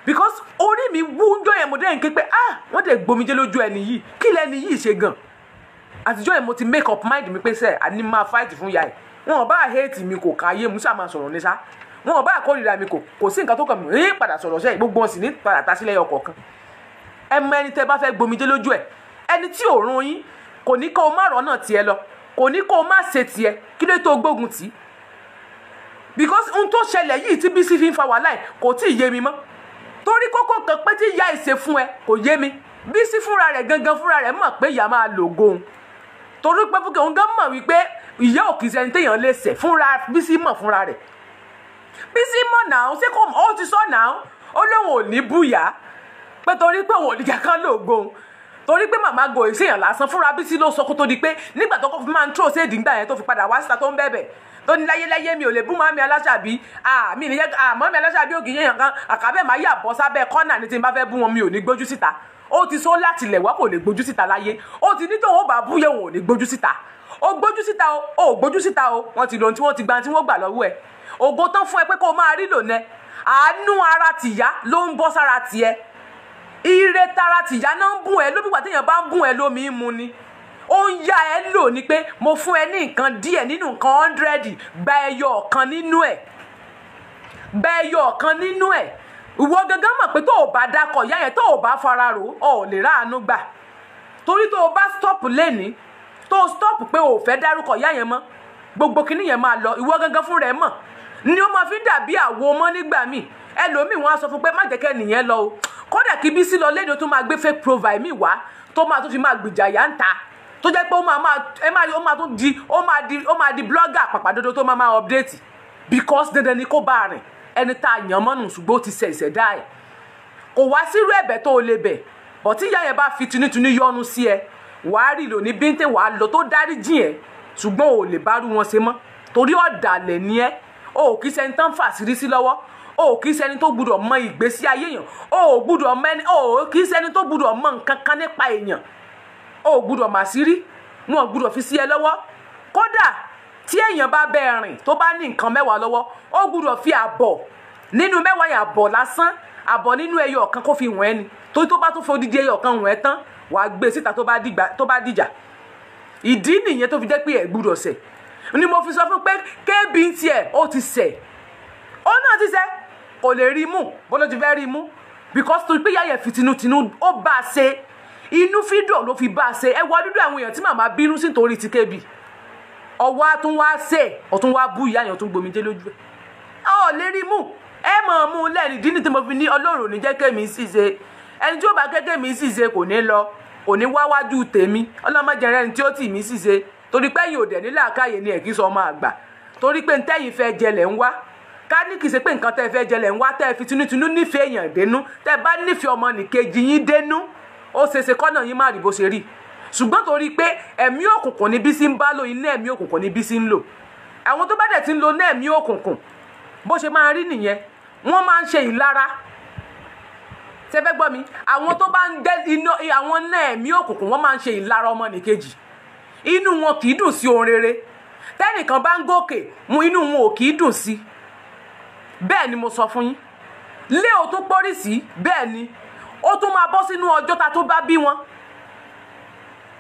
because orí mi wú ń jọ yẹn mo dẹ̀ ń ké pé ah wọ́n dẹ̀ gbomi yé lójú ẹni yìí kí lẹni yìí ṣe gan àtijọ́ yẹn mo ti make up mind mi pé sẹ́ẹ̀ àní máa fight fún yàrá wọn ò bá hate mi kò káyé musa máa sọ̀rọ̀ ní sá wọn bá àkórira mi kò kò sí nǹkan tó kàn mí rí padà sọ̀rọ̀ sẹ́yìn gbogbo wọn sì ní padà ta sílẹ̀ ọkọ̀ kan ẹ mọ ẹni tẹ bá fẹ́ gbomijé lójú ẹ ẹni tí òórùn yín kò ní kó o má rọ̀ náà tiẹ̀ lọ kò ní kó o má ṣe tiẹ̀ kí ló tó gbógun tì í because ohun tó ṣẹlẹ̀ yìí tí Bísí fi ń fa wàhálà ẹ̀ kò tí ì yé mi mọ́ torí kókó kan pé tí ìyá ìṣe fún ẹ kò yé mi Bísí fúnra rẹ̀ gangan fúnra rẹ̀ mọ̀ pé ìyá máa lògo òun torí pé fúnkẹ́ òun gan mọ̀ wípé ìyá òkìsẹ́ni téèyàn lè ṣẹ̀ fúnra Bísí mọ̀ fúnra rẹ̀ bísí mọ̀ náà ṣé kò ó ti sọ náà ó lóun ò ní bùyà pé torí pé òun ò níjà kan lóògùn torí pé màmá gòyè séèyàn lásán fúnra bísí ló sọ kó tó di pé nígbà tó kọ́ fi máa ń tró séèdì ńgbà yẹn tó fi padà wá síta tó ń bẹ̀bẹ̀ tó ní láyéláyé mi ò lè bú màmí aláṣàbí àmì ìníyẹ àmọ́ mi aláṣàbí ògì yẹn kan àkàbẹ̀ máa yà bọ́ sábẹ́ kọ́nà ní tí n bá fẹ́ bú wọn mi ò ní gbójú síta ó ti sọ láti lẹ̀ wá kò lè gbójú síta láyé ó ti ní tòun ó bá bú yẹn òun ò ní gbójú síta ó gbójú síta o ó gbójú síta o wọ́n ti lo ohun tí wọ́n ti gba ohun tí wọ́n gbà lọ́wọ́ ẹ̀ ògo tán fún ẹ pé kó o máa rí lò nẹ àánú ara tìyá ló ń bọ́ sára tiẹ̀ ire tara tìyá náà ń bùn ẹ lóbìgbà téèyàn bá ń bùn ẹ lómi mu ni ó ń yá ẹ lò ní pé mo fún ẹ ní nǹkan díẹ̀ nínú nǹkan hundred gba ẹyọ ọ̀kan nínú ẹ̀ gba ẹyọ ọ̀kan nínú ẹ̀ ìwọ gangan mọ̀ pé tó o bá dakọ̀ ìyá yẹn tó o bá fara rò ọ ò lè ráàánú gbà torí tó o bá stop lẹ́ni tó o stop pé o ò fẹ́ dárúkọ ìyá yẹn mọ́ gbogbo kinní yẹn máa lọ ìwọ gangan fún rẹ mọ̀ ni ó máa fi ń dàbí àwo mọ́ nígbà míì ẹlòmíì wọn á sọ fún pé má jẹ́ kẹ́ nìyẹn lọ o kódà kí Bísí lọ lẹ́nu tó máa gbé fake profile mi wá tó máa tó fi máa gbìjà yá ń ta tó jẹ́ pé ó máa ẹ máa ó máa tún di ó máa di ó máa di blogger pàpàdodo tó máa máa update because dandan ni kó bá a rìn ẹni tá a yàn mọ́nù ṣùgbọ́n ó ti ṣe ìṣẹ̀dá ẹ̀ kò wá sírú ẹ̀bẹ̀ tó o lè bẹ̀ bọ̀ tí ìyá yẹn bá fi tinútinú yọnu sí ẹ wàá rí lò ní bíntín wàá lọ tó dárí jìn ẹ ṣùgbọ́n ò lè bá rú wọn ṣe mọ́ torí ọ̀dàlẹ̀ ni ẹ́ o ò kì í ṣẹni tán fàṣírí sí lọ́wọ́ o ò kì í ṣẹni tó gbúdọ̀ mọ ìgbésí ayé èèyàn o ò gbúdọ̀ mọ ẹni o ò kì í ṣẹni tó gbúdọ̀ mọ nǹkan kan nípa èèyàn o ò gbúdọ̀ mà sí rí wọn ò gbúdọ̀ fi sí ẹ lọ́wọ́ kódà tí èèyàn bá bẹ rìn tó bá ní nǹkan mẹ́wàá lọ́wọ́ ó gbúdọ̀ fi àbọ̀ nínú mẹ́wàá yẹn àbọ̀ lásán àbọ̀ nínú ẹyọ ọ̀kan kó fi wọ̀n ẹni torí tó bá tó fodidi ẹyọ ọ̀kan wọ̀n ẹ tán wàá gbé e síta tó bá dìjà ìdí nìyẹn tó fi jẹ́ pé ẹ̀ gbúdọ̀ ṣẹ̀ ni mo fi sọ fún pé kébì tiẹ̀ ó ti sẹ̀ ó náà ti sẹ́ kò lè rí mú bó ti fẹ́ rí mú because torí pé yáyẹ fi tinútinú ó bá a ṣe inú fídíò ló fi bá a ṣe ẹ wọ dúdú àwọn èèyàn tí màmá bínú sí nítorí ti kébì ọwọ́ àtún wá ṣe ọ̀tún wá bú ìyá yẹn ọ̀tún gbòmìdé lójú ẹ̀ ọ̀ lè rí mú ẹ mọ̀ mú un lẹ́nu ìdí tí mo fi ní ọlọ́run ní jẹ́ kémi sì ṣe ẹni tí ó bá kékèmí sì ṣe kò ní lọ kò ní wá wájú tèmi ọlọ́mọdé rẹ̀ ni tí ó tì mí sì ṣe torí pé yìí ò dẹ̀ nílà káyè ni ẹ̀kí sọ ọmọ àgbà torí pé ntẹ́yìn fẹ́ jẹlẹ̀ ń wá ká ní kìí ṣe pé nǹkan tẹ́ fẹ́ jẹlẹ̀ ń wá tẹ́ fi tinútinú nífẹ̀ẹ́ èèyàn dénú tẹ́ bá nífẹ̀ẹ́ ọmọ nìkejì yín dénú ó ṣeéṣe kọ́nà yín má rí bó ṣe rí ṣùgbọ́n torí pé ẹ̀mí òkùnkùn ni Bísí ń bá lò iná ẹ̀mí òkùnkùn ni Bísí ń lò àwọn tó bá dẹ̀ ti ń lo iná ẹ̀mí òkùnkùn bó ṣe máa rí nìyẹn wọ́n máa ń ṣe ìlara ṣe fẹ́ gbọ́ mi àwọn tó bá ń dẹ́ iná àwọn iná ẹ̀mí òkùnkùn wọ́n máa ń ṣe ìlara ọmọ nìkejì inú wọn kì í dùn sí ohun rere tẹ́nìkan bá ń gòkè mu inú wọn ò kì í dùn sí bẹ́ẹ̀ ni mo sọ fún yín lé o tún pọ́rí sí bẹ́ẹ̀ ni ó tún máa bọ́ sínú ọjọ́ ta tó bá bí wọn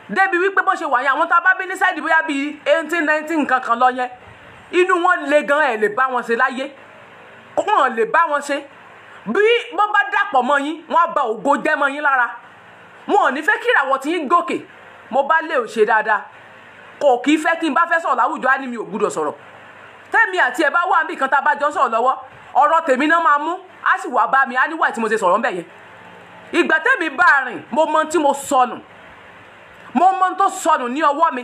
débi wípé bó ṣe wà yẹn àwọn tá a bá bí ní sáìdì bóyá bíi eighteen nineteen nǹkan kan lọ yẹn inú wọn le gan ẹ lè bá wọn ṣe láyé wọn lè bá wọn ṣe bí wọn bá dàpọ̀ mọ́ yín wọn á ba ògo jẹ́ mọ́ yín lára wọn ò ní fẹ́ kí ìràwọ̀ tí yín gòkè mo bá lè ò ṣe dáadáa kò kì í fẹ́ kí n bá fẹ́ sọ̀rọ̀ láwùjọ á ní mi ò gbúdọ̀ sọ̀rọ̀ tẹ́mi àti ẹ̀ bá wà níbi kan tá a bá jọ sọ̀rọ̀ lọ́wọ́ ọ̀rọ̀ tèmi náà máa mú á sì wá bá mi á níwà tí mo ṣe sọ̀rọ̀ ń bẹ̀ yẹn ìgbà tẹ́mi bá rìn mo mọ tí mo sọnù mo mọ tó sọnù ní ọwọ́ mi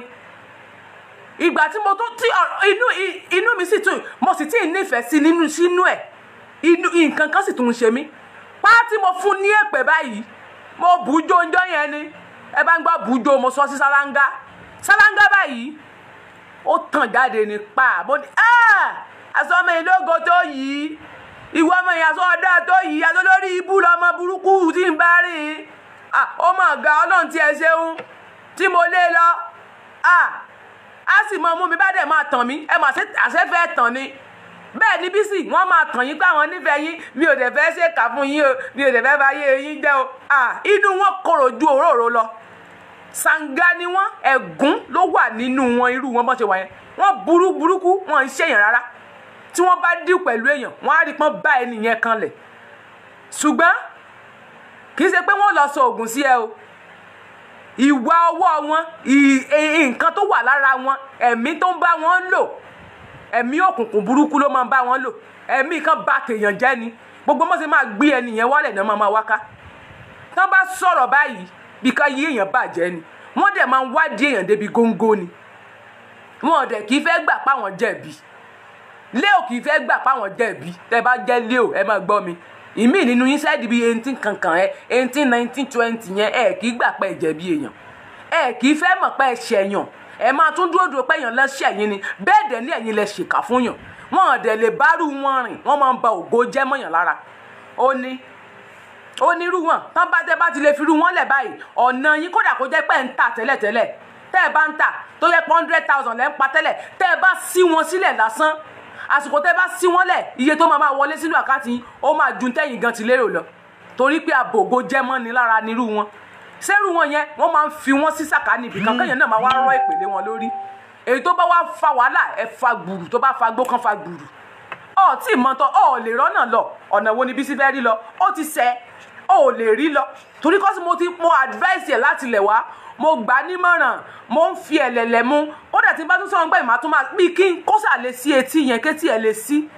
ìgbà tí mo tó tí inú inú mi sì tún mo sì tí ì nífẹ̀ẹ́ sí nínú sínú ẹ̀ inú nǹkan kan sì tún ń ṣe mí pátí mo fún ní èpè báyìí mo bùjó oúnjẹ yẹn ni ẹ bá ń gbọ́ bùjó mo sọ sí sálángá ṣáláńgá báyìí ó tàn jáde ní pa mo ní ah! aṣọ ọmọ yìí lógo tó yìí ìwọ ọmọ yìí aṣọ ọdá tó yìí aṣọ lórí ibú lọmọ burúkú tí ń bá rìn ah! ó mọ̀ ga ọlọ́run tí ẹ ṣeun tí mo lé lọ á ah! sì mọ mú mi bá dẹ̀ máa tàn mí ẹ mà àṣẹfẹ́ tàn ni bẹ́ẹ̀ ni Bísí wọ́n máa tàn yín pé àwọn nífẹ̀ẹ́ yín mi ò dẹ̀ fẹ́ ṣèkà fún yín o mi ò dẹ̀ fẹ́ bá yé yín jẹ́ o inú wọn korò ju òróró lọ sàǹgà ni wọ́n ẹ̀gún ló wà nínú wọn irú wọn bọ́n ṣe wà yẹn wọ́n burú burúkú wọn ń ṣèyàn rárá tí wọ́n bá dín pẹ̀lú èèyàn wọ́n á rí pọ́n bá ẹni yẹn kanlẹ̀ ṣùgbọ́n kì í ṣe pé wọ́n lọ sọ òògùn sí ẹ o ìwà ọwọ́ wọn nǹkan tó wà lára wọn ẹ̀mí tó ń bá wọn lò ẹ̀mí òkùnkùn burúkú ló máa ń bá wọn lò ẹ̀mí kan bà tèèyàn jẹ́ ni gbogbo mọ́sẹ̀ máa gbé ẹnìyẹn wálẹ̀ náà máa máa wáká tán bá sọ̀rọ̀ báyìí bí ká yí èèyàn bàjẹ́ ni wọ́n dẹ̀ máa ń wádìí èèyàn débi góńgó ni wọn dẹ̀ kì í fẹ́ gbà páwọn jẹ̀bi léo kì í fẹ́ gbà páwọn jẹ̀bi tẹ́ bá jẹ́ léo ẹ máa gbọ́ mi ìmí nínú yín bíi eighteen kankan ẹ eighteen nineteen twenty yẹn ẹ kì í gbà pé ẹ jẹ̀bi èèyàn ẹ kì í fẹ́ mọ̀ pé ẹ ṣẹ̀yàn ẹ máa tún dúró dúró pé èèyàn lẹ́sẹ̀ yín ni bẹ́ẹ̀ dẹ̀ ní ẹ̀yin lẹ ṣèkà fún yàn wọn dẹ̀ lè bárù wọn rìn wọ́n máa ń ba ògo jẹ́ mọ́yàn lára ó ní onírú wọn tán bá tẹ bá ti lè fi irú wọn lẹ̀ báyìí ọ̀nà yín kódà kó jẹ́ pé ń tà tẹ́lẹ̀tẹ́lẹ̀ tẹ́ ẹ bá ń tà tó yẹ pé hundred thousand lẹ́ ń pa tẹ́lẹ̀ tẹ́ ẹ bá sí wọn sílẹ̀ lásán àsìkò tẹ́ ẹ bá sí wọn lẹ̀ iye tó máa máa wọlé sínú àkáǹtì yín ó máa ju tẹ́yìn gan ti lérò lọ torí pé àbògo jẹ́ mọ́ni lára nírú wọn sẹ́rù wọn yẹn wọ́n máa ń fi wọ́n sí sàkání ibìkan kéèyàn náà máa wá rọ́ ìpèlè wọn lórí èyí tó bá wá fa wàhálà ẹ fa gbùrù tó bá fa gbó kan fa gbùrù ọ̀ tí ì mọ́tọ́ ọ̀ lè rọ́nà lọ ọ̀nà wo ni Bísí fẹ́ rí lọ ó ti sẹ́ ò lè rí lọ torí kọ́sí mo ti mo advice ẹ̀ láti lẹ̀ wá mo gbà á nímọ̀ràn mo ń fi ẹ̀lẹ̀lẹ̀ mu ó dẹ̀ ti bá tún sọ̀rọ̀ ń gbà ìmọ̀ àtúmọ̀ bí kí n kó sà lè sí etí yẹn kétí ẹ̀ lè sí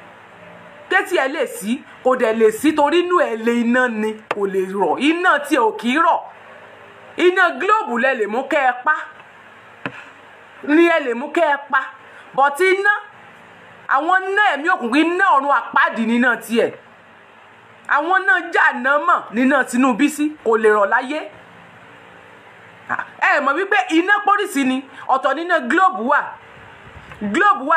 kétí ẹ̀ lè sí kò dẹ̀ lè sí torí inú ẹ̀ lè iná ni kò lè rọ̀ iná tí ò kì í rọ̀ iná gílóòbù lẹ lè mú kẹ́ ẹ pa ni ẹ lè mú kẹ́ ẹ pa bọ̀tí iná àwọn iná ẹ̀mí òkùnkùn iná ọ̀run àpáàdì níná tiẹ̀ àwọn náà jà náà mọ̀ níná Tinubu sí kò lè rọ̀ láyé ah, ẹ mọ̀ wípé iná pọ́rìsì ni ọ̀tọ̀ níná globe wà globe wà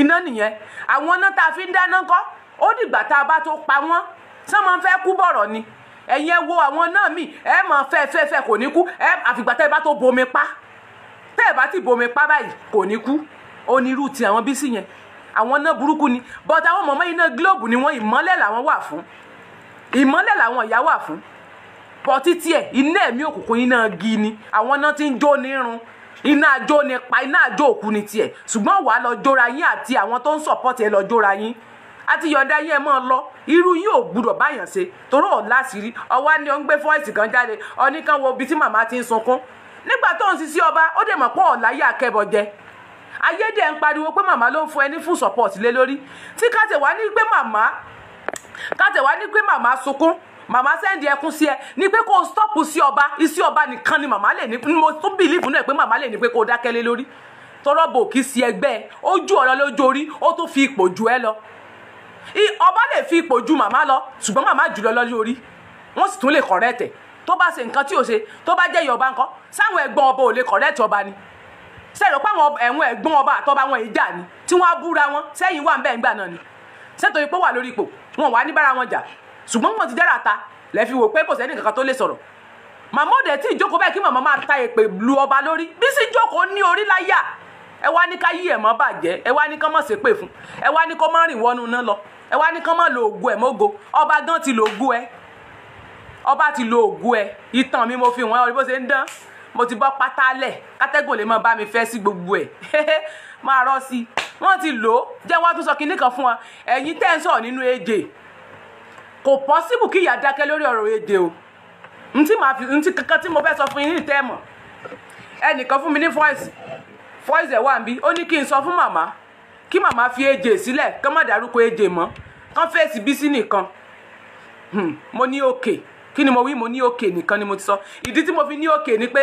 iná nìyẹn àwọn náà tá a fi ń dáná kọ́ ó dìgbà tá a bá tó pa wọ́n sọ́mọ fẹ́ kú bọ̀rọ̀ ni ẹ̀yin ẹ wo àwọn náà mì ẹ mọ̀ fẹ́ fẹ́ fẹ́ kò ní kú ẹ àfìgbà tẹ́ bá tó bomi pa tẹ́ ẹ bá ti bomi pa báyìí kò ní kú onírú ti àwọn Bísí yẹn àwọn náà burúkú ni but àwọn mọ̀mọ́ iná globe ni wọ́n ìmọ́lẹ̀ làwọn wà fún ìmọ́lẹ̀ làwọn ìyá wà fún pọtí tiẹ̀ iná ẹ̀mí òkùnkùn iná gi ni àwọn náà ti ń jó ní irun iná àjò ni pa iná àjò òkú ni tiẹ̀ ṣùgbọ́n wàá lọ jóra yín àti àwọn tó ń sọ̀pọ̀tì ẹ lọ jóra yín àti yọ̀ǹda yín ẹ máa lọ irú yín ò gbúdọ̀ báyàn ṣe torí ọ̀ láṣìírí ọwá ni ó ń gbé fọ́ìsì kan jáde ọ̀nìkan wo ibi tí màmá ti ń sunkún nígbà tó ń sisi ọba ó dẹ̀ mọ̀ pọ̀ ọ̀láyé akẹ́bọ̀jẹ ayédè ń pariwo pé màmá ló ń fún ẹni fún support lé lórí tí ká tẹ̀ wá ní pé màmá káàtẹ̀ wa ni pé màmá sunkún màmá sẹ́ndì ẹkún sí ẹ ní pé kó o stọ́ọ̀pù sí ọba iṣẹ́ ọba nìkan ni màmá lè ní mo tún bìlíìfù náà pé màmá lè ní pé kó o dákẹ́ lé lórí tọrọ bò kí sí ẹgbẹ́ ẹ ó jù ọ lọ lójú orí ó tún fi ipò ju ẹ lọ ọba lè fi ipò ju màmá lọ ṣùgbọ́n màmá jù lọ lójú orí wọ́n sì tún lè kọ̀rẹ́tẹ̀ tó bá ṣe nǹkan tí ò ṣe tó bá jẹ́ yọba ńkọ́ sáwọn ẹ̀gbọ́n ọba ò lè kọ̀rẹ́tì ọba ni sẹ́yìn pé àwọn ẹ̀wọ̀n ẹ̀gbọ́n ọba àtọ́ba wọn ìjà ni tí wọ́n á búra wọn sẹ́yìn wà ń bẹ́ẹ̀ ńgbà náà ni sẹ́tọ̀ ipò wà lórí ipò wọn wà ní bára wọn jà ṣùgbọ́n wọn ti dára ta lẹ́ fi wò pé kò sẹ́ni kankan tó lè sọ̀rọ̀ màmá òde tí ìjókòó báyìí kí màmá máa ta èpè lu ọba lórí bí sì jókòó ní orí láyà ẹ wá ní ká yí ẹ̀ mọ́ bàjẹ́ ẹ wá ní ká mọ̀ ṣépè fún ẹ wá ní kó má rìn wọnú náà lọ ẹ wá ní ká mọ̀ lo ògùn ẹ̀ mọ́go ọba gan ti lo ògùn ẹ ọba ti lo ògùn ẹ ìtàn mi mo fi wọn ọ bó ṣe ń dán mo ti bọ́ pátá lẹ̀ kátẹ́gùn lè mọ bá mi fẹ́ sí gbogbo ẹ̀ <laughs> máa rọ́ sí i wọ́n ti lò ó jẹ́ wọ́n á tún sọ kinní kan fún wa ẹ̀yin tẹ́ ń sọ̀rọ̀ nínú èdè kò pọ́síbù kí ìyá dákẹ́ lórí ọ̀rọ̀ èdè o ntí màá fi ntí kankan tí mo fẹ́ sọ fún yín ní ìtẹ́ẹ̀mọ̀ ẹnìkan fún mi ní fọ́ìsì fọ́ìsì ẹ̀ wà ń bí ó ní kí n sọ fún màmá kí màmá fi èdè sílẹ̀ kán má dárúkọ èdè mọ́ kán fèsì bí sí nìkan hmm, mo ní òkè kí ni mo wí mo ní òkè nìkan ni mo ti sọ ìdí tí mo fi ní òkè ni pé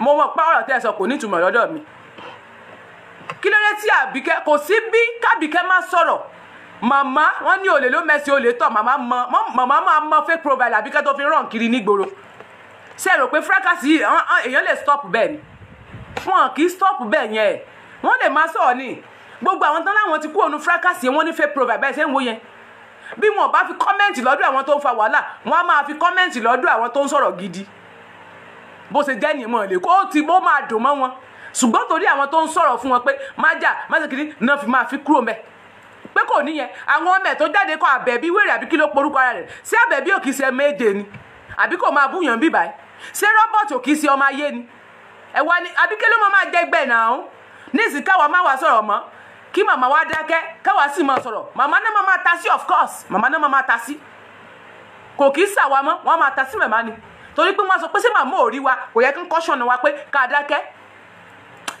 mo mọ̀ pé ọ̀rọ̀ tẹ́ sọ kò nítumọ̀ lọ́dọ̀ mi kí ló dé tí àbíkẹ́ kò sí bí kábíkẹ́ má sọ̀rọ̀ màmá wọn ní olè ló mẹ́sì olè tọ̀ màmá mọ màmá máa mọ fake profile àbíkẹ́ tó fi ràn kiri nígboro ṣe rò pé fracasi yìí èèyàn lè stop bẹ́ẹ̀ ni wọn kì í stop bẹ́ẹ̀ yẹn ẹ̀ wọ́n lè máa sọ̀rọ̀ ni gbogbo àwọn tán láwọn ti kú òun fracasi wọn ní fake profile bẹ́ẹ̀ ṣe ń wo yẹn bí wọn bá fi kọ́mẹ́ǹtì lọ́dọ̀ àwọn tó ń fa wàhálà wọn á máa fi kọ́mẹ́ǹtì lọ́dọ̀ àwọn tó ń sọ̀rọ̀ gidi bó ṣe jẹ́ nìmọ̀ lè kó o ti máa dùn mọ́ wọn ṣùgbọ́n torí àwọn tó ń sọ̀rọ̀ fún wọn pé má jà má ṣe kiri náà fi máa fi kúrò mẹ́ pé kò níyẹn àwọn ọmọ ẹ̀ tó jáde kọ àbẹ̀bí wèrè àbí kí ló porúkọ ara rẹ̀ ṣé àbẹ̀bí ò kì í ṣe méje ni àbí kò máa búyàn bíbá ẹ̀ ṣé rọ́bọ̀tì ò kì í ṣe ọmọ ayé ni ẹ̀ wá ní àbí kí ló mọ̀ máa jẹ́gbẹ́ náà ní ìsìn káwa má wàá sọ̀rọ̀ mọ́ kí màmá wa dákẹ́ káwa sì máa sọ̀rọ̀ màmá náà máa ta sí of course màmá náà máa ta sí kò kì í sàwa mọ́ wọ́n máa ta sí màmá ni torí pé wọ́n sọ pé ṣé màmá ò rí wa kò yẹ kí n kọ́ṣọ̀nù wa pé ká dákẹ́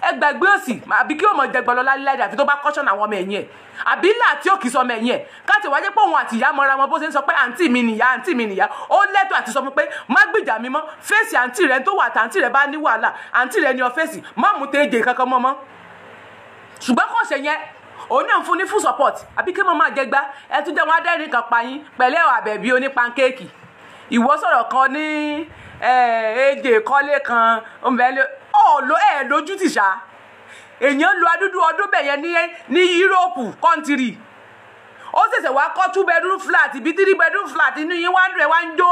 ẹ gbàgbé òsì àbí kí òmò jẹgbọn lọlá lílá ìdàfi tó bá kọ́ṣọ́nà àwọn ọmọ ẹ̀yìn ẹ̀ àbí láti òkì sọ ọmọ ẹ̀yìn ẹ̀ káàtì wáyé pé òun àti ìyá mọra wọn bó ṣe ń sọ pé àǹtí mi nìyá àǹtí mi nìyá ó lẹ́tọ̀ọ́ àti sọ fún pé má gbìjà mi mọ́ fèsì àǹtí rẹ tó wà àtàǹtí rẹ bá ní wàhálà àǹtí rẹ ni ọ fèsì má mú tẹ́jẹ̀ kankan mọ́ mọ́ ṣùgbọ́n kò ṣe yẹn òun náà ń fún ní full support àbí kí mo máa jẹgba ẹ tún jẹ́ wọn adẹ́rìn kan pa yín pẹ̀lẹ́ ọ̀ àbẹ̀bí oní pankéèkì ìwọ sọ̀rọ̀ kan ní èdè kọ́lé kan ọmọ ẹ lo ẹ̀ lójú tìṣà èèyàn lo adúdú ọdún bẹ̀yẹn ní ní yúróòpù kọ́ńtìrì ó ṣẹ̀ṣẹ̀ wá kọ́ two bedroom flat ibi three bedroom flat inú yín wá ń rẹ̀ wá ń jó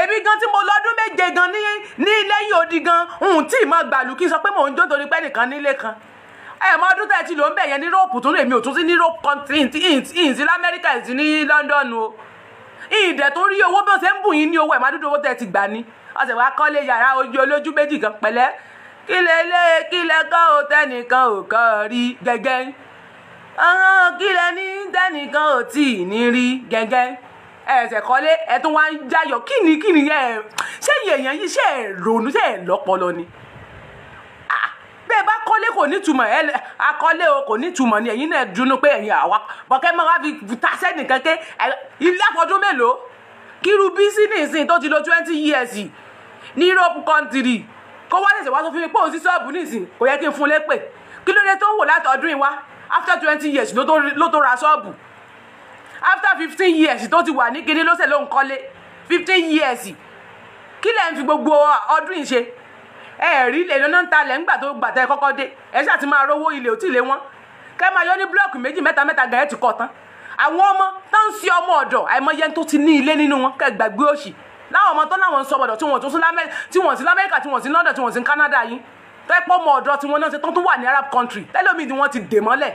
èmi gan tí mo lọ́dún méje gan ní ní lẹ́yìn odi gan ohun tí mo gbàlù kí n sọ pé mò ń jó torí pé nìkan nílé kan ẹ mọ ọdún tẹ ti lò ń bẹ̀yẹn ní róòpù tún èmi ò tún sí ní róòpù kọ́ńtìrì ìǹsí lamẹ́ríkà ìǹsí ní London o ìdẹ̀ tó rí owó bí wọ́n ṣe ń bù yín ní owó ẹ̀ má wọ́n sì wá kọ́lé yàrá ojú olójú méjì kan pẹ̀lẹ́ kí lè lé kí lè kọ́ ò tẹnìkan ò kọ́ ọ rí gẹ́gẹ́ ọ̀hún kí lè ní tẹnìkan ò tì ní rí gẹ́gẹ́ ẹsẹ̀ kọ́lé ẹ tún wá ń jayọ̀ kí ni kí ni ẹ ṣé èèyàn yìí ṣe é ronú ṣe é lọ́pọlọ ni bẹ́ẹ̀ bá kọ́lé kò ní túmọ̀ ẹ akọ́lé o kò ní túmọ̀ ni ẹ̀yin náà dùnnú pé ẹ̀yin àwa bọ̀kẹ́ máa wá fi ta sẹ́nìkan ké ilé àfọdún mélòó Kirubisi nìsín tó ti lo twenty years ní Europe country kó wá lè ṣe wá sọ fún mi pé òun sí ṣọ́ọ̀bù nìsín kò yẹ kí n fún un lépè kí ló dé tó ń wò láti ọdún ìwá after twenty years ló tó ra ṣọ́ọ̀bù after fifteen years tó ti wà ní kinní ló ṣe ló ń kọ́lé fifteen years kí lẹ́yìn fi gbogbo ọdún yìí ṣe ẹ rí ilé iná ń talẹ̀ ńgbà tó gbà tẹ́ kọ́kọ́ dé ẹ ṣáà ti máa rówó ilé òtí ilé wọn kẹ́ máa yọ ní blọ́ọ̀kì méjì mẹ́ta mẹ́ta gan ti kọ̀ tán àwọn ọmọ tó ń ṣe ọmọ ọ̀dọ̀ àìmọye tó ti ní ilé nínú wọn kẹ́ gbàgbé òṣì láwọn ọmọ tó láwọn ń sọ ọ̀dọ̀ tí wọ́n sí lamẹ́ríkà tí wọ́n sí London tí wọ́n sí Canada yìí tó pọ́ ọmọ ọ̀dọ̀ tí wọ́n náà ṣe tó tún wà ní Arab country tẹ́lómi ni wọ́n ti dè mọ́lẹ̀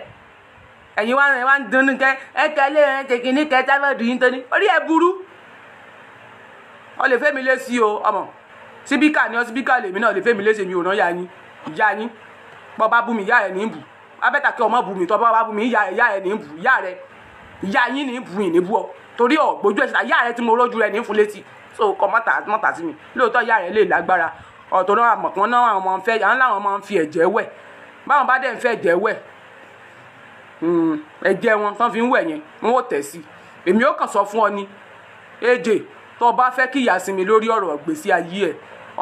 ẹ̀yin wá wá ń dunnú kẹ́ ẹ kẹ́lé ẹ tẹ̀kì ní kẹ́ tábàdù yín tó ní orí ẹ burú ọ lè fẹ́mi lé sí o ọmọ síbíkà ni ọ síbíkà lèmi náà lè fẹ́mi lé sí mi ò náà yá yín ìyá yín bọ́ bá bú mi ìyá rẹ̀ ní bù abẹ́tàkẹ́ ọmọ bú mi tọ́ bá bú mi ìyá rẹ̀ ní bù ìyá rẹ̀ ìyá yín ní bu ìní bú ọ torí ọ̀gbójú ẹ̀sìn ìyá rẹ tí mo rójú rẹ ní fún létí so kọ mọ́tà mọ́tà sí mi lóòótọ́ ìyá rẹ lè lágbára ọ̀tọ̀ náà àmọ̀pọ̀n náà àwọn ọmọ ń fẹ́ àwọn làwọn máa ń fi ẹ̀jẹ̀ wẹ̀ báwọn bá dẹ̀ ń fẹ́ ẹ̀jẹ̀ wẹ̀ hmm, ẹ̀jẹ̀ wọn tán fi ń wẹ̀ yẹn wọn ò tẹ̀ sí èmi ó kàn sọ fún ọ ni èdè tó o bá fẹ́ kí ìyá sinmi lórí ọ̀rọ̀ ìgbésí ayé ẹ̀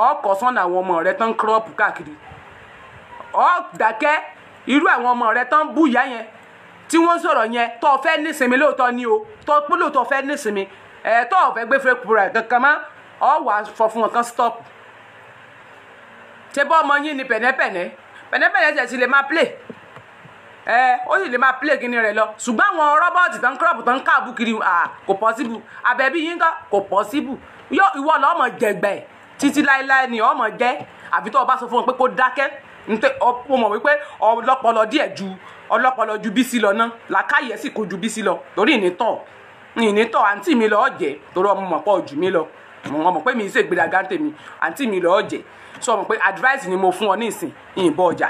ọkọ̀ sọ́nà àwọn ọmọ rẹ tán kírọ́ọ̀pù káàkiri ọ̀ dákẹ́ irú àwọn ọmọ rẹ tán bú ìyá yẹn tí wọ́n ń sọ̀rọ̀ yẹn tó o fẹ́ nísinmi lóòótọ́ ni o tó o pé lóòótọ́ fẹ́ nísinmi ẹ̀ tó o fẹ́ gbé fúrẹ́pù rẹ̀ kankan mọ́ ọ wà fọ fún wọn kan stop ṣé bọ́ ọmọ yín ni pẹ̀nẹ́pẹ̀nẹ́ pẹ̀nẹ́pẹ̀nẹ́ tẹ̀ sí lè máa play ẹ ó sì lè máa play kíní rẹ̀ lọ ṣùgbọ́n àwọn rọ́bọ̀tì tán kírọ̀pù tán káàbù kiri kò pọ́síbù àbẹ̀bí yín kan kò pọ́síbù yóò ìwọ lọ́mọ jẹ̀gbẹ̀ títí láéláé ni ọmọ jẹ́ àbí tó o bá sọ fún wọn pé kó dákẹ́ nte mo mọ̀ wípé ọlọ́pọlọ díẹ̀ ju ọlọ́pọlọ ju Bísí lọ ná làákàyè sì kò ju Bísí lọ torí ìnítọ̀ ìnítọ̀ àǹtí mi lọ́ọ́ jẹ́ torí ọmọ mọ̀ pọ̀ jù mí lọ mo mọ̀ pé mi ṣe ìgbéraga tèmi àǹtí mi lọ́ọ́ jẹ́ sọ mọ̀ pé advice ni mo fún ọ ní ìsìn ìyìnbọn ọjà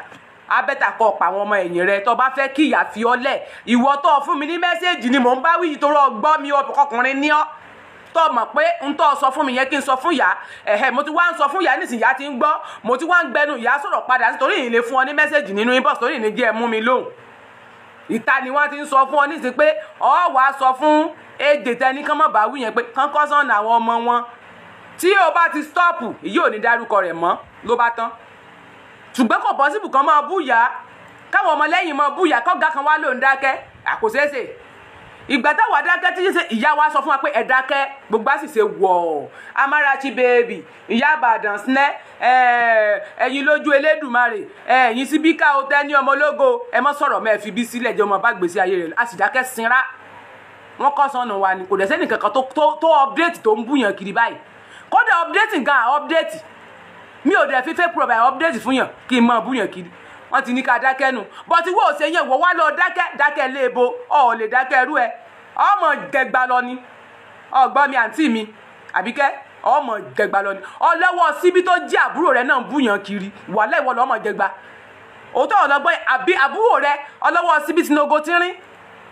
abẹ́ta kọ́ pa àwọn ọmọ ẹ̀yìn rẹ tó bá fẹ́ kí ìyà fi ọ lẹ̀ ìwọ tó fún mi ní mẹ́sẹ̀gì ni mò ń bá wíyì tó rọ gbọ́ mi ọkùnrin ní ọ́ tó mọ̀ pé ń tọ́ sọ fún mi yẹn kí n sọ fún ìyá ẹ̀hẹ́ mo ti wá ń sọ fún ìyá nísìnyí ìyá ti ń gbọ́ mo ti wá ń gbẹnu ìyá sọ̀rọ̀ padà nítorí ìyìn lè fún ọ ní mẹ́sẹ̀gì nínú inbox torí ìyìn jẹ́ ẹ mú mi lóhùn ìta ni wọ́n ti ń sọ fún ọ nísìnyí pé ọ wà á sọ fún èdè tẹni kán mọ̀ bá wí yẹn pé kán kọ́ sọ́nà àwọn ọmọ wọn tí o bá ti stọ́ọ̀pù ìyí ò ní dárúkọ rẹ̀ mọ́ ló bá tán ṣùgbọ́n kò pọ́sibù kan máa búyà káwọn ọmọlẹ́yìn máa búyà kọ́gá kan wá lóun dákẹ́ àkòṣeéṣe ìgbà táwọn adákẹ́ tí ṣe ìyá wa sọ fún wa pé ẹ dákẹ́ gbogbo àṣìṣe wọ̀ amárachi bèbí ìyá àbàdàn sinẹ́ ẹ̀yin lójú elédùnmarè ẹ̀yin síbíkà ó tẹ́ ní ọmọ ológo ẹ mọ́ sọ̀rọ̀ mẹ́ẹ̀ fi bí sílẹ̀ jẹ́ ọmọ bá gbèsè ayé rẹ̀ a sì dákẹ́ sinra wọ́n kọ́ sọnù wa ni kò dẹ̀ sẹ́ni kankan tó update tó ń búyàn kiri báyìí kódà update gan update mi ò dẹ̀ fi fake profile update fún yàn kí n máa búyàn kiri wọ́n ti ní ká dákẹ́ nù bọ́tí wo ṣe yẹn wọ́n wá lọ dákẹ́ dákẹ́ léèbo ọ̀ lè dákẹ́ ẹrú ẹ ọmọ dẹgba lọ ni ọgbọ́n mi àǹtí mi àbíkẹ́ ọmọ dẹgba lọ ni ọlọ́wọ́ síbi tó jẹ́ àbúrò rẹ náà ń búyàn kiri wàhálà ìwọ lọ́mọ dẹgba òótọ́ ọlọ́gbọ́n àbí àbúrò rẹ ọlọ́wọ́ síbi tinogo tínrín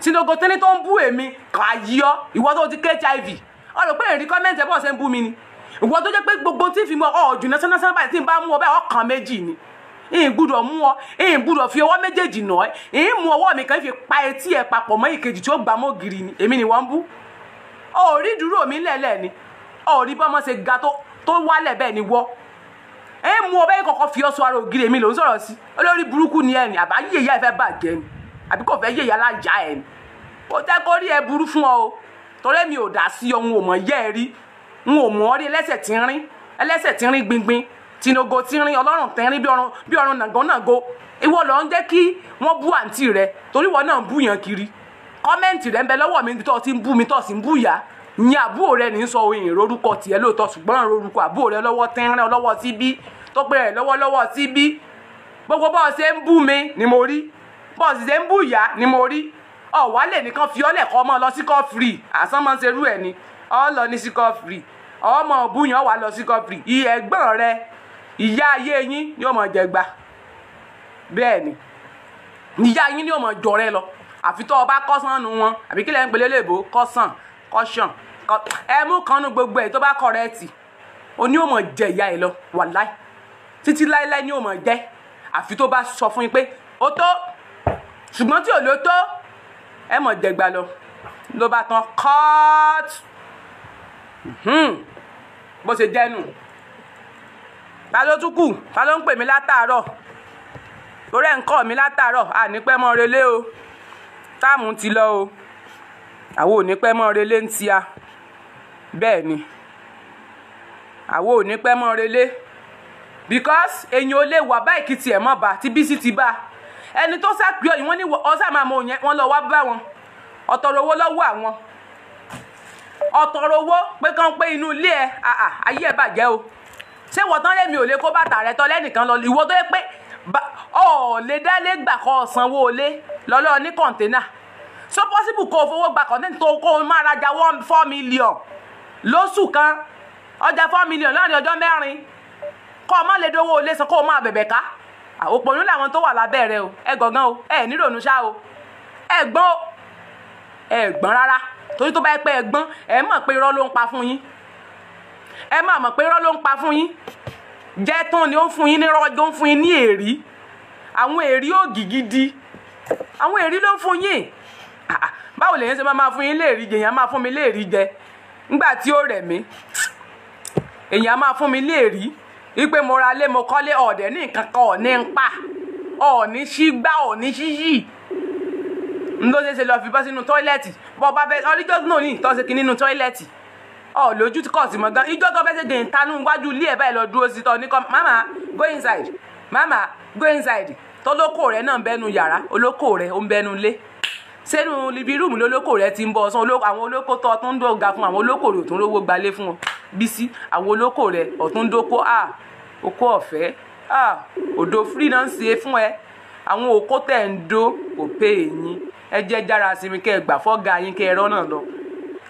tinogo tínrín tó ń bú èmi kà yí ọ ìwọ tó ti hiv ọ rò pé èrè kọ́mẹ́ǹtì ẹ̀ bọ́ọ̀ ṣe ń bú mi ni ìwọ tó jẹ́ pé gbogbo tí ì fi mọ ọ̀ọ́dún náà sánásáná báyìí tí ì bá mú ọ bẹ́ẹ̀ ọkàn méjì ni ìyìn gbúdọ̀ mú ọ ìyìn gbúdọ̀ fi ọwọ́ méjèèjì nà ẹ́ ìyìn mú ọwọ́ mi kan fi pa etí ẹ̀ papọ̀ mọ́ ìkejì tí ó gbà mọ́ ògiri ni èmi ni wọ́n ń bú òòrí dúró mi lẹ̀lẹ̀ ni òòrí bọ́mọ ṣe ga tó wálẹ̀ bẹ́ẹ̀ ni wọ́ ìyìn mú ọ bẹ́ẹ̀ kọ́kọ́ fi ọ́sọ ara ògiri èmi ló ń sọ̀rọ̀ sí olórí burúkú ni ẹ̀ ni àbá yíyá ẹ̀ fẹ́ bàjẹ́ ni àbí kò fẹ́ yíyá lájà ẹ̀ ni ó tẹ́ kó rí ẹ burú fún ọ o torí èmi ò dá sí ọ n ò mọ̀ yẹ́ ẹ rí n ò mọ̀ ọ́ rí ẹlẹ́sẹ̀ tí ń rín ẹlẹ́sẹ̀ tí ń rín gbingbin tìǹgò tìrin ọlọ́run tẹ́rín bí ọrùn nàgọ́nàgọ́ ìwọ ló ń jẹ́ kí wọ́n bú àǹtí rẹ torí wọn náà ń bú yàn kiri kọ́mẹ́ǹtì rẹ ń bẹ lọ́wọ́ mi tó ti ń bú mi tó sì ń bú yá ìyẹn àbúrò rẹ ní sọ òyìn rorúkọ tiẹ̀ lóòótọ́ ṣùgbọ́n rorúkọ àbúrò rẹ lọ́wọ́ tẹ́rín ọlọ́wọ́ síbí tó pẹ́ rẹ̀ lọ́wọ́ lọ́wọ́ síbí gbogbo bọ́ọ̀ ṣe ń bú mi ni mo rí bọ́ọ̀ sì ṣe ń bú ìyá ni mo rí ọ̀wálẹ̀ nìkan fi ọ́lẹ̀ kọ́ ọmọ lọ sí kọ́fìrì àsán máa ń ṣerú ẹ̀ ni ọ lọ ní sí kọ́fìrì ọmọ òbúyàn wà lọ sí kọ́fìrì ìyẹ̀gbọ́n rẹ ìyá ayé yín ni ó máa jẹ gba bẹ́ẹ̀ ni ìyá yín ni ó máa jọrẹ́ lọ àfi tó o bá kọ́sán nu wọn àbí kílẹ̀ ń pèlè lèbó kọ́sán kọ́sán ẹ mú kanú gbogbo ẹ̀ tó bá kọ̀rẹ́ẹ̀tì o ní ó máa jẹ ìyá ẹ lọ wàláì títí láéláé ni ó máa jẹ àfi tó bá sọ fún yín pé ó tó ṣùgbọ́n tí ò ló tó ẹ mọ̀ dẹ̀gbà lọ ló bá tán kọ́ọ̀tù hmm. bó ṣe jẹ́ nù ta ló tún kù ta ló ń pè mí látàárọ̀ torí ẹ̀ ń kọ́ mi látàárọ̀ ànípẹ́ mọ́ relé o táàmù ti lọ o àwọn ò ní pẹ́ mọ́ relé ń tia bẹ́ẹ̀ ni àwọn ò ní pẹ́ mọ́ relé because èyàn ò lè wà bá èkìtì ẹ̀ mọ́ ba tí bísí ti bá ẹni tó sàpè ọ̀yìn wọ́n ní ọ̀sà máa mọ òyìn wọn lọ wá bá wọn ọ̀tọ̀rọ̀ owó lọ́wọ́ àwọn ọ̀tọ̀rọ̀ owó pé kán pé inú ilé ẹ̀ àyè ẹ̀ bàjẹ́ o ṣé wọ́n tán lẹ́mi ò lè kó bàtà rẹ tán lẹ́nìkan lọ ìwọ tó yẹ pé ọ̀ lè dálé gbà kọ́ ọ̀sánwó olé lọ́lọ́ ní kọ̀ǹténà so possible kó o fowó gba kọ̀ǹténà tó kó o máa rajà one four million lóṣù kan ọjà four million láàrin ọjọ́ mẹ́rin kọ́ ọ má lè dówó olé san kó o máa bẹ̀bẹ̀ ká òpònú làwọn tó wà lábẹ́ rẹ o ẹ gọ̀ngàn o ẹ níròónú ṣá o ẹ gbọ́n o ẹ gbọ́n rárá torí tó bá yẹ pé ẹ gbọ́n ẹ mọ̀ pé irọ́ ló ń pa fún yín ẹ máa mọ̀ pé irọ́ ló ń pa fún yín jẹ́ tán ni ó ń fún yín ní rọ́jọ́ ń fún yín ní èrí àwọn èrí ògì gidi àwọn èrí ló ń fún yín báwo lèyìn ṣe máa fún yín léèrí jẹ èèyàn máa fún mi léèrí jẹ nígbà tí ó rẹ̀ mí èèyàn máa fún mi léèrí wípé mo ra lé mo kọ́lé ọ̀dẹ̀ ní nǹkan kan ọ̀ní ń pa ọ̀ní sí gbá ọ̀ní sí yìí n ló ṣe ṣe lọ fi bọ́ sínú tọ́ílẹ̀tì bọ́ bá fẹ́ ọdíjọ́ náà ní ìtọ́sẹ̀kì nínú tọ́ílẹ̀tì ọ oh, lójú tí kò sí mọ gan ìjọ tó fẹ́ ṣe dèntà nù wájú ilé ẹ̀ báyìí lọ dúró sí tọ́ ní kọ́ mama go inside mama go inside tọ́lọ́kọ̀ rẹ̀ náà ń bẹ́nu yàrá olóko rẹ̀ ó ń bẹ́nu lé sẹ́nu libi rúùmù lólóko rẹ̀ ti ń bọ̀ ọ̀sán àwọn olóko tó ọtún dọ̀ga fún àwọn olóko rẹ̀ òtún rówó gbalé fún ọ bísí àwọn olóko rẹ̀ ọ̀tún dóko a okó ọ̀fẹ́ a òdo free náà ń ṣe fún ẹ àwọn òkó tẹ̀ ń dó kò pé èyí ẹ jẹ́ jára sinmi kẹ́ ẹ gbà fọ́ga yín kẹ́ ẹ rọ́nà lọ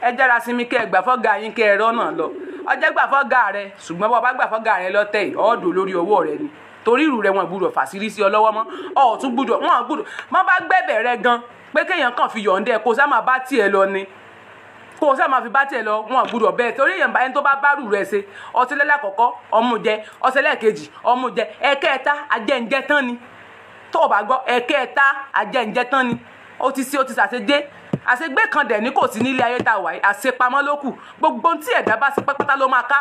ẹ jára sinmi kẹ gbà fọ́gà yín kẹ ẹ̀rọ náà lọ ọjọ́ gbà fọ́gà rẹ ṣùgbọ́n bọ́ bá gbà fọ́gà rẹ lọ́tẹ̀ ọ̀ọ́dọ̀ lórí owó rẹ ni torí ìrù rẹ wọn gbúdọ̀ fàṣírí sí ọ lọ́wọ́ mọ́ ọ̀ọ́tún gbúdọ̀ wọn gbúdọ̀ mọ́ bá gbẹ̀bẹ̀ rẹ gan pé kéèyàn kàn fi yọ̀ǹdẹ́ kó sá máa bá tiẹ̀ lọ ni kó o sáà máa fi bá tiẹ̀ lọ wọn gbúdọ̀ bẹ́ẹ̀ torí èèyàn báyẹn tó bá bárù rẹ̀ ṣe ọtí lẹ́lẹ́kọ̀ọ́kọ́ ọmú jẹ ọtí lẹ́ẹ̀kejì ọmú jẹ ẹ̀kẹta ajẹ́ǹjẹ́ tán ni tó o bá gbọ́ ẹ̀kẹta ajẹ́ǹjẹ́ tán ni ó ti ṣe ó ti ṣàṣejé àṣegbé kan dẹ̀ ní kò sí nílé ayé tá a wà yìí àṣepamọ́ ló kù gbogbo ohun tí ẹ̀dá bá ṣe pátá ló máa ká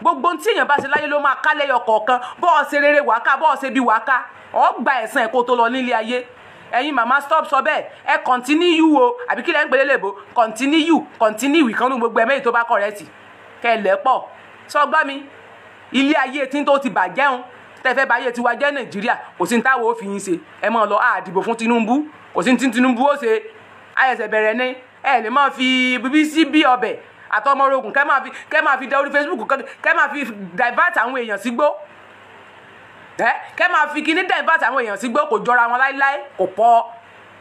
gbogbo ohun tí èèyàn bá ṣe láyé ló máa ká lẹ́yọ kọ̀ọ̀kan bọ́ ọ ṣe rere wàá ká bọ́ ọ ṣe bí wàá ká ọ gba ẹ̀san ẹ̀ kó tó lọ nílé ayé ẹ̀yin màmá stop sọ bẹ́ẹ̀ ẹ continue o àbí kí lẹ́ ń pèlè lèbo continue continue ìkànnù gbogbo ẹ̀mẹ́yìí tó bá correct kẹ́ ẹ lẹ́pọ̀ sọ gbọ́ mi ilé ayé tí tó ti bàjẹ́ òun tẹ́fẹ́ báyé tiwa jẹ́ nàìjíríà kò sí ní táwọn òfin ṣe ẹ mọ̀ lọ àdìbò fún Tinubu kò sí ní Tinubu ó ṣe àyẹ̀sẹ̀ bẹ̀rẹ̀ ni ẹ lè máa fi bíbí sí bí ọbẹ̀ àtọmọrogùn kẹ́ máa fi kẹ́ máa fi da orí Facebook kẹ́ máa fi divert àwọn èèyàn sígbó ẹ kẹ́ máa fi kíní divert àwọn èèyàn sígbó kò jọra wọn láéláé kò pọ̀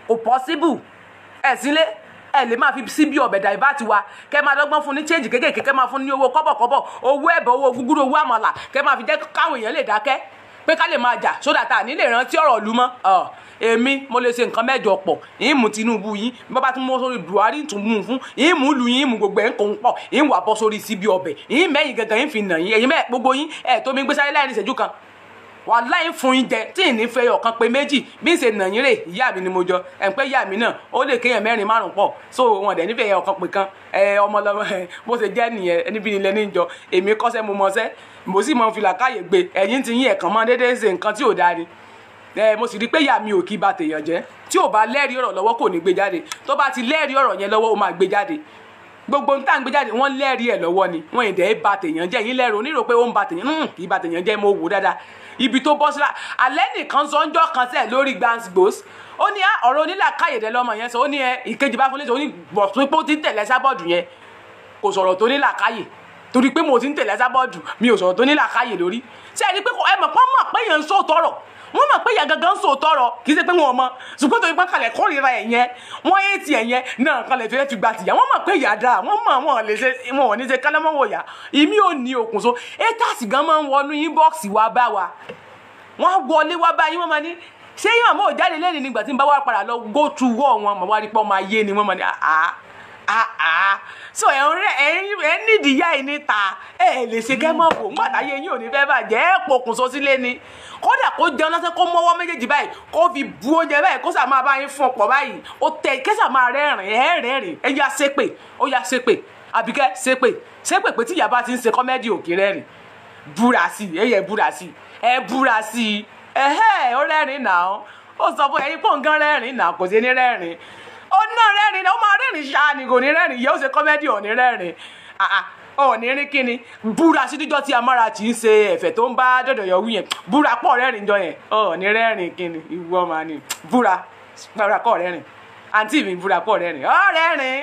kò possible ẹ̀ sílé ẹ lè máa fi síbí ọbẹ̀ divert wa kẹ́ máa dọ́gbọ́n fún ní change kéékèèké kẹ́ máa fún ní owó kọ́bọ̀kọ́bọ̀ owó ẹ̀bẹ̀ owó gúgúrú owó àmàlà kẹ́ máa fi jẹ́ káwọn èèyàn lè dákẹ́ pé ká lè máa jà sódà tá à ní lè rántí ọ̀rọ̀ ìlú mọ́ èmi mo lè ṣe nǹkan mẹ́jọ pọ̀ yín mú Tinubu yín bá bá tún mọ́ sórí Buhari tún mú un fún yín mú lu yín mú gbogbo ẹ̀ ń kó ń pọ̀ yín wà bọ́ sórí síbi ọbẹ̀ yín mẹ́yìn gangan yín fi nà yín ẹ̀yin mẹ́ẹ̀ gbogbo yín ẹ̀ tó mi gbé láì ní ìṣẹ́jú kan wà láì fún yín jẹ tí ìní fẹ́ ọ̀kan pé méjì bí ń ṣe nà yín rè ìyá mi ni mo jọ ẹ̀ ń pẹ́ ìyá mi náà ó lè kéèyàn mẹ́rin márùn pọ̀ so wọn dẹ̀ nífẹ̀ẹ́ ọ̀kan pé kan ẹ ọmọ lọ bó ṣe jẹ́ nìyẹn níbi ilẹ̀ níjọ èmi kọ́ṣẹ́ mo mọṣẹ́ mo sì mọ fìlà káyè gbé ẹ̀yìn ti yín ẹ̀kan mọ́ déédéé ṣe nǹkan tí ò dáa ni ẹ mo sì rí pé ìyá mi ò kí ba tèèyàn jẹ́ tí ò bá lẹ́rìí ọ̀rọ̀ lọ́wọ́ kò ní gbé jáde tó bá ti lẹ́rìí ọ̀rọ̀ yẹn lọ́wọ́ ó máa gbé jáde gbogbo nta ń gbé jáde wọ́n lẹ́rìí ẹ̀ lọ́wọ́ ni wọ́n èdè ba tèèyàn jẹ́ yín lẹ́rìí onírò pé ó ń ba tèèyàn ń kì í ba tèèyàn jẹ́ mo wò dáadáa ibi tó bọ́ síra alẹ́ nìkan sọ ń jọ́ kan sẹ́ẹ̀ lórí gbansgbos ó ní ọ̀rọ̀ onílà káyèdè lọ́mọ yẹn sọ ó ní ẹ ìkejì bá fúnlẹ̀ sọ ó ní bọ̀túnpó ti ń tẹ̀lé sábọ́ọ̀dù yẹn kò sọ̀rọ̀ tó nílà káyè torí pé mo ti ń tẹ̀lé sábọ́ọ̀dù mi ò sọ̀rọ̀ tó nílà káyè lórí ṣé ẹ rí pé ẹ mọ̀ pọ́n mọ̀ pé yẹn ń sọ tọrọ wọ́n mọ̀ pé ìyá gangan ń sòótọ́ rọ kì í ṣe pé wọn mọ ṣùgbọ́n tó ipá kalẹ̀ kórìíra ẹ̀ yẹn wọ́n yé ti ẹ̀ yẹn náà kalẹ̀ fẹ́ẹ́ fi gba tìyà wọ́n mọ̀ pé ìyá dáa wọ́n mọ̀ wọn lè ṣe wọn ò ní ṣe kálámọ́wò yá ìmí ò ní okùn so haters gan máa ń wọnú inbox wa bá wa wọ́n á wọlé wá bá yín wọ́n máa ní ṣé yín àmọ́ òjáde lẹ́yìn nígbà tí ń bá wá padà lọ go to war wọn mọ̀ wá rí pọ́ máa yé ni wọ́n máa ní àá ah, àá ah, ah, so ẹ̀ ń rẹ̀ ẹ̀ ń ẹ̀ ń nídìí yá ẹ̀ níta ẹ̀ lè ṣe gẹ́mọ̀ bò ńgbà táyé yín ò ní fẹ́ bàjẹ́ ẹ̀ pokùnso sílé ni kódà kó jẹun lásán kó mọ́wọ́ méjèèjì báyìí kó fi bu oúnjẹ báyìí kó sà máa bá yín fún ọ̀pọ̀ báyìí ó tẹ kẹ́sà máa rẹ́rìn ẹ̀ rẹ́rìn ẹ̀ yá ṣépè ó yá ṣépè àbíkẹ́ ṣépè ṣépè pé tíyà bá ti ń ṣe kọ́mẹ́dì òkè rẹ́rìn búra sí i ẹ̀yẹ búra sí i ẹ̀ búra sí i ẹ̀hẹ́ ó rẹ́rìn náà ó sọ fún ẹ̀yin pọ̀ nǹkan rẹ́rìn náà kò sí ní rẹ́rìn ó náà rẹ́rìn náà ó máa rẹ́rìn ṣáà ni kò ní rẹ́rìn yẹ́ ó ṣe kọ́mẹ́dì ò ní rẹ́rìn ọ̀ọ́nì rí kíni búra sídíjọ́ tí amára tì í ṣe ẹ̀fẹ̀ tó ń bá dọ̀dọ̀ yọ wí yẹn búra pọ̀ rẹ́rìn jọ yẹn ọ̀ọ́nì rẹ́rìn kíni ìwọ máa ní búra búra pọ̀ rẹ́rìn àǹtí mi búra pọ̀ rẹ́rìn ọ̀rẹ́rìn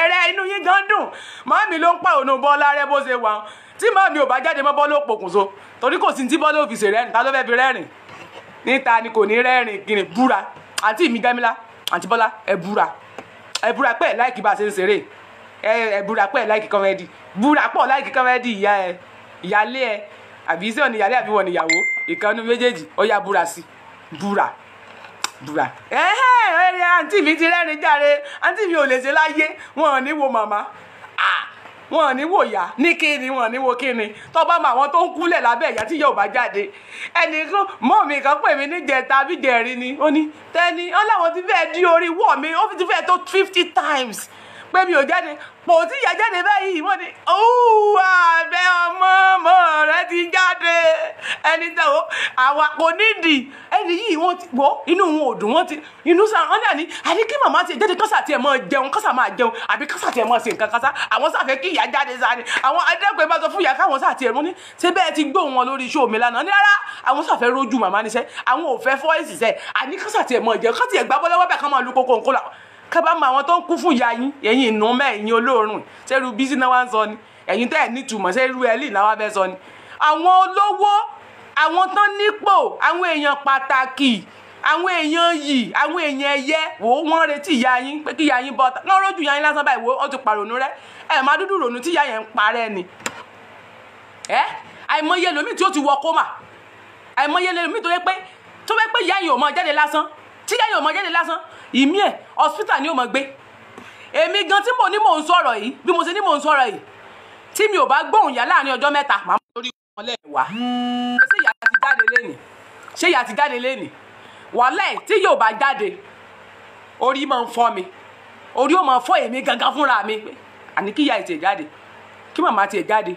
ẹ̀rẹ́ inú yín gan dùn màmí ló ń pa òun bọ́ lárẹ́ bó ṣe wà tí màmí ò bá jáde mọ́ bọ́ ló pokùnso torí kò sí ní tí bọ́ ló fi ṣe rẹ́rìn ta ló fẹ́ fi rẹ́rìn níta ni kò ní rẹ́rìn kíni búra àǹtí mi Dámilá àǹtí bọ́lá ẹ búra ẹ búra pé ẹ láìkì bá a ṣe ń ṣeré ẹ ẹ búra pé ẹ láìkì kọ́mẹ́dì búra pọ̀ láìkì kọ́mẹ́dì ìyá ẹ ìyálé ẹ àbí iṣẹ́ òní ìyálé àbí wọ̀ níyàwó ìkànnì méjèèjì ó yá búra sí búra búra. ẹ̀hẹ́ ẹ̀rẹ́ àǹtí mi ti rẹ́rìn-ín járe àǹtí mi ò lè ṣe láyé wọn ò ní wo màmá ah wọn ní wò yá ní kíni wọn ní wo kíni tó mọ àwọn tó ń kúlẹ̀ lábẹ́ ìyá tí yóò bá jáde ẹnì kan mọ́ mi kan pè mí níjẹta bíjẹrin ni ó ní tẹ́ni ó láwọn ti fẹ́ẹ́ dí orí wọ̀ mi ó fi ti fẹ́ẹ́ tó fifty times pé mi ò jáde pò tí ìyá jáde báyìí wọ́n ní òwúwà abẹ ọmọ ọmọ rẹ ti jáde ẹni tẹ o àwa kò nídìí ẹni yìí wọ́n ti wọ́ inú wọn ò dùn wọ́n ti inú sàn ọ́n dàní àní kí màmá tiẹ̀ jáde kásà tiẹ̀ máa jẹun kásà máa jẹun àbí kásà tiẹ̀ máa ṣe nǹkan kásá àwọn sàfẹ́ kí ìyá jáde sáré àwọn adẹ́gbẹ̀ẹ́ bá sọ fún ìyá káwọn sà tiẹ̀ mú ní ṣé bẹ́ẹ̀ ti gbóhùn wọn lórí iṣẹ́ òmìnir lánàá ní rárá àwọn sàfẹ́ rójú màmá níṣẹ́ àwọn ò fẹ́ fọ́ èsì sẹ́ àní kásà tiẹ̀ máa jẹun kásà tiẹ̀ gbábọ́ lọ́wọ́ bẹ́ẹ̀ ká máa lu kókó nǹkó làwọn kábà mọ àwọn tó ń kú fún ìyá yín ẹ̀yin ìnú mẹ́ ẹ̀yin olóòórùn sẹ́rù bísí náà wá ń sọ ni ẹ̀yin tẹ́ ẹ̀ nítumọ̀ sẹ́rù ẹ̀lì náà wá fẹ́ sọ ni. àwọn olówó àwọn tán nípò àwọn èèyàn pàtàkì àwọn èèyàn yìí àwọn èèyàn ẹyẹ wò ó wọ́n retí ìyá yín pé kí ìyá yín bọ́ náà rójú ìyá yín lásán báyìí wò ó ti pàrònú rẹ ẹ̀ máa dúdú rònú tí ìyá yẹn ń ni. ẹ àìmọye lomi tí ó ti wọ kómà àìmọye lomi tó yẹ pé tó yẹ pé ìyá yẹn ò mọ jáde lásán tí ìyá yẹn ò mọ jáde lásán ìmí ẹ̀ hospital ni ó máa gbé èmi gan tí mo ní mò ń sọ̀rọ̀ yìí bí mo ṣe ní mò ń sọ̀rọ̀ yìí tí mi ò bá gbóhùn yá láàrin ọjọ́ mẹ́ta màá mú lórí wọn lẹ́ẹ̀wá ṣé ìyá ti jáde lẹ́nìí ṣé ìyá ti jáde lẹ́nìí wàhálà ẹ̀ tí yóò bá jáde orí máa ń fọ́ mi orí ó máa fọ́ èmi gangan fúnra mi àní kí ìyá ẹ̀ jáde kí màmá tiẹ̀ jáde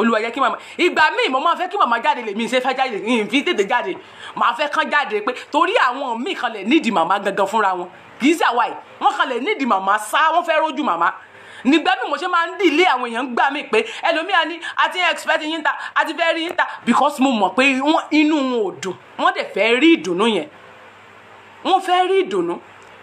olúwa jẹ́ kí màmá ìgbà míì mo máa fẹ́ kí màmá jáde lèmi ṣe fẹ́ jáde yìí fi tètè jáde màá fẹ́ kán jáde pé torí àwọn míì kan lè nídìí màmá gangan fúnra wọn kì í ṣàwà yìí wọ́n kan lè nídìí màmá sá wọ́n fẹ́ rójú màmá nígbà bí mo ṣe máa ń dìlé àwọn èèyàn gbà mí pé ẹlòmíà ni a ti ń expect yín ta a ti fẹ́ rí yín ta because mo mọ̀ pé inú wọn ò dùn wọ́n dẹ̀ fẹ́ rí ìdùnnú yẹn wọ́n fẹ́ rí ìdùnnú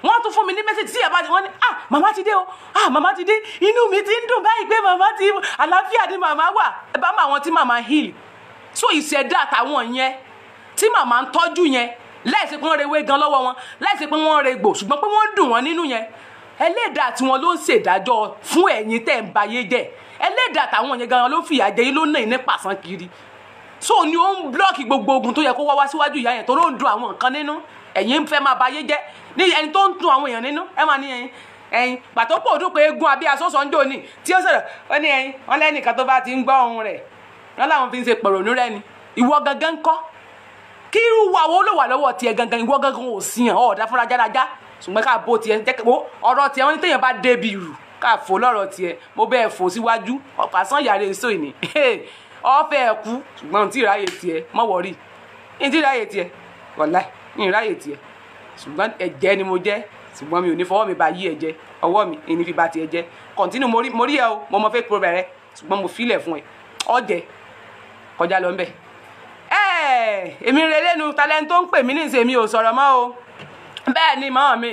wọ́n tún fún mi ní mẹ́sẹ̀jì tí ìyàbá ti wọ́n ah màmá ti dé o ah màmá ti dé inú mi ti ń dùn báyìí pé màmá ti àlàáfíà ni màmá wà ẹ bá mọ àwọn tí màmá heal so ìṣẹ̀dá àtàwọn yẹn tí màmá ń tọ́jú yẹn láìsí pé wọ́n rewé gan lọ́wọ́ wọn láìsí pé wọ́n regbò ṣùgbọ́n pé wọ́n dùn wọn nínú yẹn ẹlẹ́dàá tiwọn ló ń ṣèdájọ́ fún ẹ̀yin tẹ́ ń bayé jẹ́ ẹlẹ́dàá táwọn yẹn gan ló ń fìyà jẹ yín ló ń nà yín ní pàṣán kiri so ni ó ń blọ́ọ̀kì gbogbo ogun tó yẹ kó wá wá síwájú ìyá yẹn tó ló ń dùn àwọn nǹkan nínú ẹ̀yin fẹ́ máa bayé jẹ́ ní ẹni tó ń tún àwọn èèyàn nínú ẹ máa ní ẹyin ẹyin pàtó pò dùn pé egun àbí asọ́sọ́ ń jò ní tí ó sọ̀rọ̀ ó ní ẹyin wọn lẹ́nìkan tó bá ti ń gbọ́ ohun rẹ̀ wọn làwọn fi ń ṣe pọ̀rọ̀nù rẹ ni ìwọ gangan kọ́ kí irú wa wo ló wà lọ́wọ́ tiẹ̀ gangan ìwọ gangan ò sí hàn ọ̀ọ́dá fúnra járaja ṣùgbọ́n ká bó tiẹ̀ jẹ́ kó ọ̀rọ̀ tiẹ̀ wọn ní téèyàn bá débi rù ká fò lọ́rọ̀ tiẹ̀ mo bẹ́ẹ̀ fò síwájú ọ̀pá sàn yàrá èso ìní ọ̀fẹ́ ẹ̀kú ṣùgbọ́n ntí ìráyè tiẹ̀ mọ̀wọ́rì ntí ìráyè tiẹ̀ wọ̀láì ìráyè tiẹ̀ ṣùgbọ́n ẹ̀jẹ̀ ni mo jẹ́ ṣùgbọ́n mi ò ní fọwọ́ mi ba yí ẹ̀jẹ̀ ọwọ́ mi èyí fi ba ti ẹ̀jẹ̀ continue mo rí ẹ o mo mọ fake problem rẹ ṣùgbọ́n mo filẹ̀ fún ẹ ọ̀jẹ̀ kọjá lọ ń bẹ̀. ẹ́ẹ̀ èmi rẹ lẹ́nu talẹ́ni tó ń pè mí ní ìsèmi ò sọ̀rọ̀ mọ́ o bẹ́ẹ̀ ni mọ́ mi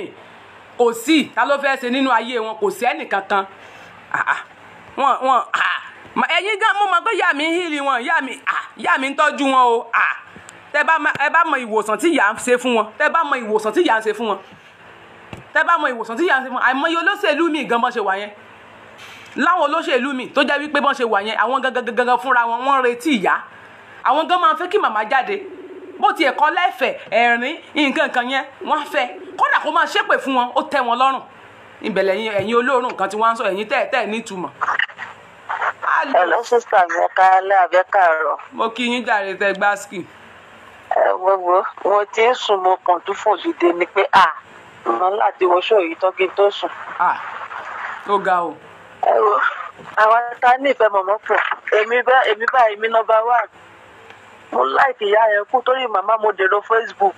kò sí ta ló fẹ́ ṣe nínú ayé wọn kò sí ẹnìkankan ah, ah, wọn wọn ah, gan mo mọ̀ pé yá mi hílì wọn yá mi ń tọ́jú wọn o. Ah tẹ bá ẹ bá mọ ìwòsàn tí yà ń ṣe fún wọn tẹ bá mọ ìwòsàn tí yà ń ṣe fún wọn tẹ bá mọ ìwòsàn tí yà ń ṣe fún wọn àìmọye olóṣèlú mi gan bọ́n ṣe wà yẹn láwọn olóṣèlú mi tó jẹ́ wípé bọ́n ṣe wà yẹn àwọn gangan gangan fúnra wọn wọ́n retí ìyá àwọn gan máa ń fẹ́ kí màmá jáde bó tiẹ̀ kọ́ lẹ́fẹ̀ ẹ̀rín nǹkan kan yẹn wọ́n fẹ́ kódà kó máa ṣépè fún wọn ó tẹ́ wọn lọ́rùn ìbẹ̀lẹ̀ ẹ̀yin olóòórùn kan tí wọ́n ń sọ ẹ̀yin tẹ́ẹ̀ tẹ́ẹ̀ nítumọ̀. hello sister mi ẹ ká alẹ́ àbẹ́kà rọ. mo kí yín jàre tẹ gbásíkì gbogbo wọn ti ń sùn mo kàn tún fò dìde ni pé à wọn láti wọṣọ yìí tán kí n tó sùn. ó ga o. ẹ wo àwọn ta ní ìfẹ́ mọ̀mọ́ pọ̀ èmi bá èmi bá èmi nọmba one mo láìkì ìyá yẹn kú torí màmá mo dèrò facebook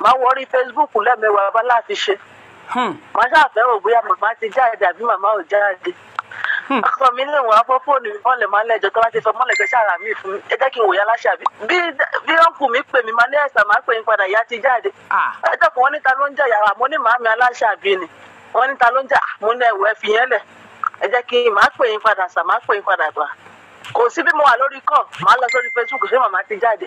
màá wọrí facebook lẹ́ẹ̀mẹwàá bá láti ṣe hmm. màá ṣàfẹ́ òbí àmàmá ti jáde àbí màmá ò jáde. Hmm. ọkọ mi lè wá fọ́ fóònù mi mọ́lẹ̀ mọ́lẹ̀ ẹjọ́ tó bá ti sọ mọ́lẹ̀ kẹ́ sára mi fún mi ẹ jẹ́ kí n wòye aláṣà bí bí ọ̀nkù mi pè mí máa ní ẹ̀sà máa pè ń padà ìyá ti jáde ẹ jọ̀kọ̀ wọn níta ló ń jà yàrá mo ní màámi aláṣà bí ni wọn níta ló ń jà mo ní ẹ̀wọ̀ ẹ fi yẹn lẹ̀ ẹ jẹ́ kí n máa pè yín padà sà máa pè yín padà gbà kò sí bí mo wà lórí kọ́ máa lọ sórí Facebook ṣé màmá ti jáde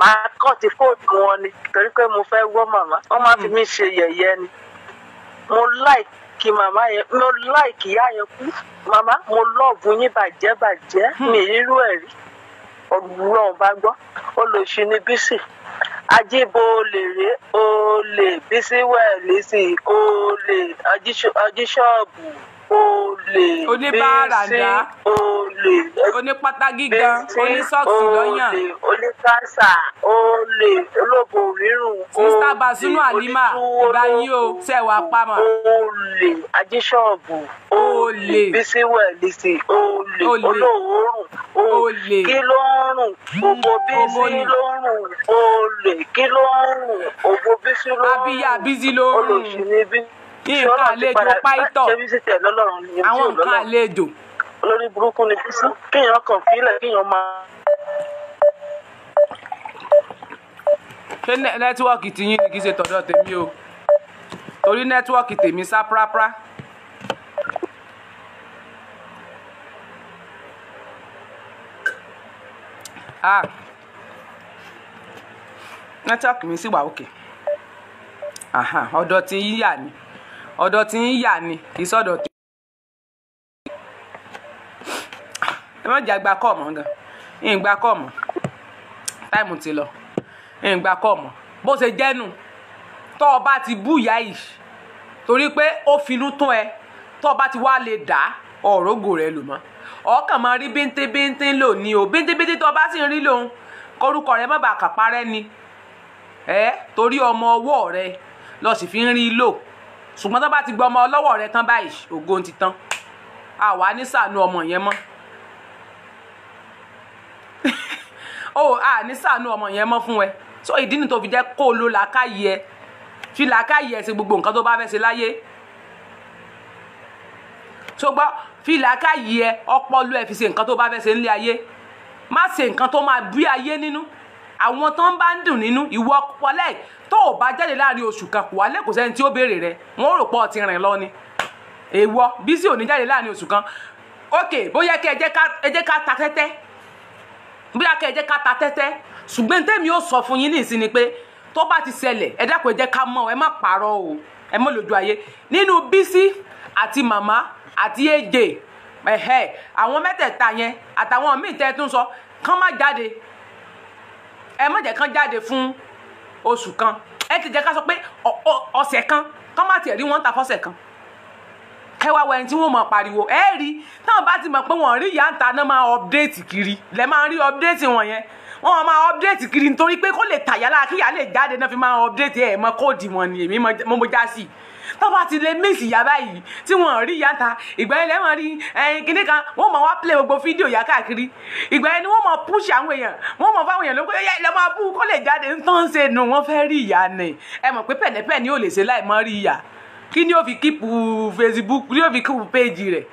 máa kọ́ ti fóònù wọn ni torí pé mo fẹ́ wọ́ màmá wọ́n máa fi mí ṣe yẹ̀yẹ́ ni mo like láìkì màmá yẹn mo láìkì ìyá yẹn kú màmá mo lọ́ọ̀bù yín bàjẹ́ bàjẹ́ hmm. mi irú ẹ̀ rí ọlọ́run bá gbọ́ olóṣù ni bísí ajíbo olè rè olè bísí wẹ̀ẹ́lì sí olè ọjíṣọ́ọ̀bù olè oníbàáràndá olè onípátá gíga onísọ́ọ̀tù lọ́yàn oníkásà olè olóògbé òmíràn sista Basunu Halima ìbáyí o sẹ́wà pamọ́ olè ajíṣọ́ọ̀bù olè bísíwẹ̀lìsì olè olóòórùn olè kí ló ń rùn ògbó bísí ló ń rùn olè kí ló ń rùn ògbó bísí ló ń rùn olùsìn ní bísí nǹkan àlejò pàìtọ̀ àwọn nǹkan àlejò. olórí burúkú ni bísí kíyàn kàn fílẹ̀ kíyàn máa. ṣé nẹ́tíwọ́ọ̀kì ti yín ni kì í ṣe tọ̀dọ̀ tèmi o torí nẹ́tíwọ́ọ̀kì tèmi sá prápra. ah nẹ́tíwọ́ọ̀kì mi sì wà òkè ọ̀dọ̀ tí yíyà ni ọ̀dọ̀ tí ń yà ni kì í sọ̀dọ̀ tó. ẹ má jẹ́ àgbà kọ́ ọ̀mọ́ gan ìgbà kọ́ ọ̀mọ́ táìmù ti lọ ìgbà kọ́ ọ̀mọ́ bó ṣe jẹ́nu tọ́ ọba ti bú ìyá yìí torí pé ó finú tán ẹ tọ́ ọba ti wá lè dá ọ̀rọ̀gò rẹ lò mọ́ ọkàn máa rí bíntébíntín lò ní o bíntébíntín tọ́ ọba sì ń rí lòun kórúkọ rẹ má bàa kàparẹ́ ni ẹ torí ọmọ ọwọ́ rẹ lọ sì fi ń rí lò ṣùgbọ́n tó bá ti gbọ́ ọmọ ọlọ́wọ́ rẹ tán báyìí ògo ti tán àwa ní sànú ọmọ yẹn mọ́ <laughs> o à ní sànú ọmọ yẹn mọ́ fún ẹ so ìdí ni tó fi jẹ́ kó o lo làákàyè ẹ fi làákàyè ẹ ṣe gbogbo nǹkan tó bá fẹ́ ṣe láyé so gbọ́ fi làákàyè ẹ ọpọlọ ẹ fi ṣe nǹkan tó bá fẹ́ ṣe nílé ayé má ṣe nǹkan tó máa bí ayé nínú àwọn tó ń bá ń dùn nínú ìwọ wọlé tó o bá jáde láàrin oṣù kan kò wálé kò sẹ́ni tí ó béèrè rẹ wọ́n rò pọ̀ ti rìn lọ ni èèwọ Bísí ò ní jáde láàrin oṣù kan ok bóyá kí ẹ jẹ́ ká ta tẹ́tẹ́ bóyá kí ẹ jẹ́ ká ta tẹ́tẹ́ ṣùgbọ́n tẹ́mi ó sọ fún yín ní ìsinmi pé tó bá ti ṣẹlẹ̀ ẹ dákun ẹ jẹ́ ká mọ̀ ẹ má pààrọ̀ o ẹ mọ̀ lójú ayé nínú Bísí àti màmá àti èjè ẹ̀hẹ́ àwọn mẹ́tẹ̀ẹ̀ta yẹn àtàwọn míì tẹ́ tún sọ kán má jáde ẹ má jẹ́ kán jáde fún oṣù kan ẹ ti jẹ́ ká sọ pé ọ̀sẹ̀ kan kán má tiẹ̀ rí wọ́n ta fọ́sẹ̀ kan ẹ wá wẹni tí wọ́n mọ̀ pariwo ẹ rí táwọn bá ti mọ̀ pé wọ́n rí ìyá ń ta náà máa update kiri lẹ́ máa rí update wọn yẹn wọn máa update kiri nítorí pé kó lè tàyà lára kíyà lè jáde náà fi máa update ẹ̀ mọ́ kóòdì wọn ni èmi mo já sí i tó ti lè miss ìyá báyìí tí wọ́n rí ìyá ta ìgbà yẹn lẹ́wọ̀n rí kíní kan wọ́n mọ̀ wá play gbogbo fídíò yá káàkiri ìgbà yẹn ni wọ́n mọ̀ push àwọn èèyàn wọ́n mọ̀ fáwọn èèyàn ló kóyẹ lẹ́ máa bú kó lè jáde ń tán ṣe nù wọ́n fẹ́ rí ìyá ni ẹ mọ̀ pé pẹ̀lẹ́pẹ̀ ni ò lè ṣe láì mọ́ rí ìyá kí ni ó fi kíìpù Facebook kí ni ó fi kíìpù péèjì rẹ̀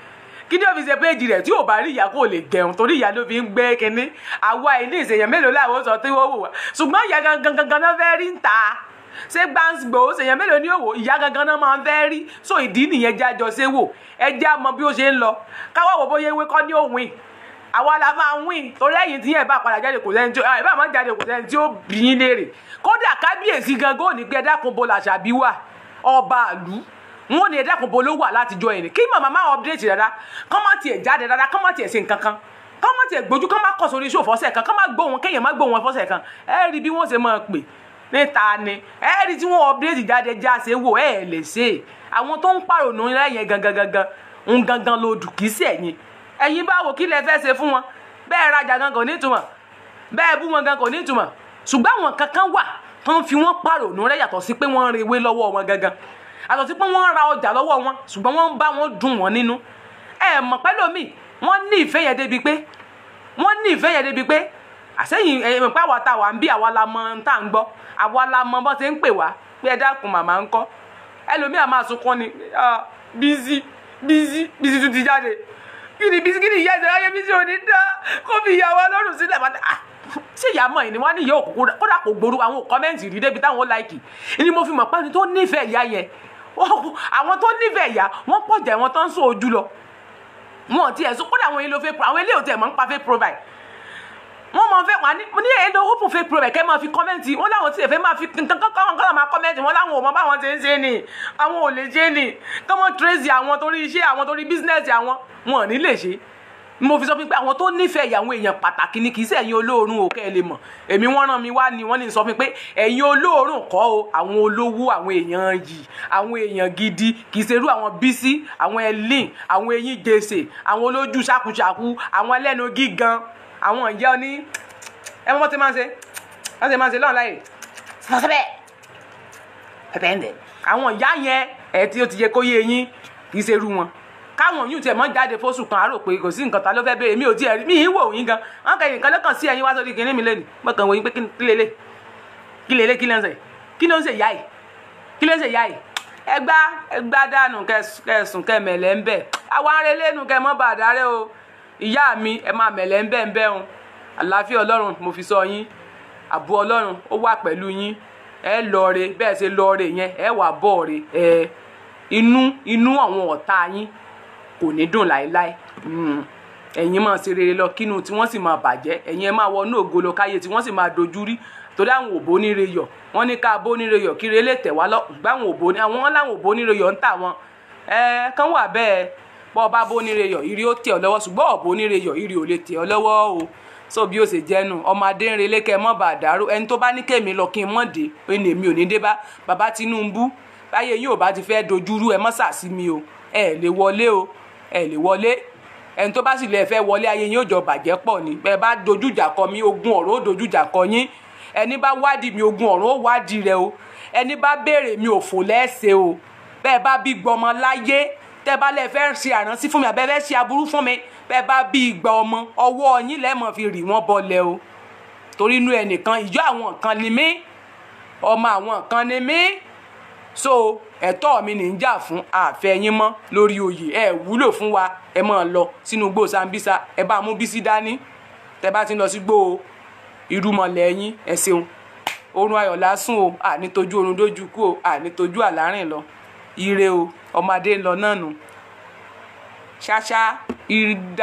kí ni ó fi ṣe péjì rẹ̀ tí ò bá rí ìyá kò lè gẹ̀rùn torí ìyá ló fi ń gbé kínní àwa ilé ìṣèyàn mélòó làwọn sọ tí wọ́n wò wá ṣùgbọ́n ìyá gangan gangan náà fẹ́ rí ń ta ṣé gbàǹsìgbò ó ṣèyàn mélòó ní òwò ìyá gangan náà máa ń fẹ́ rí so ìdí nìyẹn jẹ́ àjọ ṣé wò ẹ jẹ́ àmọ́ bí ó ṣe ń lọ káwọ́ wò bóyá ewé kọ́ ní òwìn àwa la máa ń wìn torí ẹ̀yìn tí yẹn bá padà jáde kò sẹ́ni tí ó ẹ̀ bá máa jáde kò sẹ́ni tí ó bí yín léèrè kódà kábíyèsí gangan ò ní pé ẹ dákun bo làṣàbí wà ọba àlú wọn ò ní ẹ dákun bo ló wà láti jọ ẹ̀rìn kí màmá máa update rárá kán má tiẹ̀ jáde rárá kán má tiẹ̀ ṣe nǹkan kan kán má tiẹ̀ gbójú kán má kọ̀ sórí iṣẹ́ òfọ́sẹ̀ kan kán má gbóhun kéèyàn má gbóhun ọfọ́sẹ̀ kan ẹ rí bí wọ́n ṣe máa pè níta ni ẹ̀ẹ́dì tí wọ́n update jáde já ṣe wò ẹ̀ lè ṣe àwọn tó ń pàrònú lẹ́yìn gangan gangan ń gangan lo dùkísì ẹ̀yìn ẹ̀yìn báwo kí lẹ fẹ́ ṣe fún wọn bẹ́ẹ̀ rajà gan kò nítumọ̀ bẹ́ẹ̀ bú wọn gan kò nítumọ̀ ṣùgbọ́n àwọn kankan wà tó ń fi wọ́n pàrònú rẹ̀ yàtọ̀ sí pé wọ́n ń rewé lọ́wọ́ wọn gangan àtọ̀ sí pé wọ́n ń ra ọjà lọ́wọ́ wọn ṣùgbọ́n wọ́n ń bá wọn dùn wọn nínú ẹ̀ mọ̀ pẹ́lómi wọ́n ní ìfẹ́ yẹn débi pé wọ́n ní ìfẹ́ yẹn débi pé àsẹ́yìn ẹ̀yìn pé àwa tá a wà ń bí àwa la mọ tá à ń gbọ́ àwa la mọ bọ́ ṣe ń pè wá pé ẹ dákun màmá ń kọ́ ẹlòmíà máa sunkún ni bízí bízí bízí tún ti jáde kí ni bízí kí ni ìyá ìṣẹ̀lẹ̀ ayé bízí òní dá kó fi ìyá wa lọ́rùn sílẹ̀ bàtà ah, ṣé ìyá mọ̀ ni wọ́n ní ìyá òkùnkùn kódà kò gbòòrò àwọn kọ́mẹ́ǹtì rí débi táwọn láìkì ni mo fi mọ̀ pé ẹni tó nífẹ̀ẹ́ ìyá yẹn àwọn tó nífẹ̀ẹ́ ìyá wọ́n pọ̀ jẹ́ wọn tó ń ojú lọ wọn ò tiẹ̀ sọ kódà àwọn ilé òfin àwọn mọ̀ ń pa fẹ́ provide wọ́n mọ fẹ́ wà ní ní ẹ̀ẹ́dẹ́ open fake pro ẹ̀kẹ́ máa fi kọ́mẹ́ǹtì wọ́n láwọn tí èfé máa fi nǹkan kan kan máa kọ́mẹ́ǹtì wọ́n láwọn ò mọ báwọn ti ń ṣe ni àwọn ò lè ṣe ni kí wọ́n tracy àwọn torí iṣẹ́ àwọn torí business àwọn wọn ò ní lè ṣe mo fi sọ fún pé àwọn tó nífẹ̀ẹ́ ìyàwó èèyàn pàtàkì ni kì í ṣe ẹ̀yin olóòórùn o kẹ́ ẹ lè mọ̀ èmi wọ́n rán mi wá ni wọ́n lè sọ fún pé ẹ̀yin olóòórùn kọ́ o àwọn olówó àwọn èèyàn yìí àwọn èèyàn gidi kì í ṣe irú àwọn bísí àwọn ẹlín àwọn eyín gèsè àwọn olójú ṣàkúṣàkú àwọn ẹlẹ́nu gígan àwọn ìyá ọ ní ẹ mọ́ ti máa ń ṣe wọ́n ti máa ń ṣe lọ́run láyè sọ́sẹ́bẹ̀ pẹ̀pẹ́ ń dẹ̀ àwọn ìyá yẹn ẹ̀ tí ó ti yẹ kó yé yín kì í ṣe irú wọn káwọn yìí tẹ̀ mọ́ jáde fóṣù kan àárò pé kò sí nǹkan ta ló fẹ́ bẹ́ẹ̀ mi ò tiẹ̀ mi ì wò yín gan wọn kẹ́yìn nǹkan lọ́kàn sí ẹ̀yin wá sórí kìnìún mi lẹ́nu mo kàn wò yín pé kí lélẹ̀ kí lélẹ̀ kí ló ń ṣe kí ló ń ṣe ìyá yìí kí ló ń ṣe ìyá yìí ẹgbá ẹgbá dànù kẹsùn kẹmẹ̀lẹ́ ń bẹ̀ àwọn arẹlẹ́nu kẹmọ́ bàdárẹ́ o ìyá mi ẹ máa mẹ̀lẹ́ ń bẹ́ẹ̀ ń bẹ́ẹ̀ hun àlàáfíà ọlọ́run mo fi sọ yín àbú ọlọ́run ó wà pẹ̀lú yín ẹ lọ́ọ̀rẹ́ bẹ́ẹ̀ ṣe lọ́ọ̀rẹ́ yẹn ẹ wà bọ́ọ̀rẹ́ ẹ inú inú àwọn ọ̀tá yín kò ní dùn láéláé hmm. ẹ̀yin máa ṣe rere lọ kínú tí wọ́n sì máa bàjẹ́ ẹ̀yin ẹ máa wọnú ògo lọ káyé tí wọ́n sì máa dojú rí torí àwọn òbó níre yọ wọ́n ní ká bó níre yọ kí relé tẹ̀ wá lọ gbáwọn òbó ní àwọn láwọn òbó níre yọ ń tà wọn ẹ kán wà bẹ́ẹ̀ bọ́ ọba bó níre yọ ìrì ó tẹ̀ ọ́ lọ́wọ́ ṣùgbọ́n ọ̀bọ níre yọ ìrì ò lè tẹ̀ ọ́ lọ́wọ́ o so bí ó ṣe jẹnu ọmọ adéńrelé kẹ mọ́ bàá dàrú ẹni tó bá ní kèmí lọ kí n mọ̀ dé ẹni èmi ò ní dé bá bàbá Tinubu báyé yóò bá ti fẹ́ dojúrú ẹ mọ́ sàsí mi o ẹ lè wọlé o ẹ lè wọlé ẹni tó bá sì lè fẹ́ wọlé ayé yín òjò bàjẹ́ pọ̀ ni bẹ́ẹ̀ bá dojújà kọ mi ogun ọ̀rọ̀ ó dojújà kọ yín ẹni bá wádìí mi ogun ọ̀rọ̀ ó wádìí rẹ o ẹni bá béèrè mi òfò lẹ́ẹ̀ṣẹ̀ o bẹ́ẹ̀ bá bí gbọmọ láyé tẹ́ bá lẹ́ fẹ́ ṣe àránsí fún mi àbẹ́ fẹ́ ṣe aburú fún mi bẹ́ẹ̀ bá bí igba ọmọ ọwọ́ yín lẹ́mọ̀ fi rì wọ́n bọlẹ̀ o torí inú ẹnìkan ìjọ àwọn kan ni mí ọmọ àwọn kan ni mí so ẹ̀tọ́ mi ní ń jà fún àfẹ́ yín mọ́ lórí oyè ẹ wúlò fún wa ẹ máa lọ sínú gbó Sambisa ẹ bá mú Bísí dání tẹ́ bá ti ń lọ sí gbó irúmọlẹ̀ yín ẹ ṣeun orun ayọ̀ lásùn o àní tójú orun dójú kú o àní tójú àlárìn lọ ire o ọmọdé ń lọ náà nù ṣáṣá ìdá.